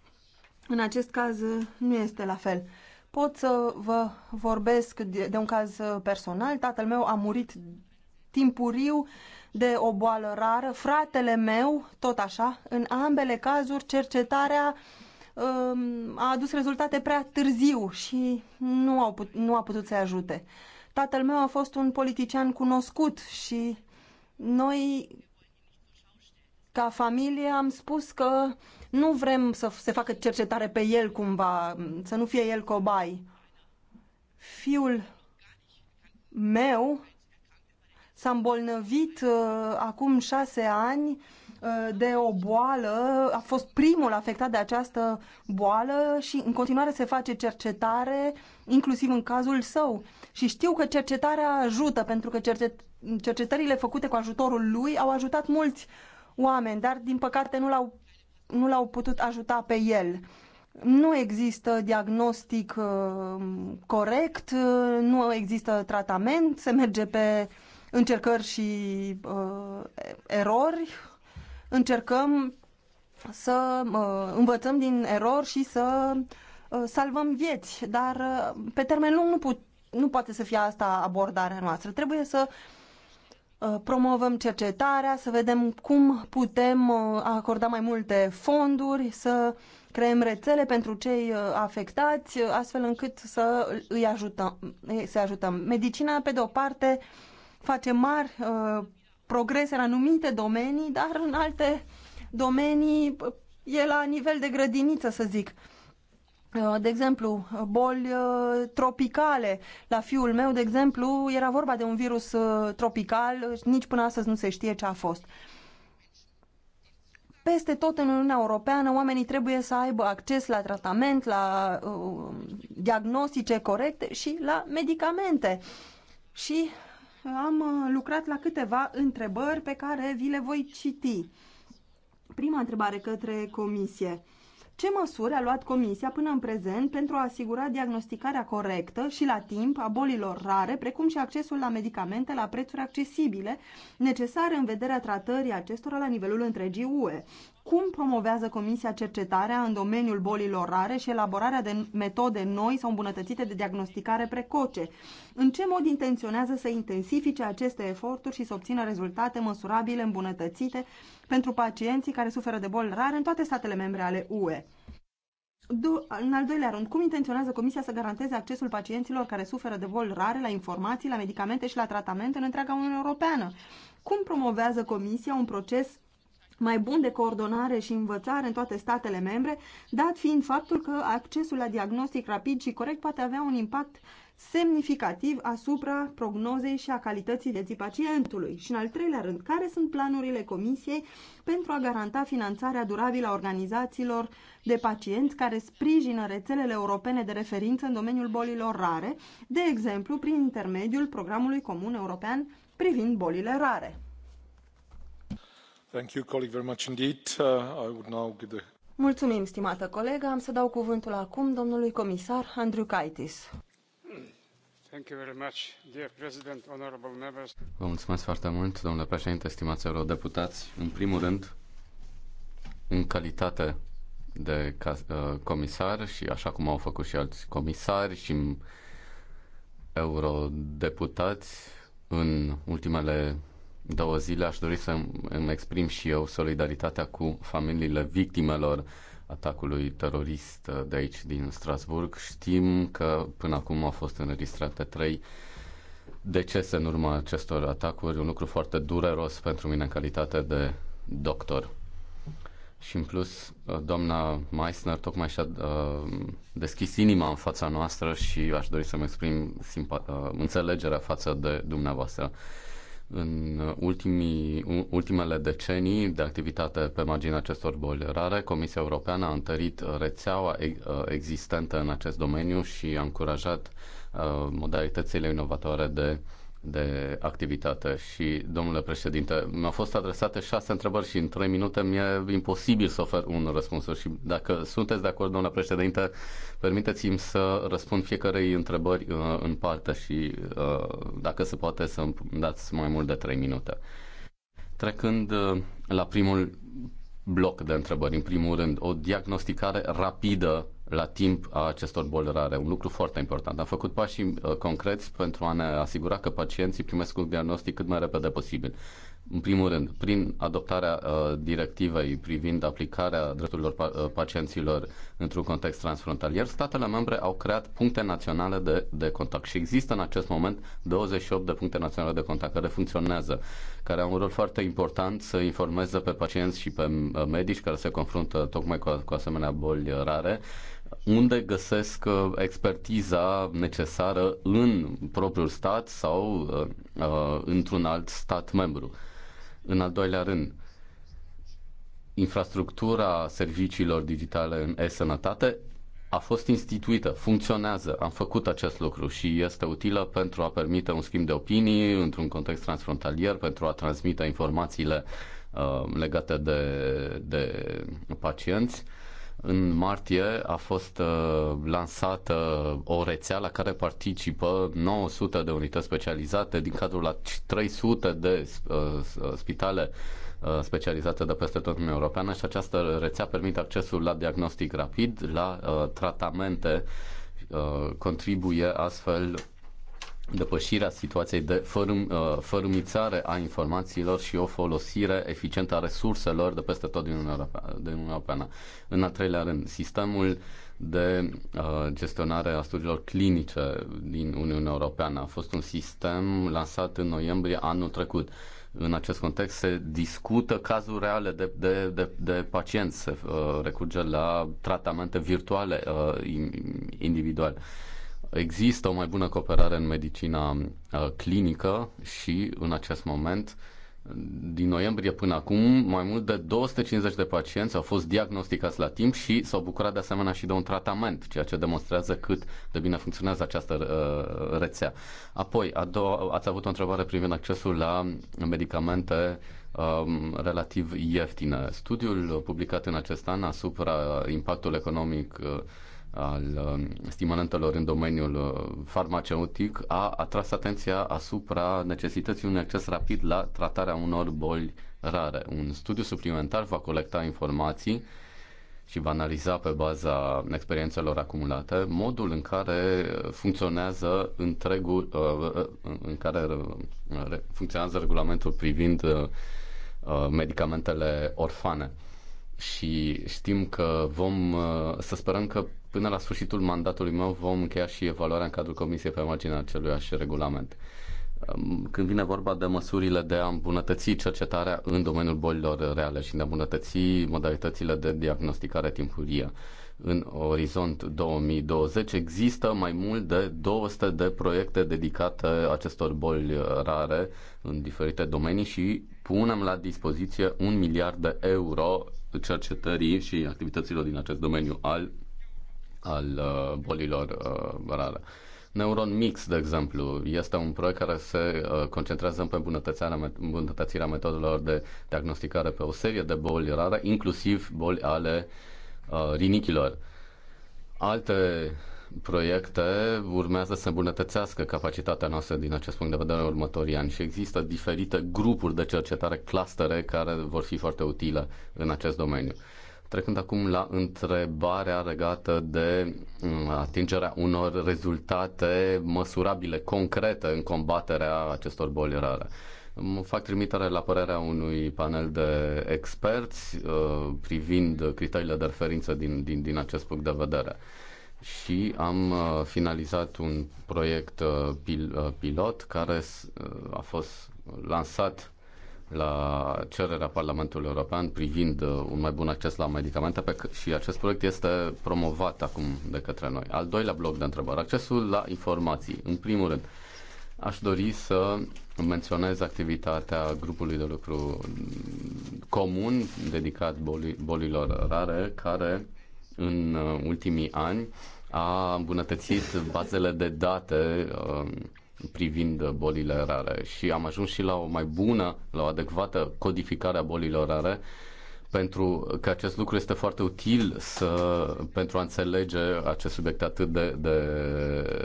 în acest caz uh, nu este la fel. Pot să vă vorbesc de, un caz uh, personal. Tatăl meu a murit timpuriu de o boală rară. Fratele meu, tot așa, în ambele cazuri, cercetarea uh, Um, a adus rezultate prea târziu și nu, au put, nu a putut să ajute. Tatăl meu a fost un politician cunoscut și noi, ca familie, am spus că nu vrem să se facă cercetare pe el cumva, să nu fie el cobai. Fiul meu s-a îmbolnăvit uh, acum șase ani Uh, de o boală, a fost primul afectat de această boală și în continuare se face cercetare, inclusiv în cazul său. Și știu că cercetarea ajută, pentru că cercet cercetările făcute cu ajutorul lui au ajutat mulți oameni, dar din păcate nu l-au, nu l-au putut ajuta pe el. Nu există diagnostic uh, corect, uh, nu există tratament, se merge pe încercări și uh, erori, încercăm să învățăm din erori și să salvăm vieți, dar pe termen lung nu, put, nu poate să fie asta abordarea noastră. Trebuie să promovăm cercetarea, să vedem cum putem acorda mai multe fonduri, să creăm rețele pentru cei afectați, astfel încât să îi ajutăm. Să ajutăm. Medicina, pe de o parte, face mari progrese în anumite domenii, dar în alte domenii e la nivel de grădiniță, să zic. Uh, de exemplu, boli uh, tropicale. La fiul meu, de exemplu, era vorba de un virus uh, tropical, nici până astăzi nu se știe ce a fost. Peste tot în Uniunea Europeană, oamenii trebuie să aibă acces la tratament, la uh, diagnostice corecte și la medicamente. Și am uh, lucrat la câteva întrebări pe care vi le voi citi. Prima întrebare către comisie. Ce măsuri a luat Comisia până în prezent pentru a asigura diagnosticarea corectă și la timp a bolilor rare, precum și accesul la medicamente la prețuri accesibile, necesare în vederea tratării acestora la nivelul întregii UE? cum promovează Comisia cercetarea în domeniul bolilor rare și elaborarea de metode noi sau îmbunătățite de diagnosticare precoce? În ce mod intenționează să intensifice aceste eforturi și să obțină rezultate măsurabile, îmbunătățite pentru pacienții care suferă de boli rare în toate statele membre ale UE? Do în al doilea rând, cum intenționează Comisia să garanteze accesul pacienților care suferă de boli rare la informații, la medicamente și la tratamente în întreaga Uniune Europeană? Cum promovează Comisia un proces mai bun de coordonare și învățare în toate statele membre, dat fiind faptul că accesul la diagnostic rapid și corect poate avea un impact semnificativ asupra prognozei și a calității vieții pacientului. Și în al treilea rând, care sunt planurile Comisiei pentru a garanta finanțarea durabilă a organizațiilor de pacienți care sprijină rețelele europene de referință în domeniul bolilor rare, de exemplu prin intermediul programului comun european privind bolile rare? Mulțumim, stimată colegă. Am să dau cuvântul acum domnului comisar Andriukaitis. Vă mulțumesc foarte mult, domnule președinte, stimați eurodeputați. În primul rând, în calitate de uh, comisar și așa cum au făcut și alți comisari și eurodeputați în ultimele două zile aș dori să îmi exprim și eu solidaritatea cu familiile victimelor atacului terorist de aici din Strasburg. Știm că până acum au fost înregistrate trei decese în urma acestor atacuri, un lucru foarte dureros pentru mine în calitate de doctor. Și în plus, doamna Meissner tocmai și-a uh, deschis inima în fața noastră și aș dori să-mi exprim simpa- uh, înțelegerea față de dumneavoastră. În ultimii, ultimele decenii de activitate pe marginea acestor boli rare, Comisia Europeană a întărit rețeaua ă, existentă în acest domeniu și a încurajat ă, modalitățile inovatoare de de activitate. Și, domnule președinte, mi-au fost adresate șase întrebări și în trei minute mi-e imposibil să ofer un răspuns. Și dacă sunteți de acord, domnule președinte, permiteți-mi să răspund fiecarei întrebări uh, în parte și uh, dacă se poate să îmi dați mai mult de trei minute. Trecând uh, la primul bloc de întrebări, în primul rând, o diagnosticare rapidă la timp a acestor boli rare. Un lucru foarte important. Am făcut pași uh, concreți pentru a ne asigura că pacienții primesc un diagnostic cât mai repede posibil. În primul rând, prin adoptarea uh, directivei privind aplicarea drepturilor pa- uh, pacienților într-un context transfrontalier, statele membre au creat puncte naționale de, de contact și există în acest moment 28 de puncte naționale de contact care funcționează, care au un rol foarte important să informeze pe pacienți și pe uh, medici care se confruntă tocmai cu, cu asemenea boli rare unde găsesc uh, expertiza necesară în propriul stat sau uh, uh, într-un alt stat membru. În al doilea rând, infrastructura serviciilor digitale în e-sănătate a fost instituită, funcționează, am făcut acest lucru și este utilă pentru a permite un schimb de opinii într-un context transfrontalier, pentru a transmite informațiile uh, legate de, de pacienți. Uh, în martie a fost uh, lansată o rețea la care participă 900 de unități specializate din cadrul la 300 de uh, uh, spitale specializate de peste tot Uniunea Europeană și această rețea permite accesul la diagnostic rapid, la tratamente, contribuie astfel depășirea situației de fărâm, uh, fărâmițare a informațiilor și o folosire eficientă a resurselor de peste tot din Uniunea Europeană. În al treilea rând, sistemul de uh, gestionare a studiilor clinice din Uniunea Europeană a fost un sistem lansat în noiembrie anul trecut. În acest context se discută cazuri reale de, de, de, de pacienți, se uh, recurge la tratamente virtuale individuale Există o mai bună cooperare în medicina uh, clinică și în acest moment din noiembrie până acum, mai mult de 250 de pacienți au fost diagnosticați la timp și s-au bucurat de asemenea și de un tratament, ceea ce demonstrează cât de bine funcționează această uh, rețea. Apoi, a doua, ați avut o întrebare privind accesul la medicamente um, relativ ieftine. Studiul publicat în acest an asupra impactului economic uh, al um, stimulantelor în domeniul uh, farmaceutic a atras atenția asupra necesității unui acces rapid la tratarea unor boli rare. Un studiu suplimentar va colecta informații și va analiza pe baza experiențelor acumulate modul în care funcționează întregul, uh, uh, în care funcționează regulamentul privind medicamentele orfane și știm că vom, să sperăm că până la sfârșitul mandatului meu vom încheia și evaluarea în cadrul Comisiei pe marginea așa regulament. Când vine vorba de măsurile de a îmbunătăți cercetarea în domeniul bolilor reale și de a îmbunătăți modalitățile de diagnosticare timpurie, în Orizont 2020 există mai mult de 200 de proiecte dedicate acestor boli rare în diferite domenii și punem la dispoziție un miliard de euro cercetării și activităților din acest domeniu al al uh, bolilor uh, rare. Neuron Mix, de exemplu, este un proiect care se uh, concentrează pe îmbunătățirea, îmbunătățirea metodelor de diagnosticare pe o serie de boli rare, inclusiv boli ale uh, rinichilor. Alte proiecte urmează să îmbunătățească capacitatea noastră din acest punct de vedere în următorii ani și există diferite grupuri de cercetare, clustere, care vor fi foarte utile în acest domeniu. Trecând acum la întrebarea legată de mm, atingerea unor rezultate măsurabile, concrete în combaterea acestor boli rare. Fac trimitere la părerea unui panel de experți uh, privind criteriile de referință din, din, din acest punct de vedere și am uh, finalizat un proiect uh, pil, pilot care a fost lansat la cererea Parlamentului European privind uh, un mai bun acces la medicamente pe și acest proiect este promovat acum de către noi. Al doilea bloc de întrebări, accesul la informații. În primul rând, aș dori să menționez activitatea grupului de lucru comun dedicat boli, bolilor rare, care în uh, ultimii ani a îmbunătățit bazele de date uh, privind bolile rare și am ajuns și la o mai bună, la o adecvată codificare a bolilor rare pentru că acest lucru este foarte util să, pentru a înțelege acest subiect atât de, de,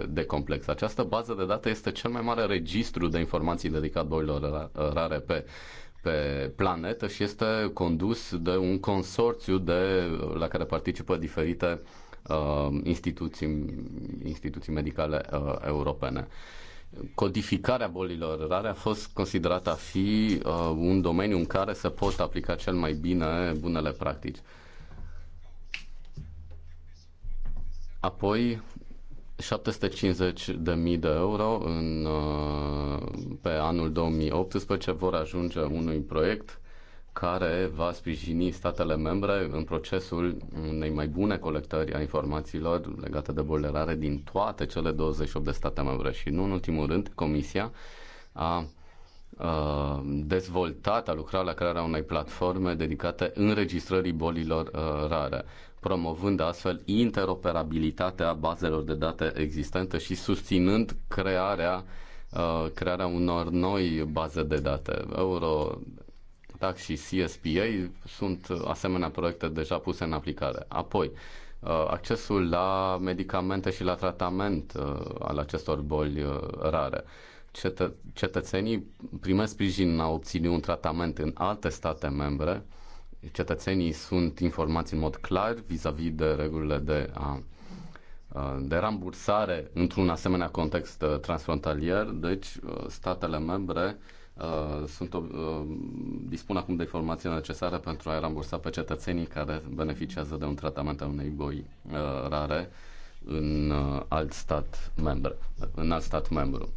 de complex. Această bază de date este cel mai mare registru de informații dedicat bolilor rare pe pe planetă și este condus de un consorțiu de, la care participă diferite uh, instituții, instituții medicale uh, europene. Uh, codificarea bolilor rare a fost considerată a fi uh, un domeniu în care se pot aplica cel mai bine bunele practici. Apoi, 750.000 de euro în, uh, pe anul 2018 vor ajunge unui proiect care va sprijini statele membre în procesul unei mai bune colectări a informațiilor legate de bolile rare din toate cele 28 de state membre. Și nu în ultimul rând, Comisia a dezvoltat, a lucrat la crearea unei platforme dedicate înregistrării bolilor rare, promovând astfel interoperabilitatea bazelor de date existente și susținând crearea crearea unor noi baze de date. Euro, TAC și CSPA sunt asemenea proiecte deja puse în aplicare. Apoi, uh, accesul la medicamente și la tratament uh, al acestor boli uh, rare. cetățenii primesc sprijin a obține un tratament în alte state membre. Cetățenii sunt informați în mod clar vis-a-vis -vis de regulile de a de rambursare într-un asemenea context transfrontalier, deci statele membre uh, Uh, sunt, uh, dispun acum de informația necesară pentru a rambursa pe cetățenii care beneficiază de un tratament al unei boi uh, rare în alt stat membru. În alt stat membru.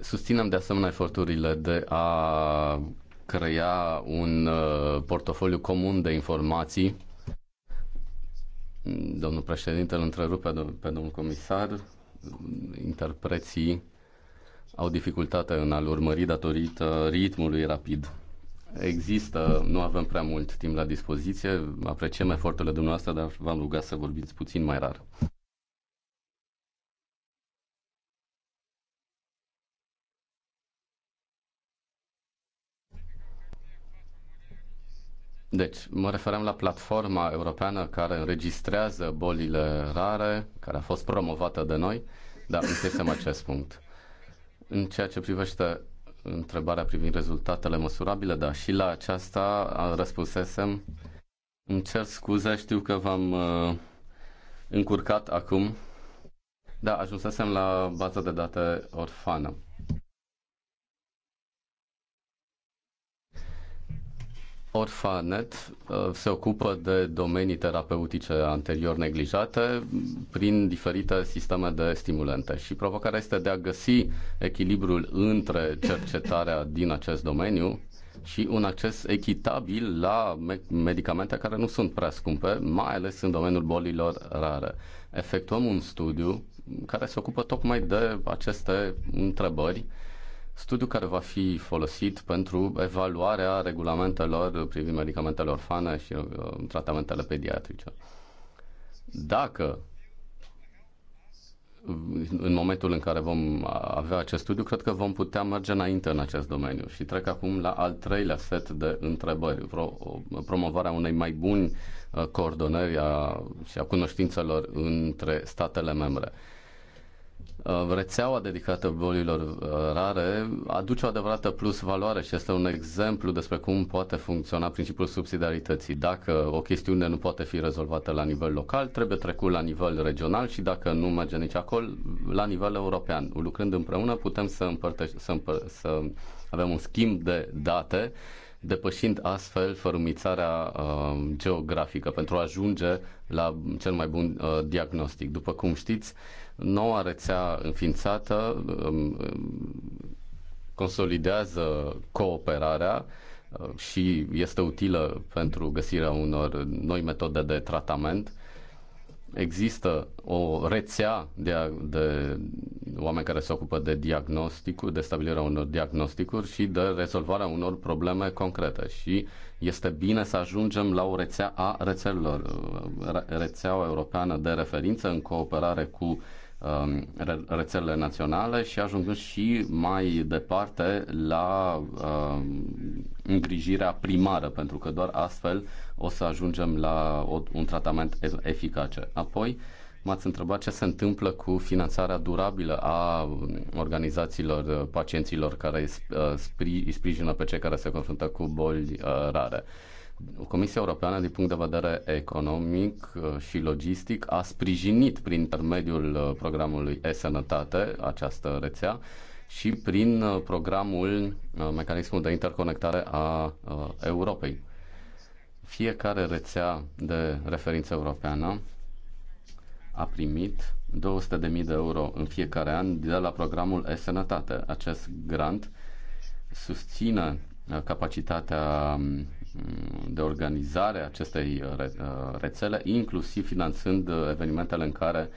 Susținem de asemenea eforturile de a crea un portofoliu comun de informații. Domnul președinte îl întrerupe pe domnul comisar. Interpreții au dificultate în a-l urmări datorită ritmului rapid. Există, nu avem prea mult timp la dispoziție, apreciem eforturile dumneavoastră, dar v-am rugat să vorbiți puțin mai rar. Deci, mă referam la platforma europeană care înregistrează bolile rare, care a fost promovată de noi, dar înțelegem acest punct. În ceea ce privește întrebarea privind rezultatele măsurabile, da, și la aceasta răspunsesem. Îmi cer scuze, știu că v-am uh, încurcat acum. Da, ajunsesem la baza de date orfană. Orfanet uh, se ocupă de domenii terapeutice anterior neglijate prin diferite sisteme de stimulente și provocarea este de a găsi echilibrul între cercetarea din acest domeniu și un acces echitabil la medicamente care nu sunt prea scumpe, mai ales în domeniul bolilor rare. Efectuăm un studiu care se ocupă tocmai de aceste întrebări studiu care va fi folosit pentru evaluarea regulamentelor privind medicamentele orfane și uh, tratamentele pediatrice. Dacă uh, în momentul în care vom avea acest studiu, cred că vom putea merge înainte în acest domeniu. Și trec acum la al treilea set de întrebări, pro, promovarea unei mai buni uh, coordonări a, și a cunoștințelor între statele membre. Uh, rețeaua dedicată bolilor uh, rare aduce o adevărată plus valoare și este un exemplu despre cum poate funcționa principiul subsidiarității. Dacă o chestiune nu poate fi rezolvată la nivel local, trebuie trecut la nivel regional și dacă nu merge nici acolo, la nivel european. Lucrând împreună putem să, împărtăș- să, împăr- să avem un schimb de date depășind astfel fărâmițarea uh, geografică pentru a ajunge la cel mai bun uh, diagnostic. După cum știți, uh, Noua rețea înființată um, um, consolidează cooperarea uh, și este utilă pentru găsirea unor noi metode de tratament. Există o rețea de, de oameni care se ocupă de diagnosticul, de stabilirea unor diagnosticuri și de rezolvarea unor probleme concrete. Și este bine să ajungem la o rețea a rețelelor, uh, rețeaua europeană de referință în cooperare cu uh, Um, rețelele naționale și ajungând și mai departe la um, îngrijirea primară, pentru că doar astfel o să ajungem la un tratament eficace. Apoi, M-ați întrebat ce se întâmplă cu finanțarea durabilă a um, organizațiilor uh, pacienților care uh, îi sprijină pe cei care se confruntă cu boli uh, rare. Comisia Europeană, din punct de vedere economic uh, și logistic, a sprijinit prin intermediul uh, programului e-sănătate această rețea și prin uh, programul Mecanismul de interconectare a Europei. Fiecare rețea de referință europeană a primit 200.000 de euro în fiecare an de la programul e-sănătate. Acest grant susține capacitatea um, de organizare a acestei uh, uh, rețele, inclusiv finanțând uh, evenimentele în care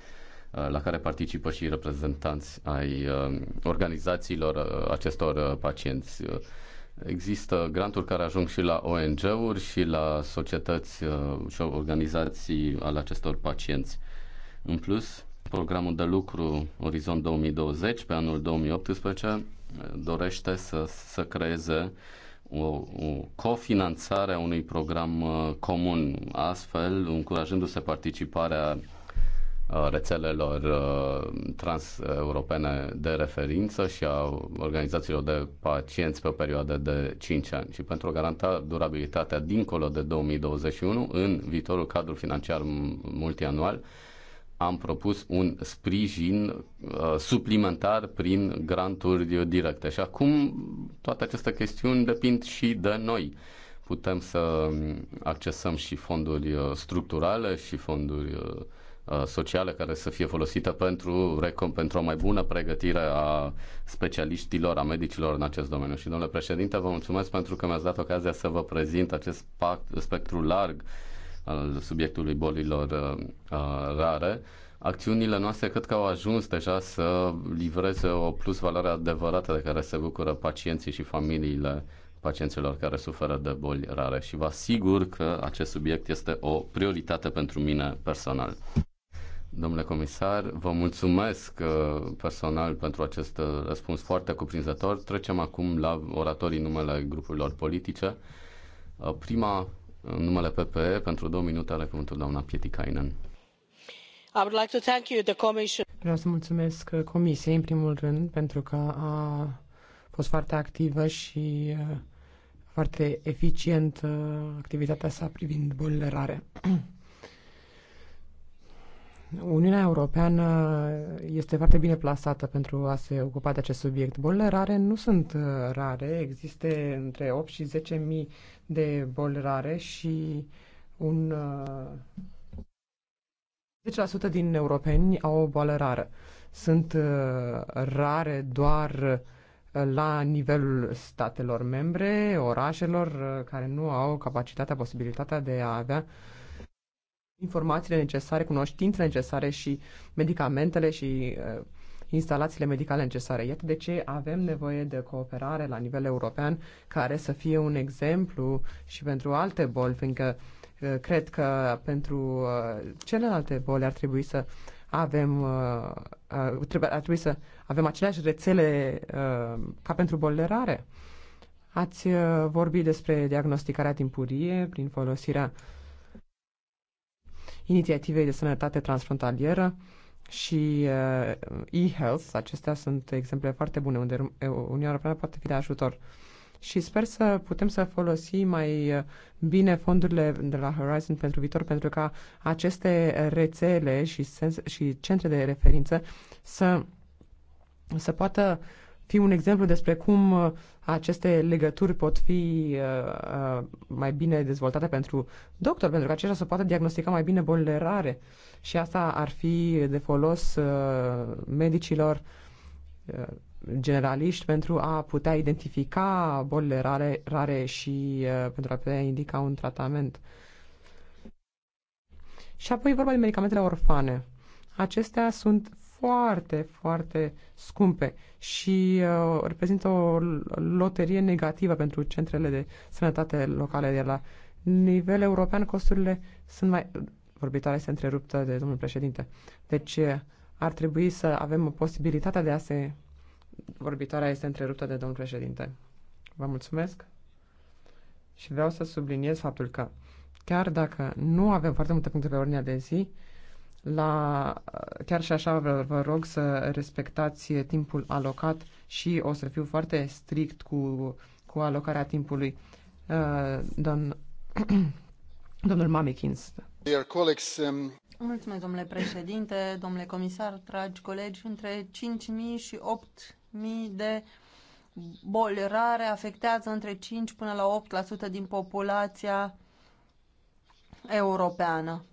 la care participă și reprezentanți ai organizațiilor acestor pacienți. Există granturi care ajung și la ONG-uri și la societăți și organizații ale acestor pacienți. În plus, programul de lucru Orizont 2020 pe anul 2018 dorește să, să creeze uh, o, o cofinanțare a unui program uh, comun, astfel încurajându-se participarea uh, rețelelor uh, transeuropene de referință și a organizațiilor de pacienți pe o perioadă de 5 ani. Și pentru a garanta durabilitatea dincolo de 2021, în viitorul cadru financiar multianual, am propus un sprijin uh, suplimentar prin granturi directe. Și acum toate aceste chestiuni depind și de noi. Putem să um, accesăm și fonduri uh, structurale și fonduri uh, uh, sociale care să fie folosite pentru, pentru o mai bună pregătire a specialiștilor, a medicilor în acest domeniu. Și, domnule președinte, vă mulțumesc pentru că mi-ați dat ocazia să vă prezint acest pact, spectru larg al subiectului bolilor uh, uh, rare, acțiunile noastre cred că au ajuns deja să livreze o plus valoare adevărată de care se bucură pacienții și familiile pacienților care suferă de boli rare și vă asigur că acest subiect este o prioritate pentru mine personal. Domnule comisar, vă mulțumesc uh, personal pentru acest răspuns foarte cuprinzător. Trecem acum la oratorii numele grupurilor politice. Prima în numele PPE, pentru două minute are cuvântul doamna Pietikainen. Vreau să mulțumesc Comisiei, în primul rând, pentru că a fost foarte activă și uh, foarte eficient uh, activitatea sa privind bolile rare. Uniunea Europeană este foarte bine plasată pentru a se ocupa de acest subiect. Bolile rare nu sunt uh, rare, există între 8 și 10 mii de boli rare și un 10% uh, din europeni au o boală rară. Sunt uh, rare doar la nivelul statelor membre, orașelor care nu au capacitatea, posibilitatea de a avea uh, informațiile necesare, cunoștințele necesare și medicamentele și uh, instalațiile medicale necesare. Iată de ce avem nevoie de cooperare la nivel european care să fie un exemplu și pentru alte boli, fiindcă uh, cred că pentru uh, celelalte boli ar trebui să avem uh, uh, trebuie, ar trebui să avem aceleași rețele uh, ca pentru bolile rare. Ați uh, vorbit despre diagnosticarea timpurie prin folosirea uh, inițiativei de sănătate transfrontalieră și uh, e-health. Acestea sunt exemple foarte bune unde Uniunea Europeană poate fi de ajutor. Și sper să putem să folosim mai uh, bine fondurile de la Horizon pentru viitor, pentru ca aceste rețele și, sens- și centre de referință să, să poată uh, fi un exemplu despre cum uh, aceste legături pot fi uh, uh, mai bine dezvoltate pentru doctor, pentru că aceștia să poată diagnostica mai bine bolile rare. Și asta ar fi de folos medicilor generaliști pentru a putea identifica bolile rare, rare și pentru a putea indica un tratament. Și apoi vorba de medicamentele orfane. Acestea sunt foarte, foarte scumpe și uh, reprezintă o loterie negativă pentru centrele de sănătate locale de la nivel european. Costurile sunt mai... Vorbitoarea este întreruptă de domnul președinte. Deci uh, ar trebui să avem posibilitatea de a se... Vorbitoarea este întreruptă de domnul președinte. Vă mulțumesc și vreau să subliniez faptul că chiar dacă nu avem foarte multe puncte pe ordinea de zi, la, chiar și așa vă, vă rog să respectați timpul alocat și o să fiu foarte strict cu, cu alocarea timpului. Uh, domn, domnul Mamikins. Um, Mulțumesc, domnule președinte, domnule comisar, dragi colegi, între 5.000 și 8.000 de boli rare afectează între 5 până la 8% din populația europeană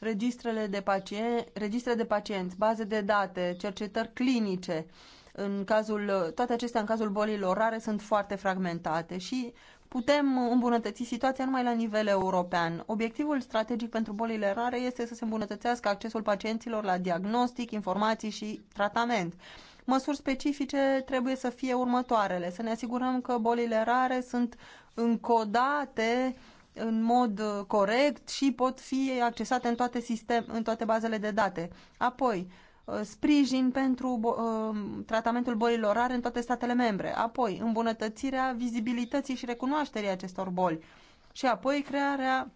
registrele de, pacien, registre de pacienți, baze de date, cercetări clinice, în cazul, toate acestea în cazul bolilor rare sunt foarte fragmentate și putem îmbunătăți situația numai la nivel european. Obiectivul strategic pentru bolile rare este să se îmbunătățească accesul pacienților la diagnostic, informații și tratament. Măsuri specifice trebuie să fie următoarele. Să ne asigurăm că bolile rare sunt încodate în mod uh, corect și pot fi accesate în toate, sistem, în toate bazele de date. Apoi, uh, sprijin pentru uh, tratamentul bolilor rare în toate statele membre. Apoi, îmbunătățirea vizibilității și recunoașterii acestor boli. Și apoi, crearea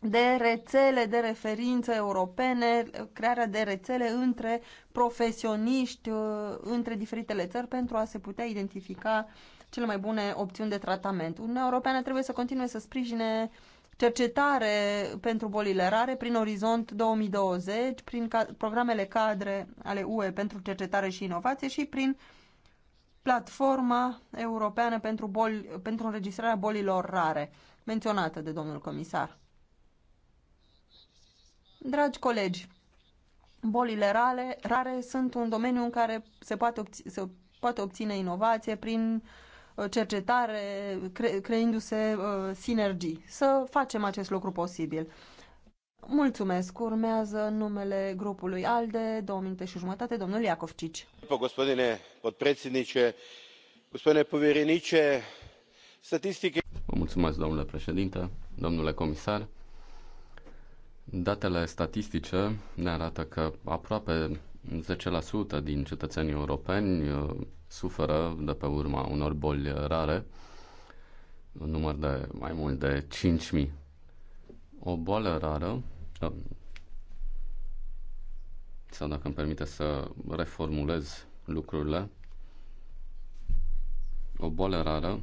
de rețele de referință europene, crearea de rețele între profesioniști, între diferitele țări pentru a se putea identifica cele mai bune opțiuni de tratament. Uniunea Europeană trebuie să continue să sprijine cercetare pentru bolile rare prin Orizont 2020, prin ca programele cadre ale UE pentru cercetare și inovație și prin platforma europeană pentru, boli, pentru înregistrarea bolilor rare, menționată de domnul comisar. Dragi colegi, bolile rare, rare sunt un domeniu în care se poate, obț- se poate obține inovație prin Uh, cercetare, cre creindu-se uh, sinergii. Să facem acest lucru posibil. Mulțumesc. Urmează numele grupului ALDE, două minute și jumătate, domnul Iacovcici. Gospodine podpredsjedniče, gospodine povjereniče, statistică... Vă mulțumesc, domnule președinte, domnule comisar. Datele statistice ne arată că aproape 10% din cetățenii europeni uh, suferă de pe urma unor boli rare, un număr de mai mult de 5.000. O boală rară, da, sau dacă îmi permite să reformulez lucrurile, o boală rară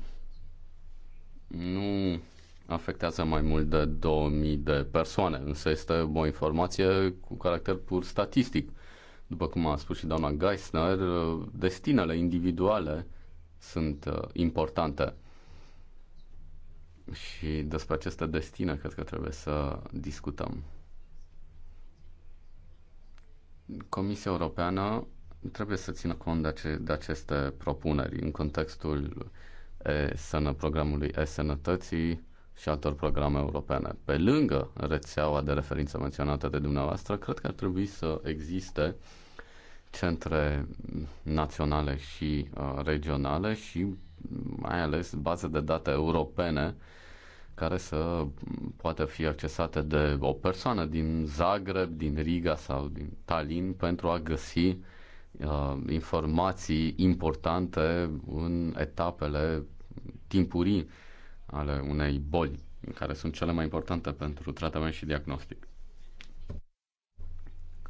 nu afectează mai mult de 2000 de persoane, însă este o informație cu caracter pur statistic. După cum a spus și doamna Geisner, destinele individuale sunt uh, importante. Și despre aceste destine cred că trebuie să discutăm. Comisia Europeană trebuie să țină cont de, ace- de aceste propuneri în contextul e, sănă, programului e-sănătății și altor programe europene. Pe lângă rețeaua de referință menționată de dumneavoastră, cred că ar trebui să existe uh, centre naționale și uh, regionale și mai ales baze de date europene care să poată fi accesate de o persoană din Zagreb, din Riga sau din Tallinn pentru a găsi uh, informații importante în etapele timpurii ale unei boli, care sunt cele mai importante pentru tratament și diagnostic.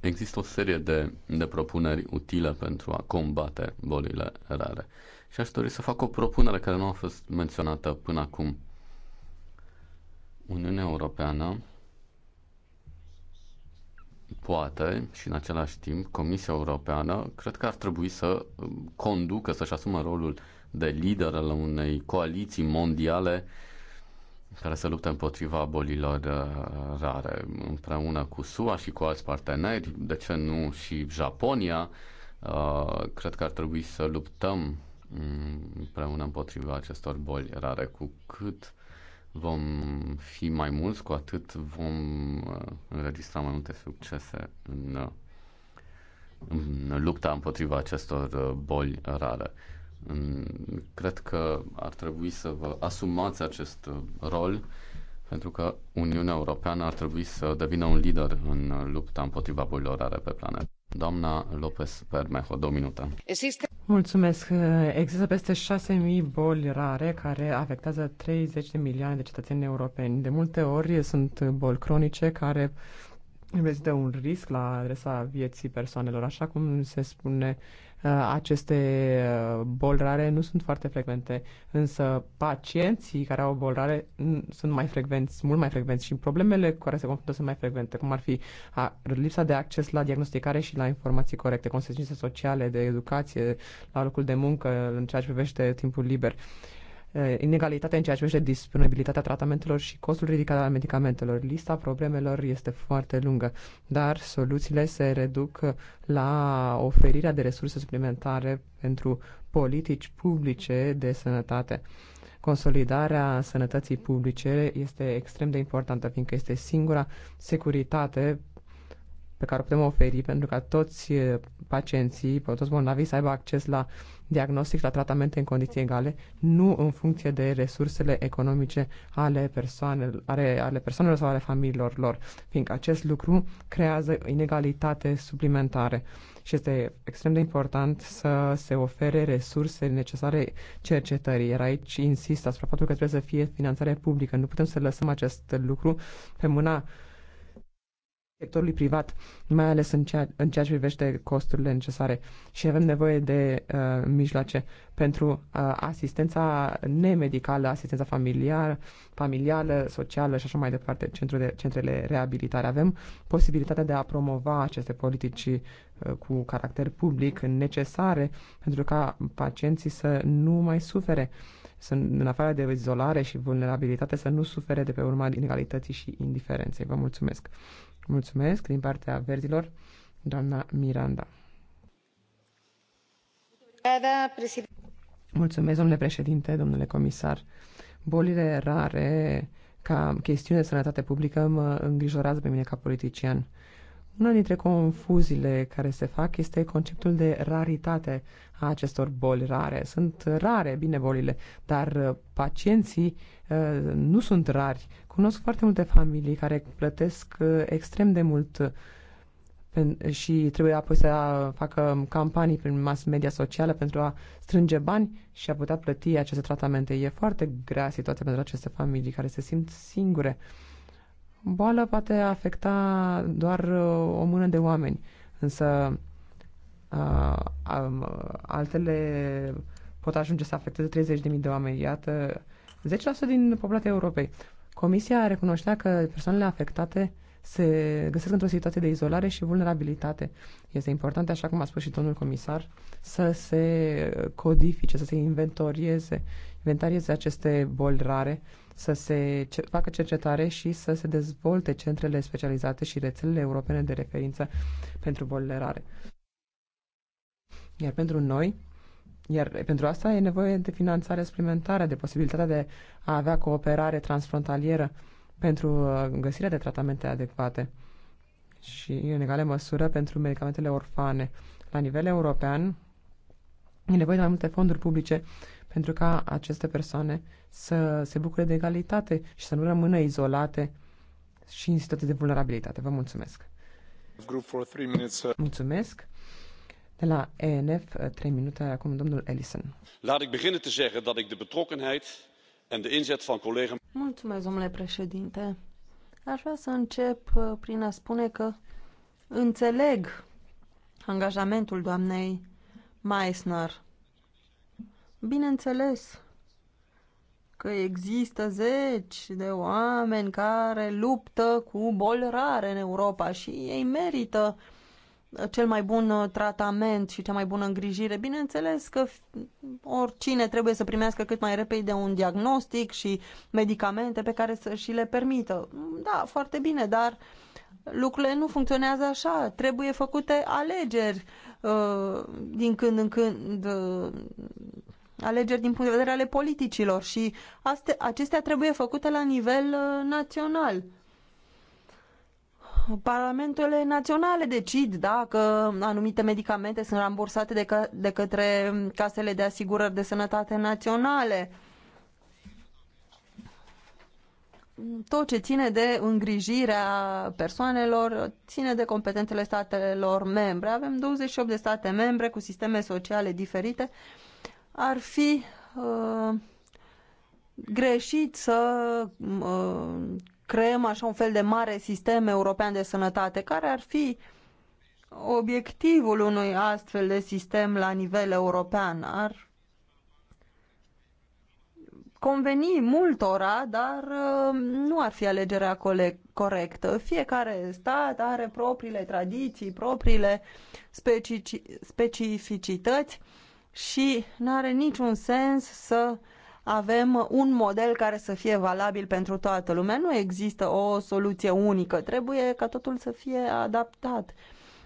Există o serie de, de propuneri utile pentru a combate bolile rare. Și aș dori să fac o propunere care nu a fost menționată până acum. Uniunea Europeană poate și în același timp Comisia Europeană cred că ar trebui să conducă, să-și asume rolul de lider al unei coaliții mondiale uh, care se luptă împotriva bolilor uh, rare, împreună cu SUA și cu alți parteneri, de ce nu și Japonia. Uh, cred că ar trebui să luptăm mm, împreună împotriva acestor boli rare. Cu cât vom fi mai mulți, cu atât vom uh, înregistra mai multe succese în, în lupta împotriva acestor boli rare. Cred că ar trebui să vă asumați acest uh, rol pentru că Uniunea Europeană ar trebui să devină un lider în lupta împotriva bolilor rare pe planetă. Doamna Lopez Permejo, două minute. Există... Mulțumesc. Există peste 6.000 boli rare care afectează 30 de milioane de cetățeni europeni. De multe ori sunt boli cronice care reprezintă un risc la adresa vieții persoanelor, așa cum se spune Uh, aceste uh, boli rare nu sunt foarte frecvente, însă pacienții care au boli rare mm, sunt mai frecvenți, mult mai frecvenți și problemele cu care se confruntă sunt mai frecvente, cum ar fi a, lipsa de acces la diagnosticare și la informații corecte, consecințe sociale, de educație, la locul de muncă, în ceea ce privește timpul liber. Uh, Eh, inegalitatea în ceea ce privește disponibilitatea tratamentelor și costul ridicat al medicamentelor. Lista problemelor este foarte lungă, dar soluțiile se reduc la oferirea de resurse suplimentare pentru politici publice de sănătate. Consolidarea sănătății publice este extrem de importantă, fiindcă este singura securitate pe care o putem oferi pentru ca toți eh, pacienții, toți bolnavii să aibă acces la diagnostic la tratamente în condiții egale, nu în funcție de resursele economice ale, persoane, ale, ale persoanelor sau ale familiilor lor, fiindcă acest lucru creează inegalitate suplimentare și este extrem de important să se ofere resurse necesare cercetării. Iar aici insist asupra faptului că trebuie să fie finanțare publică. Nu putem să lăsăm acest lucru pe mâna sectorului privat, mai ales în ceea, în ceea ce privește costurile necesare. Și avem nevoie de uh, mijloace pentru uh, asistența nemedicală, asistența familiară, familială, socială și așa mai departe, centru de, centrele reabilitare. Avem posibilitatea de a promova aceste politici uh, cu caracter public necesare pentru ca pacienții să nu mai sufere să, în afară de izolare și vulnerabilitate, să nu sufere de pe urma inegalității și indiferenței. Vă mulțumesc! Mulțumesc din partea verzilor, doamna Miranda. Mulțumesc, domnule președinte, domnule comisar. Bolile rare ca chestiune de sănătate publică mă îngrijorează pe mine ca politician. Una dintre confuziile care se fac este conceptul de raritate a acestor boli rare. Sunt rare, bine, bolile, dar uh, pacienții uh, nu sunt rari. Cunosc foarte multe familii care plătesc uh, extrem de mult și trebuie apoi să facă campanii prin mass media socială pentru a strânge bani și a putea plăti aceste tratamente. E foarte grea situația pentru aceste familii care se simt singure. Boala poate afecta doar o mână de oameni, însă Uh, uh, altele pot ajunge să afecteze 30.000 de oameni. Iată, 10% din populația Europei. Comisia recunoștea că persoanele afectate se găsesc într-o situație de izolare și vulnerabilitate. Este important, așa cum a spus și domnul comisar, să se codifice, să se inventorieze, inventarieze aceste boli rare, să se facă cercetare și să se dezvolte centrele specializate și rețelele europene de referință pentru bolile rare. Iar pentru noi, iar pentru asta e nevoie de finanțare suplimentară, de posibilitatea de a avea cooperare transfrontalieră pentru uh, găsirea de tratamente adecvate și, în egală măsură, pentru medicamentele orfane. La nivel european, e nevoie de mai multe fonduri publice pentru ca aceste persoane să se bucure de egalitate și să nu rămână izolate și în situații de vulnerabilitate. Vă mulțumesc! Mulțumesc! De la ENF, eh, trei minute acum, domnul Ellison. Laat ik beginnen te zeggen dat ik de betrokkenheid en de inzet van collega... Mulțumesc, domnule președinte. Aș vrea să încep eh, prin a spune că înțeleg angajamentul doamnei Meissner. Bineînțeles că există zeci de oameni care luptă cu boli rare în Europa și ei merită uh, cel mai bun uh, tratament și cea mai bună îngrijire. Bineînțeles că oricine trebuie să primească cât mai repede un diagnostic și medicamente pe care să și le permită. Da, foarte bine, dar lucrurile nu funcționează așa. Trebuie făcute alegeri uh, din când în când uh, alegeri din punct de vedere ale politicilor și astea, acestea trebuie făcute la nivel național. Parlamentele naționale decid dacă anumite medicamente sunt rambursate de, că, de către casele de asigurări de sănătate naționale. Tot ce ține de îngrijirea persoanelor ține de competențele statelor membre. Avem 28 de state membre cu sisteme sociale diferite. Ar fi uh, greșit să uh, creăm așa un fel de mare sistem european de sănătate. Care ar fi obiectivul unui astfel de sistem la nivel european? Ar conveni multora, dar uh, nu ar fi alegerea corectă. Fiecare stat are propriile tradiții, propriile specificități și nu are niciun sens să avem un model care să fie valabil pentru toată lumea. Nu există o soluție unică, trebuie ca totul să fie adaptat.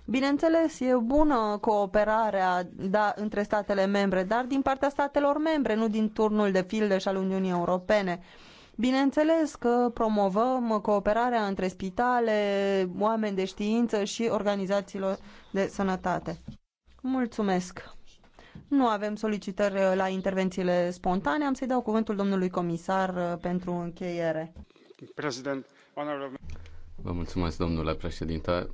Bineînțeles, e bună cooperarea da, între statele membre, dar din partea statelor membre, nu din turnul de și al Uniunii Europene. Bineînțeles că promovăm cooperarea între spitale, oameni de știință și organizațiilor de sănătate. Mulțumesc! Nu avem solicitări uh, la intervențiile spontane. Am să-i dau cuvântul domnului comisar uh, pentru încheiere. President, honorable... Vă mulțumesc, domnule președinte.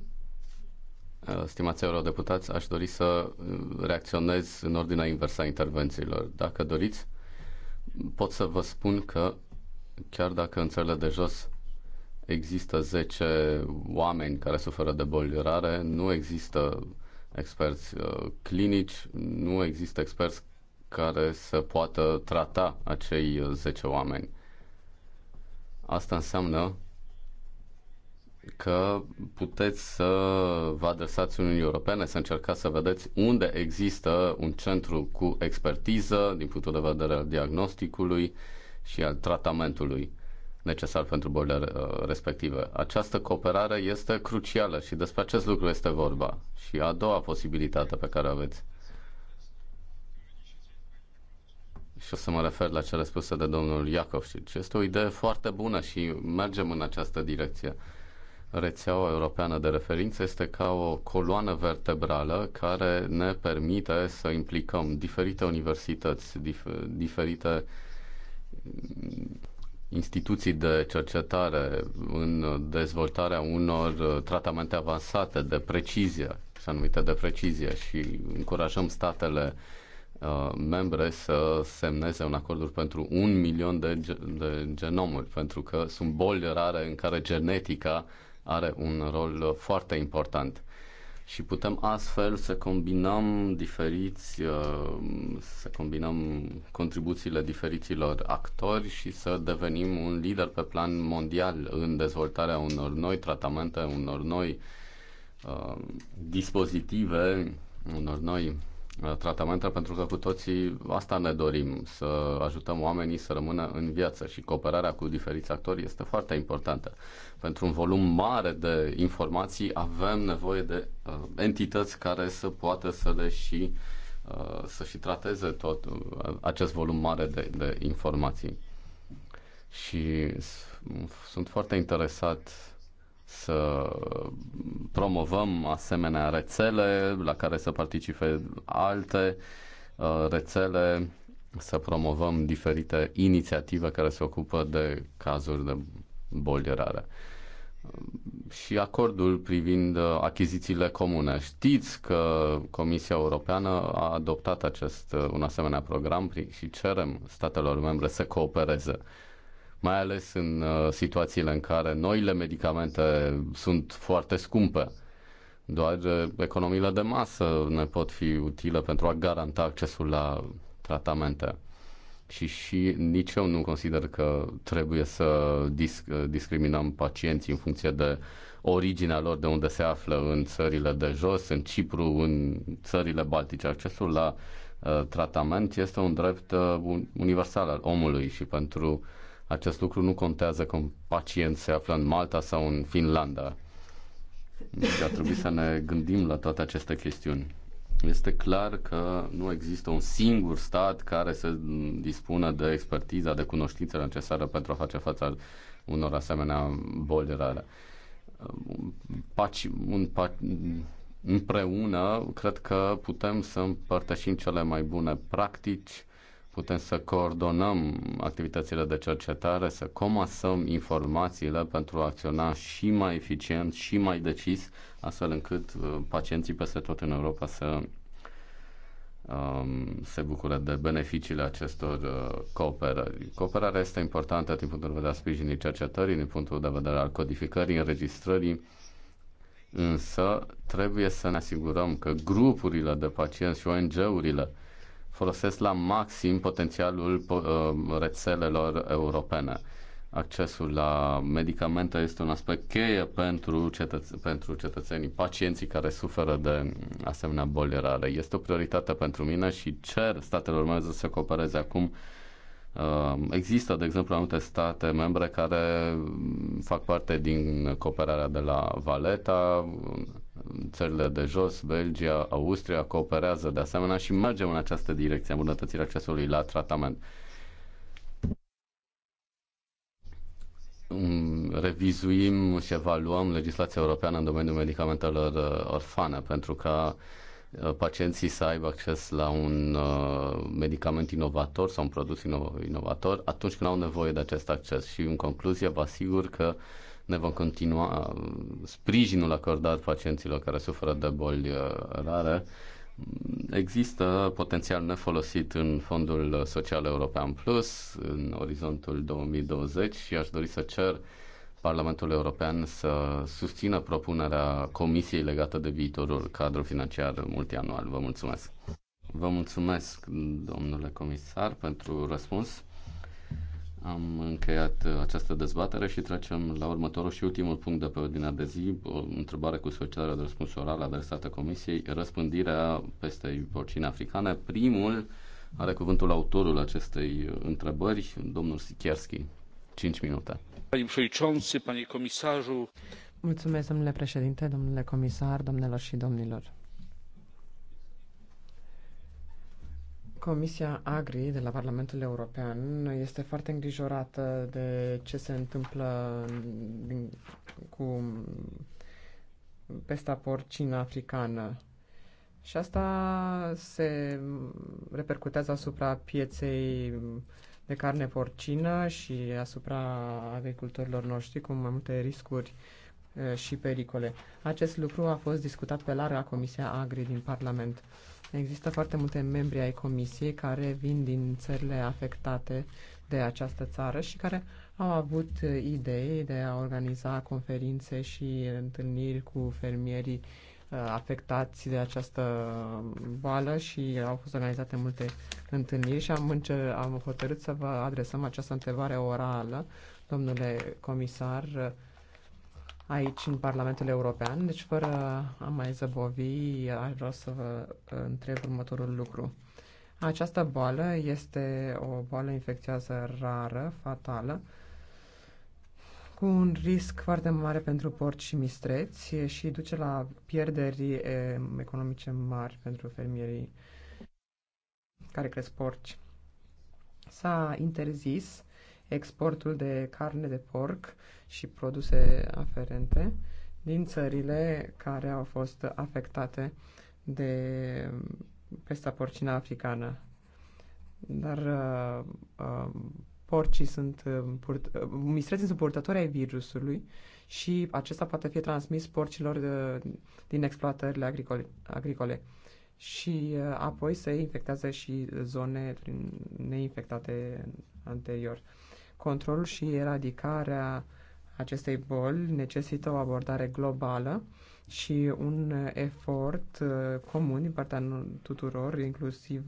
Uh, stimați eurodeputați, aș dori să reacționez în ordinea inversă a intervențiilor. Dacă doriți, pot să vă spun că chiar dacă în țările de jos există 10 oameni care suferă de boli rare, nu există experți uh, clinici, nu există experți care să poată trata acei 10 uh, oameni. Asta înseamnă că puteți să vă adresați Uniunii Europene, să încercați să vedeți unde există un centru cu expertiză din punctul de vedere al diagnosticului și al tratamentului necesar pentru bolile uh, respective. Această cooperare este crucială și despre acest lucru este vorba. Și a doua posibilitate pe care o aveți. și o să mă refer la cele spuse de domnul Iacovșic. Este o idee foarte bună și mergem în această direcție. Rețeaua europeană de referință este ca o coloană vertebrală care ne permite să implicăm diferite universități, dif- diferite instituții de cercetare în dezvoltarea unor uh, tratamente avansate de precizie, să anumite de precizie, și încurajăm statele uh, membre să semneze un acord pentru un milion de, de genomuri, pentru că sunt boli rare în care genetica are un rol uh, foarte important și putem astfel să combinăm diferiți, uh, să combinăm contribuțiile diferiților actori și să devenim un lider pe plan mondial în dezvoltarea unor noi tratamente, unor noi uh, dispozitive, unor noi Uh, tratamente, pentru că cu toții asta ne dorim, să ajutăm oamenii să rămână în viață și cooperarea cu diferiți actori este foarte importantă. Pentru un volum mare de informații avem nevoie de uh, entități care să poată să le și uh, să și trateze tot uh, acest volum mare de, de informații. Și sunt foarte interesat să promovăm asemenea rețele la care să participe alte uh, rețele, să promovăm diferite inițiative care se ocupă de cazuri de boli rare. Și acordul privind uh, achizițiile comune. Știți că Comisia Europeană a adoptat acest, uh, un asemenea program și cerem statelor membre să coopereze mai ales în uh, situațiile în care noile medicamente sunt foarte scumpe. Doar uh, economiile de masă ne pot fi utile pentru a garanta accesul la tratamente. Și, și nici eu nu consider că trebuie să disc, uh, discriminăm pacienții în funcție de originea lor, de unde se află în țările de jos, în Cipru, în țările baltice. Accesul la uh, tratament este un drept uh, universal al omului și pentru uh, acest lucru nu contează că un pacient se află în Malta sau în Finlanda. Deci ar trebui să ne gândim la toate aceste chestiuni. Este clar că nu există un singur stat care să dispună de expertiza, de cunoștință necesară pentru a face față unor asemenea boli rare. Paci, un, pa, împreună, cred că putem să împărtășim cele mai bune practici, putem să coordonăm activitățile de cercetare, să comasăm informațiile pentru a acționa și mai eficient și mai decis, astfel încât uh, pacienții peste tot în Europa să um, se bucure de beneficiile acestor uh, cooperări. Cooperarea este importantă din punctul de vedere al sprijinii cercetării, din punctul de vedere al codificării, înregistrării, însă trebuie să ne asigurăm că grupurile de pacienți și ONG-urile folosesc la maxim potențialul uh, rețelelor europene. Accesul la medicamente este un aspect cheie pentru, cetăț- pentru cetățenii, pacienții care suferă de asemenea boli rare. Este o prioritate pentru mine și cer statelor mele să se coopereze acum Um, există, de exemplu, anumite state membre care um, fac parte din cooperarea de la Valeta, țările de jos, Belgia, Austria cooperează de asemenea și mergem în această direcție, îmbunătățirea accesului la tratament. Um, revizuim și evaluăm legislația europeană în domeniul medicamentelor uh, orfane pentru că. Uh, pacienții să aibă acces la un uh, medicament inovator sau un produs inovator atunci când au nevoie de acest acces. Și în concluzie vă asigur că ne vom continua uh, sprijinul acordat pacienților care suferă de boli rare. Există potențial nefolosit în Fondul Social European Plus, în orizontul 2020 și aș dori să cer Parlamentul European să susțină propunerea Comisiei legată de viitorul cadru financiar multianual. Vă mulțumesc. Vă mulțumesc, domnule comisar, pentru răspuns. Am încheiat această dezbatere și trecem la următorul și ultimul punct de pe ordinea de zi, o întrebare cu solicitarea de răspuns oral adresată Comisiei, răspândirea peste porcine africane. Primul are cuvântul autorul acestei întrebări, domnul Sikierski. 5 minute. Mulțumesc, domnule președinte, domnule comisar, domnilor și domnilor. Comisia Agri de la Parlamentul European este foarte îngrijorată de ce se întâmplă din, cu pesta porcină africană. Și asta se repercutează asupra pieței de carne porcină și asupra agricultorilor noștri cu mai multe riscuri și pericole. Acest lucru a fost discutat pe larg la Comisia Agri din Parlament. Există foarte multe membri ai Comisiei care vin din țările afectate de această țară și care au avut idei de a organiza conferințe și întâlniri cu fermierii Uh, afectați de această boală și au fost organizate multe întâlniri și am, încer- am hotărât să vă adresăm această întrebare orală, domnule comisar, uh, aici în Parlamentul European. Deci, fără a mai zăbovi, aș vrea să vă uh, întreb următorul lucru. Această boală este o boală infecțioasă rară, fatală, cu un risc foarte mare pentru porci și mistreți și duce la pierderi eh, economice mari pentru fermierii care cresc porci. S-a interzis exportul de carne de porc și produse aferente din țările care au fost afectate de pesta porcină africană. Dar uh, uh, porcii sunt, uh, purt, uh, mistreții sunt purtători ai virusului și acesta poate fi transmis porcilor de, uh, din exploatările agricole. agricole. Și apoi se infectează și zone neinfectate anterior. Controlul și eradicarea acestei boli necesită o abordare globală și un efort comun din partea tuturor, inclusiv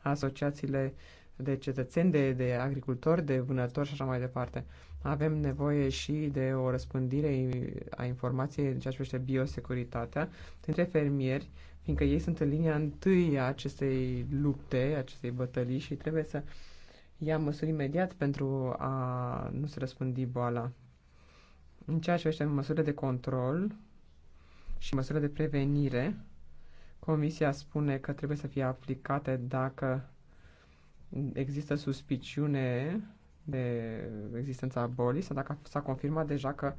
asociațiile de cetățeni, de, de agricultori, de vânători și așa mai departe. Avem nevoie și de o răspândire a informației în ceea ce privește biosecuritatea dintre fermieri, fiindcă ei sunt în linia întâi a acestei lupte, acestei bătălii și trebuie să ia măsuri imediat pentru a nu se răspândi boala. În ceea ce privește măsurile de control și măsurile de prevenire, Comisia spune că trebuie să fie aplicate dacă există suspiciune de existența bolii sau dacă s-a confirmat deja că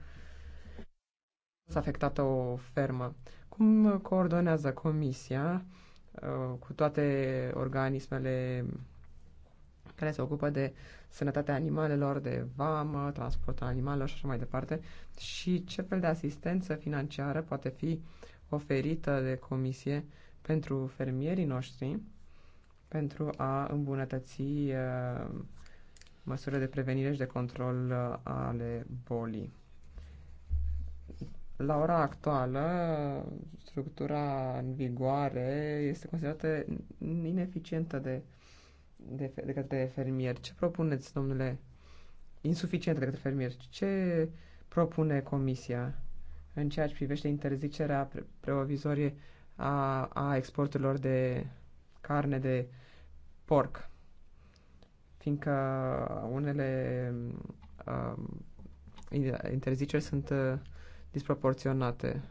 s-a afectat o fermă. Cum coordonează Comisia uh, cu toate organismele care se ocupă de sănătatea animalelor, de vamă, transportul animalelor și așa mai departe, și ce fel de asistență financiară poate fi oferită de comisie pentru fermierii noștri pentru a îmbunătăți uh, măsurile de prevenire și de control uh, ale bolii. La ora actuală, structura în vigoare este considerată ineficientă de, de, de către fermieri. Ce propuneți, domnule? Insuficientă de către fermieri. Ce propune Comisia în ceea ce privește interzicerea pre- preovizorie a, a exporturilor de carne de porc. Fiindcă unele uh, interziceri sunt uh, disproporționate.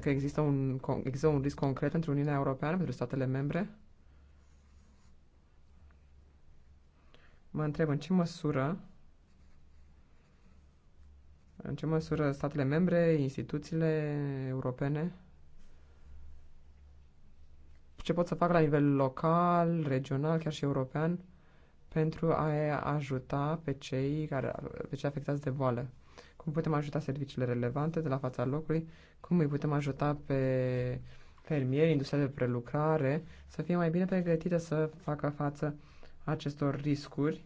Că există un, există un risc concret pentru Uniunea Europeană, pentru statele membre? Mă întreb în ce măsură în ce măsură statele membre, instituțiile europene ce pot să fac la nivel local, regional, chiar și european, pentru a ajuta pe cei, care, pe cei afectați de boală. Cum putem ajuta serviciile relevante de la fața locului, cum îi putem ajuta pe fermieri, industria de prelucrare, să fie mai bine pregătită să facă față acestor riscuri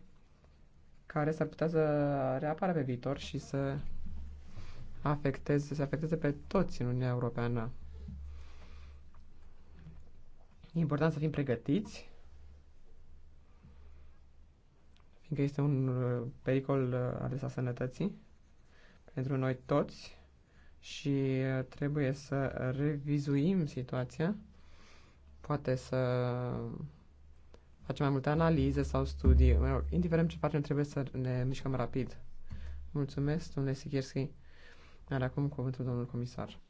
care s-ar putea să reapară pe viitor și să afecteze, să afecteze pe toți în Uniunea Europeană. E important să fim pregătiți, fiindcă este un uh, pericol uh, adresa sănătății pentru noi toți și uh, trebuie să revizuim situația, poate să facem mai multe analize sau studii, mă rog, indiferent ce facem, trebuie să ne mișcăm rapid. Mulțumesc, domnule Sikierski. iar acum cuvântul domnul comisar.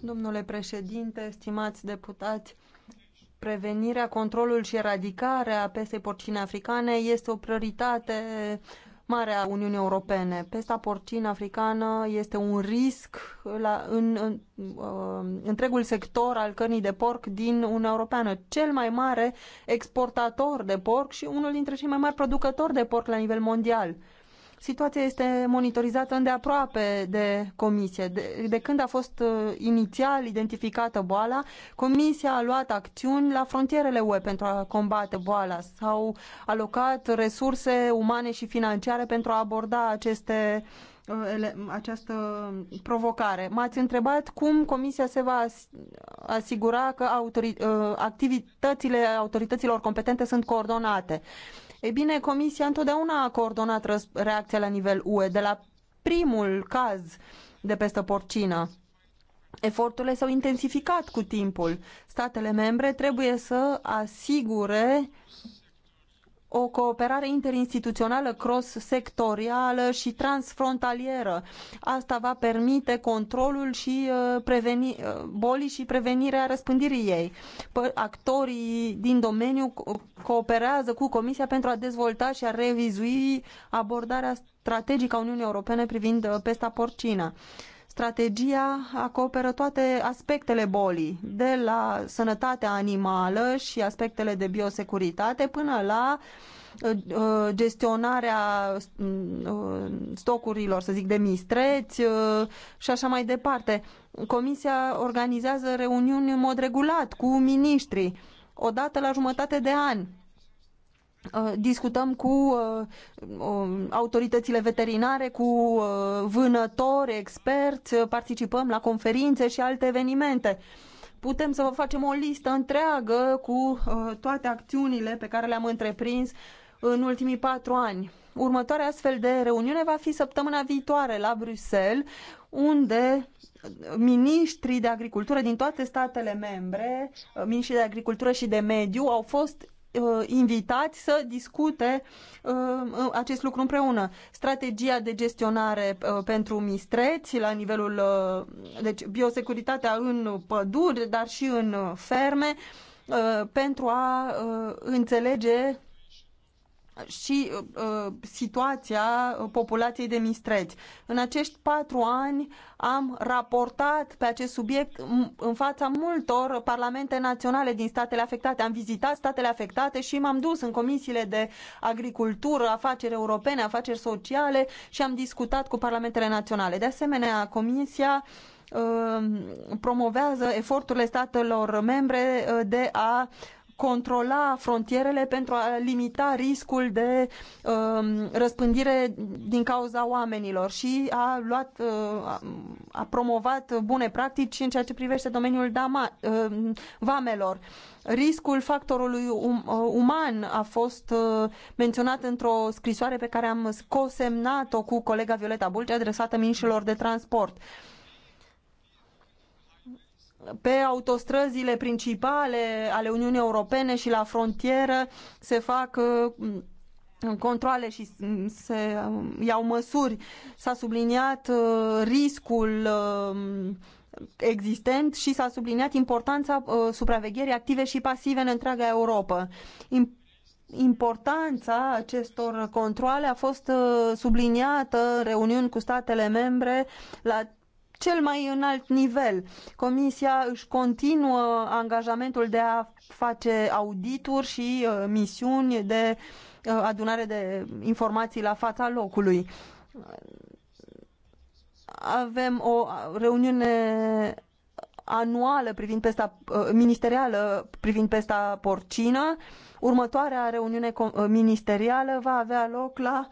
Domnule președinte, stimați deputați, prevenirea, controlul și eradicarea pestei porcine africane este o prioritate mare a Uniunii Europene. Pesta porcină africană este un risc la, în, în în uh, întregul sector al cărnii de porc din Uniunea Europeană, cel mai mare exportator de porc și unul dintre cei mai mari producători de porc la nivel mondial. Situația este monitorizată îndeaproape de comisie. De, de când a fost uh, inițial identificată boala, comisia a luat acțiuni la frontierele UE pentru a combate boala. S-au alocat resurse umane și financiare pentru a aborda aceste uh, această provocare. M-ați întrebat cum Comisia se va asigura că uh, activitățile autorităților competente sunt coordonate. Ei bine, Comisia întotdeauna a coordonat reacția la nivel UE de la primul caz de peste porcină. Eforturile s-au intensificat cu timpul. Statele membre trebuie să asigure o cooperare interinstituțională, cross-sectorială și transfrontalieră. Asta va permite controlul și uh, preveni, uh, bolii și prevenirea răspândirii ei. Actorii din domeniu cooperează cu Comisia pentru a dezvolta și a revizui abordarea strategică a Uniunii Europene privind uh, pesta porcina. Strategia acoperă toate aspectele bolii, de la sănătatea animală și aspectele de biosecuritate până la uh, uh, gestionarea mm, uh, stocurilor, să zic, de mistreți și așa mai departe. Comisia organizează reuniuni în mod regulat cu miniștrii, o dată la jumătate de an Uh, discutăm cu uh, uh, autoritățile veterinare, cu vânători, experți, participăm la conferințe și alte evenimente. Putem să vă facem o listă întreagă cu toate acțiunile pe care le-am întreprins în ultimii patru ani. Următoarea astfel de reuniune va fi săptămâna viitoare la Bruxelles, unde miniștrii de agricultură din toate statele membre, miniștrii de agricultură și de mediu, au fost uh, invitați să discute uh, uh, acest lucru împreună. Strategia de gestionare uh, pentru mistreți la nivelul, uh, deci biosecuritatea în păduri, dar și în ferme, uh, pentru a uh, înțelege și uh, uh situația uh, populației de mistreți. În acești patru ani am raportat pe acest subiect în fața multor parlamente naționale din statele afectate. Am vizitat statele afectate și m-am dus în comisiile de agricultură, afaceri europene, afaceri sociale și am discutat cu parlamentele naționale. De asemenea, comisia uh, promovează eforturile statelor membre uh, de a uh, controla frontierele pentru a limita riscul de uh, răspândire din cauza oamenilor și a luat, uh, a promovat bune practici în ceea ce privește domeniul dama, uh, vamelor. Riscul factorului um, uh, uman a fost uh, menționat într-o scrisoare pe care am cosemnat-o cu colega Violeta Bulci adresată minșilor de transport. Uh, pe autostrăzile principale ale Uniunii Europene și la frontieră se fac uh, controle și se uh, iau măsuri. S-a subliniat uh, riscul existent și s-a subliniat importanța supravegherii active și pasive în întreaga Europa. Importanța acestor controle a fost subliniată în reuniuni cu statele membre la cel mai înalt nivel. Comisia își continuă angajamentul de a face audituri și uh, misiuni de uh, adunare de informații la fața locului. Avem o reuniune anuală privind pesta uh, ministerială privind pesta porcină. Următoarea reuniune ministerială va avea loc la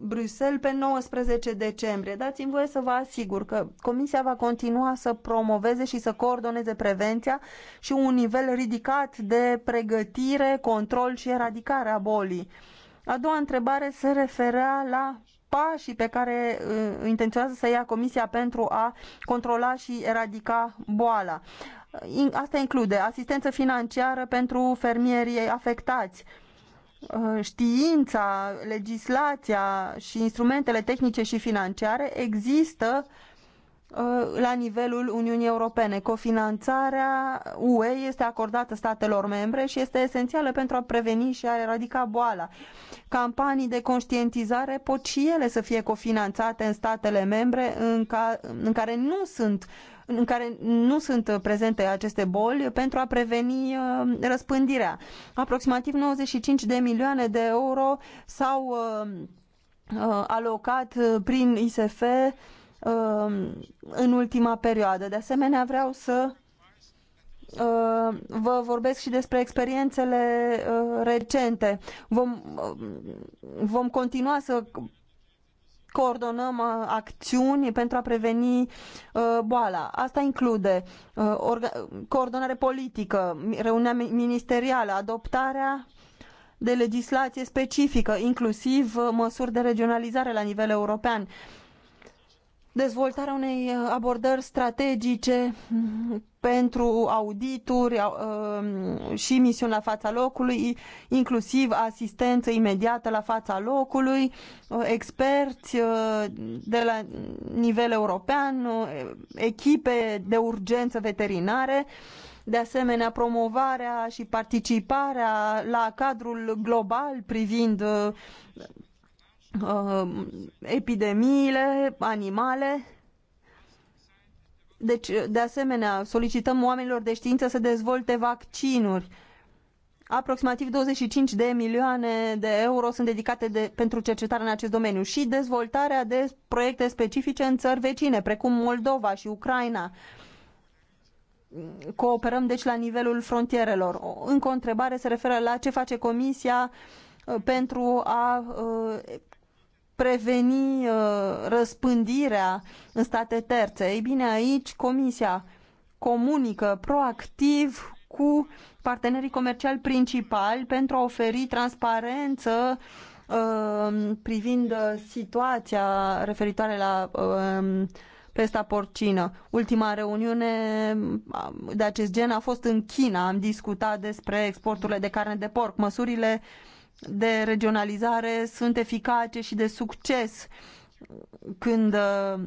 Bruxelles pe 19 decembrie. Dați-mi voie să vă asigur că Comisia va continua să promoveze și să coordoneze prevenția și un nivel ridicat de pregătire, control și eradicare a bolii. A doua întrebare se referea la pașii pe care uh, intenționează să ia Comisia pentru a controla și eradica boala. Asta include asistență financiară pentru fermierii afectați, uh, Uh, știința, legislația și instrumentele tehnice și financiare există uh, la nivelul Uniunii Europene. Cofinanțarea UE este acordată statelor membre și este esențială pentru a preveni și a eradica boala. Campanii de conștientizare pot și ele să fie cofinanțate în statele membre în, ca, în care nu sunt în care nu sunt prezente aceste boli pentru a preveni uh, răspândirea. Aproximativ 95 de milioane de euro s-au uh, uh, alocat prin ISF în ultima perioadă. De asemenea, vreau să vă vorbesc și despre experiențele recente. Vom, vom continua să coordonăm uh, acțiuni pentru a preveni uh, boala. Asta include uh, coordonare politică, reuniunea ministerială, adoptarea de legislație specifică, inclusiv măsuri de regionalizare la nivel european dezvoltarea unei uh, abordări strategice mm, pentru audituri uh, și misiuni la fața locului, inclusiv asistență imediată la fața locului, uh, experți de la nivel european, echipe de urgență veterinare, de asemenea promovarea și participarea la cadrul global privind uh, epidemiile, animale. Deci, de asemenea, solicităm oamenilor de știință să dezvolte vaccinuri. Aproximativ 25 de milioane de euro sunt dedicate de, pentru cercetare în acest domeniu și dezvoltarea de proiecte specifice în țări vecine, precum Moldova și Ucraina. Cooperăm deci la nivelul frontierelor. Încă o întrebare se referă la ce face Comisia uh, pentru a uh, preveni uh, răspândirea în state terțe. Ei bine, aici Comisia comunică proactiv cu partenerii comerciali principali pentru a oferi transparență uh, privind uh, situația referitoare la pesta porcină. Ultima reuniune de acest gen a fost în China. Am discutat despre exporturile de carne de porc. Măsurile uh, de regionalizare sunt eficace și de succes când uh,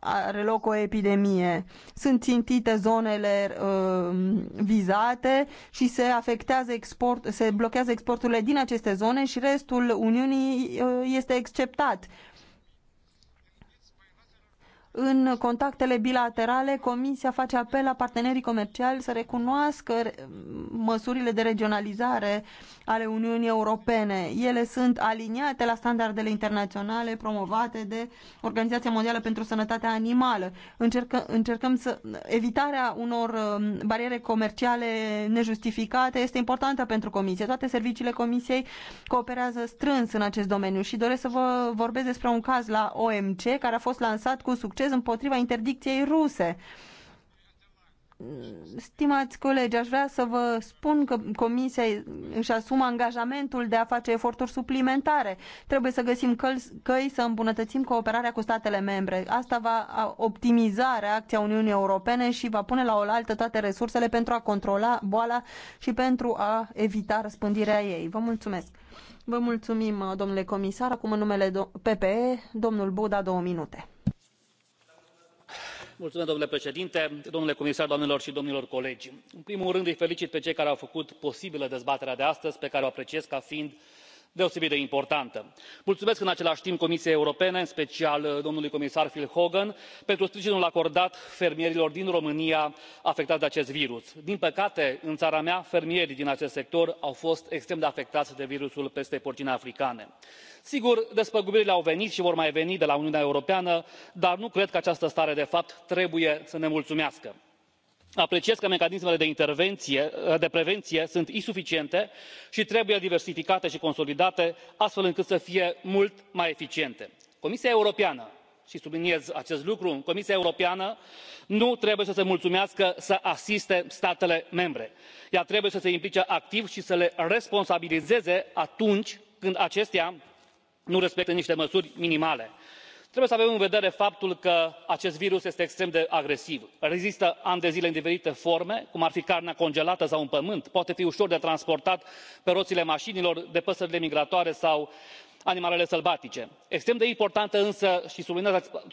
are loc o epidemie. Sunt țintite zonele uh, vizate și se afectează export, se blochează exporturile din aceste zone și restul Uniunii uh, este exceptat. Uh, în contactele bilaterale, Comisia face apel la partenerii comerciali să recunoască măsurile de regionalizare ale Uniunii Europene. Ele sunt aliniate la standardele internaționale promovate de Organizația Mondială pentru Sănătatea Animală. Încercă, încercăm să. Evitarea unor um, bariere comerciale nejustificate este importantă pentru Comisie. Toate serviciile Comisiei cooperează strâns în acest domeniu și doresc să vă vorbesc despre un caz la OMC care a fost lansat cu succes proces împotriva interdicției ruse. Stimați colegi, aș vrea să vă spun că Comisia își asumă angajamentul de a face eforturi suplimentare. Trebuie să găsim căi să îmbunătățim cooperarea cu statele membre. Asta va optimiza reacția Uniunii Europene și va pune la oaltă toate resursele pentru a controla boala și pentru a evita răspândirea ei. Vă mulțumesc! Vă mulțumim, domnule comisar. Acum în numele PPE, domnul Buda, două minute domnule președinte domnule comisar doamnelor și domnilor colegi în primul rând îi felicit pe cei care au făcut posibilă dezbaterea de astăzi pe care o apreciez ca fiind deosebit de importantă. mulțumesc în același timp comisiei europene în special uh, domnului comisar phil hogan pentru sprijinul acordat fermierilor din românia afectați de acest virus. din păcate în țara mea fermierii din acest sector au fost extrem de afectați de virusul pestei porcine africane. sigur despăgubirile au venit și vor mai veni de la uniunea europeană dar nu cred că această stare de fapt trebuie să ne mulțumească apreciez că mecanismele de prevenție sunt insuficiente și trebuie diversificate și consolidate astfel încât să fie mult mai eficiente. comisia europeană și subliniez acest lucru comisia europeană nu trebuie să se mulțumească să asiste statele membre ea trebuie să se implice activ și să le responsabilizeze atunci când acestea nu respectă niște măsuri minimale trebuie să avem în vedere faptul că acest virus este extrem de agresiv rezistă ani de zile în diferite forme cum ar fi carnea congelată sau în pământ poate fi ușor de transportat pe roțile mașinilor de păsările migratoare sau animalele sălbatice. extrem de importantă însă și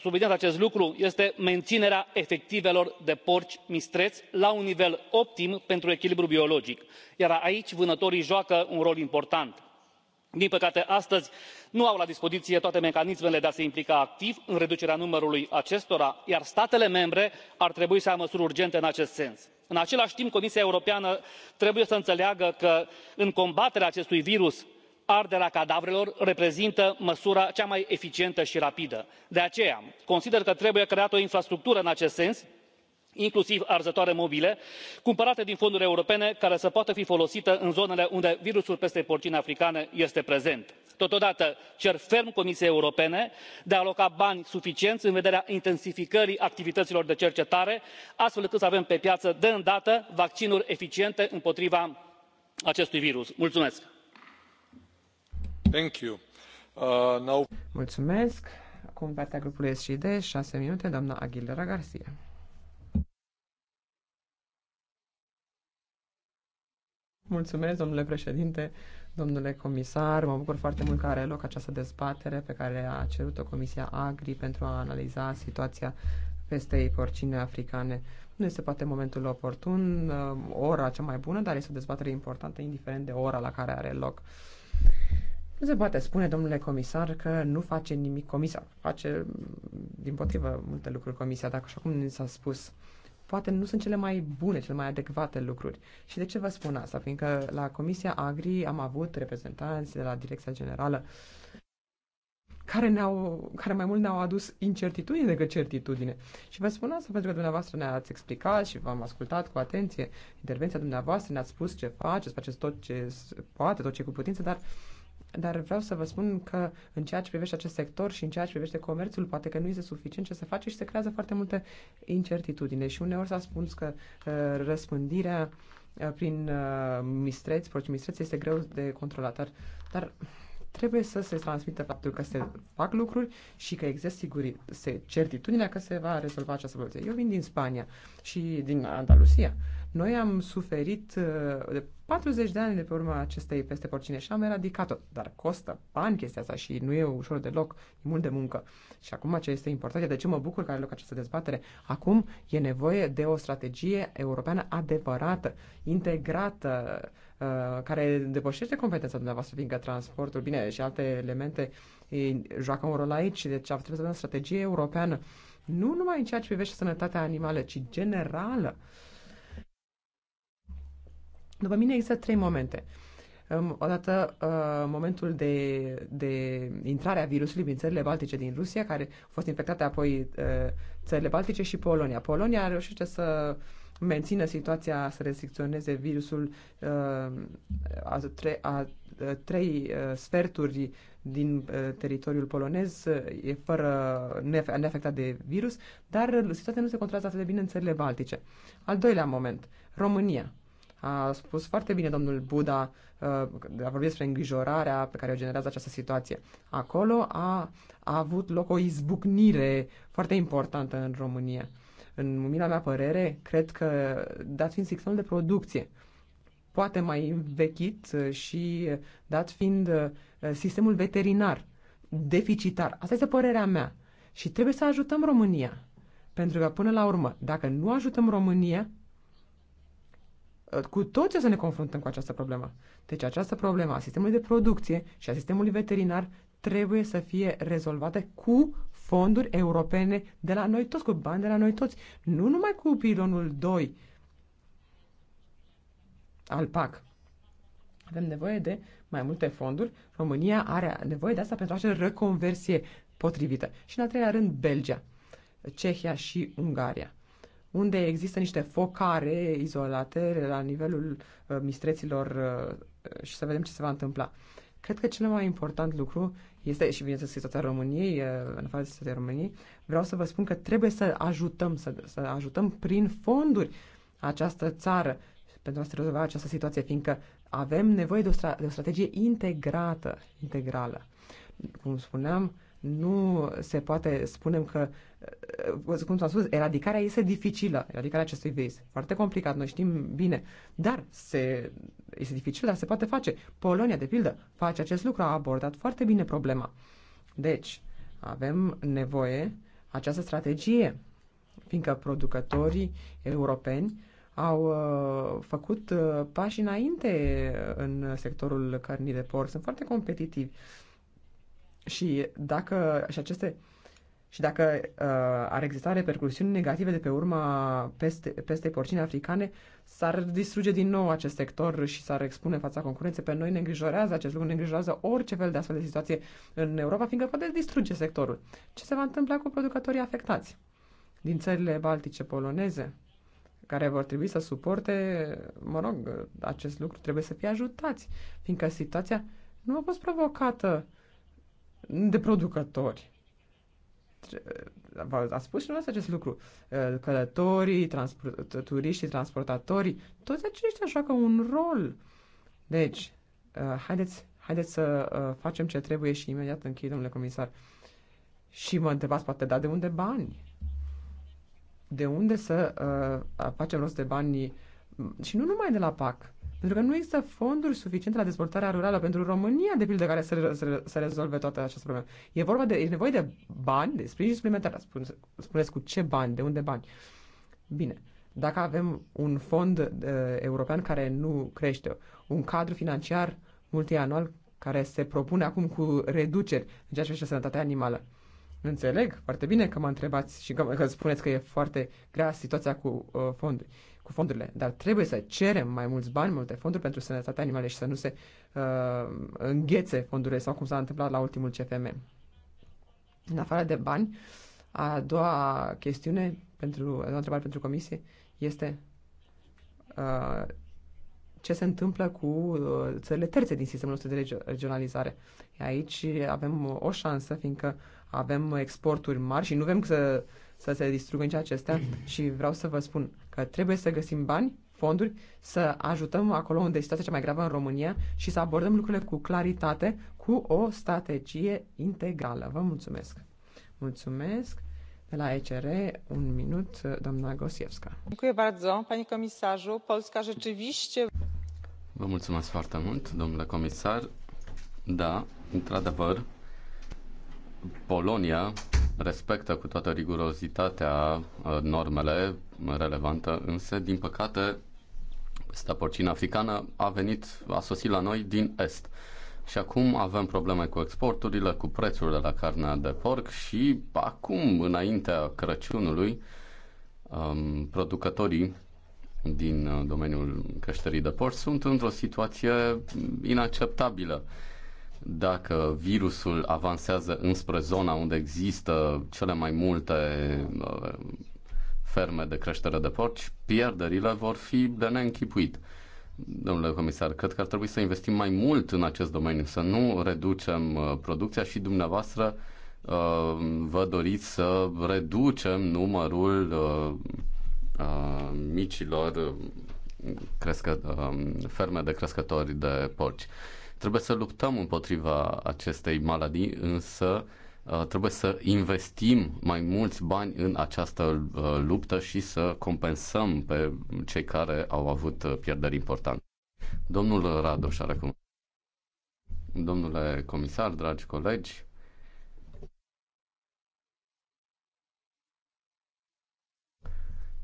subliniez acest lucru este menținerea efectivelor de porci mistreți la un nivel optim pentru echilibrul biologic iar aici vânătorii joacă un rol important din păcate astăzi nu au la dispoziție toate mecanismele de a se implica activ în reducerea numărului acestora iar statele membre ar trebui să ia măsuri urgente în acest sens. în același timp comisia europeană trebuie să înțeleagă că în combaterea acestui virus arderea cadavrelor reprezintă măsura cea mai eficientă și rapidă. de aceea consider că trebuie creată o infrastructură în acest sens inclusiv arzătoare mobile cumpărate din fonduri europene care să poată fi folosite în zonele unde virusul pestei porcine africane este prezent. totodată cer ferm comisiei europene de a aloca bani suficienți în vederea intensificării activităților de cercetare astfel încât să avem pe piață de îndată vaccinuri eficiente împotriva acestui virus. mulțumesc. Uh, mulțumesc. grupului șase minute, Aguilera Mulțumesc, domnule președinte, domnule comisar. Mă bucur foarte mult că are loc această dezbatere pe care a cerut-o Comisia Agri pentru a analiza situația pestei porcine africane. Nu este poate momentul oportun, uh, ora cea mai bună, dar este o dezbatere importantă, indiferent de ora la care are loc. Nu se poate spune, domnule comisar, că nu face nimic comisia. Face, din potrivă, multe lucruri comisia, dacă așa cum ni s-a spus poate nu sunt cele mai bune, cele mai adecvate lucruri. Și de ce vă spun asta? Fiindcă la Comisia Agri am avut reprezentanți de la Direcția Generală care, ne-au, care mai mult ne-au adus incertitudine decât certitudine. Și vă spun asta pentru că dumneavoastră ne-ați explicat și v-am ascultat cu atenție intervenția dumneavoastră, ne-ați spus ce faceți, faceți tot ce poate, tot ce cu putință, dar uh, dar vreau să vă spun că în ceea ce privește acest sector și în ceea ce privește comerțul, poate că nu este suficient ce se face și se creează foarte multă incertitudine. Și uneori s-a spus că uh, răspândirea uh, prin uh, mistreți, porci mistreți, este greu de controlat. Dar, dar trebuie să se transmită faptul că se fac lucruri și că există sigurit, se, certitudinea că se va rezolva această problemă. Eu vin din Spania și din Andalusia. Noi am suferit uh, de 40 de ani de pe urma acestei peste porcine și am eradicat-o, dar costă bani chestia asta și nu e ușor deloc, e mult de muncă. Și acum ce este important, de ce mă bucur că are loc această dezbatere, acum e nevoie de o strategie europeană adevărată, integrată, uh, care depășește competența dumneavoastră, fiindcă transportul, bine, și alte elemente joacă un rol aici, deci trebuie să avem o strategie europeană, nu numai în ceea ce privește sănătatea animală, ci generală. După mine există trei momente. Odată, uh, momentul de, de intrare a virusului din țările baltice din Rusia, care au fost infectate apoi uh, țările baltice și Polonia. Polonia a reușit să mențină situația, să restricționeze virusul uh, a, tre- a trei sferturi din teritoriul polonez e fără neafectat de virus, dar situația nu se controlează atât de bine în țările baltice. Al doilea moment, România. A spus foarte bine domnul Buda, uh, a vorbit despre îngrijorarea pe care o generează această situație. Acolo a, a avut loc o izbucnire foarte importantă în România. În umila mea părere, cred că, dat fiind sistemul de producție, poate mai învechit și dat fiind uh, sistemul veterinar deficitar. Asta este părerea mea. Și trebuie să ajutăm România. Pentru că, până la urmă, dacă nu ajutăm România, Uh, cu toții să ne confruntăm cu această problemă. Deci această problemă a sistemului de producție și a sistemului veterinar trebuie să fie rezolvate cu fonduri europene de la noi toți, cu bani de la noi toți, nu numai cu pilonul 2 al PAC. Avem nevoie de mai multe fonduri. România are nevoie de asta pentru a face reconversie potrivită. Și în al treilea rând, Belgia, Cehia și Ungaria unde există niște focare izolate la nivelul uh, mistreților uh, și să vedem ce se va întâmpla. Cred că cel mai important lucru este, și bineînțeles situația României, în afară de situația României, vreau să vă spun că trebuie să ajutăm, să, să ajutăm prin fonduri această țară pentru a se rezolva această situație, fiindcă avem nevoie de o, stra- de o strategie integrată, integrală. Cum spuneam, uh, nu se poate, spunem că, uh, uh, cum s-a spus, eradicarea este dificilă, eradicarea acestui vis. Foarte complicat, noi știm bine, dar se, este dificil, dar se poate face. Polonia, de pildă, face acest lucru, a abordat foarte bine problema. Deci, avem nevoie această strategie, fiindcă producătorii europeni au uh, făcut uh, pași înainte în sectorul cărnii de porc, sunt foarte competitivi. Uh, și dacă și aceste și dacă uh, ar exista repercusiuni negative de pe urma peste, peste porcine africane, s-ar distruge din nou acest sector și s-ar expune în fața concurenței. Pe noi ne îngrijorează acest lucru, ne îngrijorează orice fel de astfel de situație în Europa, fiindcă poate distruge sectorul. Ce se va întâmpla cu producătorii afectați din țările baltice poloneze, care vor trebui să suporte, mă rog, acest lucru trebuie să fie ajutați, fiindcă situația nu a fost provocată de producători. A spus și dumneavoastră acest lucru. Uh, călătorii, transport, turiștii, transportatorii, toți aceștia joacă un rol. Deci, uh, haideți, haideți să uh, facem ce trebuie și imediat închei, domnule comisar. Și mă întrebați, poate, da, de unde bani? De unde să uh, facem rost de banii? Și nu numai de la PAC. Pentru că nu există fonduri suficiente la dezvoltarea rurală pentru România, de pildă, care să, să, să rezolve toată această problemă. E vorba de, e nevoie de bani, de sprijin suplimentar. Spune, spuneți cu ce bani, de unde bani. Bine, dacă avem un fond uh, european care nu crește, un cadru financiar multianual care se propune acum cu reduceri în ceea ce privește sănătatea animală, Înțeleg foarte bine că mă întrebați și că, că spuneți că e foarte grea situația cu uh, fonduri cu fondurile, dar trebuie să cerem mai mulți bani, multe fonduri pentru sănătatea animale și să nu se uh, înghețe fondurile sau cum s-a întâmplat la ultimul CFM. În afară de bani, a doua chestiune, pentru, a doua întrebare pentru comisie este uh, ce se întâmplă cu uh, țările terțe din sistemul nostru de regionalizare. Aici avem o șansă, fiindcă avem exporturi mari și nu vrem să uh, să se distrugă nici acestea și vreau să vă spun că trebuie să găsim bani, fonduri, să ajutăm acolo unde situația cea mai gravă în România și să abordăm lucrurile cu claritate, cu o strategie integrală. Vă mulțumesc! Mulțumesc! De la ECR, un minut, doamna Gosievska. Dziękuję bardzo, panie komisarzu. Polska rzeczywiście... Vă mulțumesc foarte mult, domnule comisar. Da, într-adevăr, Polonia respectă cu toată rigurozitatea uh, normele relevante, însă, din păcate, pesta porcină africană a venit, a sosit la noi din est. Și acum avem probleme cu exporturile, cu prețurile la carnea de porc și acum, înaintea Crăciunului, um, producătorii din uh, domeniul creșterii de porc sunt într-o situație inacceptabilă dacă virusul avansează înspre zona unde există cele mai multe uh, ferme de creștere de porci, pierderile vor fi de neînchipuit. Domnule comisar, cred că ar trebui să investim mai mult în acest domeniu, să nu reducem uh, producția și dumneavoastră uh, vă doriți să reducem numărul micilor crescă, ferme de crescători de porci. Trebuie să luptăm împotriva acestei maladii, însă uh, trebuie să investim mai mulți bani în această uh, luptă și să compensăm pe cei care au avut uh, pierderi importante. Domnul Radoș are acum. Domnule comisar, dragi colegi,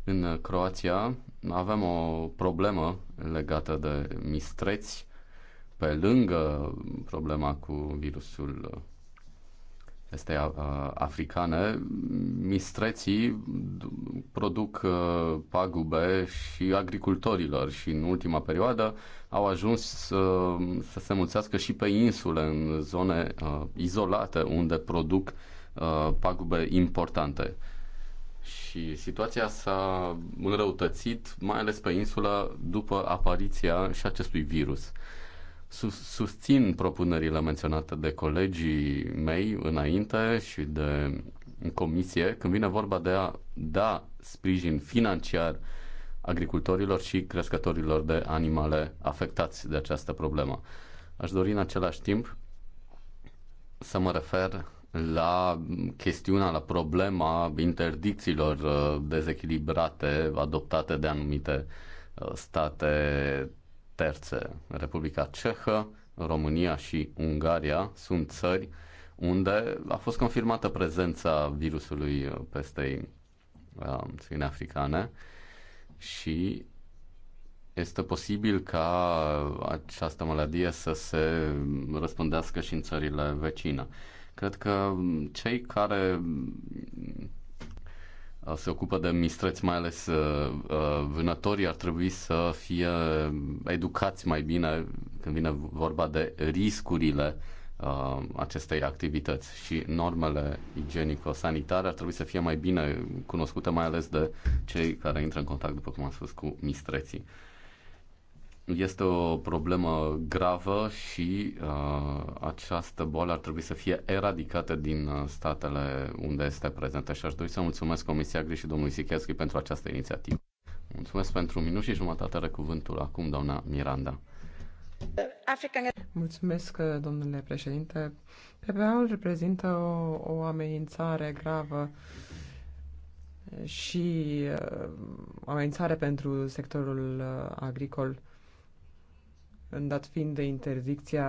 în Croația avem o problemă legată de mistreți pe lângă problema cu virusul este uh, africane, mistreții produc uh, pagube și agricultorilor și în ultima perioadă au ajuns să, să se mulțească și pe insule, în zone uh, izolate unde produc pagube importante. Și situația s-a înrăutățit, mai ales pe insulă, după apariția și acestui virus. Uh, Sus- susțin propunerile menționate de colegii mei înainte și de comisie când vine vorba de a da sprijin financiar agricultorilor și crescătorilor de animale afectați de această problemă. Aș dori în același timp să mă refer la chestiunea, la problema interdicțiilor uh, dezechilibrate adoptate de anumite uh, state terțe. Republica Cehă, România și Ungaria sunt țări unde a fost confirmată prezența virusului pestei um, ține africane și este posibil ca această maladie să se răspândească și în țările vecine. Cred că cei care se ocupă de mistreți, mai ales uh, uh, vânătorii, ar trebui să fie educați mai bine când vine vorba de riscurile uh, acestei activități și normele igienico-sanitare ar trebui să fie mai bine cunoscute, mai ales de cei care intră în contact, după cum am spus, cu mistreții. Este o problemă gravă și uh, această boală ar trebui să fie eradicată din uh, statele unde este prezentă și aș dori să mulțumesc Comisia Gri și domnului Sikescu pentru această inițiativă. Mulțumesc pentru un minut și jumătate de cuvântul acum doamna Miranda. Mulțumesc, domnule președinte. PPA-ul reprezintă o, o amenințare gravă și uh, amenințare pentru sectorul uh, agricol dat fiind de interdicția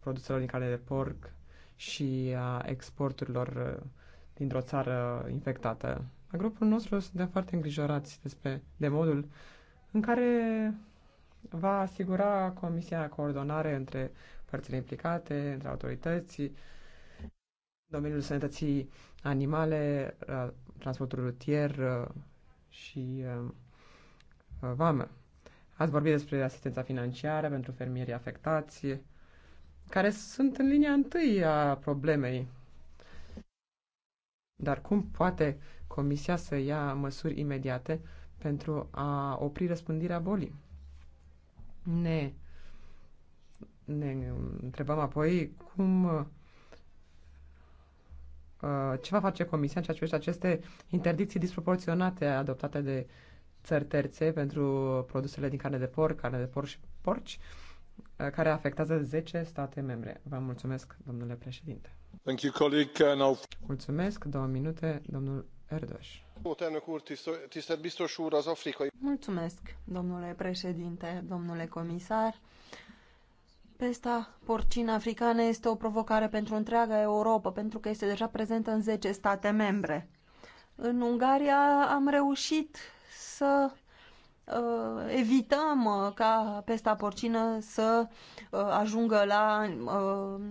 produselor din cale de porc și a exporturilor uh, dintr-o țară infectată. La grupul nostru suntem foarte îngrijorați despre de modul în care va asigura Comisia coordonare între părțile implicate, între autorități, domeniul sănătății animale, uh, transportul rutier uh, și vamă. Ați vorbit despre asistența financiară pentru fermierii afectați, care sunt în linia întâi a problemei. Dar cum poate Comisia să ia măsuri imediate pentru a opri răspândirea bolii? Ne, ne întrebăm apoi cum uh, ce va face Comisia în ceea ce aceste interdicții disproporționate adoptate de uh, țări terțe pentru produsele din carne de porc, carne de porc și porci, uh, care afectează 10 state membre. Vă mulțumesc, domnule președinte. Thank you, colleague. Uh, now... Mulțumesc, două minute, domnul Erdoș. Mulțumesc, domnule președinte, domnule comisar. Pesta porcină africană este o provocare pentru întreaga Europa, pentru că este deja prezentă în 10 state membre. În Ungaria am reușit să uh, evităm uh, ca pesta porcină să uh, ajungă la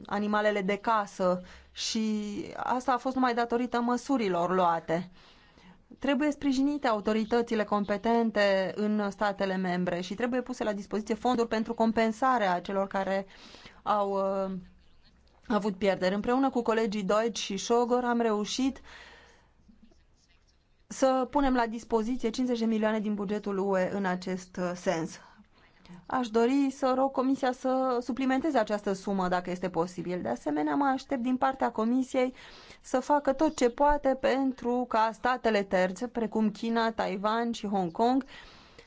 animalele de casă și asta a fost numai datorită măsurilor luate. Trebuie sprijinite autoritățile competente în statele membre și trebuie puse la dispoziție fonduri pentru compensarea celor care au avut pierderi. Împreună cu colegii Deutsch și Șogor am reușit uh, să punem la dispoziție 50 de milioane din bugetul UE în acest uh, sens. Aș dori să rog Comisia să suplimenteze această sumă dacă este posibil. De asemenea, mă aștept din partea Comisiei să facă tot ce poate pentru ca statele terțe, precum China, Taiwan și Hong Kong,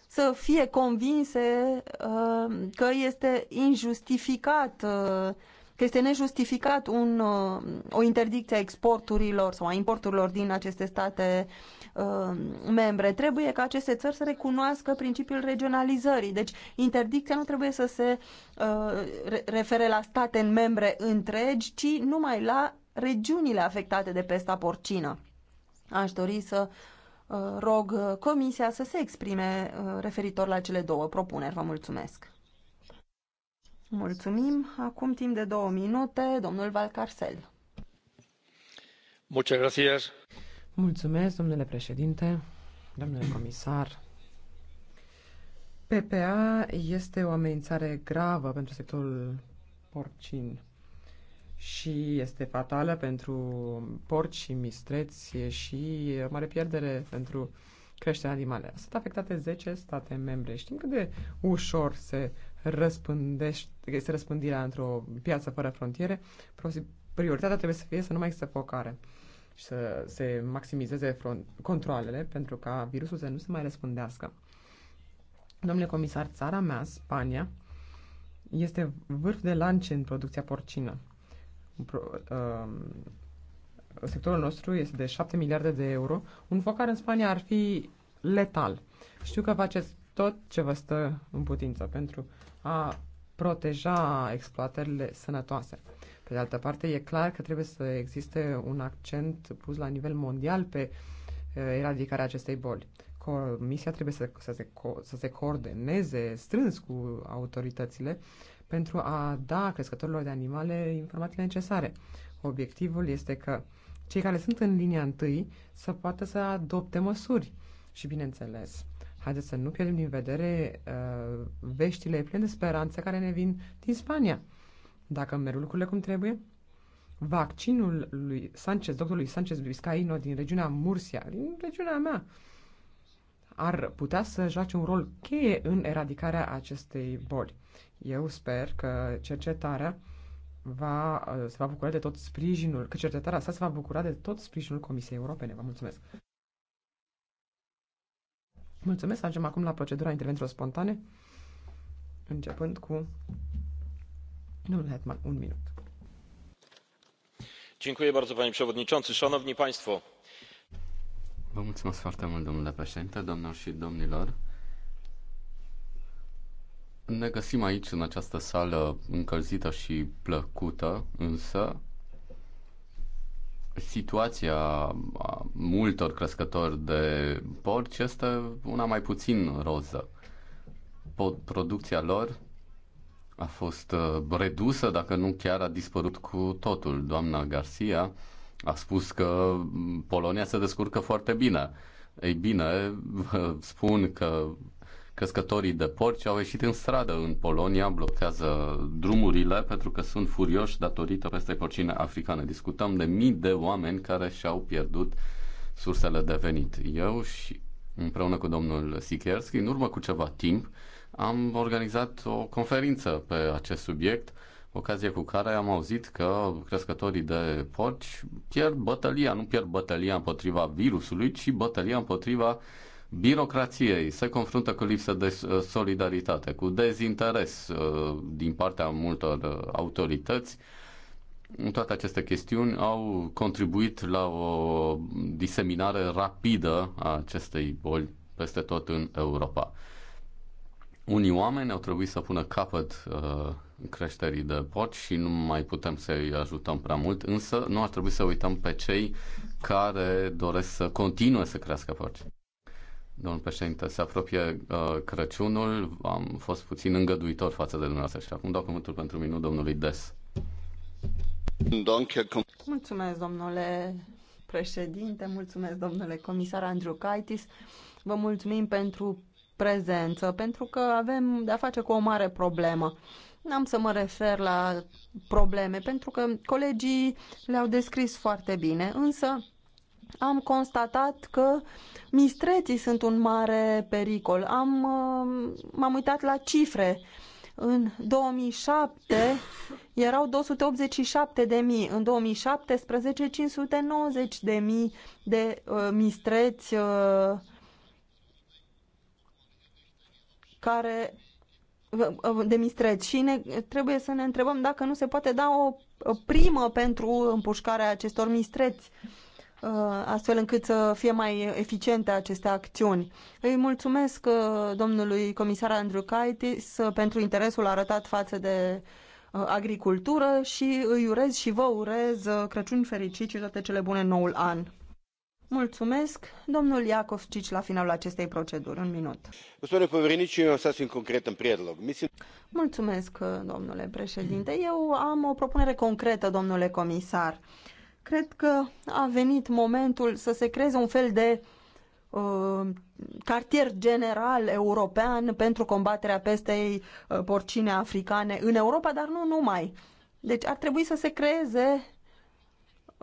să fie convinse uh, că este injustificat, uh, că este nejustificat un, uh, o interdicție a exporturilor sau a importurilor din aceste state Uh, membre. Trebuie ca aceste țări să recunoască principiul regionalizării. Deci interdicția nu trebuie să se uh, refere la state în membre întregi, ci numai la regiunile afectate de pesta porcină. Aș dori să uh, rog Comisia să se exprime referitor la cele două propuneri. Vă mulțumesc! Mulțumim. Acum timp de două minute, domnul Valcarcel. Muchas gracias. Mulțumesc, domnule președinte, domnule comisar. PPA este o amenințare gravă pentru sectorul porcin și este fatală pentru porci și mistreți și mare pierdere pentru creșterea animale. Sunt afectate 10 state membre. Știm cât de ușor se răspândește, este răspândirea într-o piață fără frontiere. Prioritatea trebuie să fie să nu mai există focare și să se maximizeze controlele pentru ca virusul să nu se mai răspândească. Domnule comisar, țara mea, Spania, este vârf de lance în producția porcină. Pro, uh, sectorul nostru este de 7 miliarde de euro. Un focar în Spania ar fi letal. Știu că faceți tot ce vă stă în putință pentru a proteja exploatările sănătoase. Pe de altă parte, e clar că trebuie să existe un accent pus la nivel mondial pe uh, eradicarea acestei boli. Comisia trebuie să, să, se, să se coordoneze strâns cu autoritățile pentru a da crescătorilor de animale informațiile necesare. Obiectivul este că cei care sunt în linia întâi să poată să adopte măsuri. Și bineînțeles, haideți să nu pierdem din vedere uh, veștile pline de speranță care ne vin din Spania dacă merg lucrurile cum trebuie. Vaccinul lui Sanchez, doctorului Sanchez Biscaino din regiunea Mursia, din regiunea mea, ar putea să joace un rol cheie în eradicarea acestei boli. Eu sper că cercetarea va, uh, se va bucura de tot sprijinul, că cercetarea asta se va bucura de tot sprijinul Comisiei Europene. Vă mulțumesc! Mulțumesc! Ajungem acum la procedura intervențiilor spontane, începând cu un minut. mulțumesc domnule președinte, domnilor și domnilor. Ne găsim aici, în această sală încălzită și plăcută, însă situația a multor crescători de porci este una mai puțin roză. Producția lor a fost uh, redusă, dacă nu chiar a dispărut cu totul. Doamna Garcia a spus că mm, Polonia se descurcă foarte bine. Ei bine, spun că crescătorii de porci au ieșit în stradă în Polonia, blochează drumurile pentru că sunt furioși datorită peste porcine africane. Discutăm de mii de oameni care și-au pierdut sursele de venit. Eu și împreună cu domnul Sikierski, în urmă cu ceva timp, am organizat o conferință pe acest subiect, ocazie cu care am auzit că crescătorii de porci pierd bătălia, nu pierd bătălia împotriva virusului, ci bătălia împotriva birocrației. Se confruntă cu lipsă de uh, solidaritate, cu dezinteres uh, din partea multor uh, autorități. Toate aceste chestiuni au contribuit la o diseminare rapidă a acestei boli peste tot în Europa unii oameni au trebuit să pună capăt uh, creșterii de porci și nu mai putem să-i ajutăm prea mult, însă nu ar trebui să uităm pe cei care doresc să continue să crească porci. Domnul președinte, se apropie uh, Crăciunul, am fost puțin îngăduitor față de dumneavoastră și acum dau cuvântul pentru minut domnului Des. Mulțumesc, domnule președinte, mulțumesc, domnule comisar Andrew Kaitis. Vă mulțumim pentru prezență, pentru că avem de-a face cu o mare problemă. N-am să mă refer la probleme, pentru că colegii le-au descris foarte bine, însă am constatat că mistreții sunt un mare pericol. Am, uh, m-am uitat la cifre. În 2007 erau 287 de mii, în 2017 590 de mii de uh, mistreți uh, care de mistreț și ne, trebuie să ne întrebăm dacă nu se poate da o, o primă pentru împușcarea acestor mistreți uh, astfel încât să fie mai eficiente aceste acțiuni. Îi mulțumesc uh, domnului comisar Andrew Kaitis uh, pentru interesul arătat față de agricultură și îi urez și vă urez Crăciun fericit și toate cele bune în noul an. Mulțumesc. Domnul Iacov Cici la finalul acestei proceduri. Un minut. Mulțumesc, domnule președinte. Eu am o propunere concretă, domnule comisar. Cred că a venit momentul să se creeze un fel de uh, cartier general european pentru combaterea pestei uh, porcine africane în Europa, dar nu numai. Deci ar trebui să se creeze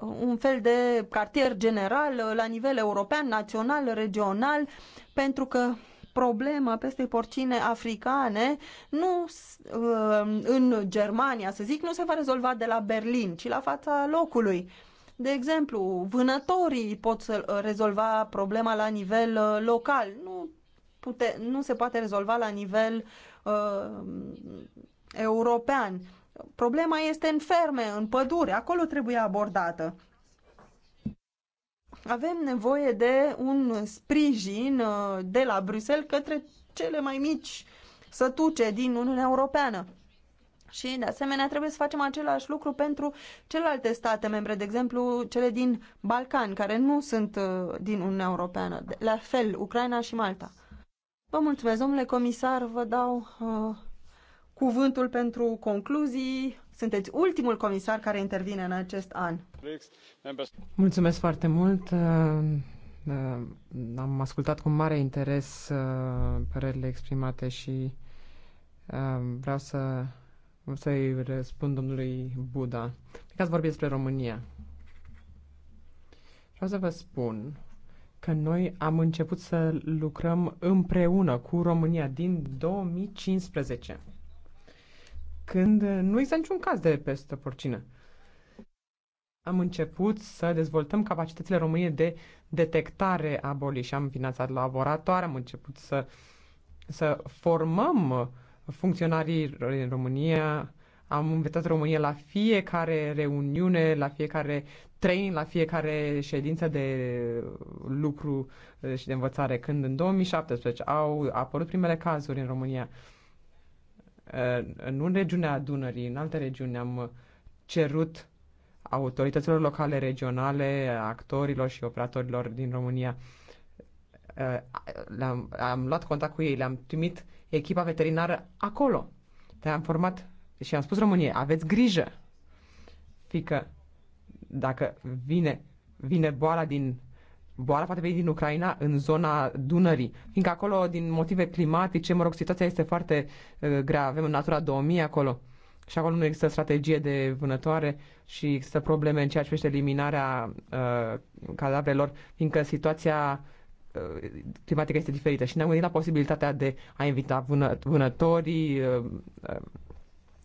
un fel de cartier general uh, la nivel european, național, regional, pentru că problema peste porcine africane nu uh, în Germania, să zic, nu se va rezolva de la Berlin, ci la fața locului. De exemplu, vânătorii pot să uh, rezolva problema la nivel local. Nu, pute, nu se poate rezolva la nivel uh, european. Problema este în ferme, în pădure, acolo trebuie abordată. Avem nevoie de un sprijin uh, de la Bruxelles către cele mai mici sătuce din Uniunea Europeană. Și, de asemenea, trebuie să facem același lucru pentru celelalte state membre, de exemplu, cele din Balcan, care nu sunt uh, din Uniunea Europeană, la fel, Ucraina și Malta. Vă mulțumesc, domnule comisar, vă dau uh, cuvântul pentru concluzii. Sunteți ultimul comisar care intervine în acest an. Mulțumesc foarte mult. Uh, uh, am ascultat cu mare interes uh, părerile exprimate și vreau să să-i răspund domnului Buda. Cred deci că ați vorbit despre România. Vreau să vă spun că noi am început să lucrăm împreună cu România din 2015 când uh, nu există niciun caz de pestă porcină. Am început să dezvoltăm capacitățile României de detectare a bolii și am finanțat laboratoare, am început să, să formăm funcționarii în România, am invitat România la fiecare reuniune, la fiecare training, la fiecare ședință de lucru uh, și de învățare. Când în 2017 au apărut primele cazuri în România, nu în regiunea Dunării, în alte regiuni am cerut autorităților locale, regionale, actorilor și operatorilor din România. Ă, am am luat contact cu ei, le-am trimit echipa veterinară acolo. Te-am format și am spus România, aveți grijă, fică dacă vine, vine boala din boala poate veni din Ucraina în zona Dunării, fiindcă acolo, din motive climatice, mă rog, situația este foarte uh, grea. Avem Natura 2000 acolo și acolo nu există strategie de vânătoare și există probleme în ceea ce privește eliminarea uh, cadavrelor, fiindcă situația uh, climatică este diferită și ne-am gândit la posibilitatea de a invita vână, vânătorii, uh, uh,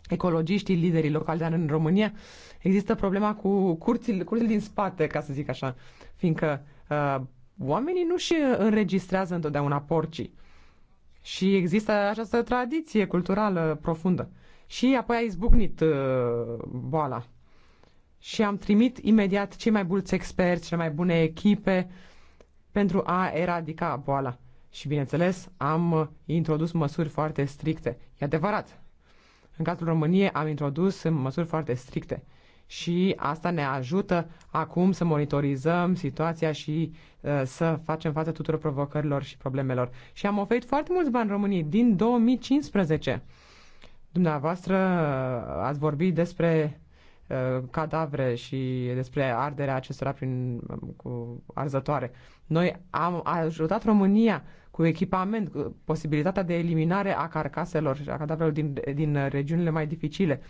ecologiștii, liderii locali, dar în România există problema cu curțile, curțile din spate, ca să zic așa, fiindcă uh, oamenii nu și înregistrează întotdeauna porcii. Și există această tradiție culturală profundă. Și apoi a izbucnit uh, boala. Și am trimit imediat cei mai mulți experți, cele mai bune echipe pentru a eradica boala. Și bineînțeles, am uh, introdus măsuri foarte stricte. E adevărat. În cazul României am introdus măsuri foarte stricte și asta ne ajută acum să monitorizăm situația și uh, să facem față tuturor provocărilor și problemelor. Și am oferit foarte mulți bani României din 2015. Dumneavoastră uh, ați vorbit despre uh, cadavre și despre arderea acestora prin, um, cu arzătoare. Noi am ajutat România cu echipament, cu posibilitatea de eliminare a carcaselor și a cadavrelor din, din regiunile mai dificile.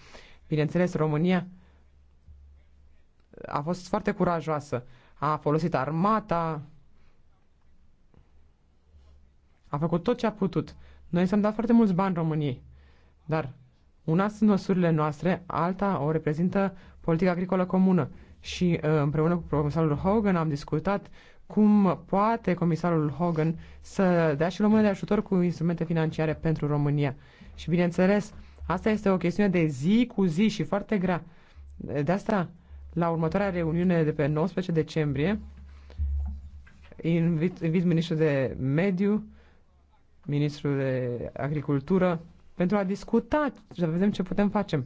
Bineînțeles, România a fost foarte curajoasă. A folosit armata, a făcut tot ce a putut. Noi s-am dat foarte mulți bani României, dar una sunt măsurile noastre, alta o reprezintă politica agricolă comună. Și uh, împreună cu comisarul Hogan am discutat cum poate comisarul Hogan să dea și română de ajutor cu instrumente financiare pentru România. Și bineînțeles, asta este o chestiune de zi cu zi și foarte grea. De asta la următoarea reuniune de pe 19 decembrie, invit, invit ministrul de mediu, ministrul de agricultură, pentru a discuta, să vedem ce putem face.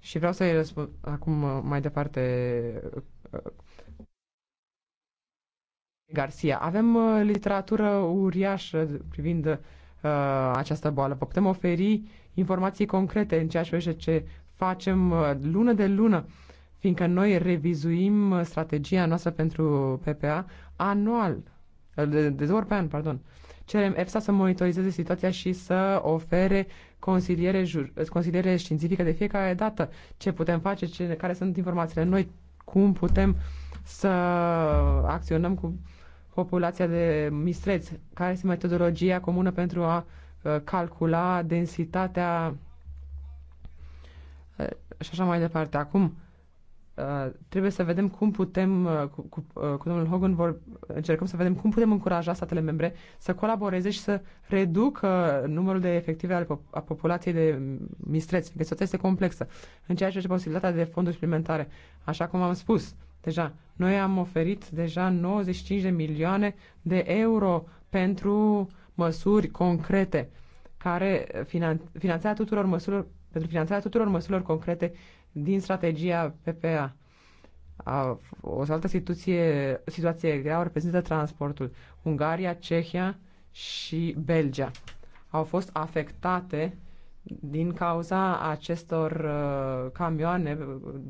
Și vreau să-i răspund acum mai departe uh, Garcia. Avem uh, literatură uriașă privind uh, această boală. Vă putem oferi informații concrete în ceea ce ce facem uh, lună de lună fiindcă noi revizuim strategia noastră pentru PPA anual, de, de două ori pe an, pardon. Cerem EFSA să monitorizeze situația și să ofere consiliere, jur, consiliere științifică de fiecare dată. Ce putem face, ce, care sunt informațiile noi, cum putem să acționăm cu populația de mistreți, care este metodologia comună pentru a uh, calcula densitatea uh, și așa mai departe. Acum, Uh, trebuie să vedem cum putem, uh, cu, cu, uh, cu domnul Hogan vor, încercăm să vedem cum putem încuraja statele membre să colaboreze și să reducă numărul de efective ale pop- a populației de mistreți, Deci situația este complexă. În ceea ce este posibilitatea de fonduri suplimentare, așa cum am spus deja, noi am oferit deja 95 de milioane de euro pentru măsuri concrete care finanțarea tuturor măsurilor pentru finanțarea tuturor măsurilor concrete uh, din strategia PPA. A, o altă situație, situație grea o reprezintă transportul. Ungaria, Cehia și Belgia au fost afectate din cauza acestor uh, camioane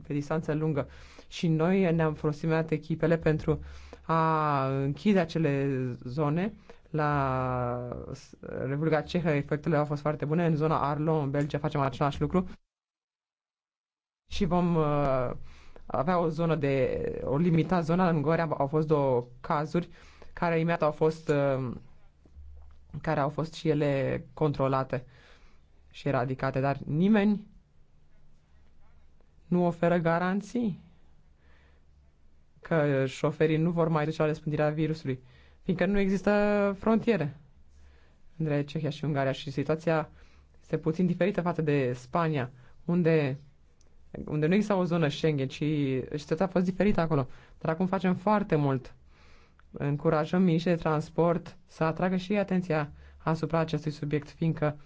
pe distanță lungă. Și noi ne-am folosit echipele pentru a închide acele zone. La Republica Cehă efectele au fost foarte bune. În zona Arlon, în Belgia, facem același lucru și vom uh, avea o zonă de, o limitat zona în Gorea, au fost două cazuri care imediat au fost, uh, care au fost și ele controlate și eradicate, dar nimeni nu oferă garanții că șoferii nu vor mai duce la răspândirea virusului, fiindcă nu există frontiere între Cehia și Ungaria și situația este puțin diferită față de Spania, unde unde nu exista o zonă Schengen, ci situația a fost diferită acolo. Dar acum facem foarte mult. Încurajăm mici de transport să atragă și atenția asupra acestui subiect, fiindcă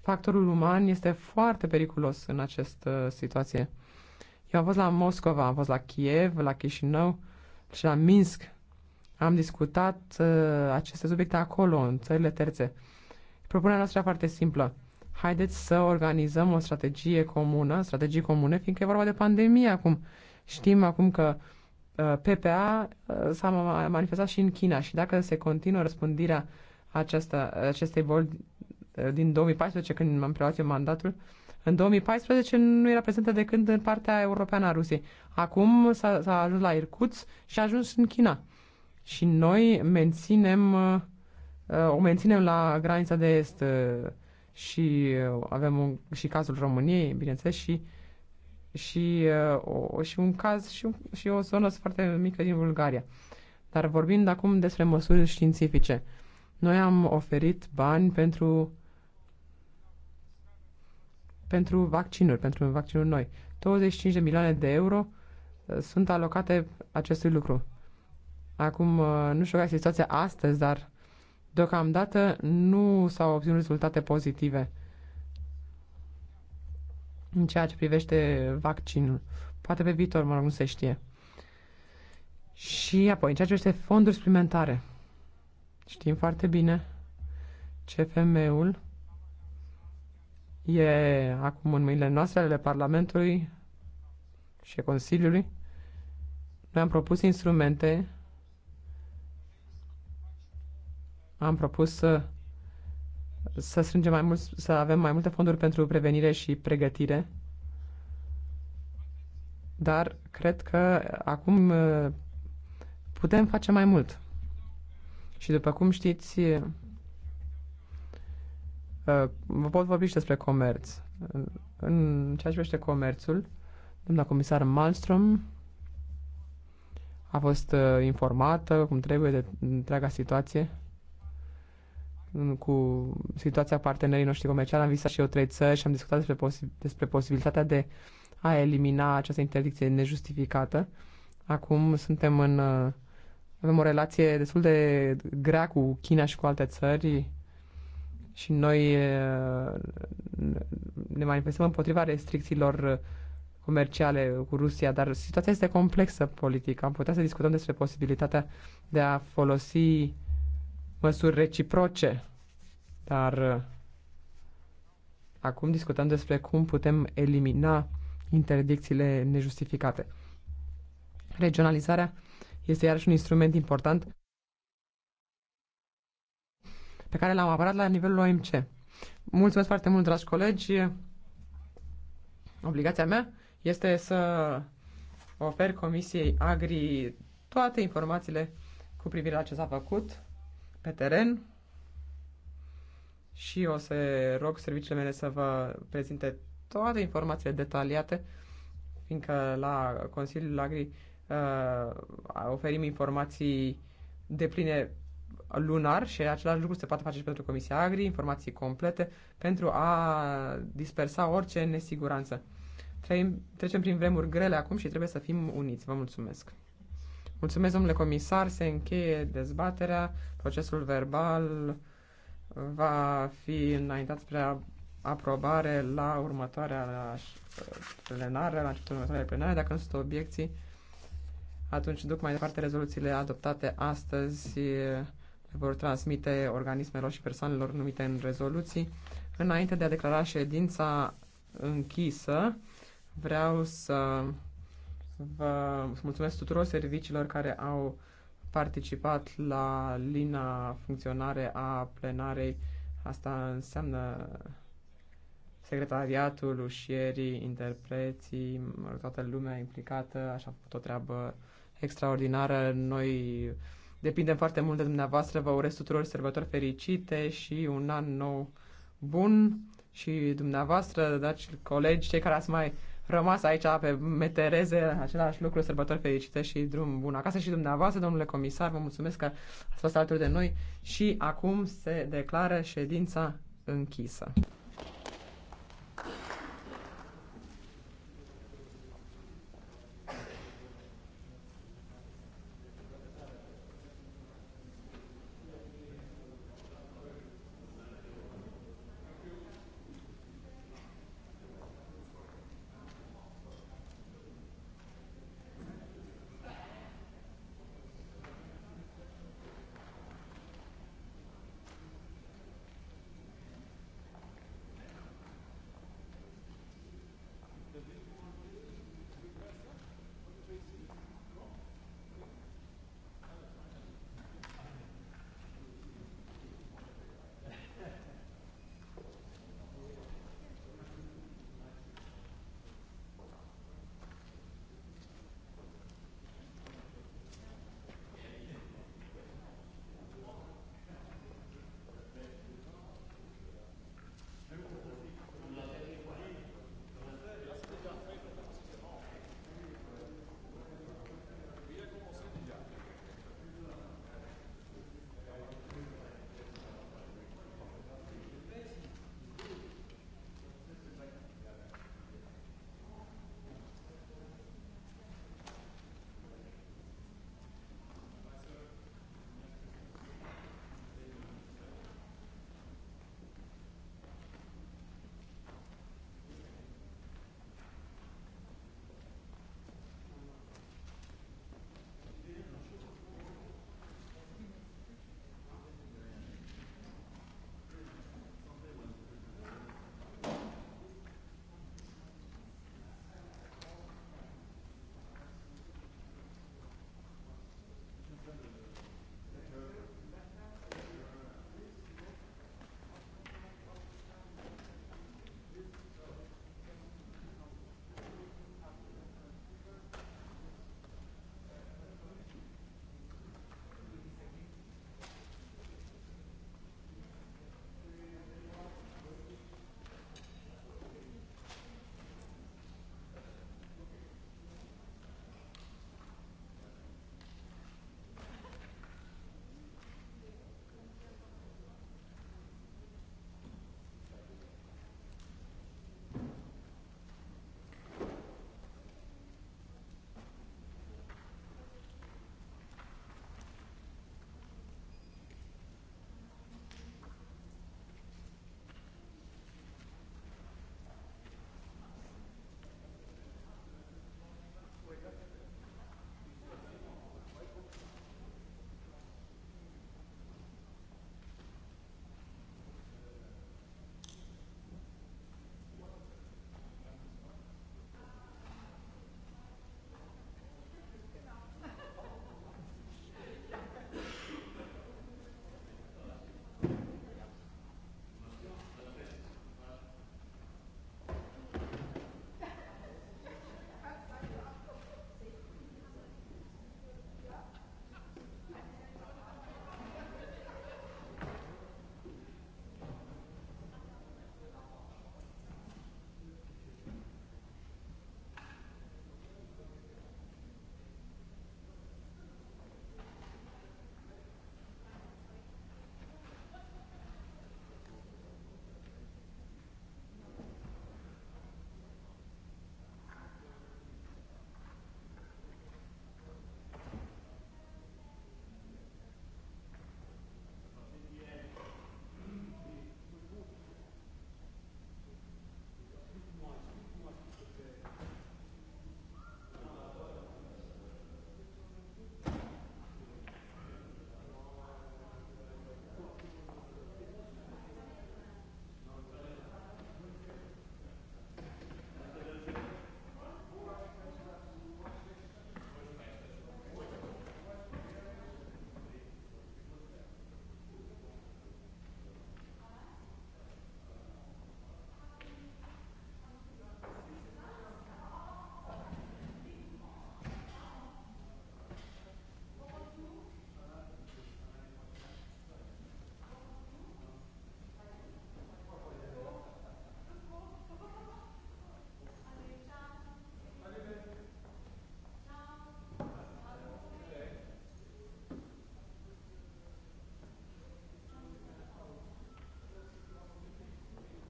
factorul uman este foarte periculos în această uh, situație. Eu am fost la Moscova, am fost la Kiev, la Chișinău și la Minsk. Am discutat uh, aceste subiecte acolo, în țările terțe. Propunerea noastră era foarte simplă haideți să organizăm o strategie comună, strategii comune, fiindcă e vorba de pandemie acum. Știm acum că uh, PPA uh, s-a manifestat și în China și dacă se continuă răspândirea aceasta, acestei boli uh, din 2014, când am preluat eu mandatul, în 2014 nu era prezentă decât în partea europeană a Rusiei. Acum s-a, ajuns la Irkutsk și a ajuns în China. Și noi menținem, o menținem la granița de est și uh, avem un, și cazul României, bineînțeles, și și, uh, o, și un caz și, și o zonă foarte mică din Bulgaria. Dar vorbind acum despre măsuri științifice. Noi am oferit bani pentru pentru vaccinuri, pentru vaccinuri noi. 25 de milioane de euro uh, sunt alocate acestui lucru. Acum, nu știu care este situația astăzi, dar Deocamdată nu s-au obținut rezultate pozitive în ceea ce privește vaccinul. Poate pe viitor, mă rog, nu se știe. Și apoi, în ceea ce este fonduri suplimentare. Știm foarte bine ce ul e acum în mâinile noastre ale Parlamentului și Consiliului. Noi am propus instrumente am propus să, să strângem mai mult, să avem mai multe fonduri pentru prevenire și pregătire. Dar cred că acum uh, putem face mai mult. Și după cum știți, uh, vă pot vorbi și despre comerț. În ceea ce privește comerțul, doamna comisar Malmström a fost uh, informată cum trebuie de întreaga situație cu situația partenerii noștri comerciali. Am visat și eu trei țări și am discutat despre, posi- despre posibilitatea de a elimina această interdicție nejustificată. Acum suntem în... Uh, avem o relație destul de grea cu China și cu alte țări și noi uh, ne manifestăm împotriva restricțiilor uh, comerciale cu Rusia, dar situația este complexă politică. Am putea să discutăm despre posibilitatea de a folosi măsuri reciproce, dar uh, acum discutăm despre cum putem elimina interdicțiile nejustificate. Regionalizarea este iarăși un instrument important pe care l-am apărat la nivelul OMC. Mulțumesc foarte mult, dragi colegi. Obligația mea este să ofer Comisiei Agri toate informațiile cu privire la ce s-a făcut pe teren și o să rog serviciile mele să vă prezinte toate informațiile detaliate, fiindcă la Consiliul Agri uh, oferim informații de pline lunar și același lucru se poate face și pentru Comisia Agri, informații complete pentru a dispersa orice nesiguranță. Trecem prin vremuri grele acum și trebuie să fim uniți. Vă mulțumesc! Mulțumesc, domnule comisar, se încheie dezbaterea. Procesul verbal va fi înaintat spre aprobare la următoarea plenară, la începutul următoarei plenare. Dacă nu sunt obiecții, atunci duc mai departe rezoluțiile adoptate astăzi le vor transmite organismelor și persoanelor numite în rezoluții. Înainte de a declara ședința închisă, vreau să Vă mulțumesc tuturor serviciilor care au participat la lina funcționare a plenarei. Asta înseamnă secretariatul, ușierii, interpreții, toată lumea implicată, așa a făcut o treabă extraordinară. Noi depindem foarte mult de dumneavoastră. Vă urez tuturor sărbători fericite și un an nou bun și dumneavoastră, dragi colegi, cei care ați mai rămas aici pe metereze, același lucru, sărbători fericite și drum bun acasă și dumneavoastră, domnule comisar, vă mulțumesc că ați fost alături de noi și acum se declară ședința închisă.